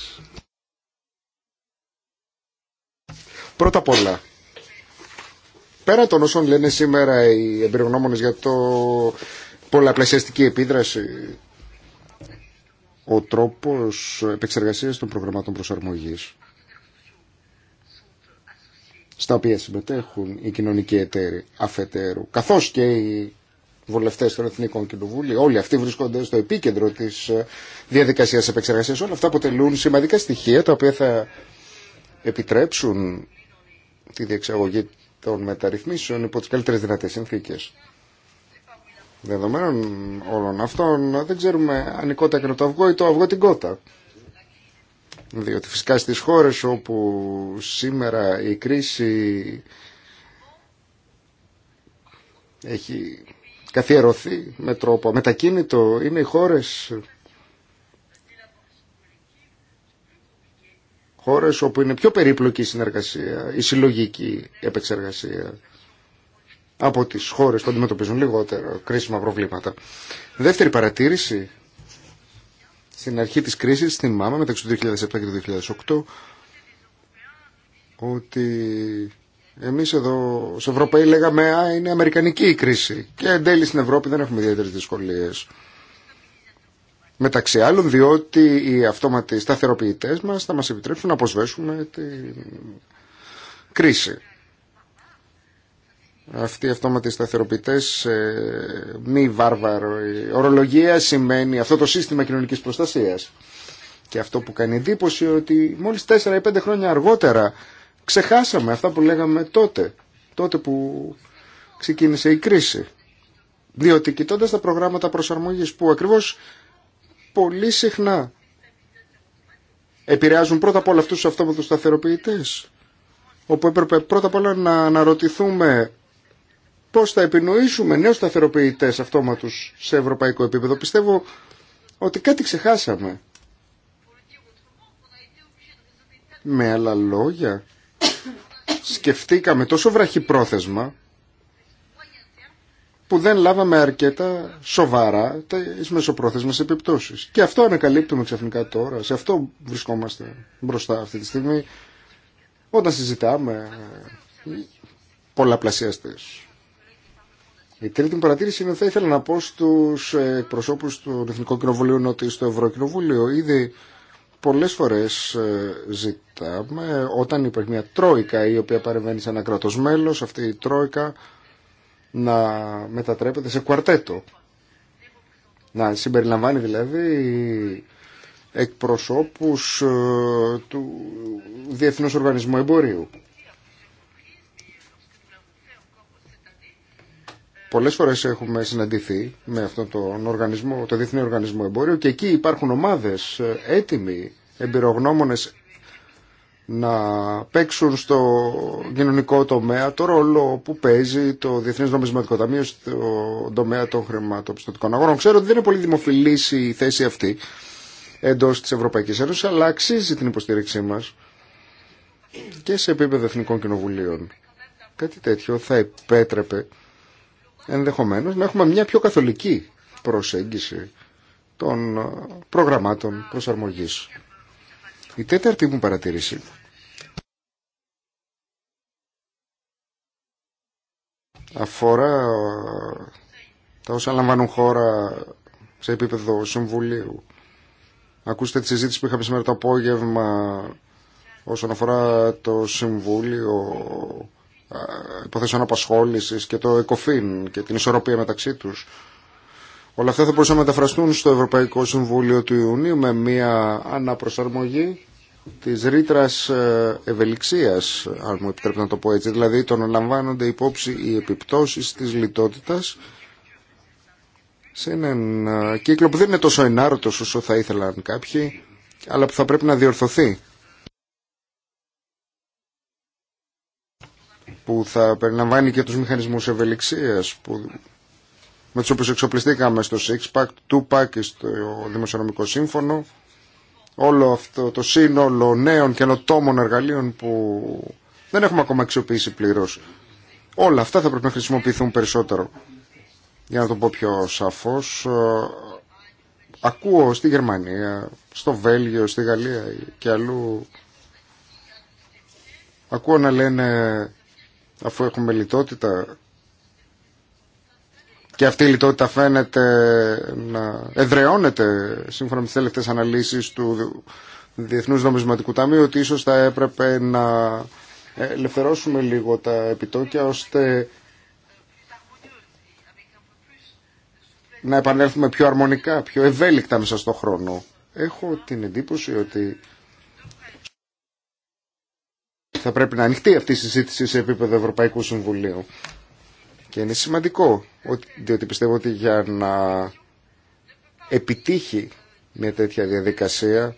Πρώτα απ' όλα, πέρα των όσων λένε σήμερα οι εμπειρογνώμονε για το πολλαπλασιαστική επίδραση, ο τρόπος επεξεργασίας των προγραμμάτων προσαρμογή στα οποία συμμετέχουν οι κοινωνικοί εταίροι αφετέρου, καθώς και οι βουλευτές των Εθνικών Κοινοβούλων, όλοι αυτοί βρίσκονται στο επίκεντρο της ε, διαδικασίας επεξεργασίας, όλα αυτά αποτελούν σημαντικά στοιχεία τα οποία θα επιτρέψουν τη διεξαγωγή των μεταρρυθμίσεων υπό τις καλύτερες δυνατές συνθήκες. Δεδομένων όλων αυτών δεν ξέρουμε αν η κότα έκανε το αυγό ή το αυγό την κότα. Διότι φυσικά στις χώρες όπου σήμερα η κρίση έχει καθιερωθεί με τρόπο μετακίνητο είναι οι χώρες χώρες όπου είναι πιο περίπλοκη η συνεργασία, η συλλογική επεξεργασία από τις χώρες που αντιμετωπίζουν λιγότερο κρίσιμα προβλήματα. Δεύτερη παρατήρηση στην αρχή της κρίσης, ΜΑΜΑ μεταξύ του 2007 και του 2008, ότι εμείς εδώ, σε Ευρωπαίοι, λέγαμε «Α, είναι αμερικανική η κρίση» και εν τέλει στην Ευρώπη δεν έχουμε ιδιαίτερες δυσκολίες. Μεταξύ άλλων, διότι οι αυτόματοι σταθεροποιητές μας θα μας επιτρέψουν να αποσβέσουμε την κρίση. Αυτοί οι αυτόματοι σταθεροποιητέ, ε, μη βάρβαρο, η ορολογία σημαίνει αυτό το σύστημα κοινωνική προστασία. Και αυτό που κάνει εντύπωση ότι μόλις 4 5 χρόνια αργότερα ξεχάσαμε αυτά που λέγαμε τότε, τότε που ξεκίνησε η κρίση. Διότι κοιτώντα τα προγράμματα προσαρμογής που ακριβω πολύ συχνά επηρεάζουν πρώτα απ' όλα αυτού τους αυτόματου σταθεροποιητέ, όπου έπρεπε πρώτα απ' όλα να αναρωτηθούμε πώς θα επινοήσουμε νέους σταθεροποιητές αυτόματους σε ευρωπαϊκό επίπεδο. Πιστεύω ότι κάτι ξεχάσαμε. Με άλλα λόγια, σκεφτήκαμε τόσο βραχυπρόθεσμα που δεν λάβαμε αρκετά σοβαρά τις μεσοπρόθεσμες επιπτώσεις. Και αυτό ανακαλύπτουμε ξαφνικά τώρα, σε αυτό βρισκόμαστε μπροστά αυτή τη στιγμή, όταν συζητάμε πολλαπλασιαστές. Η τρίτη μου παρατήρηση είναι ότι θα ήθελα να πω στους ε, εκπροσώπους του Εθνικού Κοινοβουλίου ότι στο Ευρωκοινοβούλιο ήδη πολλές φορές ε, ζητάμε όταν υπάρχει μια τρόικα η οποία παρεμβαίνει σε ένα κράτος μέλος αυτή η τρόικα να μετατρέπεται σε κουαρτέτο να συμπεριλαμβάνει δηλαδή εκπροσώπους ε, του Διεθνούς Οργανισμού Εμπορίου Πολλές φορές έχουμε συναντηθεί με αυτόν τον οργανισμό, το Διεθνή Οργανισμό εμπόριο. και εκεί υπάρχουν ομάδες ε, έτοιμοι, εμπειρογνώμονες να παίξουν στο κοινωνικό τομέα το ρόλο που παίζει το Διεθνές Νομισματικό Ταμείο στο τομέα των χρηματοπιστωτικών αγορών. Ξέρω ότι δεν είναι πολύ δημοφιλής η θέση αυτή εντός της Ευρωπαϊκής Ένωσης, αλλά αξίζει την υποστήριξή μας και σε επίπεδο εθνικών κοινοβουλίων. Κάτι τέτοιο θα επέτρεπε ενδεχομένως να έχουμε μια πιο καθολική προσέγγιση των ε, προγραμμάτων προσαρμογής. Η τέταρτη μου παρατηρήση αφορά ε, τα όσα λαμβάνουν χώρα σε επίπεδο συμβουλίου. Ακούστε τη συζήτηση που είχαμε σήμερα το απόγευμα όσον αφορά το Συμβούλιο ε, υποθέσεων απασχόληση και το ΕΚΟΦΗΝ και την ισορροπία μεταξύ τους. Όλα αυτά θα μπορούσαν να μεταφραστούν στο Ευρωπαϊκό Συμβούλιο του Ιουνίου με μια αναπροσαρμογή της ρήτρα ε, ευελιξίας, αν μου επιτρέπετε να το πω έτσι, δηλαδή το να λαμβάνονται υπόψη οι επιπτώσει της λιτότητας σε έναν ε, κύκλο που δεν είναι τόσο ενάρρωτο όσο θα ήθελαν κάποιοι, αλλά που θα πρέπει να διορθωθεί που θα περιλαμβάνει και τους μηχανισμούς ευελιξίας που, με τους οποίους εξοπλιστήκαμε στο Six Pack, Two Pack και στο Δημοσιονομικό Σύμφωνο όλο αυτό το σύνολο νέων καινοτόμων εργαλείων που δεν έχουμε ακόμα αξιοποιήσει πλήρως όλα αυτά θα πρέπει να χρησιμοποιηθούν περισσότερο για να το πω πιο σαφώς ε, ακούω στη Γερμανία, στο Βέλγιο, στη Γαλλία και αλλού ακούω να λένε αφού έχουμε λιτότητα και αυτή η λιτότητα φαίνεται να εδραιώνεται σύμφωνα με τις τελευταίες αναλύσεις του Διεθνούς Νομισματικού Ταμείου ότι ίσως θα έπρεπε να ελευθερώσουμε λίγο τα επιτόκια ώστε να επανέλθουμε πιο αρμονικά, πιο ευέλικτα μέσα στον χρόνο. Έχω την εντύπωση ότι θα πρέπει να ανοιχτεί αυτή η συζήτηση σε επίπεδο Ευρωπαϊκού Συμβουλίου. Και είναι σημαντικό, διότι πιστεύω ότι για να επιτύχει μια τέτοια διαδικασία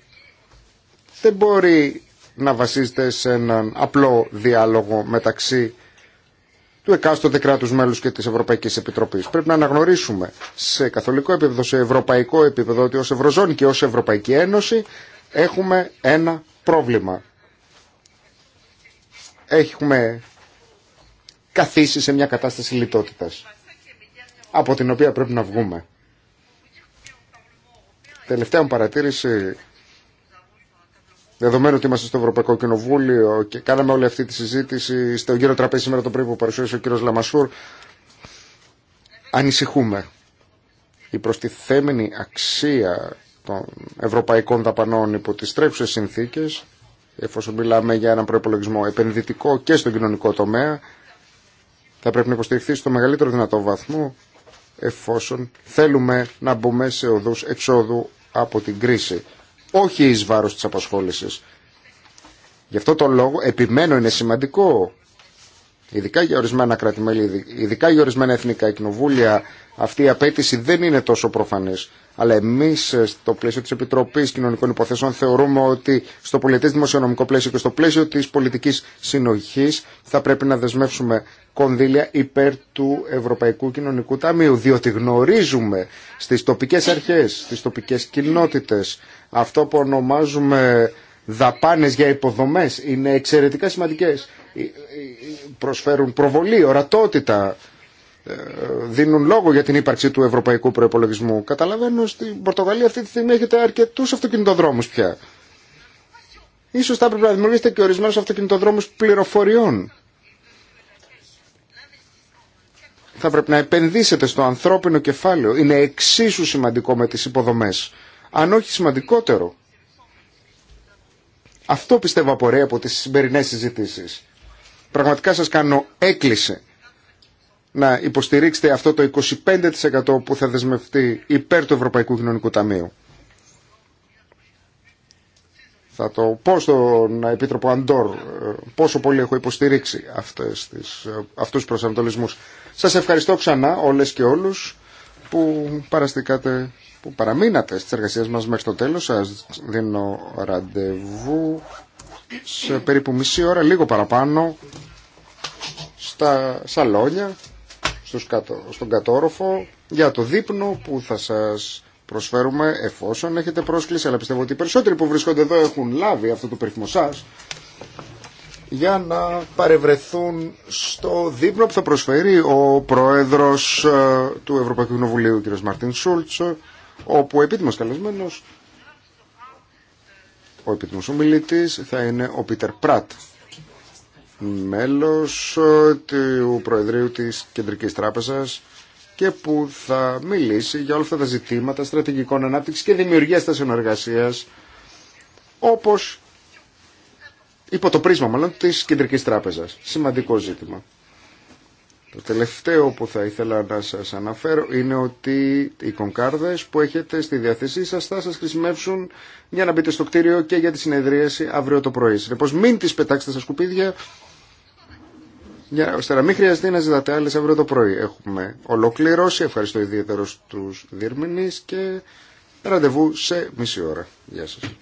δεν μπορεί να βασίζεται σε έναν απλό διάλογο μεταξύ του εκάστοτε κράτους μέλους και της Ευρωπαϊκής Επιτροπής. Πρέπει να αναγνωρίσουμε σε καθολικό επίπεδο, σε ευρωπαϊκό επίπεδο ότι ως Ευρωζώνη και ως Ευρωπαϊκή Ένωση έχουμε ένα πρόβλημα έχουμε καθίσει σε μια κατάσταση λιτότητας από την οποία πρέπει να βγούμε. Τελευταία μου παρατήρηση, δεδομένου ότι είμαστε στο Ευρωπαϊκό Κοινοβούλιο και κάναμε όλη αυτή τη συζήτηση στο γύρο τραπέζι σήμερα το πρωί που παρουσίασε ο κύριος Λαμασούρ, ανησυχούμε. Η προστιθέμενη αξία των ευρωπαϊκών δαπανών υπό τις τρέχουσες συνθήκες εφόσον μιλάμε για έναν προπολογισμό επενδυτικό και στον κοινωνικό τομέα, θα πρέπει να υποστηριχθεί στο μεγαλύτερο δυνατό βαθμό, εφόσον θέλουμε να μπούμε σε οδού, εξόδου από την κρίση, όχι ει βάρο της απασχόληση. Γι' αυτό το λόγο επιμένω είναι σημαντικό ειδικά για ορισμένα κράτη-μέλη, ειδικά για ορισμένα εθνικά κοινοβούλια, αυτή η απέτηση δεν είναι τόσο προφανή. Αλλά εμεί, ε, στο πλαίσιο τη Επιτροπή Κοινωνικών Υποθέσεων, θεωρούμε ότι στο πολιτέ δημοσιονομικό πλαίσιο και στο πλαίσιο τη πολιτική συνοχή θα πρέπει να δεσμεύσουμε κονδύλια υπέρ του Ευρωπαϊκού Κοινωνικού Ταμείου. Διότι γνωρίζουμε στι τοπικέ αρχέ, στι τοπικέ κοινότητε, αυτό που ονομάζουμε δαπάνε για υποδομέ είναι εξαιρετικά σημαντικέ ε, ε, προσφέρουν προβολή, ορατότητα, ε, δίνουν λόγο για την ύπαρξη του ευρωπαϊκού προπολογισμού. Καταλαβαίνω στην Πορτογαλία αυτή τη στιγμή έχετε αρκετού αυτοκινητοδρόμου πια. Ίσως θα έπρεπε να δημιουργήσετε και ορισμένου αυτοκινητοδρόμου πληροφοριών. Θα πρέπει να επενδύσετε στο ανθρώπινο κεφάλαιο. Είναι εξίσου σημαντικό με τι υποδομέ. Αν όχι σημαντικότερο. Αυτό πιστεύω απορρέει από τις σημερινέ συζητήσει. Πραγματικά σας κάνω έκκληση να υποστηρίξετε αυτό το 25% που θα δεσμευτεί υπέρ του Ευρωπαϊκού Κοινωνικού Ταμείου. Θα το πω στον Επίτροπο Αντόρ ε, πόσο πολύ έχω υποστηρίξει αυτές τις, ε, αυτούς τους προσανατολισμούς. Σας ευχαριστώ ξανά όλες και όλους που παραστήκατε, που παραμείνατε στις εργασίες μας μέχρι το τέλος. Σας δίνω ραντεβού σε περίπου μισή ώρα, λίγο παραπάνω, στα σαλόνια, στους κατω, στον κατόροφο, για το δείπνο που θα σας προσφέρουμε εφόσον έχετε πρόσκληση, αλλά πιστεύω ότι οι περισσότεροι που βρίσκονται εδώ έχουν λάβει αυτό το περίφημο σας, για να παρευρεθούν στο δείπνο που θα προσφέρει ο Πρόεδρος ε, του Ευρωπαϊκού Κοινοβουλίου, κ. Μαρτίν Σούλτς, ε, όπου επίτιμος καλεσμένος ο επίτιμος ομιλητής θα είναι ο Πίτερ Πράτ, μέλος ε, του Προεδρείου της Κεντρικής Τράπεζας και που θα μιλήσει για όλα αυτά τα ζητήματα στρατηγικών ανάπτυξης και δημιουργίας της συνεργασίας όπως υπό το πρίσμα μάλλον της Κεντρικής Τράπεζας. Σημαντικό ζήτημα. Το τελευταίο που θα ήθελα να σας αναφέρω είναι ότι οι κονκάρδες που έχετε στη διαθέσή σας θα σας χρησιμεύσουν για να μπείτε στο κτίριο και για τη συνεδρίαση αύριο το πρωί. Λοιπόν, μην τις πετάξετε στα σκουπίδια, για, ώστε να μην χρειαστεί να ζητάτε άλλες αύριο το πρωί. Έχουμε ολοκληρώσει, ευχαριστώ ιδιαίτερο στους διερμηνείς και ραντεβού σε μισή ώρα. Γεια σας.